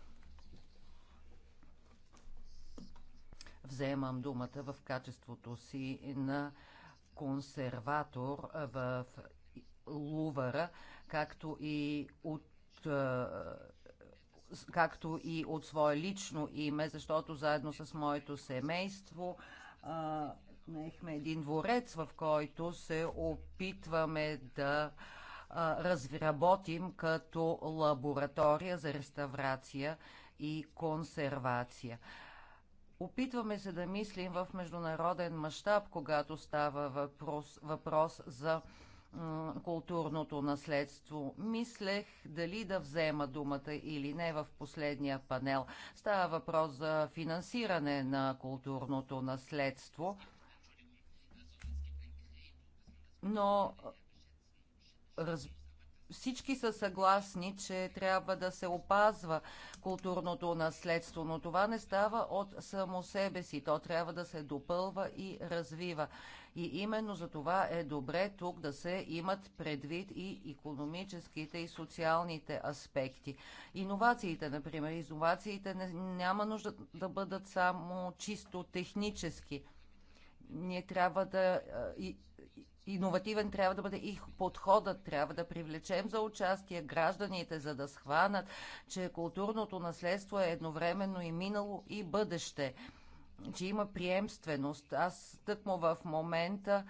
Вземам думата в качеството си на консерватор в Лувъра, както и от е, както и от свое лично име, защото заедно с моето семейство е, наехме един дворец, в който се опитваме да а, разработим като лаборатория за реставрация и консервация. Опитваме се да мислим в международен мащаб, когато става въпрос, въпрос за културното наследство. Мислех дали да взема думата или не в последния панел. Става въпрос за финансиране на културното наследство – но раз, всички са съгласни, че трябва да се опазва културното наследство, но това не става от само себе си. То трябва да се допълва и развива. И именно за това е добре тук да се имат предвид и економическите и социалните аспекти. Иновациите, например, иновациите не, няма нужда да бъдат само чисто технически. Ние трябва да и, иновативен трябва да бъде и подходът. Трябва да привлечем за участие гражданите, за да схванат, че културното наследство е едновременно и минало и бъдеще че има приемственост. Аз тъкмо в момента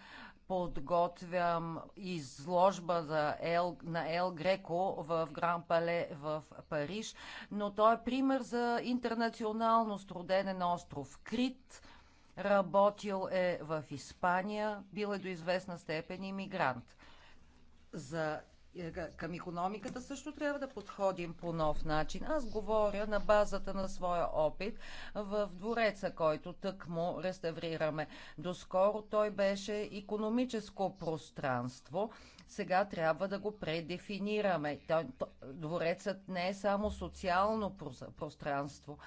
подготвям изложба за Ел, на Ел Греко в Гран Пале в Париж, но той е пример за интернационалност, роден на остров Крит – Работил е в Испания, бил е до известна степен иммигрант. За е, към економиката също трябва да подходим по нов начин. Аз говоря на базата на своя опит в двореца, който тък му реставрираме. Доскоро той беше економическо пространство. Сега трябва да го предефинираме. Дворецът не е само социално пространство.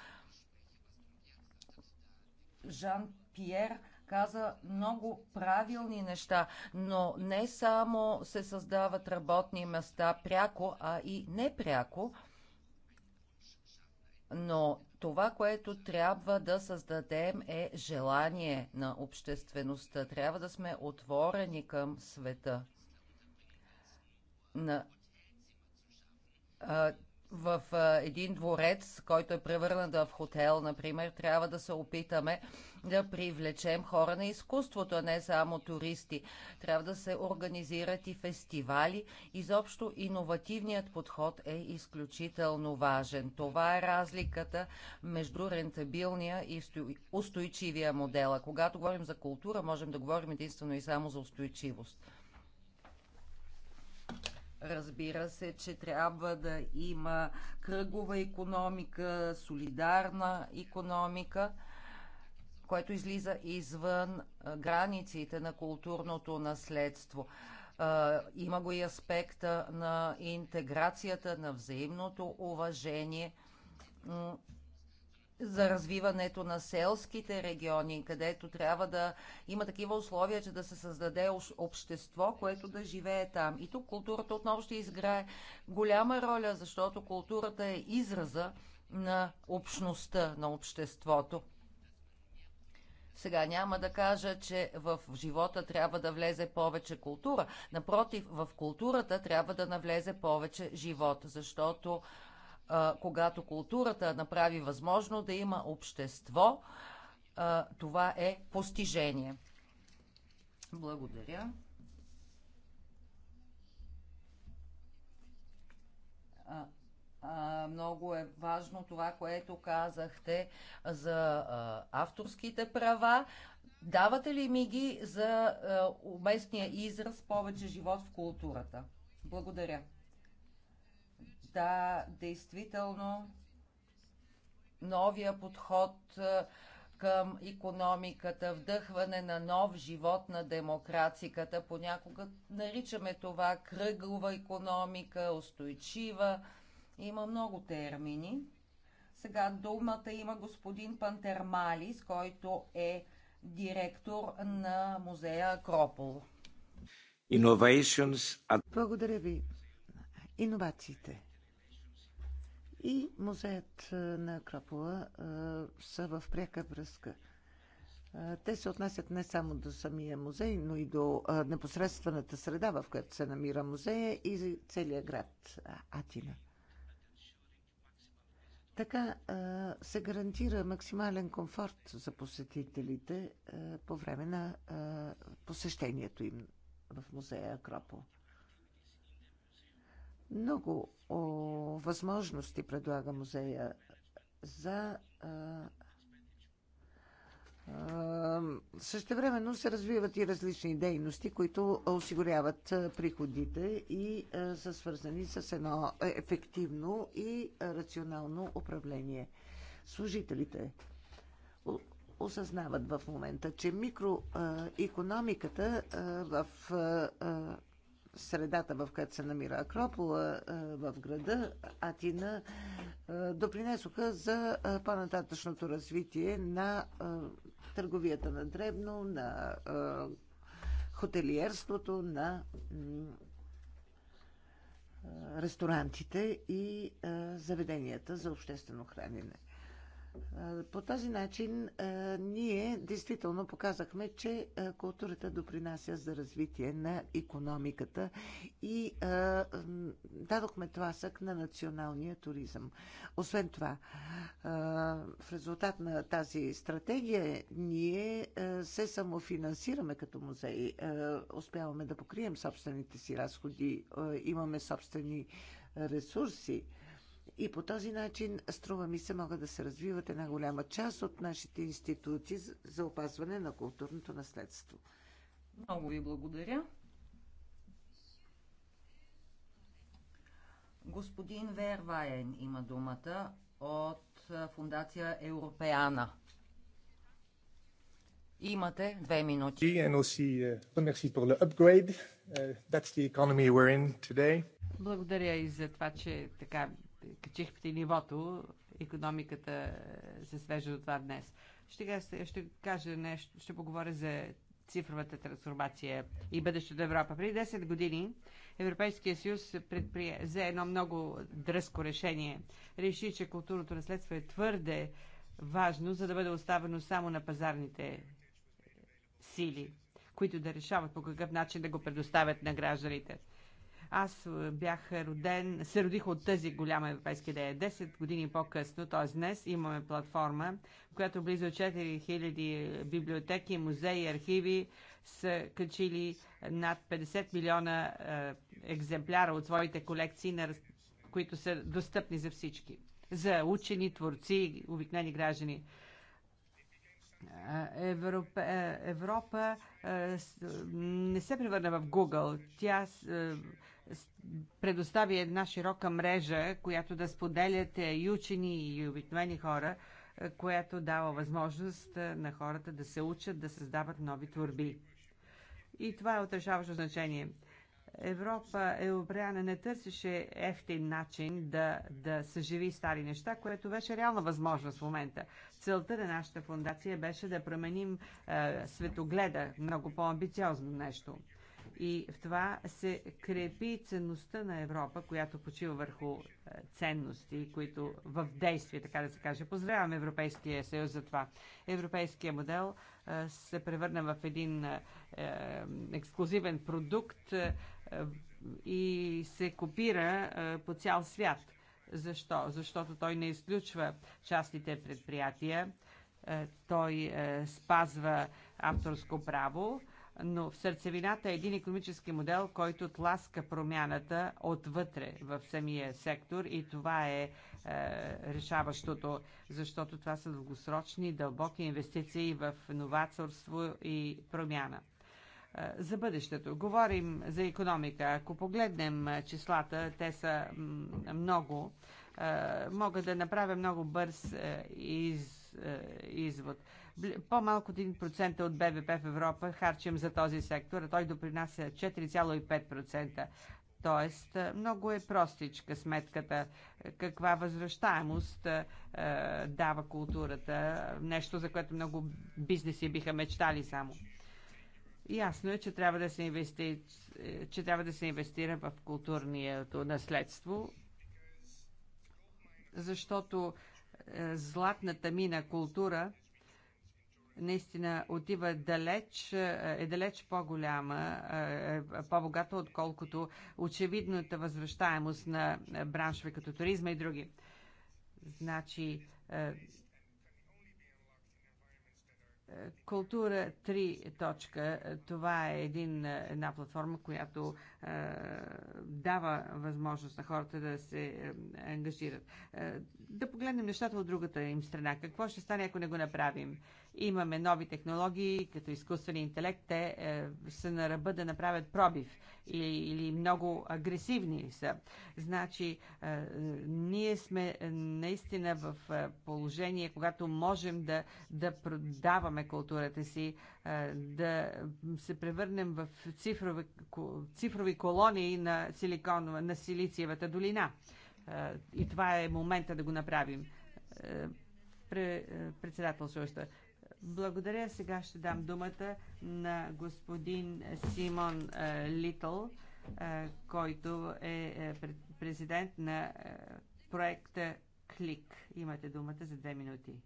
Жан Пьер каза много правилни неща, но не само се създават работни места пряко, а и непряко. Но това, което трябва да създадем е желание на обществеността. Трябва да сме отворени към света. На в един дворец, който е превърнат в хотел, например, трябва да се опитаме да привлечем хора на изкуството, а не само туристи. Трябва да се организират и фестивали. Изобщо иновативният подход е изключително важен. Това е разликата между рентабилния и устойчивия модела. Когато говорим за култура, можем да говорим единствено и само за устойчивост. Разбира се, че трябва да има кръгова економика, солидарна економика, което излиза извън границите на културното наследство. Има го и аспекта на интеграцията, на взаимното уважение за развиването на селските региони, където трябва да има такива условия, че да се създаде общество, което да живее там. И тук културата отново ще изграе голяма роля, защото културата е израза на общността, на обществото. Сега няма да кажа, че в живота трябва да влезе повече култура. Напротив, в културата трябва да навлезе повече живот, защото когато културата направи възможно да има общество, това е постижение. Благодаря. много е важно това, което казахте за авторските права. Давате ли ми ги за уместния израз повече живот в културата? Благодаря. Да, действително, новия подход към економиката, вдъхване на нов живот на демокрацията. Понякога наричаме това кръгова економика, устойчива. Има много термини. Сега думата има господин Пантермалис, който е директор на музея Акропол. Innovations... Благодаря ви. Иновациите и музеят на Акропола са в пряка връзка. Те се отнасят не само до самия музей, но и до непосредствената среда, в която се намира музея и целият град Атина. Така се гарантира максимален комфорт за посетителите по време на посещението им в музея Акропол. Много о, възможности предлага музея за а, а, същевременно се развиват и различни дейности, които осигуряват приходите и а, са свързани с едно е, ефективно и рационално управление. Служителите осъзнават в момента, че микроекономиката в средата, в която се намира Акропола в града Атина, допринесоха за по-нататъчното развитие на търговията на дребно, на хотелиерството, на ресторантите и заведенията за обществено хранене. По този начин ние действително показахме, че културата допринася за развитие на економиката и дадохме тласък на националния туризъм. Освен това, в резултат на тази стратегия ние се самофинансираме като музей. Успяваме да покрием собствените си разходи, имаме собствени ресурси и по този начин, струва ми се, могат да се развиват една голяма част от нашите институции за опазване на културното наследство. Много ви благодаря. Господин Вервайен има думата от Фундация Европеана. Имате две минути. Е е, е, благодаря и за това, че така качихте нивото, економиката се свежда до това днес. Ще, ще кажа нещо, ще поговоря за цифровата трансформация и бъдещето Европа. Преди 10 години Европейския съюз предприе, за едно много дръско решение. Реши, че културното наследство е твърде важно, за да бъде оставено само на пазарните сили, които да решават по какъв начин да го предоставят на гражданите. Аз е, бях роден, се родих от тази голяма европейска идея. 10 години по-късно, т.е. днес, имаме платформа, в която близо 4000 е, библиотеки, музеи, архиви са качили над 50 милиона е, екземпляра от своите колекции, на, които са достъпни за всички. За учени, творци, обикнени граждани. Европа, Европа не се превърна в Google. Тя предостави една широка мрежа, която да споделят е, и учени, и обикновени хора, е, която дава възможност е, на хората да се учат, да създават нови творби. И това е отрешаващо значение. Европа, Европеяна не търсеше ефтин начин да, да съживи стари неща, което беше реална възможност в момента. Целта на нашата фундация беше да променим е, светогледа, много по-амбициозно нещо. И в това се крепи ценността на Европа, която почива върху е, ценности, които в действие, така да се каже. Поздравявам Европейския съюз за това. Европейския модел е, се превърна в един е, ексклюзивен продукт и се копира по цял свят. Защо? Защото той не изключва частните предприятия, той спазва авторско право, но в сърцевината е един економически модел, който тласка промяната отвътре в самия сектор и това е, е решаващото, защото това са дългосрочни, дълбоки инвестиции в новаторство и промяна е, за бъдещето. Говорим за економика. Ако погледнем е, числата, те са много. Е, мога да направя много бърз из е, извод. По-малко от 1% от БВП в Европа харчим за този сектор, а той допринася 4,5%. Тоест, е, много е простичка сметката. Е, каква възвръщаемост е, дава културата? Нещо, за което много бизнеси биха мечтали само. Ясно е, че трябва да се, инвести... че трябва да се инвестира в културното наследство, защото е, златната мина култура наистина отива далеч, е, е далеч по-голяма, е, по-богата, отколкото очевидната възвръщаемост на браншове като туризма и други. Значи, Култура 3 точка. Това е един, една платформа, която е, дава възможност на хората да се е, ангажират. Е, да погледнем нещата от другата им страна. Какво ще стане, ако не го направим? Имаме нови технологии, като изкуствен интелект, те е, са на ръба да направят пробив или, или много агресивни са. Значи, е, ние сме наистина в е, положение, когато можем да, да продаваме културата си, е, да се превърнем в цифрови, цифрови колонии на, силикон, на Силициевата долина. Е, и това е момента да го направим. Е, Председател председателстваща. Благодаря. Сега ще дам думата на господин Симон е, Литл, е, който е, е президент на проекта Клик. Имате думата за две минути.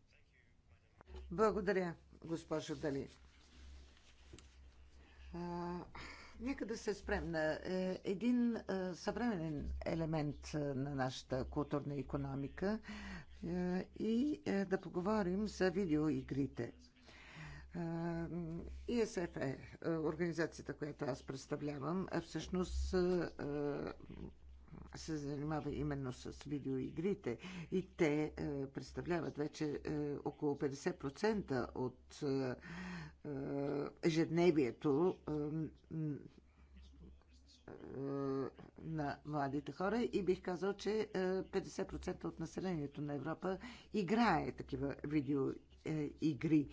Благодаря, госпожо Дали. А, нека да се спрем на един съвременен елемент на нашата културна економика – и е, да поговорим за видеоигрите. ИСФ е, е, е организацията, която аз представлявам. Всъщност се занимава именно с видеоигрите и те представляват вече около 50% от ежедневието на младите хора и бих казал, че 50% е, от населението на Европа играе такива видеоигри. Е,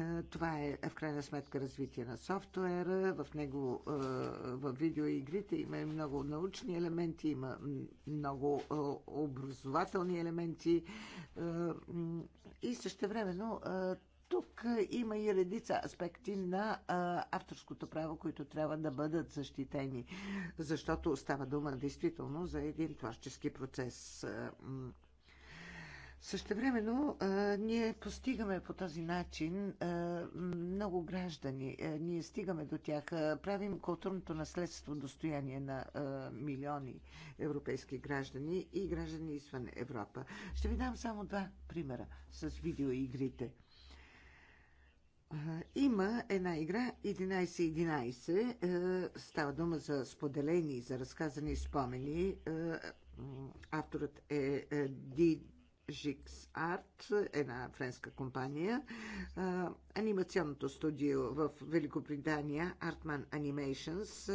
е, това е в крайна сметка развитие на софтуера. В него, в видеоигрите има и много научни елементи, има много образователни елементи и също времено тук има и редица аспекти на а, авторското право, които трябва да бъдат защитени, защото става дума действително за един творчески процес. Също времено ние постигаме по този начин много граждани. ние стигаме до тях. правим културното наследство достояние на милиони европейски граждани и граждани извън Европа. Ще ви дам само два примера с видеоигрите. Има една игра 11-11. Е, става дума за споделени, за разказани спомени. Е, авторът е, е Digix Art, една френска компания. Анимационното студио в Великобритания, Artman Animations,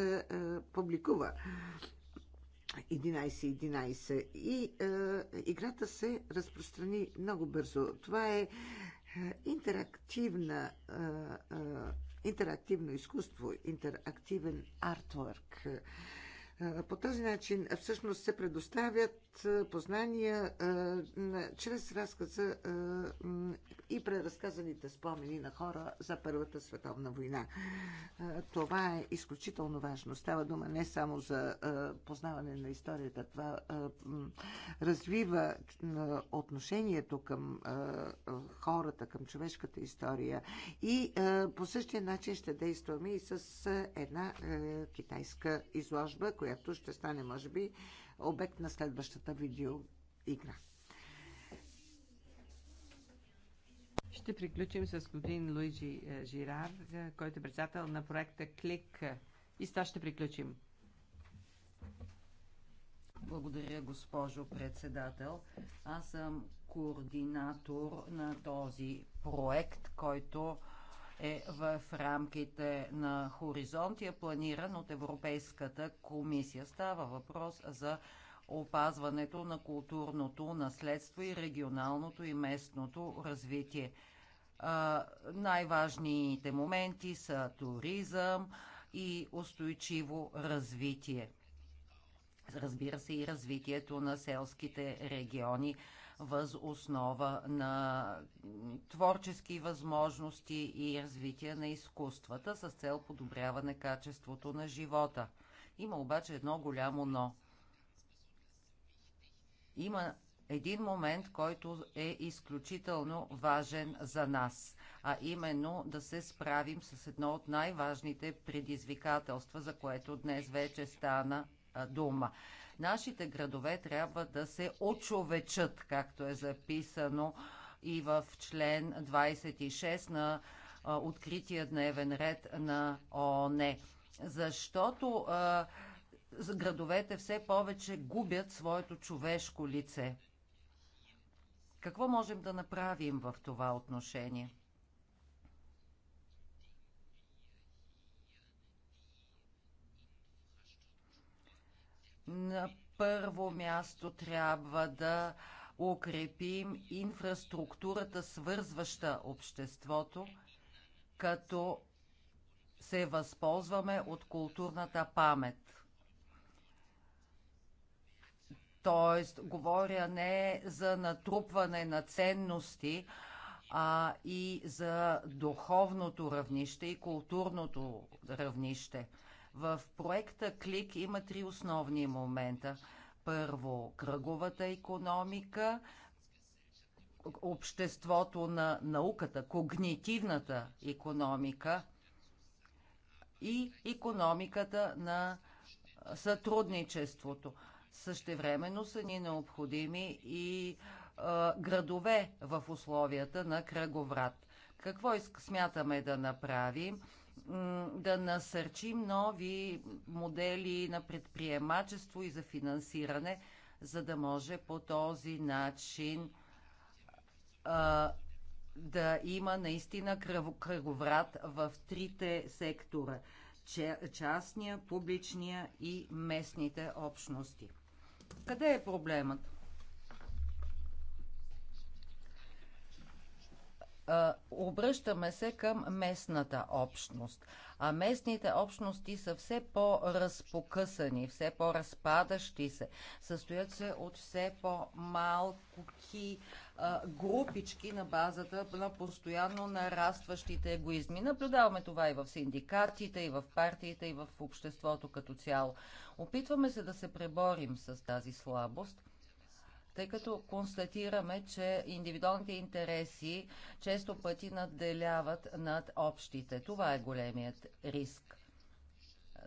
публикува 11-11 и е, играта се разпространи много бързо. Това е е, интерактивна, е, е, интерактивно изкуство, интерактивен артворк. По този начин всъщност се предоставят познания чрез разказа и преразказаните спомени на хора за Първата световна война. Това е изключително важно. Става дума не само за познаване на историята, това развива отношението към хората, към човешката история и по същия начин ще действаме и с една китайска изложба, която която ще стане, може би, обект на следващата видеоигра. Ще приключим с господин Луиджи е, Жирар, е, който е председател на проекта Клик. И с това ще приключим. Благодаря, госпожо председател. Аз съм координатор на този проект, който е в рамките на хоризонт и е планиран от Европейската комисия. Става въпрос за опазването на културното наследство и регионалното и местното развитие. най-важните моменти са туризъм и устойчиво развитие. Разбира се и развитието на селските региони въз основа на творчески възможности и развитие на изкуствата с цел подобряване качеството на живота. Има обаче едно голямо но. Има един момент, който е изключително важен за нас, а именно да се справим с едно от най-важните предизвикателства, за което днес вече стана дума. Нашите градове трябва да се очовечат, както е записано и в член 26 на а, открития дневен ред на ООН. Защото а, градовете все повече губят своето човешко лице. Какво можем да направим в това отношение? На първо място трябва да укрепим инфраструктурата, свързваща обществото, като се възползваме от културната памет. Тоест, говоря не за натрупване на ценности, а и за духовното равнище и културното равнище. В проекта Клик има три основни момента. Първо, кръговата економика, обществото на науката, когнитивната економика и економиката на сътрудничеството. Същевременно са ни необходими и а, градове в условията на кръговрат. Какво смятаме да направим? да насърчим нови модели на предприемачество и за финансиране, за да може по този начин а, да има наистина кръговрат в трите сектора частния, публичния и местните общности. Къде е проблемът? обръщаме се към местната общност. А местните общности са все по-разпокъсани, все по-разпадащи се, състоят се от все по-малки групички на базата на постоянно нарастващите егоизми. Наблюдаваме това и в синдикатите, и в партиите, и в обществото като цяло. Опитваме се да се преборим с тази слабост – тъй като констатираме, че индивидуалните интереси често пъти надделяват над общите. Това е големият риск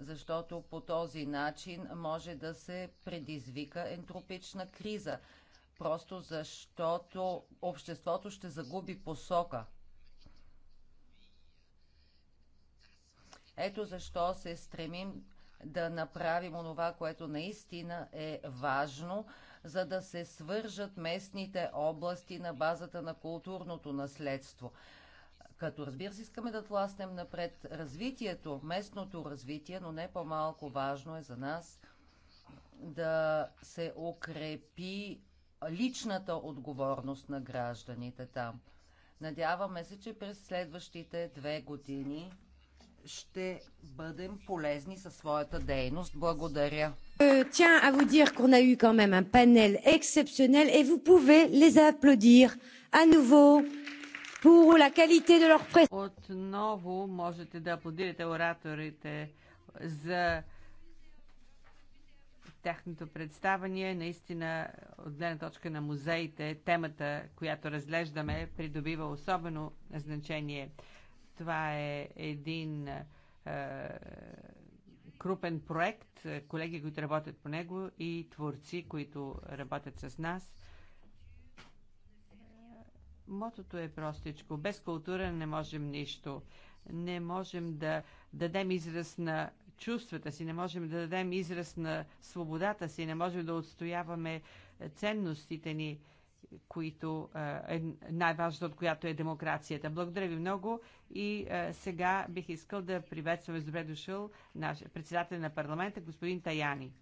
защото по този начин може да се предизвика ентропична криза, просто защото обществото ще загуби посока. Ето защо се стремим да направим онова, което наистина е важно – за да се свържат местните области на базата на културното наследство. Като разбира се, искаме да тласнем напред развитието, местното развитие, но не по-малко важно е за нас да се укрепи личната отговорност на гражданите там. Надяваме се, че през следващите две години ще бъдем полезни със своята дейност. Благодаря. Tiens е, а ви dire qu'on a eu quand même un panel exceptionnel et vous pouvez les applaudir а ново pour la qualité de leur prestation. Отново можете да аплодирате ораторите за тяхното представение. Наистина, от гледна точка на музеите, темата, която разглеждаме, придобива особено значение. Това е един е, крупен проект, колеги, които работят по него и творци, които работят с нас. Мотото е простичко. Без култура не можем нищо. Не можем да дадем израз на чувствата си, не можем да дадем израз на свободата си, не можем да отстояваме ценностите ни които, е най важното от която е демокрацията. Благодаря ви много и е, сега бих искал да приветствам с добре дошъл наш председател на парламента, господин Таяни.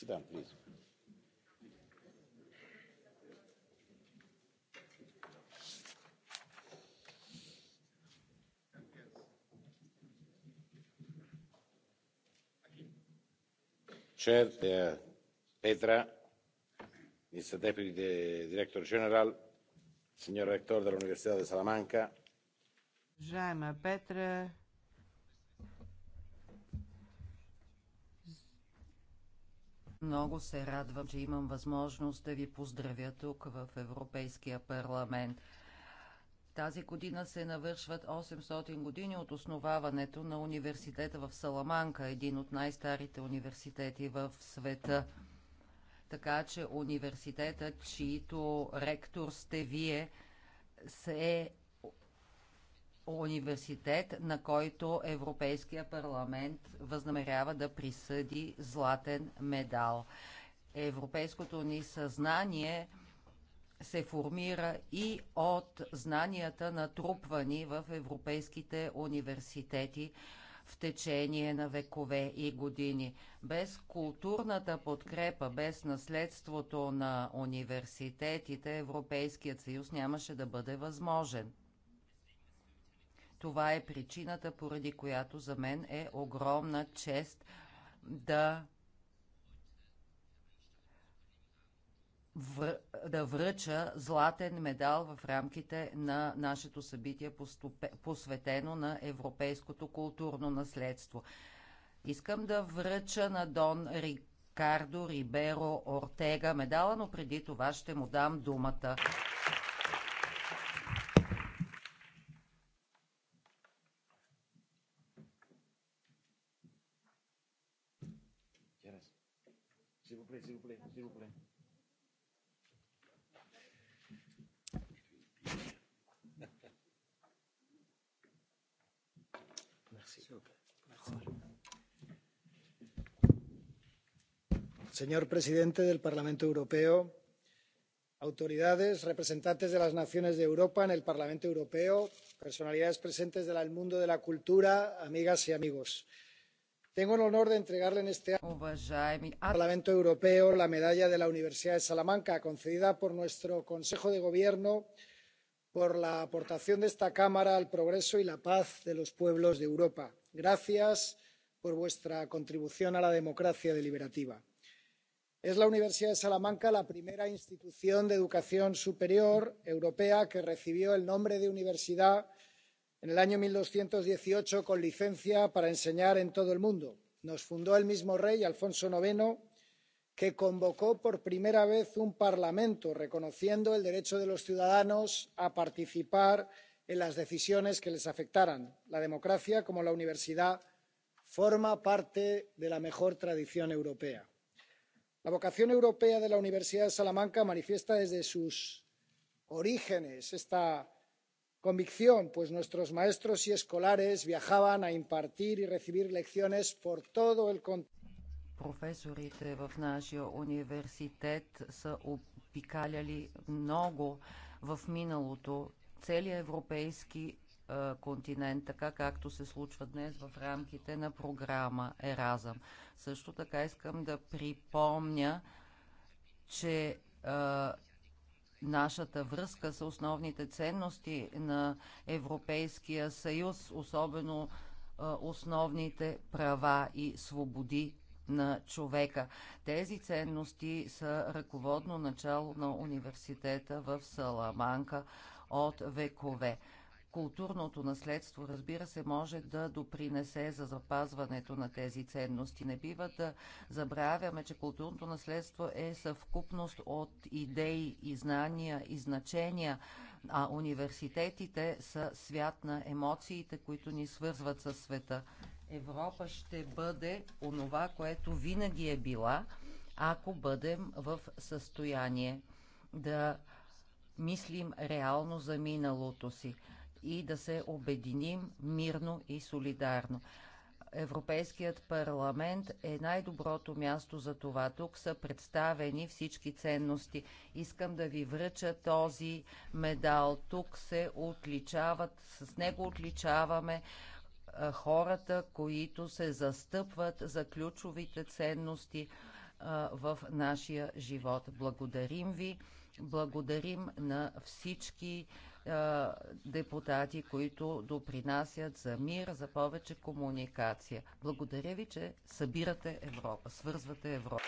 Sit down, please. Chair uh, Petra Mr. Deputy the Director General, Senior Rector dell'Università di Salamanca. Уважаема Петра, Много се радвам, че имам възможност да ви поздравя тук в Европейския парламент. Тази година се навършват 800 години от основаването на университета в Саламанка, един от най-старите университети в света. Така че университетът, чието ректор сте вие, се е университет, на който Европейския парламент възнамерява да присъди златен медал. Европейското ни съзнание се формира и от знанията натрупвани в европейските университети в течение на векове и години. Без културната подкрепа, без наследството на университетите, Европейският съюз нямаше да бъде възможен. Това е причината, поради която за мен е огромна чест да да връча златен медал в рамките на нашето събитие, посветено на европейското културно наследство. Искам да връча на Дон Рикардо Риберо Ортега медала, но преди това ще му дам думата. plaît, s'il vous plaît, s'il vous plaît. Merci. Señor presidente del Parlamento Europeo, autoridades, representantes de las naciones de Europa en el Parlamento Europeo, personalidades presentes del mundo de la cultura, amigas y amigos. Tengo el honor de entregarle en este al Parlamento Europeo la medalla de la Universidad de Salamanca, concedida por nuestro Consejo de Gobierno por la aportación de esta Cámara al progreso y la paz de los pueblos de Europa. Gracias por vuestra contribución a la democracia deliberativa. Es la Universidad de Salamanca la primera institución de educación superior europea que recibió el nombre de universidad en el año mil doscientos dieciocho con licencia para enseñar en todo el mundo. nos fundó el mismo rey alfonso ix que convocó por primera vez un parlamento reconociendo el derecho de los ciudadanos a participar en las decisiones que les afectaran. la democracia como la universidad forma parte de la mejor tradición europea. la vocación europea de la universidad de salamanca manifiesta desde sus orígenes esta convicción pues nuestros maestros y escolares viajaban a impartir y recibir lecciones por todo el continente. Професорите в нашия университет са обикаляли много в миналото целия европейски континент, така както се случва днес в рамките на програма Еразъм. Също така искам да припомня, че нашата връзка с основните ценности на Европейския съюз, особено е, основните права и свободи на човека. Тези ценности са ръководно начало на университета в Саламанка от векове. Културното наследство, разбира се, може да допринесе за запазването на тези ценности. Не бива да забравяме, че културното наследство е съвкупност от идеи и знания и значения, а университетите са свят на емоциите, които ни свързват със света. Европа ще бъде онова, което винаги е била, ако бъдем в състояние да мислим реално за миналото си и да се обединим мирно и солидарно. Европейският парламент е най-доброто място за това. Тук са представени всички ценности. Искам да ви връча този медал. Тук се отличават, с него отличаваме хората, които се застъпват за ключовите ценности в нашия живот. Благодарим ви, благодарим на всички депутати, които допринасят за мир, за повече комуникация. Благодаря ви, че събирате Европа, свързвате Европа.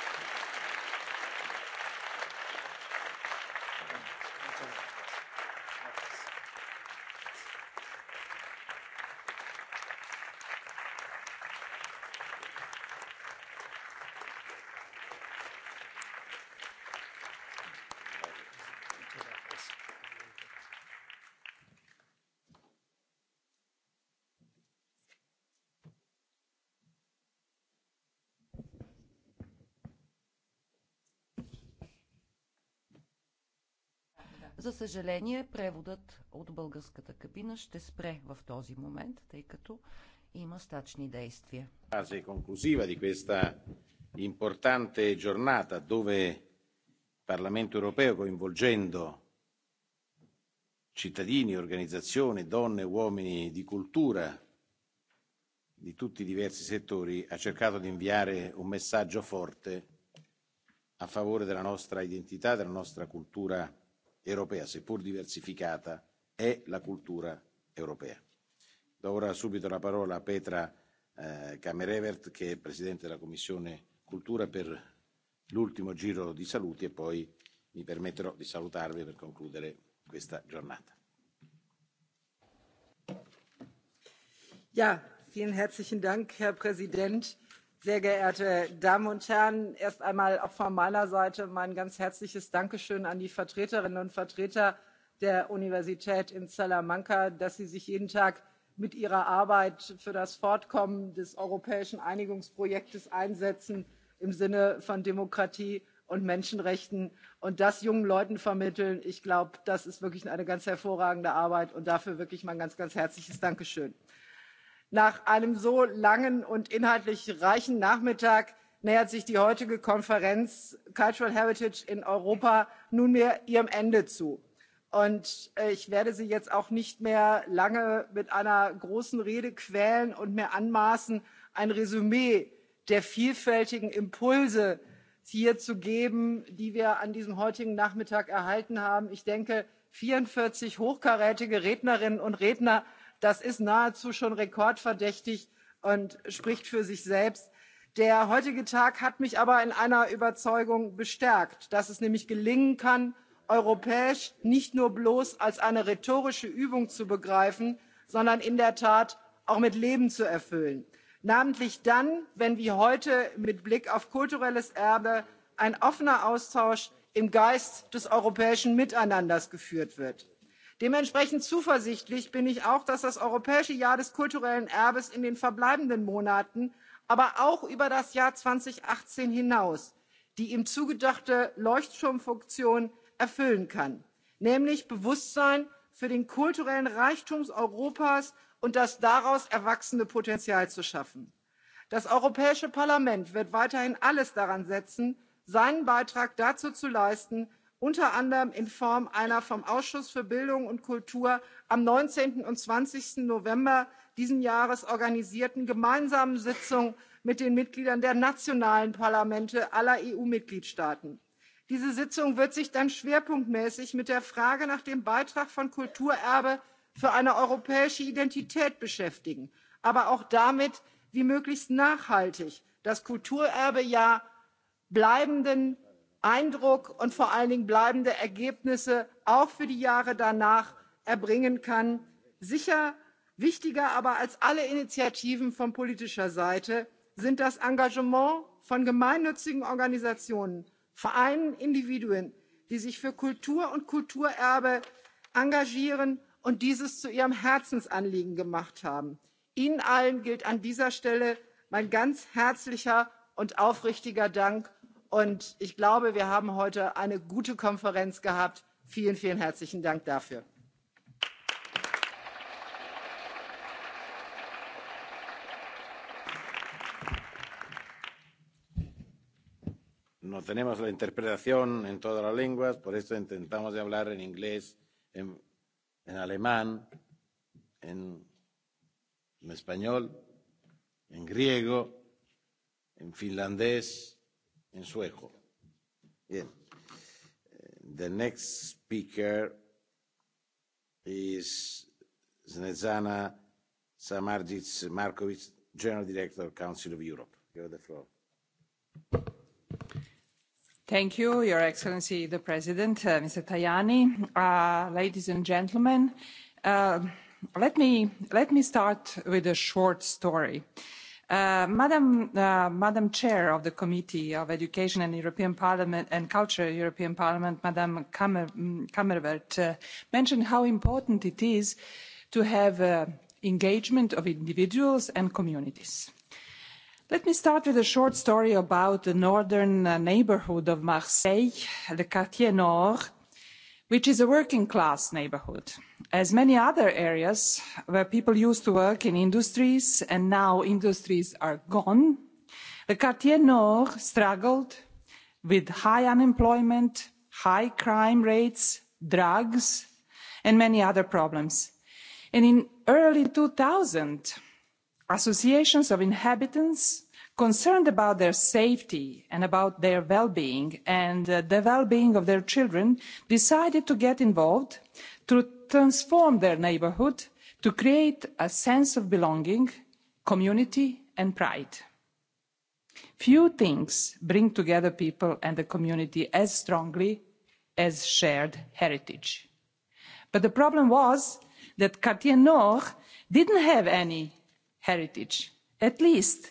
съжаление, преводът от българската кабина ще спре в този момент, тъй като има стачни действия. Фаза конклюзива di questa importante giornata dove il Parlamento europeo coinvolgendo cittadini, organizzazioni, donne e uomini di cultura di tutti i diversi settori ha cercato di inviare un messaggio forte a favore della nostra identità, della nostra cultura europea seppur diversificata è la cultura europea. do ora subito la parola a petra kammerevert che è presidente della commissione cultura per l'ultimo giro di saluti e poi mi permetterò di salutarvi per concludere questa giornata. Ja, vielen herzlichen Dank, Herr Präsident. Sehr geehrte Damen und Herren, erst einmal auch von meiner Seite mein ganz herzliches Dankeschön an die Vertreterinnen und Vertreter der Universität in Salamanca, dass sie sich jeden Tag mit ihrer Arbeit für das Fortkommen des europäischen Einigungsprojektes einsetzen im Sinne von Demokratie und Menschenrechten und das jungen Leuten vermitteln. Ich glaube, das ist wirklich eine ganz hervorragende Arbeit und dafür wirklich mein ganz, ganz herzliches Dankeschön nach einem so langen und inhaltlich reichen nachmittag nähert sich die heutige konferenz cultural heritage in europa nunmehr ihrem ende zu. ich werde sie jetzt auch nicht mehr lange mit einer großen rede quälen und mir anmaßen ein resümee der vielfältigen impulse hier zu geben die wir an diesem heutigen nachmittag erhalten haben. ich denke vierundvierzig hochkarätige rednerinnen und redner das ist nahezu schon rekordverdächtig und spricht für sich selbst. der heutige tag hat mich aber in einer überzeugung bestärkt dass es nämlich gelingen kann europäisch nicht nur bloß als eine rhetorische übung zu begreifen sondern in der tat auch mit leben zu erfüllen namentlich dann wenn wie heute mit blick auf kulturelles erbe ein offener austausch im geist des europäischen miteinanders geführt wird dementsprechend zuversichtlich bin ich auch dass das europäische jahr des kulturellen erbes in den verbleibenden monaten aber auch über das jahr zweitausendachtzehn hinaus die ihm zugedachte leuchtturmfunktion erfüllen kann nämlich bewusstsein für den kulturellen reichtum europas und das daraus erwachsene potenzial zu schaffen. das europäische parlament wird weiterhin alles daran setzen seinen beitrag dazu zu leisten unter anderem in form einer vom ausschuss für bildung und kultur am. neunzehn und zwanzig november dieses jahres organisierten gemeinsamen sitzung mit den mitgliedern der nationalen parlamente aller eu mitgliedstaaten. diese sitzung wird sich dann schwerpunktmäßig mit der frage nach dem beitrag von kulturerbe für eine europäische identität beschäftigen aber auch damit wie möglichst nachhaltig das kulturerbe ja bleibenden eindruck und vor allen dingen bleibende ergebnisse auch für die jahre danach erbringen kann sicher wichtiger aber als alle initiativen von politischer seite sind das engagement von gemeinnützigen organisationen vereinen individuen die sich für kultur und kulturerbe engagieren und dieses zu ihrem herzensanliegen gemacht haben. ihnen allen gilt an dieser stelle mein ganz herzlicher und aufrichtiger dank. Und ich glaube, wir haben heute eine gute Konferenz gehabt. Vielen, vielen herzlichen Dank dafür. No tenemos la interpretación en todas las lenguas, por eso intentamos hablar en inglés, en, en alemán, en, en español, en griego, en finlandés en sueco. Bien. The next speaker is Snezana Samardzic Markovic, General Director of Council of Europe. You have the floor. Thank you, Your Excellency the President, uh, Mr. Tajani, uh, ladies and gentlemen. Uh, let me let me start with a short story. Uh, Madam, uh, Madam Chair of the Committee of Education and European Parliament and Culture, European Parliament, Madam Kammer, Kammerwert, uh, mentioned how important it is to have uh, engagement of individuals and communities. Let me start with a short story about the northern neighbourhood of Marseille, the Quartier Nord, which is a working class neighbourhood as many other areas where people used to work in industries and now industries are gone the quartier nord struggled with high unemployment high crime rates drugs and many other problems and in early two thousand associations of inhabitants concerned about their safety and about their wellbeing and the wellbeing of their children decided to get involved to transform their neighbourhood to create a sense of belonging community and pride. few things bring together people and the community as strongly as shared heritage. but the problem was that quartier nord didn't have any heritage at least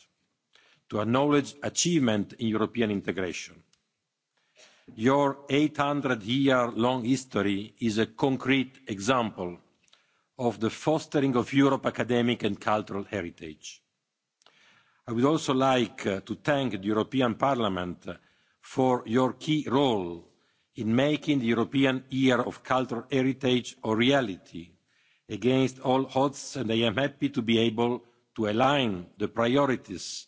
to acknowledge achievement in European integration. Your eight hundred year long history is a concrete example of the fostering of Europe's academic and cultural heritage. I would also like to thank the European Parliament for your key role in making the European Year of Cultural Heritage a reality against all odds, and I am happy to be able to align the priorities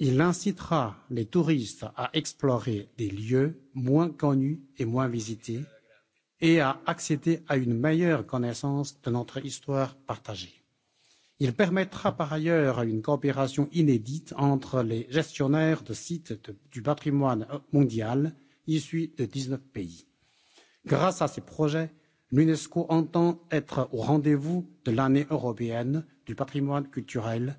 Il incitera les touristes à explorer des lieux moins connus et moins visités et à accéder à une meilleure connaissance de notre histoire partagée. Il permettra par ailleurs une coopération inédite entre les gestionnaires de sites du patrimoine mondial issus de dix neuf pays. Grâce à ces projets, l'UNESCO entend être au rendez-vous de l'année européenne du patrimoine culturel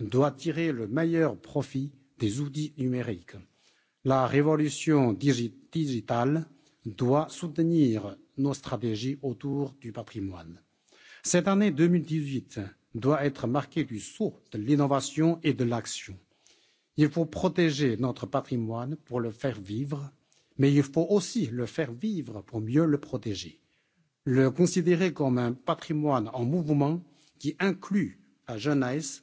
doit tirer le meilleur profit des outils numériques. La révolution digitale doit soutenir nos stratégies autour du patrimoine. Cette année deux mille dix huit doit être marquée du saut de l'innovation et de l'action. Il faut protéger notre patrimoine pour le faire vivre, mais il faut aussi le faire vivre pour mieux le protéger. Le considérer comme un patrimoine en mouvement qui inclut la jeunesse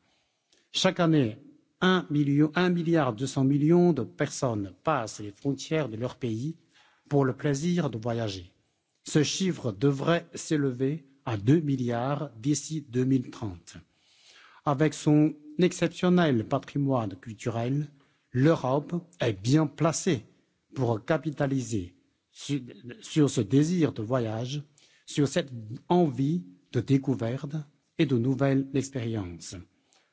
chaque année un milliard deux cents millions de personnes passent les frontières de leur pays pour le plaisir de voyager. ce chiffre devrait s'élever à deux milliards d'ici deux mille trente avec son exceptionnel patrimoine culturel l'europe est bien placée pour capitaliser sur ce désir de voyage sur cette envie de découverte et de nouvelles expériences.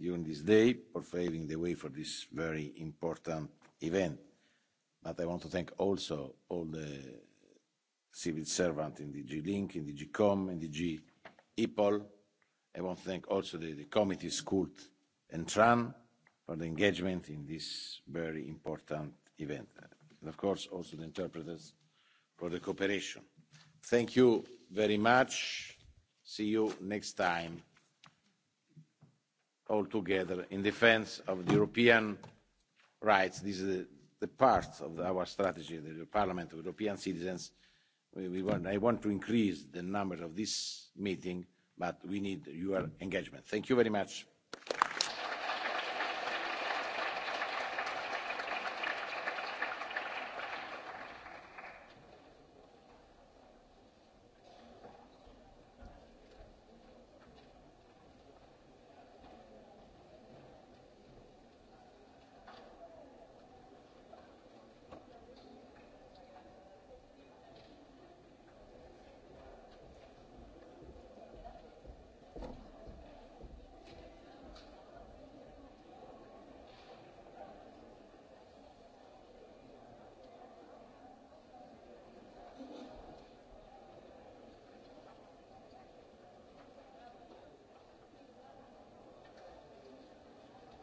during this day for paving the way for this very important event. But I want to thank also all the civil servants in the G Link, in the G Com, in the G EPOL. I want to thank also the, the committees Kult and Tran for the engagement in this very important event. And of course also the interpreters for the cooperation. Thank you very much. See you next time all together in defence of the European rights. This is the, the part of our strategy, the Parliament of European citizens. I want to increase the number of this meeting, but we need your engagement. Thank you very much.